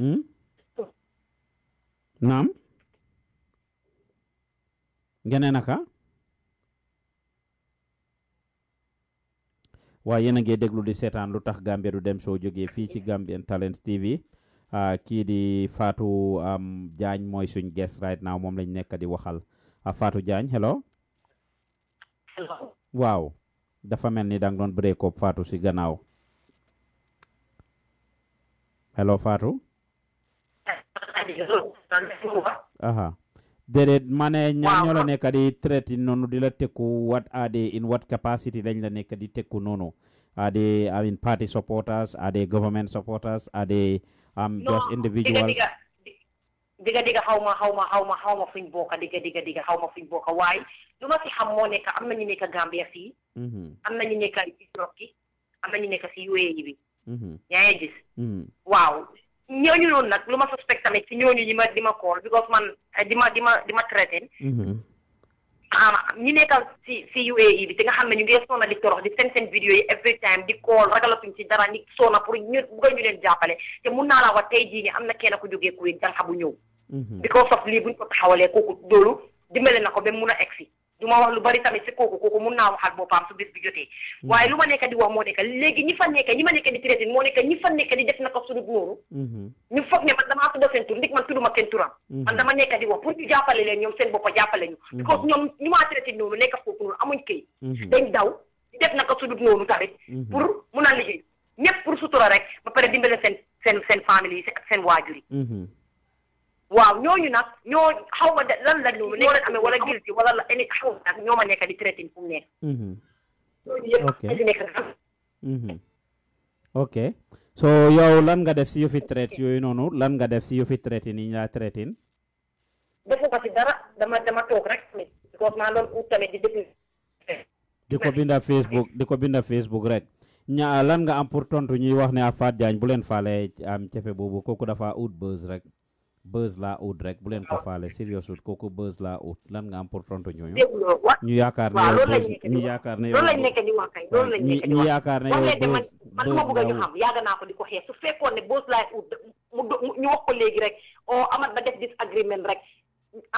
hmm nam ngene naka waaye yéen ngi déglu di seetaan lu tax Gambia du dem soo jógee fii ci Gambian Talents TV ah, kii di Fatou jaañ mooy suñ guest right now moom lañ nekk di waxal ah, Fatou Jagne hello. hello. waaw dafa mel ni danga doon break up faatu ci gannaaw. hello faatu aha There mane ñaño la nekk di traite nonu di la tekku what are they in what capacity lañ la nekk di tekku nonu are they I mean party supporters are they government supporters are they um, no, just individuals diga diga diga diga xawma xawma xawma xawma fuñ boka diga diga diga xawma fuñ boka way lu ma si xam mo nekk am nañu nekk Gambia -hmm. am nañu nekk ci Turki am nañu nekk ci UAE bi -hmm. ngi ya, gis ya, mm-hmm. waaw ñooñu noonu nag lu ma suspect tamit si ñooñu ñi ma di ma call because man eh, di ma di ma di ma traité. Mm-hmm. Ah, ñu nekkal si si UAE bi te nga xam ne ñu ngi sonna di torox di seen seen vidéo yi every time di call ragalatuñ ci dara ñi sonna pour ñu bëgg ñu leen jàppale te mun naa laa wax tey jii nii am na kenn ku jógee kuy jànq bu ñëw. Mm-hmm. because of lii buñ ko taxawalee kooku loolu dimbale na ko benn mun a egg si. du ma wax lu bari tamit si kooku kooku mun naa waxal boppam su bis bi jotee mm. waaye lu ma nekk di wax moo nekk léegi ñi fa nekk ñi ma nekk di traité moo nekk ñi fa nekk di def naka sudut noonu mm-hmm. ñu foog ne man damaa tudda seen tur ndig man tudduma seen turam mm-hmm. man dama nekk di wax pour ñu jàppale leen ñoom seen boppa jàppale ñu mm-hmm. because ñoom ñu maa traité noonu nekk foofu noonu amuñ këy dañ daw di def naka sudut noonu tamit pour mun a liggéey rek ba pare dimbale seen seen seen famille yi ak seen waajur yi waaw ñooñu nag ñoo xaw ma lan la ñoo ma nekk di traité fu mu mm-hmm. mm-hmm. ok so yow lan nga def si yëfi traite yooyu noonu lan nga def si yëfi traite ni ñu laa traité. defu ko si dara dama dama toog di ko binda Facebook di ko binda Facebook rek. ñaa lan nga am pour tontu ñuy wax ne Fat jaañ bu leen faale am cefe boobu kooku dafa ut buzz rek. buzz laa ut rek bu leen ko faale serious ut kooku buzz laa ut lan nga am pour tontu ñooñu ñu yaakaar ne yow ñu yaakaar ne yow ñu yaakaar ne yow buzz man ma bëgg a ñu xam ko di ko xeex su fekkoon ne buzz wax ko léegi rek o oh, amat ba def disagreement rek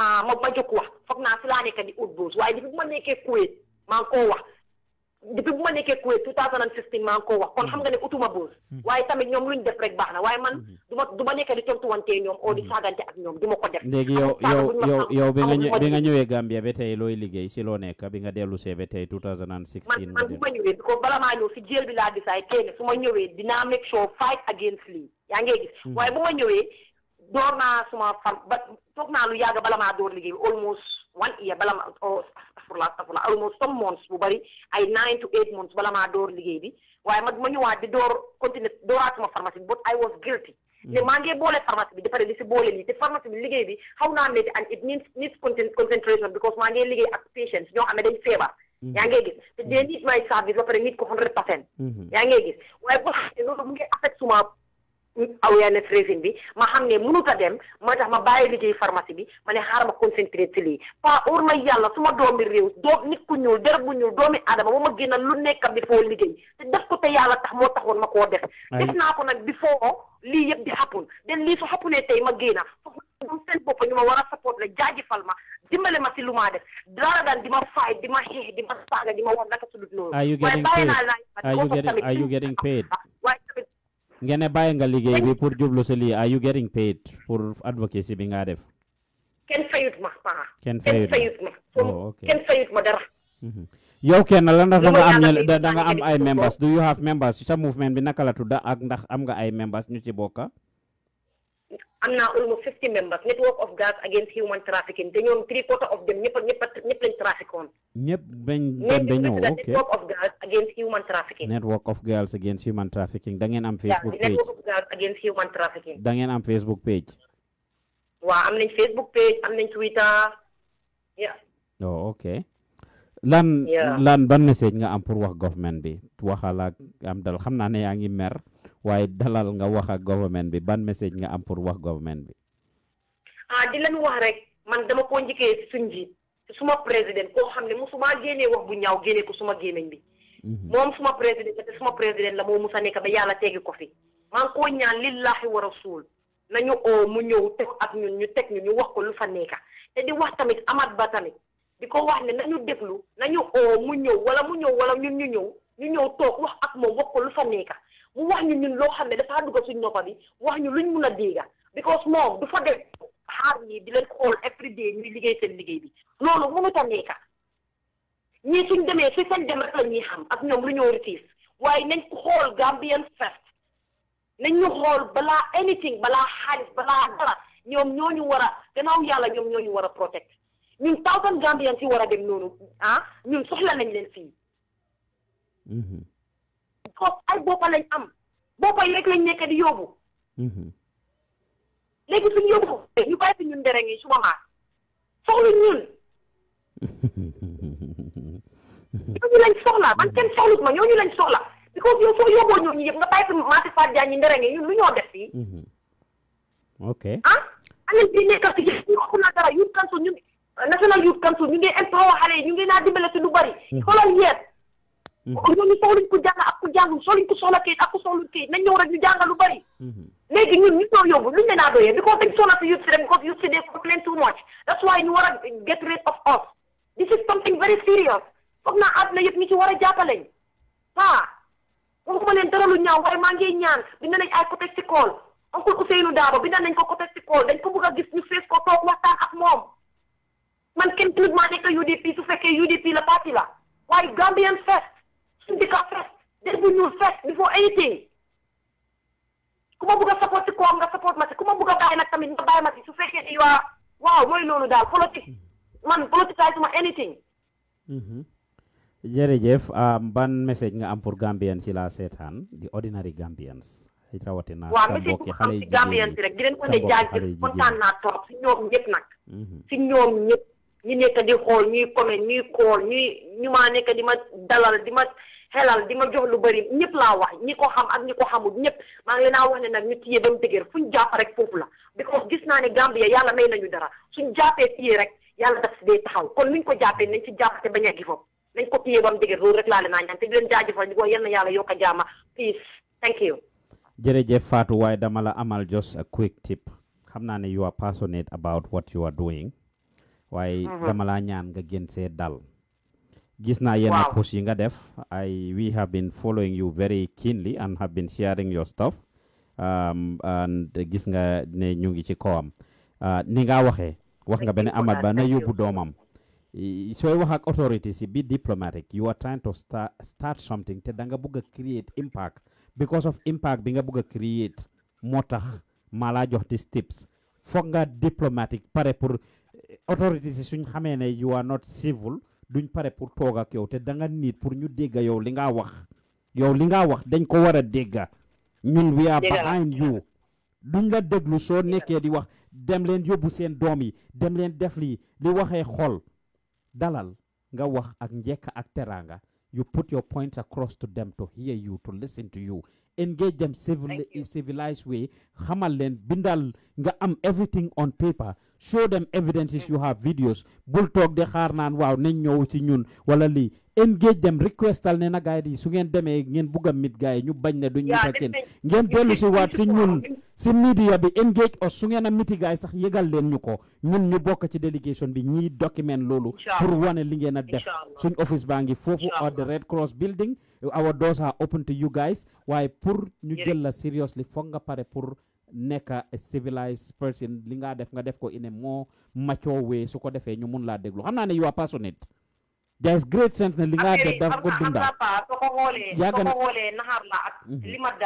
ah, ma ma jóg wax foog naa si laa nekk di ut buzz waaye di bu ma nekkee Kuwait maa koo wax depuis bu ma nekkee Kuwait 2016 maa ngi koo wax kon xam nga ne utuma boos hmm. waaye tamit ñoom luñ def rek baax na waaye man hmm. du ma du ma nekkee di tontuwantee ñoom oo di hmm. saagante ak ñoom du ma ko def léegi yow yow yow yow bi nga bi nga ñëwee Gambia ba tey looy liggéey si loo nekk bi nga dellu see ba tey 2016 man man bu ma ñëwee bala maa ñëw si jéel bi laa disaay tey ne su ma ñëwee dinaa make sure fight against lii ba toog naa one year bala ma oh astafurla astafurla almost some months bu bari ay nine to eight months bala maa door liggéey bi waaye man ma ñëwaat di door continuer dooraat sama pharmacie but I was guilty. ne hmm. maa ngi boole pharmacie bi dafare li si boole lii te pharmacie bi liggéey bi xaw naa métti and it needs concentration because maa ngi liggéey ak patients ñoo xam ne dañ feebar. Hmm. yaa ngi gis te dee nit may service ba pare nit ko hundred percent. Hmm. yaa ngi gis waaye boo ma xam ne mënut a dem mooy tax ma bàyyi liggéey pharmacie bi ma ne xaaral ma concentré ci lii pa óor na yàlla su ma doomi réew doom nit ku ñuul der bu ñuul doomi aadama ba ma génn lu nekk bi foo liggéey te def ko te yàlla tax moo taxoon ma koo def def naa ko nag bi foo lii yëpp di happen den lii su happenee tey ma génn foofu ñoom seen bopp ñu ma war a support la ma dimbale ma si lu def dara daan di ma fay di ma xeex di ma saaga di ma war naka sudut noonu waaye bàyyi naa laaj waaye tamit nga ne bàyyi nga liggéey bi pour jublu si lii are you getting paid pour advocacy bi ngaa def. kenn kenn fayut ma oh ok kenn mhm. yow kenn la ndax danga am da nga am ay members do you have members sa movement bi naka la tudda ak ndax am nga ay members ñu ci bokka amna na almost members network of gas against human trafficking te ñoom three quarter of them ñëpp ñëpp ñëpp lañ trafficoon ñëpp bañ bañ bañ ok network of girls against human trafficking network of girls against human trafficking da ngeen am facebook page network of girls against human trafficking da ngeen am facebook page wa am nañ facebook page am nañ twitter yeah oh ok lan lan ban message nga am pour wax government bi waxala am dal xamna ne yaa ngi mer waaye dalal nga wax ak government bi ban message nga am pour wax government bi. ah di leen wax rek man dama koo njëkkee si suñ ji si suma président koo xam ne musuma génnee wax bu ñaaw génnee ko suma gémmiñ bi. Mhm. moom suma président te suma président la moo musa nekk ba yàlla tegi ko fi. maa ngi koo ñaan lillahi wa rasul nañu oo mu ñëw teg ak ñun ñu teg ñu ñu wax ko lu fa nekk te di wax tamit amaat ba tamit di ko wax ne nañu déglu nañu oo mu ñëw wala mu ñëw wala ñun ñu ñëw ñu ñëw toog wax ak moom wax ko mu wax ñu ñun loo xam ne dafa dugg suñ noppa bi wax ñu luñ mun a dégga because moom du fa def xaar ñi di leen xool every day ñuy liggéey seen liggéey bi loolu mënut a nekka ñii suñ demee si seen demet la ñuy xam ak ñoom lu ñoo retiis waaye nañ xool Gambian first nañ ñu xool balaa anything balaa xaalis balaa dara ñoom ñoo ñu war a gannaaw yàlla ñoom ñoo ñu war a protect ñun thousand Gambian si war a dem noonu ah ñun soxla nañ leen fii foofu ay boppa lañ am boppa yi rek lañ nekk di yóbbu mhm. léegi suñ yóbbu ñu bàyyi fi ñun dere ngi suba maas soxlu ñun ñooñu lañ soxla man kenn soxlut ma ñooñu lañ soxla because yow soo yóbboo ñooñu yëpp nga bàyyi fi maasi faat jaan ñi ndere ngi ñun lu ñoo def fii mhm. ok ah anel bi nekka si ñu xamu naa dara youth council ñu ngi empower xale yi si lu bari mhm. xoolal yeer ñooñu soxluñ ko jàng ak ko jàngul soxluñ ko soxla kayit ak ko soxluñ kayit nañ ñëw rek ñu jàngal lu bari léegi ñun ñu ñoo yóbbu luñ leen a doyee because dañ soxla fi youth them because youth they complain too much that's why ñu war a get rid of us this is something very serious foog naa àdduna yëpp ñu ci war a jàppaleñ waa waxuma leen dara lu ñaaw waaye maa ngi ñaan bind nañ ay côté ci kool oncle Ousseynou Dabo bind nañ ko côté ci kool dañ ko bëgg a gis ñu fees ko toog waxtaan ak moom man kenn tuut maa nekk UDP su fekkee UDP la parti la waaye Gambian first should be confessed. They will confess before anything. ku ma bëgg a support si koom nga support ma si ku ma bëgg a bàyyi nag tamit nga bàyyi ma si su fekkee di waa waaw mooy loolu daal politique man politicise ma anything. Mm-hmm. jërëjëf ban message nga am pour Gambian si la seetaan di ordinary Gambians. na sa mbokki xale yi jigéen rek di leen ko ne jaajëf kontaan naa trop si ñoom ñëpp nag. Mm-hmm. si ñoom ñëpp ñi nekk di xool ñuy comment ñuy kool ñuy ñu maa nekk di ma dalal di ma. xelal di ma jox lu bari ñëpp laa wax ñi ko xam ak ñi ko xamul ñëpp maa ngi leen a wax ne nag ñu téye dem dëgër fu ñu jàpp rek foofu la because gis naa ne Gambia yàlla may nañu dara suñ jàppee téye rek yàlla daf si dee taxaw kon luñ ko jàppee nañ ci jàpp te bañ a gi nañ ko téye bam dëgër loolu rek laa leen a ñaan te di leen jaajëfal di ko yàlla yokk a jaama peace thank you jërëjëf Fatou waaye dama la amal just a quick tip xam naa ne you are passionate about what you are doing waaye mhm. dama laa ñaan nga gën see dal gis naa yenn post yi nga def ay we have been following you very keenly and have been sharing your stuff um, and gis nga ne ñu ngi ci kawam uh, ni nga waxee wax nga benn Amat ba na yóbbu doomam sooy wax ak authorities yi be diplomatic you are trying to start something te da nga bëgg a create impact because of impact bi nga bëgg a create moo tax maa laa jox these tips foog nga diplomatic pare pour eh, authorities yi suñ xamee ne you are not civil duñ pare pour toog ak yow te da nga nit pour ñu dégg yow li nga wax yow li nga wax dañ ko war a dégg ñun we are behind you duñ la déglu soo nekkee di wax dem leen yóbbu seen doom yi dem leen def lii li waxee xol dalal nga wax ak njekk ak teraanga you put your points across to them to hear you to listen to you engage them civilly, in civilized way xamal bindal nga am everything on paper show them evidences you have videos bul toog de xaar naan waaw nañ ñëw ci ñun wala lii engage them requestal ne na gaay yi su ngeen demee ngeen bugg a mit gaay ñu bañ ne duñ mit ak ngeen dellu si waat si ñun si media bi engage os su ngeen a gaay sax yëgal leen ñu ñun ñu ci délégation bi ñi document lolo pour wane li ngeen def suñ office bangi ngi foofu at the Red Cross building our doors are open to you guys Why pour ñu jël la seriously foog nga pare pour nekk a civilized person li nga def nga def ko in moo more mature su ko defee ñu mun laa déglu xam naa ne you are passionate there is great sense li nga def ko dunda mhm. yàgg na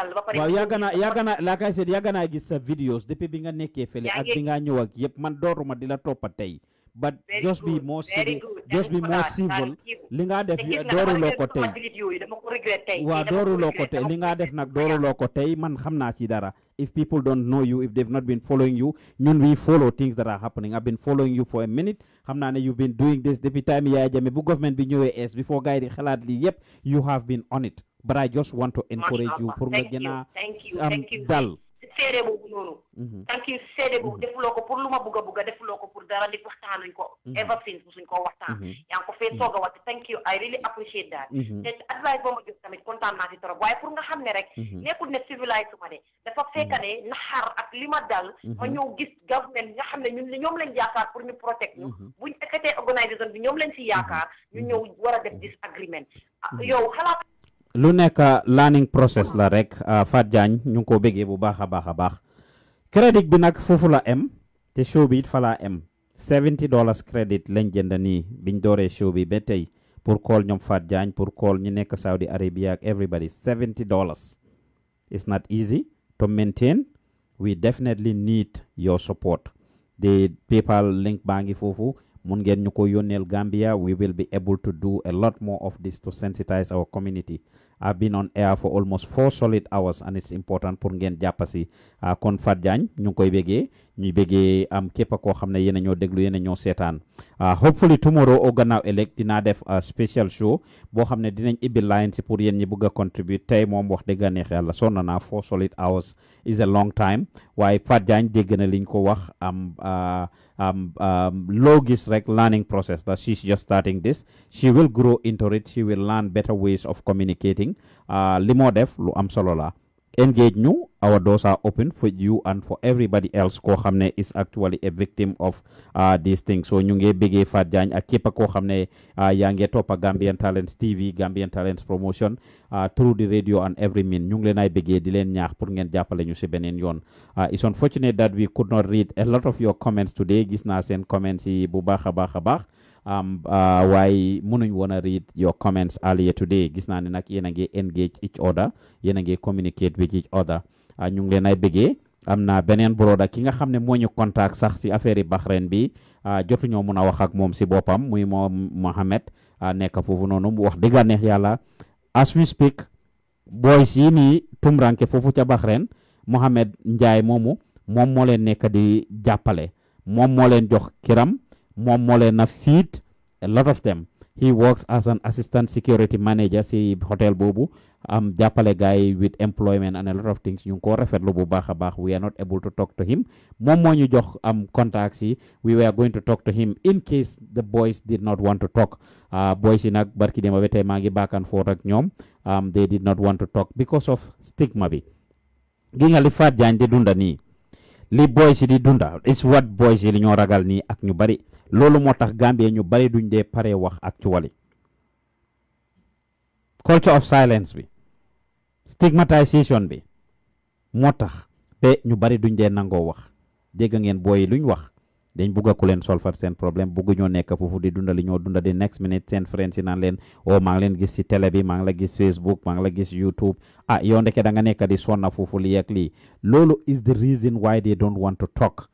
li waaw yàgg naa yàgg naa laa kay seet yàgg naa gis sa videos depuis bi nga nekkee fële ak bi ngaa ñëw ak yëpp man dootuma di la toppa tey but very just good, be more civil just be more civil Linga def dooruloo ko tey waaw dooruloo ko def nag dooruloo ko man xam ci dara if people don't know you if they've not been following you ñun we follow things that are happening I've been following you for a minute xam ne you've been doing this depuis time Yaya Jammeh bu government bi ñëwee es before guy yi di xalaat lii you have been on it but I just want to encourage you Thank you. Thank you. seede boobu noonu. tant que seede boobu mhm. defuloo ko pour lu ma bugg a bugg a defuloo ko pour dara di waxtaanuñ ko. Mhm. ever since suñ ko waxtaan. Mhm. yaa ngi ko fee soog a wax thank you I really appreciate that. te advice boo ma jox tamit kontaan naa si trop waaye pour nga xam ne rek. nekkul ne civilise su ma de dafa fekk ne naxaar ak li ma dal. ma ñëw gis government nga xam ne ñun ñoom lañ yaakaar pour ñu protect ñu. buñ ekkatee organisation bi ñoom lañ si yaakaar. ñu ñëw war a def this agreement. Ah, yow xalaat. lu nekk ah, learning process la rek ah, Fat Diagne ñu ngi koo bëggee bu baax a baax a baax crédit bi nag foofu la am te show bi it fa laa am dollars crédit lañ jënd nii biñ dooree show bi ba tey pour call ñoom Fat Diagne pour call ñu nekk Saudi Arabia ak everybody 70 dollars it's not easy to maintain we definitely need your support the PayPal link baa ngi foofu mun ngeen ñu ko yónneel Gambia we will be able to do a lot more of this to sensitize our I've been on air for almost four solid hours and it's important pour ngeen jàppa si ah, kon Fat Diagne ñu ngi koy bégee ñuy bégee am képp koo xam ne yéen a ñoo déglu yéen a ñoo seetaan ah, hopefully tomorrow o gannaaw ëllëg dinaa def special show boo xam ne dinañ ibbi line si pour yéen ñi bëgg a contribute tey moom wax dëgg neex yàlla sonn naa four solid hours is a long time waaye Fat Diagne dégg na liñ ko wax am ah, um, um, logis like learning process that she's just starting this she will grow into it she will learn better ways of communicating uh, limodef moo lu am solo la engage new our doors are open for you and for everybody else koo is actually a victim of uh, these things so ñu ngi bëggee Fat Jagne ak képp koo xam uh, ngi Gambian Talents TV Gambian Talents Promotion uh, through the radio and every mean ñu ngi leen ay bëggee di leen ñaax pour ngeen jàppale ñu yoon it's unfortunate that we could not read a lot of your comments today gis naa seen comments yi bu baax a baax a want um, uh, read your comments earlier today gis naa ne nag ngi engage each other yéen ngi communicate with each other Ah, ñu ngi leen ay amna am na broda ki nga xam ne ñu contact sax ci affaire yi Bahrain bi ah, jottu ñoo mëna wax ak mom ci bopam muy mom mohammed ah, nekk foofu noonu wax diga neex yalla as we speak boys yi nii tumranke fofu ci Bahrain mohammed Njaay momu mom mo leen nekk di jappalé mom mo leen jox kiram mom mo leen na feed a lot of them he works as an assistant security manager si hotel boobu am jàppale gars yi with employment and a lot of things ñu ngi ko rafetlu bu baax a baax we are not able to talk to him moom moo ñu jox am contacts yi we were going to talk to him in case the boys did not want to talk ah, boys yi nag barki démb ba tey maa ngi back and ak ñoom um, they did not want to talk because of stigma bi gi nga li Fatou Jagne dunda nii li boys si di dunda is booy boys li ñoo ragal nii ak ñu bari loolu moo tax Gambie ñu bari duñ dee paree wax ak ci wali culture of silence bi stigmatisation bi moo tax te ñu bari duñ dee nangoo wax dégg ngeen booy yi luñ wax dañ bugg a ku leen solfat seen problème bugg ñoo nekk foofu di dundali ñoo dunda di next minute seen friends yi naan leen o oh, maa ngi leen gis ci télé bi maa ngi la gis Facebook maa ngi la gis YouTube ah yow ndeke da nga nekk di sonna foofu lii ak lii loolu is the reason why they don't want to talk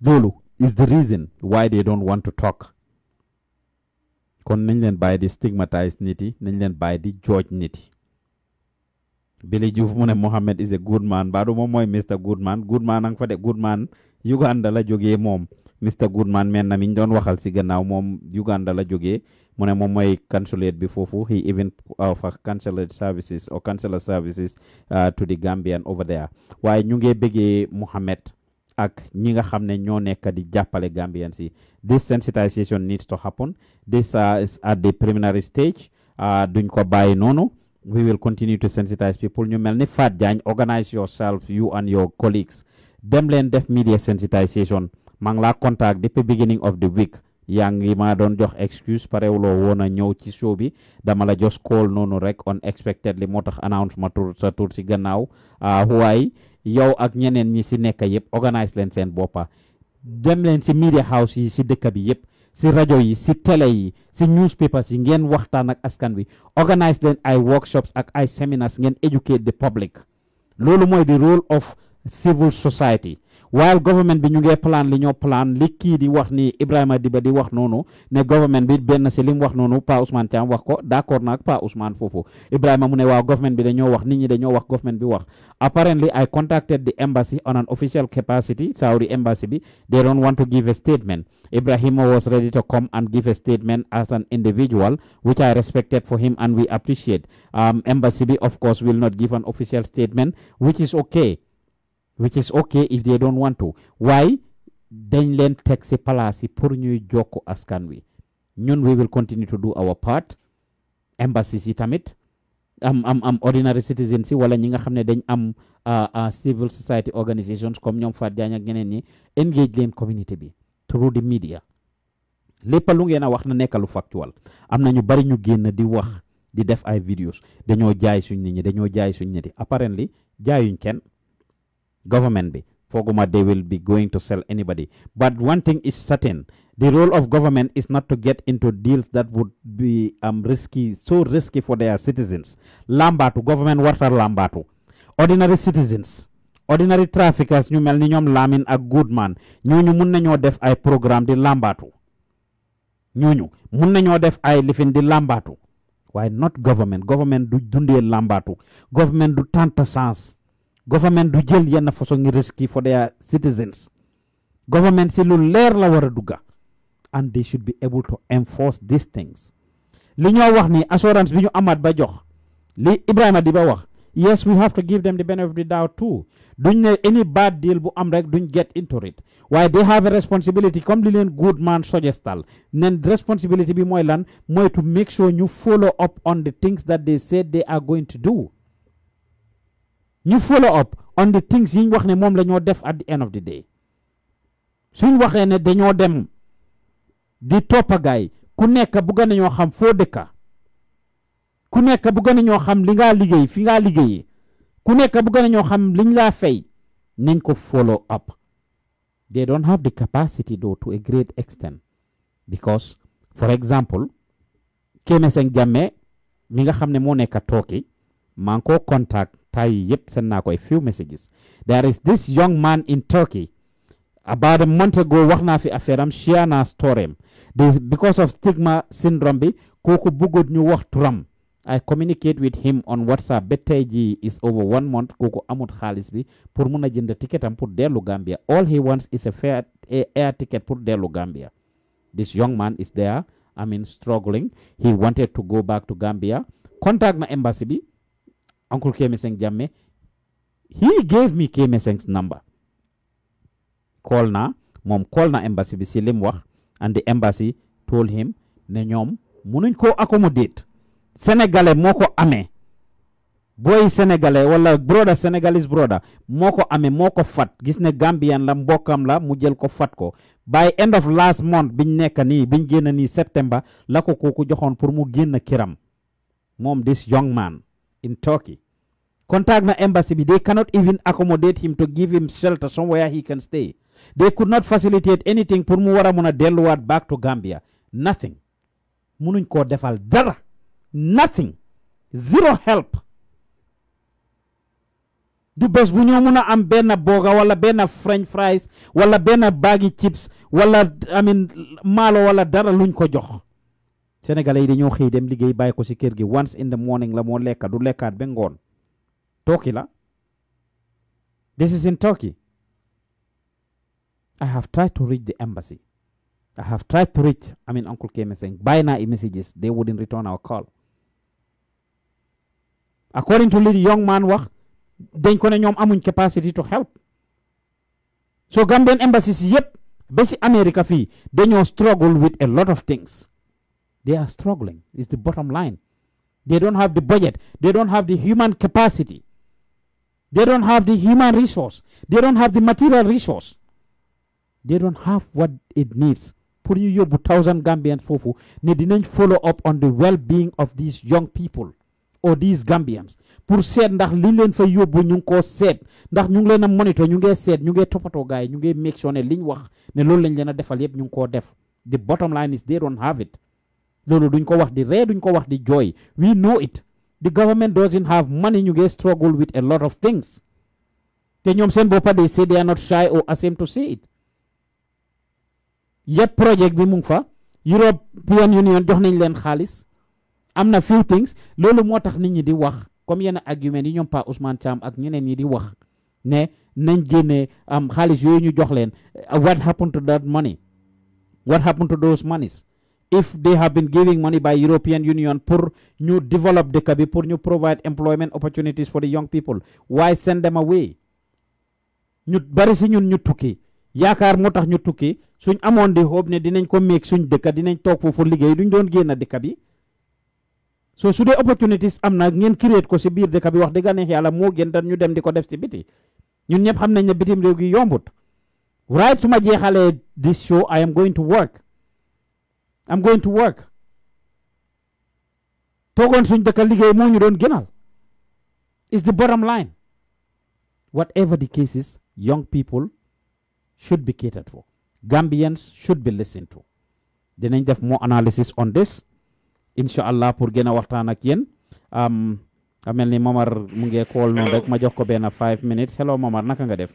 loolu is the reason why they don't want to talk kon nañ leen bàyyi di stigmatise nit yi nañ leen bàyyi di jooj nit yi Billy Diouf mu ne Mohammed is a good man baadu moom mooy Mr Goodman Goodman a nga fa de Goodman Uganda la jóge moom Mr Goodman men na mi ñu doon waxal si gannaaw moom Uganda la jógee mu ne moom mooy consulate bi foofu he even offer uh, consulate services or consular services uh, to the Gambian over there waaye ñu ngi bëggee Mohamed ak ñi nga xam ne ñoo nekk di jàppale Gambian si this sensitization needs to happen this uh, is at the stage duñ ko bàyyi noonu we will continue to sensitize people ñu mel ni Fat Jagne organize yourself you and your colleagues dem leen def media sensitization maa ngi laa contact depuis beginning of the week yaa ngi maa doon jox excuse parewuloo woon a ñëw ci show bi dama la just call noonu rek unexpectedly moo tax announce ma tur sa tur si gannaaw ah, waaye yow ak ñeneen ñi si nekk yëpp organise leen seen boppa dem leen si media house yi si dëkk bi yëpp si rajo yi si télé yi si newspapers yi ngeen waxtaan ak askan wi organise leen ay workshops ak ay seminars ngeen educate the public civil society while government bi ñu ngee plan li ñoo plan li kii di wax ni Ibrahima Diba di wax noonu ne government bi benn si li mu wax noonu Pa Ousmane Thiam wax ko d'accord naag Pa Ousmane foofu Ibrahima mu ne waaw government bi dañoo wax nit ñi dañoo wax government bi wax apparently I contacted the embassy on an official capacity Saudi embassy bi they don't want to give a statement Ibrahima was ready to come and give a statement as an I respected for him um, bi of course will which is okay if they don't want to Why? dañ leen taxi si palaas joko pour ñuy joko askan wi ñun we will continue to do our part Embassy si tamit am am am ordinary citizens yi wala ñi nga xamne dañ am civil society organizations comme ñom fat Jagne ak ñeneen ñi engage leen community bi through the media lepp lu ngeena na wax na nekkalu factual am na ñu bari ñu genn di wax di def ay videos dañoo jaay suñ nit ñi dañoo jaay suñ nit apparently jaayuñ kenn. government bi foguma they will be going to sell anybody but one thing is certain the role of government is not to get into deals that would be um, risky so risky for their citizens lambatu government warta lambatu ordinary citizens ordinary traffickers ñu mel ni ñoom Lamin ak Goodman ñooñu mun nañoo def ay programme di lambatu ñooñu mun nañoo def ay lifin di lambatu waaye not government government du dundee lambatu government du tanta sens government du jël yenn façon ngi risque for their citizens government si lu leer la war a dugga and they should be able to enforce these things li ñoo wax ni assurance bi ñu amaat ba jox li Ibrahima di ba wax yes we have to give them the benefit of the doubt too duñ ne any bad deal bu am rek duñ get into it waaye they have a responsibility comme li leen good man suggestal nen responsibility bi mooy lan mooy to make sure ñu follow up on the things that they said they are going ñu follow up on the things yi ñu wax ne moom lañoo def at the end of the day suñ waxee ne dañoo dem di toppagaay ku nekk bugg nañoo xam foo dëkka ku nekk bugg ñoo xam li ngaa liggéey fi ngaa liggéey ku nekk bugg ñoo xam liñ laa fay nañ ko follow up they don't have the capacity though to a great extent because for example Kemeseng Jammeh mi nga xam ne moo nekk tooki maa ngi koo contact tay yëpp seen naa ko a few messages there is this young man in Turkey about a month ago wax naa fi affaire am share naa story am because of stigma syndrome bi kooku bëggoon ñu wax turam I communicate with him on WhatsApp ba tey jii is over one month kooku amut xaalis bi pour mun a jënd ticket am pour dellu Gambia all he wants is a fair air ticket pour dellu Gambia this young man is there I mean struggling he wanted to go back to Gambia contact na embassy bi Uncle KMSN 5 Jamme, he gave me km number. Call na, mom call na embassy bi si lim wax and the embassy told him ne ñom munuñ ko accommodate. Sénégalais moko ame. Boy Sénégalais wala brother Senegalese brother moko ame moko fat Gisne ne Gambian la mbokam la mu ko fat ko. By end of last month biñ nekk ni biñ ni September lako koko koku joxone pour mu kiram. Mom this young man in Turkey. Contact my embassy. They cannot even accommodate him to give him shelter somewhere he can stay. They could not facilitate anything pour mu war a a delluwaat back to Gambia. Nothing. Munuñ koo defal dara. Nothing. Zero help. du bés bu ñoo mun a am bena booga wala bena french fries wala bena baggy chips wala I mean maalo wala dara luñ ko jox sénégalais yi dañoo xëy dem liggéey bàyyi ko ci kër gi once in the morning la mo lekka du lekkaat ba ngoon Turkey la this is in Turkey I have tried to reach the embassy I have tried to reach I mean Uncle Kemi saying buy now messages they wouldn't return our call according to the young man wax dañ ko ne ñoom amuñ capacity to help so Gambian embassies yëpp ba ci America fii dañoo struggle with a lot of things they are struggling, is the bottom line. They don't have the budget, they don't have the human capacity, they don't have the human resource, they don't have the material resource, they don't have what it needs. Put you your thousand Gambians fofu did not follow up on the well-being of these young people or these Gambians pour seet ndax li leen fa yóbbu ñu ngi koo seet ndax ñu ngi leen monitor ñu ngee seet ñu ngee toppatoo gars ñu ngee make sure ne liñ wax ne loolu lañ leen a defal yëpp ñu ngi def the bottom line is they don't have it lolu duñ ko wax di ree duñ ko wax di joy. we know it the government doesn't have money You guys struggle with a lot of things te ñom seen bopa they say they are not shy or ashamed to say it yep project bi mu fa European Union jox nañ leen xaaliss amna few things lolu motax nit ñi di wax comme yenn argument yi ñom Pa Ousmane Cham ak ñeneen yi di wax ne nañ gene am xaaliss yoy ñu jox leen what happened to that money what happened to those monies if they have been giving money by European Union pour ñu develop dëkk bi pour ñu provide employment opportunities for the young people why send them away ñu bari si ñun ñu tukki yaakaar moo tax ñu tukki suñ amoon di hope ne dinañ ko meek suñ dëkk dinañ toog foofu liggéey duñ doon génn dëkk bi so su dee opportunities am na ngeen create ko si biir dëkka bi wax dëgg neex yàlla moo gën ñu dem di ko def si biti ñun ñëpp xam nañ ne bitim réew gi su ma jeexalee this show I am going I'm going to work toogoon suñ daka liggéey moo ñu doon gënal is the bottom line whatever the case is young people should be catered for Gambians should be listened to dinañ def more analysis on this incha allah pour gëna a waxtaan ak yéen am um, mel ni Momar mu ngi call noonu rek ma jox ko five minutes hello Momar naka nga def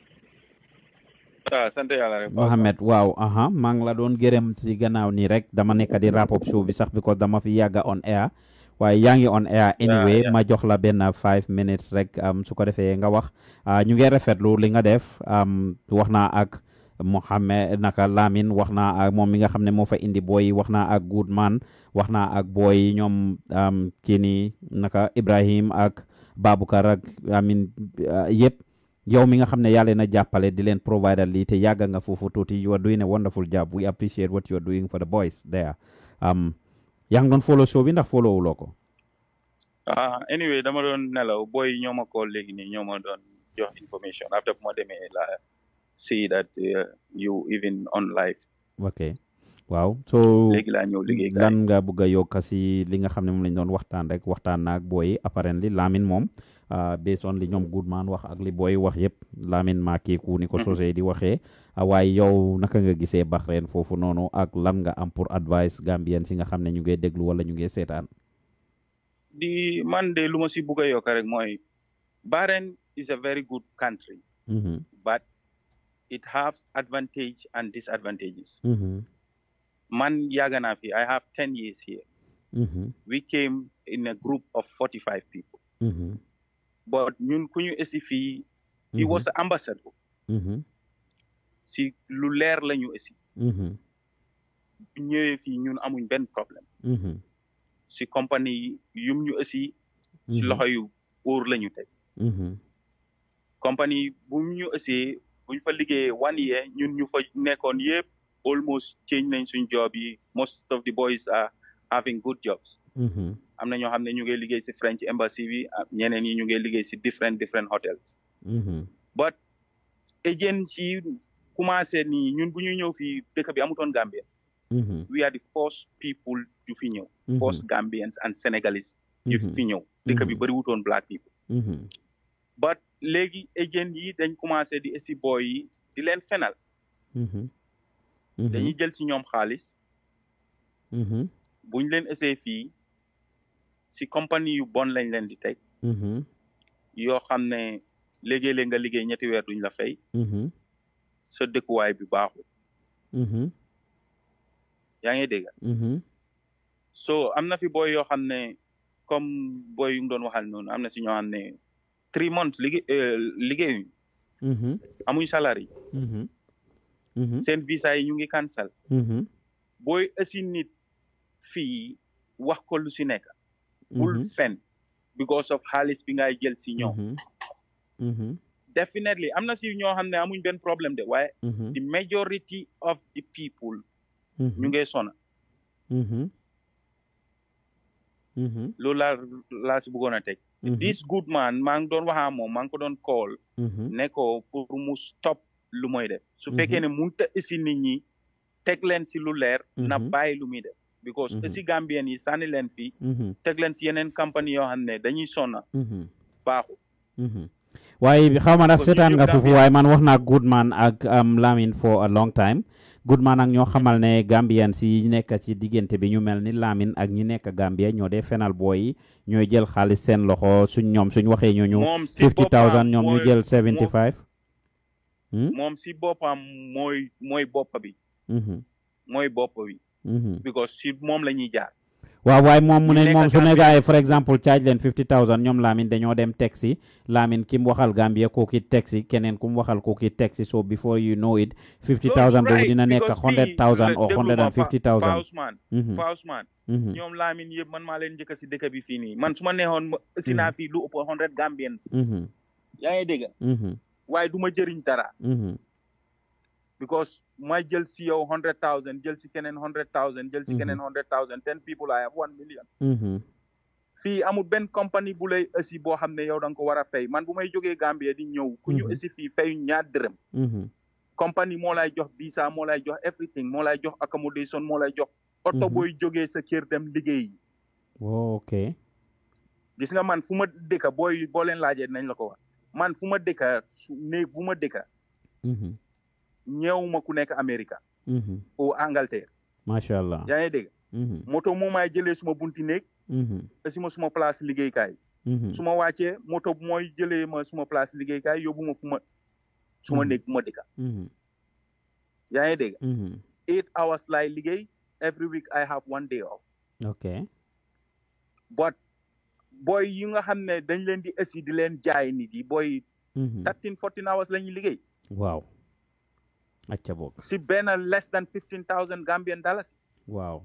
waaw ah, waaw aha maa ngi la doon gërëm ci gannaaw nii rek dama nekk di wrap up bi sax because dama fi yàgga on air waaye yaa ngi on air anyway ma jox la benn five minutes rek um, su ko defee nga wax ah, ñu ngi rafetlu li nga def um, wax naa ak Mohamed naka Lamin wax naa ak moom mi nga xam ne moo fa indi booy wax naa ak Goodman wax naa ak booy ñoom um, kii nii naka Ibrahim ak Baboucar ak Amin uh, yëpp. yow mi nga xam ne yàlla na jàppale di leen provider lii te yàgga nga foofu tuuti you are doing a wonderful job we appreciate what you are doing for the boys there um, yaa follow show bi ndax follow wuloo ko ah anyway dama doon nelaw booy ñoo ma ko léegi nii ñoo ma doon jox information after bu ma demee la see uh, waaw so léegi laa ñëw liggéey lan nga bëgg a yokk si li nga xam ne moom lañ doon waxtaan rek waxtaan naag booyi apparently Lamin moom uh, based on li ñoom Goodman wax ak li boy wax yep Lamine Maki ku ni ko hmm. sosé di waxé ah, way yow naka nga gisé Bahrain fofu nono ak lan nga am pour advice Gambien si nga xamné ñu ngi déglu wala ñu ngi sétane di man de luma ci si yo a rek moy Bahrain is a very good country. Mm -hmm. but it has advantage and disadvantages. Mm -hmm. Man fi I have 10 years here. Mm -hmm. We came in a group of 45 people. Mm -hmm. but ñun ku ñu esi fii he mm-hmm. was the ambassador mm-hmm. si lu leer la ñu esi mm-hmm. bu ñëwee fii ñun amuñ benn problème si company yum ñu esi si loxo yu óor la ñu teg compagnie bu ñu esi buñ fa liggéeyee one year ñun ñu fa nekkoon yëpp almost change nañ suñ job yi most of the boys are having good jobs am na ñoo xam ne ñu ngi liggéey si French embassy bi ñeneen ñi ñu ngi liggéey si different different hotels. Mm-hmm. but agents yi commencé nii ñun bu ñuy ñëw fii dëkk bi amutoon Gambien. Mm-hmm. we are the first people yu fi ñëw. Mm-hmm. first Gambians and Senegalese. yu fi ñëw dëkk bi bëriwutoon black people. but léegi agents yi dañ commencé di esi boy yi di leen fenal. dañuy jël si ñoom xaalis. buñ leen essayé fii. si compagnie yu bon lañ leen di teg. Mm-hmm. yoo xam ne léegi-léeg nga liggéey ñetti weer duñ la fay. Mm-hmm. sa dëkkuwaay bi baaxu mm-hmm. yaa ngi dégg. so am na fi bo yoo xam ne comme booy yu ngi doon waxal noonu am na si ñoo xam ne three months liggéey euh, liggéeyuñ. amuñ salari. seen visa yi ñu ngi cancel. booy ësi nit fii wax ko lu si nekk. -hmm. fan because of halis bi ngay jël ci ñom mm-hmm. mm-hmm. definitely I'm not si ñoo xam amuñ ben problème de waaye mm-hmm. the majority of the people ñu ngay sona loolu la laa this good man ma ngi doon waxa mom ma ngi ko doon call ne ko pour mu stop lu moy def su fekkee ne ta si nit ñi tek len ci lu leer na bay lu mi def because aussi mm-hmm. Gambien yi sànni leen fii mm-hmm. teg leen si yeneen compagnie yoo xam ne dañuy sonna mm-hmm. baaxu waaye xaw ma ndax seetaan nga foofu waaye man wax naa Goodman ak am um, Lamin for a long time Goodman ak ñoo xamal ne Gambian si ñu nekk ci diggante bi ñu mel ni Lamin ak ñi nekk Gambia ñoo dee fenal booy ñooy jël xaalis seen loxo suñ ñoom suñ waxee ñooñu fifty thousand ñoom ñu jël seventy five hmm? moom si boppam mooy mooy bopp bi mooy bopp bi Mm-hmm. because si moom la ñuy jaar waaw waaye moom mu ne moom su ne gars yi for exemple charge leen fifty thousand ñoom Lamin dañoo dem taxi Lamin ki mu waxal Gambia kooki taxi keneen ku waxal kooki taxi so before you know it fifty thousand boobu dina nekk hundred thousand or hundred and fifty thousand mm-hmm. mm-hmm. ñoom Lamin yëpp man maa leen njëkk si dëkk bi fii nii man su ma neexoon si naa fii lu ëpp hundred Gambians waaye du jëriñ dara because may jël si yow hundred thousand jël si keneen hundred thousand jël si mhm. keneen hundred thousand ten people I have one million mhm. fii amul benn compagnie bu lay ësi boo xam ne yow da nga ko war a fay man bu may jógee Gambie di ñëw ku ñu mhm. ësi fii fayu ñaar dërëm compagnie moo lay jox visa moo lay jox everything moo lay jox accommodation moo lay jox oto booy jógee sa kër dem liggéey yi ok gis nga man fu ma dëkka booy boo leen laajee nañ la ko wax man fu ma dëkka néeg bu ma dëkka ñeewuma ku nekk Amérique. Mhm. au macha allah yaa ngi dégg. Mhm. moto moo may jëlee suma bunti néeg. Mhm. te suma place liggéeykaay. su ma wàccee moto mooy jëlee ma suma place liggéeykaay yóbbu ma fu ma suma néeg bu ma dëkka. yaa ngi dégg. eight hours laay liggéey every week I have one day off. ok but booy yi nga xam ne dañ leen di ëssi di leen jaay ni yi booy. thirteen fourteen hours la ñuy liggéey. waaw. acca boog si benn less than fifteen thousand Gambian dollars. waaw.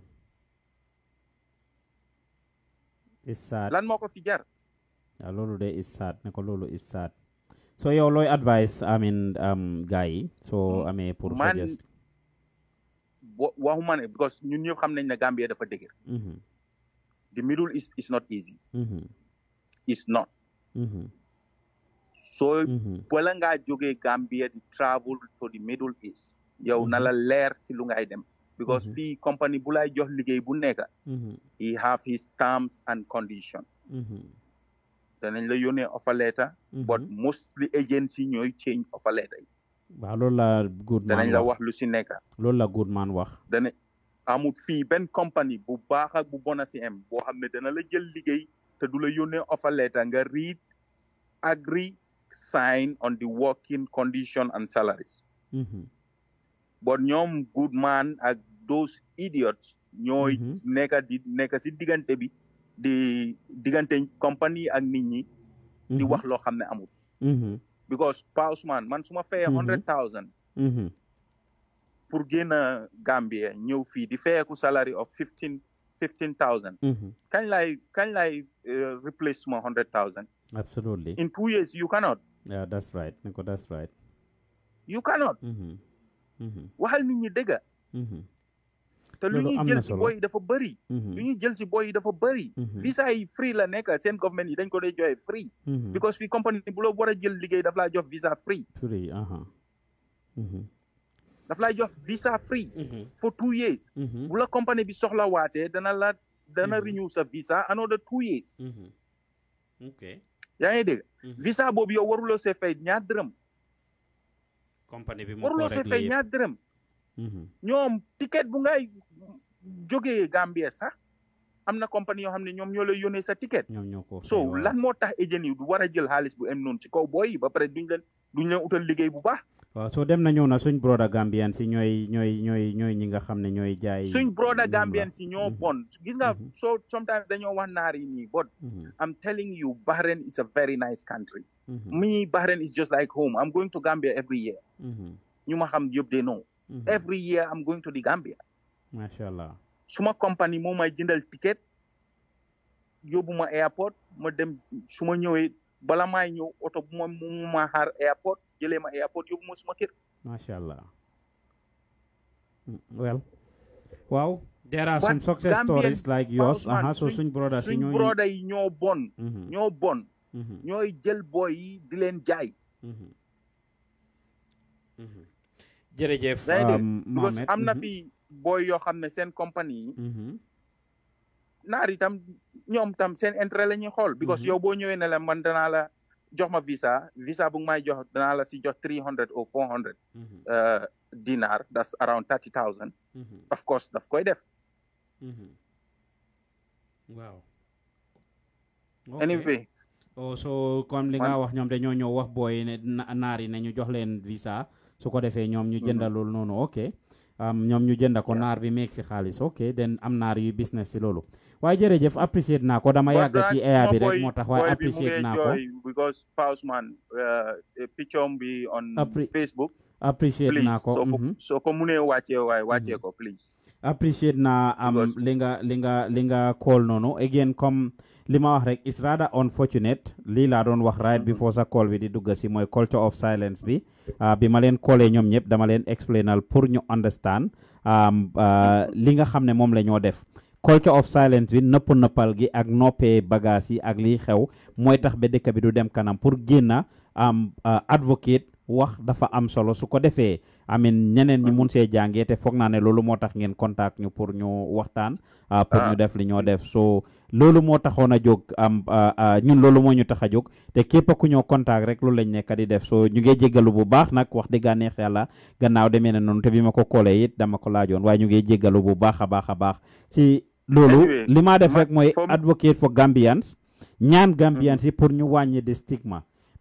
Issaat lan moo ko fi jar. loolu de Issaat ne ko loolu Issaat. so yow looy advice amin um, gars yi soo hmm. amee pour. suggest man because ñun ñëpp xam nañ ne Gambia dafa dëgër. Mm-hmm. the middle is not easy. Mm-hmm. it's not. Mm-hmm. soo bala mm-hmm. ngaa jógee Gambia di travel to the Middle East yow mm-hmm. na la leer si lu ngay dem because mm-hmm. fii company bu jox liggéey bu nekk he have his terms and condition danañ la yónnee offer letter but mostly agency ñooy change offer letter yi waaw loolu la Goodman danañ la wax lu si nekk loolu la Goodman wax dana amut fii benn company bu baax bu bon a si am boo xam ne dana la jël liggéey te du la yónnee offer letter nga read agree sign on the working condition and salaries. Mm-hmm. But ñoom good man, those idiots ñooy mm-hmm. nekk di nekk si diggante bi di diggante compagnie ak nit ñi di mm-hmm. wax amul mm-hmm. because Pa man, man su ma hundred thousand pour Gambia ñëw fii di fayeeku salary of fifteen fifteen thousand kañ I, kañ laay euh, replace suma hundred thousand Absolutely. In two years, you cannot. Yeah, that's right. Nico, that's right. You cannot. Mm-hmm. Mm-hmm. waxal nit ñi dëgg. Mm-hmm. te lu ñuy jël si boy yi dafa bëri. lu ñuy jël si boy yi dafa bëri. visa yi free la nekk seen government yi dañ ko dee joxe free. because fi company bu la war a jël liggéey daf laa jox visa free. free uh-huh. daf laa jox visa free. for two years. bu la company bi soxla waatee dana la dana renew sa visa another two years. yaa ngi dégg. Mhm. visa boobu yow waruloo se fay ñaar dërëm. compagnie bi moo ko waruloo see fay ñaar dërëm. Mhm. ñoom ticket bu ngay jógee Gambie sax am na compagnie yoo xam ne ñoom ñoo lay yónnee sa ticket. ñoom ko so lan moo tax agent yi du war a jël xaalis bu em noonu ci kaw booy yi ba pare duñ leen duñ leen liggéey bu baax. waaw soo dem na ñëw na suñ broda Gambien si ñooy ñooy ñooy ñooy ñi nga xam ne ñooy jaay. suñ broda Gambien si ñoo mm-hmm. bon gis nga mm-hmm. so sometimes dañoo wax naar yi nii but mm-hmm. I'm telling you Bahrain is a very nice country. me Bahrain is just like home I'm going to Gambia every year. ñu ma xam yëpp de non. every year I'm going to the Gambia. macha allah suma compagnie moo may jëndal ticket yóbbu ma airport ma dem su ma ñëwee bala maay ñëw oto bu mu ma xaar airport. jëlee ma airport yóbbu ma kër. macha allah. Hmm, well wow, there are some success stories like yours. aha so suñ brother, si ñooy suñ broda yi ñoo bon. Mhm. ñoo bon. Mhm. ñooy jël booy yi di leen jaay. Mhm. jërëjëf. Euh, Mohamed am na fi booy yoo xam ne seen compagnie yi. naar itam ñoom tam seen intérêt la ñuy xool. because yow boo ñëwee ne la man danaa la. jox ma visa visa bu nga may jox danaa la si jox three hundred or four hundred mhm. uh, dinar that's around thirty thousand mhm. of course daf koy def mhm. waaw anyway oh so comme li nga wax ñoom dañoo ñëw wax booy ne naar yi ne ñu jox leen visa su ko defee ñoom ñu jëndalul noonu ok ñoom ñu jënda ko naar bi meeg si xaalis ok den am naar yu business si loolu waaye jërëjëf appreciate naa ko dama yàgg ci air bi rek moo tax waaye appreciate naa ko because uh, eh, bi on Facebook appreciate naa ko soo ko mm-hmm. munee wàccee waaye wàccee mm-hmm. ko please appreciate naa um, am li nga li nga li nga call noonu again comme li ma wax rek is rather unfortunate lii laa doon wax right mhm. before sa call bi di dugg si mooy culture of silence bi ah, bi ma leen callee ñoom ñëpp dama leen explainal pour ñu understand um, ah, li nga xam ne moom lañoo def culture of silence bi nëpp nëppal gi ak noppee bagage yi ak liy xew mooy tax ba dëkk bi du dem kanam pour génna am ah, advocate wax dafa am solo su ko defee amin ñeneen ñi mun see jàngee te foog naa ne loolu moo tax ngeen contact ñu pour ñu waxtaan. Ah, pour ñu ah. def li ñoo def so loolu moo taxoon a jóg am ñun loolu moo ñu tax a jóg te képp ku ñoo contact rek loolu lañ nekk di def so ñu ngi jéggalu bu baax nag wax dëgg neex la gannaaw demee na noonu te bi ma ko koolee it dama ko laajoon waaye ñu ngi jéggalu bu baax a baax a baax si. loolu li maa def rek mooy advocate for Gambians. ñaan Gambians yi pour ñu wàññi di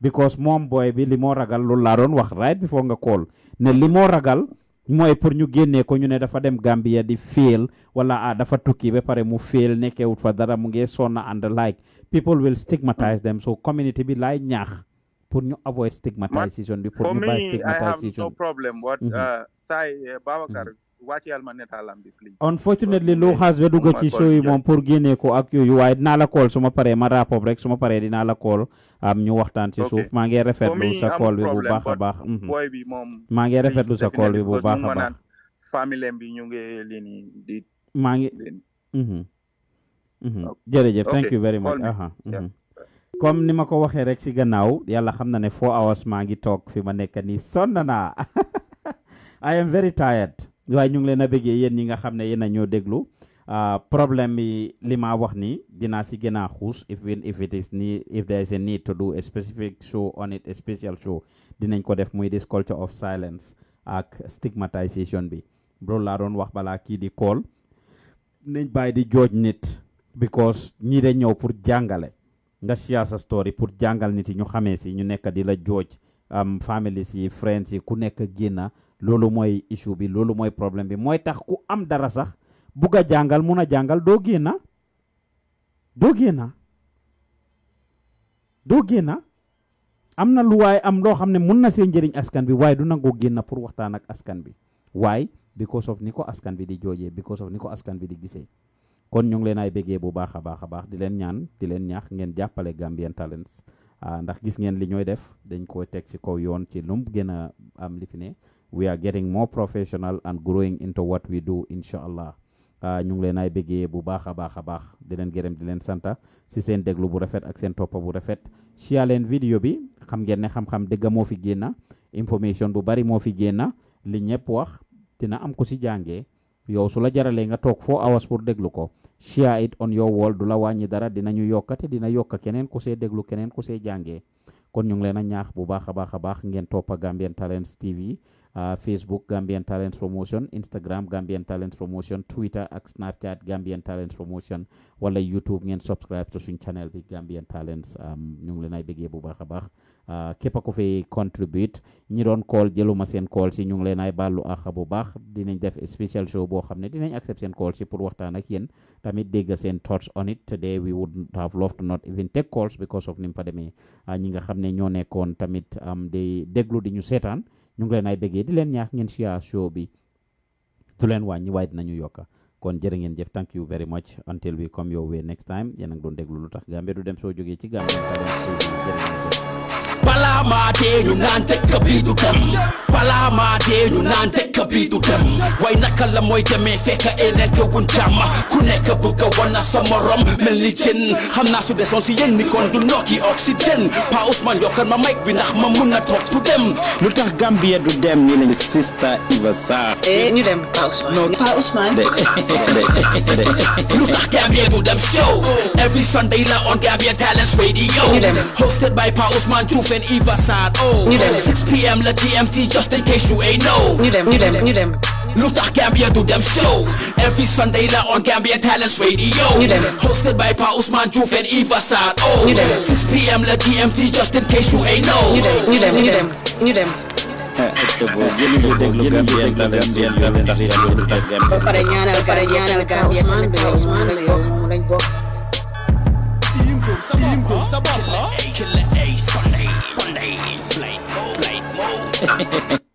because moom booy bi li moo ragal loolu laa doon wax right before nga call ne li moo ragal mooy pour ñu génnee ko ñu ne dafa dem Gambia di fail wala ah dafa tukki ba pare mu fail nekkewut fa dara mu ngi sonna and like people will stigmatize them so community bi laay ñaax pour ñu avoid stigmatization bi pour ñu bàyyi stigmatization bi for me I have no problem what mhm. uh, Sai uh, mhm. wàcceel ma netaalam bi please unfortunately lu xaas ba dugg oh ci show yi moom pour génnee ko ak yooyu waaye dinaa la kool su ma paree ma rapport rek su ma paree dinaa la kool am ñu waxtaan ci suuf maa ngi rafetlu sa kool bi bu baax a baax mhm. booy bi moom maa ngi rafetlu sa kool bi bu baax a baax famille bi ñu ngi leen di mhm. ngi mhm. jërëjëf thank you very much aha comme ni ma ko waxee rek si gannaaw yàlla xam na ne four hours maa ngi toog fi ma nekk nii sonn naa I am very tired waaye ñu ngi leen a bëggee yéen ñi nga xam ne yéen a ñoo déglu ah, problème bi li ma wax ni dinaa si gën a xuus even if it is need if there is a need to do specific show on it special show dinañ ko def muy this culture of silence ak stigmatisation bi loolu laa doon wax balaa kii di kool nañ bàyyi di jooj nit because ñii de ñëw pour jàngale nga share sa story pour jàngal nit yi ñu xamee si ñu nekk di la jooj families yi friends yi ku nekk génna loolu mooy issue bi loolu mooy problème bi mooy tax ku am dara sax bugg a jàngal mun a jàngal doo génna doo génna doo génna am na lu waaye am loo xam ne mun na see njëriñ askan bi waaye du nangoo génna pour waxtaan ak askan bi waaye because of ni ko askan bi di joojee because of ni ko askan bi di gisee kon ñu ngi leen ay bégee bu baax a baax a baax di leen ñaan di leen ñaax ngeen jàppale Gambian Talents ah, ndax gis ngeen li ñooy def dañ koy teg ci kaw yoon ci lum gën a am li fi ne we are getting more professional and growing into what we do incha allah ah, ñu ngi leen ay bëggee bu baax a baax a baax di leen gërëm di leen santa si seen déglu bu rafet ak seen toppa bu rafet chia leen vidéo bi xam ngeen ne xam-xam dëgg moo fi génna information bu bari moo fi génna li ñëpp wax dina am ku si jàngee yow su la jaralee nga toog four hours pour déglu ko share it on your wall du la wàññi dara dinañu yokkate dina yokka keneen ku see déglu keneen ku see jàngee kon ñu leen a ñaax bu baax a baax a baax ngeen toppa Gambian Talents TV Uh, Facebook Gambian Talents Promotion Instagram Gambian Talents Promotion Twitter ak Snapchat Gambian Talents Promotion wala YouTube ngeen subscribe to suñ channel bi Gambian Talents um, ñu ngi leen ay bëggee bu baax a baax uh, képp ku fi contribute ñi doon call jëluma seen call si ñu ngi leen ay baalu bu baax dinañ def special show boo xam ne dinañ accept seen call si pour waxtaan ak yen tamit dégg seen thoughts on it today we would have loved to not even ni mu fa demee uh, ñi nga xam ne ñoo nekkoon tamit am um, di déglu di ñu seetaan. ñu ngi leen ay bëggee di leen ñaax ngeen share show bi du leen wàññi waaye dinañu yokka kon jërë ngeen jëf thank you very much until we come your way next time yen a ngi doon déglu lu tax Gambia du dem soo jógee ci Gambia balaa maa tee ñu naan teg ka bii du Palama you nante kabidu dem Wai nakala moy deme feka enente wundama Kuneka buka wana samaram melni jin Hamna su deson si yen nikon du noki oxygen Pa Usman yokan ma mic bi nax ma muna to them Lutax Gambia du dem ni lengi sister Iva Sa Eh ñu dem Pa Usman No Pa Usman Lutax Gambia du dem show Every Sunday la on Gambia Talents Radio Hosted by Pa Usman Tuf Iva Sa Oh 6pm la GMT just just in case you ain't know. Knew them, knew them, knew them. Luther Gambia do them show Every Sunday night on Gambian Talents Radio Hosted by Pa Usman Juf and Eva Sad Oh 6pm la GMT just in case you ain't know Knew them, knew them, knew them Team Team ¡Gracias!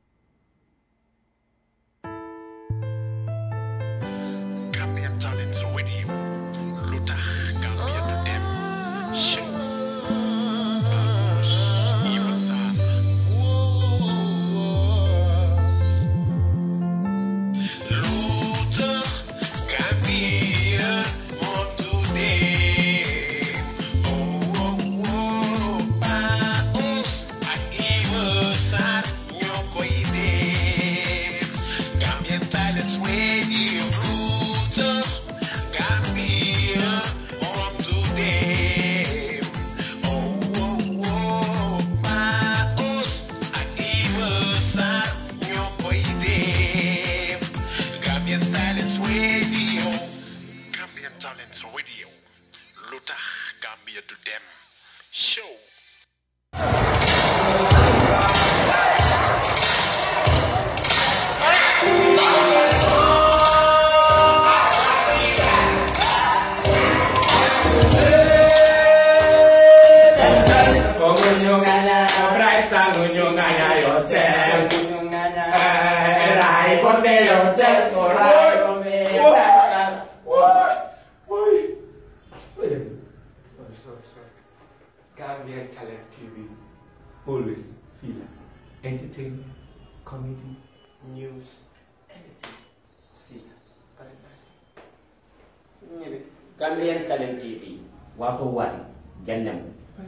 gambian talent tv wato wati jannam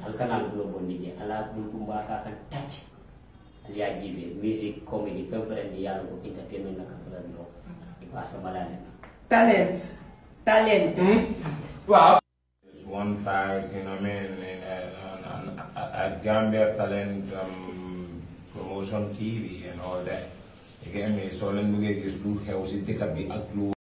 alkanal bulo bondije ala bul kumba ka kan tacce ali ajibe music comedy fen ferendi ko entertainment na kambalan do e passa malane talent talent mm? wow one time you know man in a and, gambia talent um, promotion tv and all that you get me so len mu ngey gis lu xew ci bi ak lu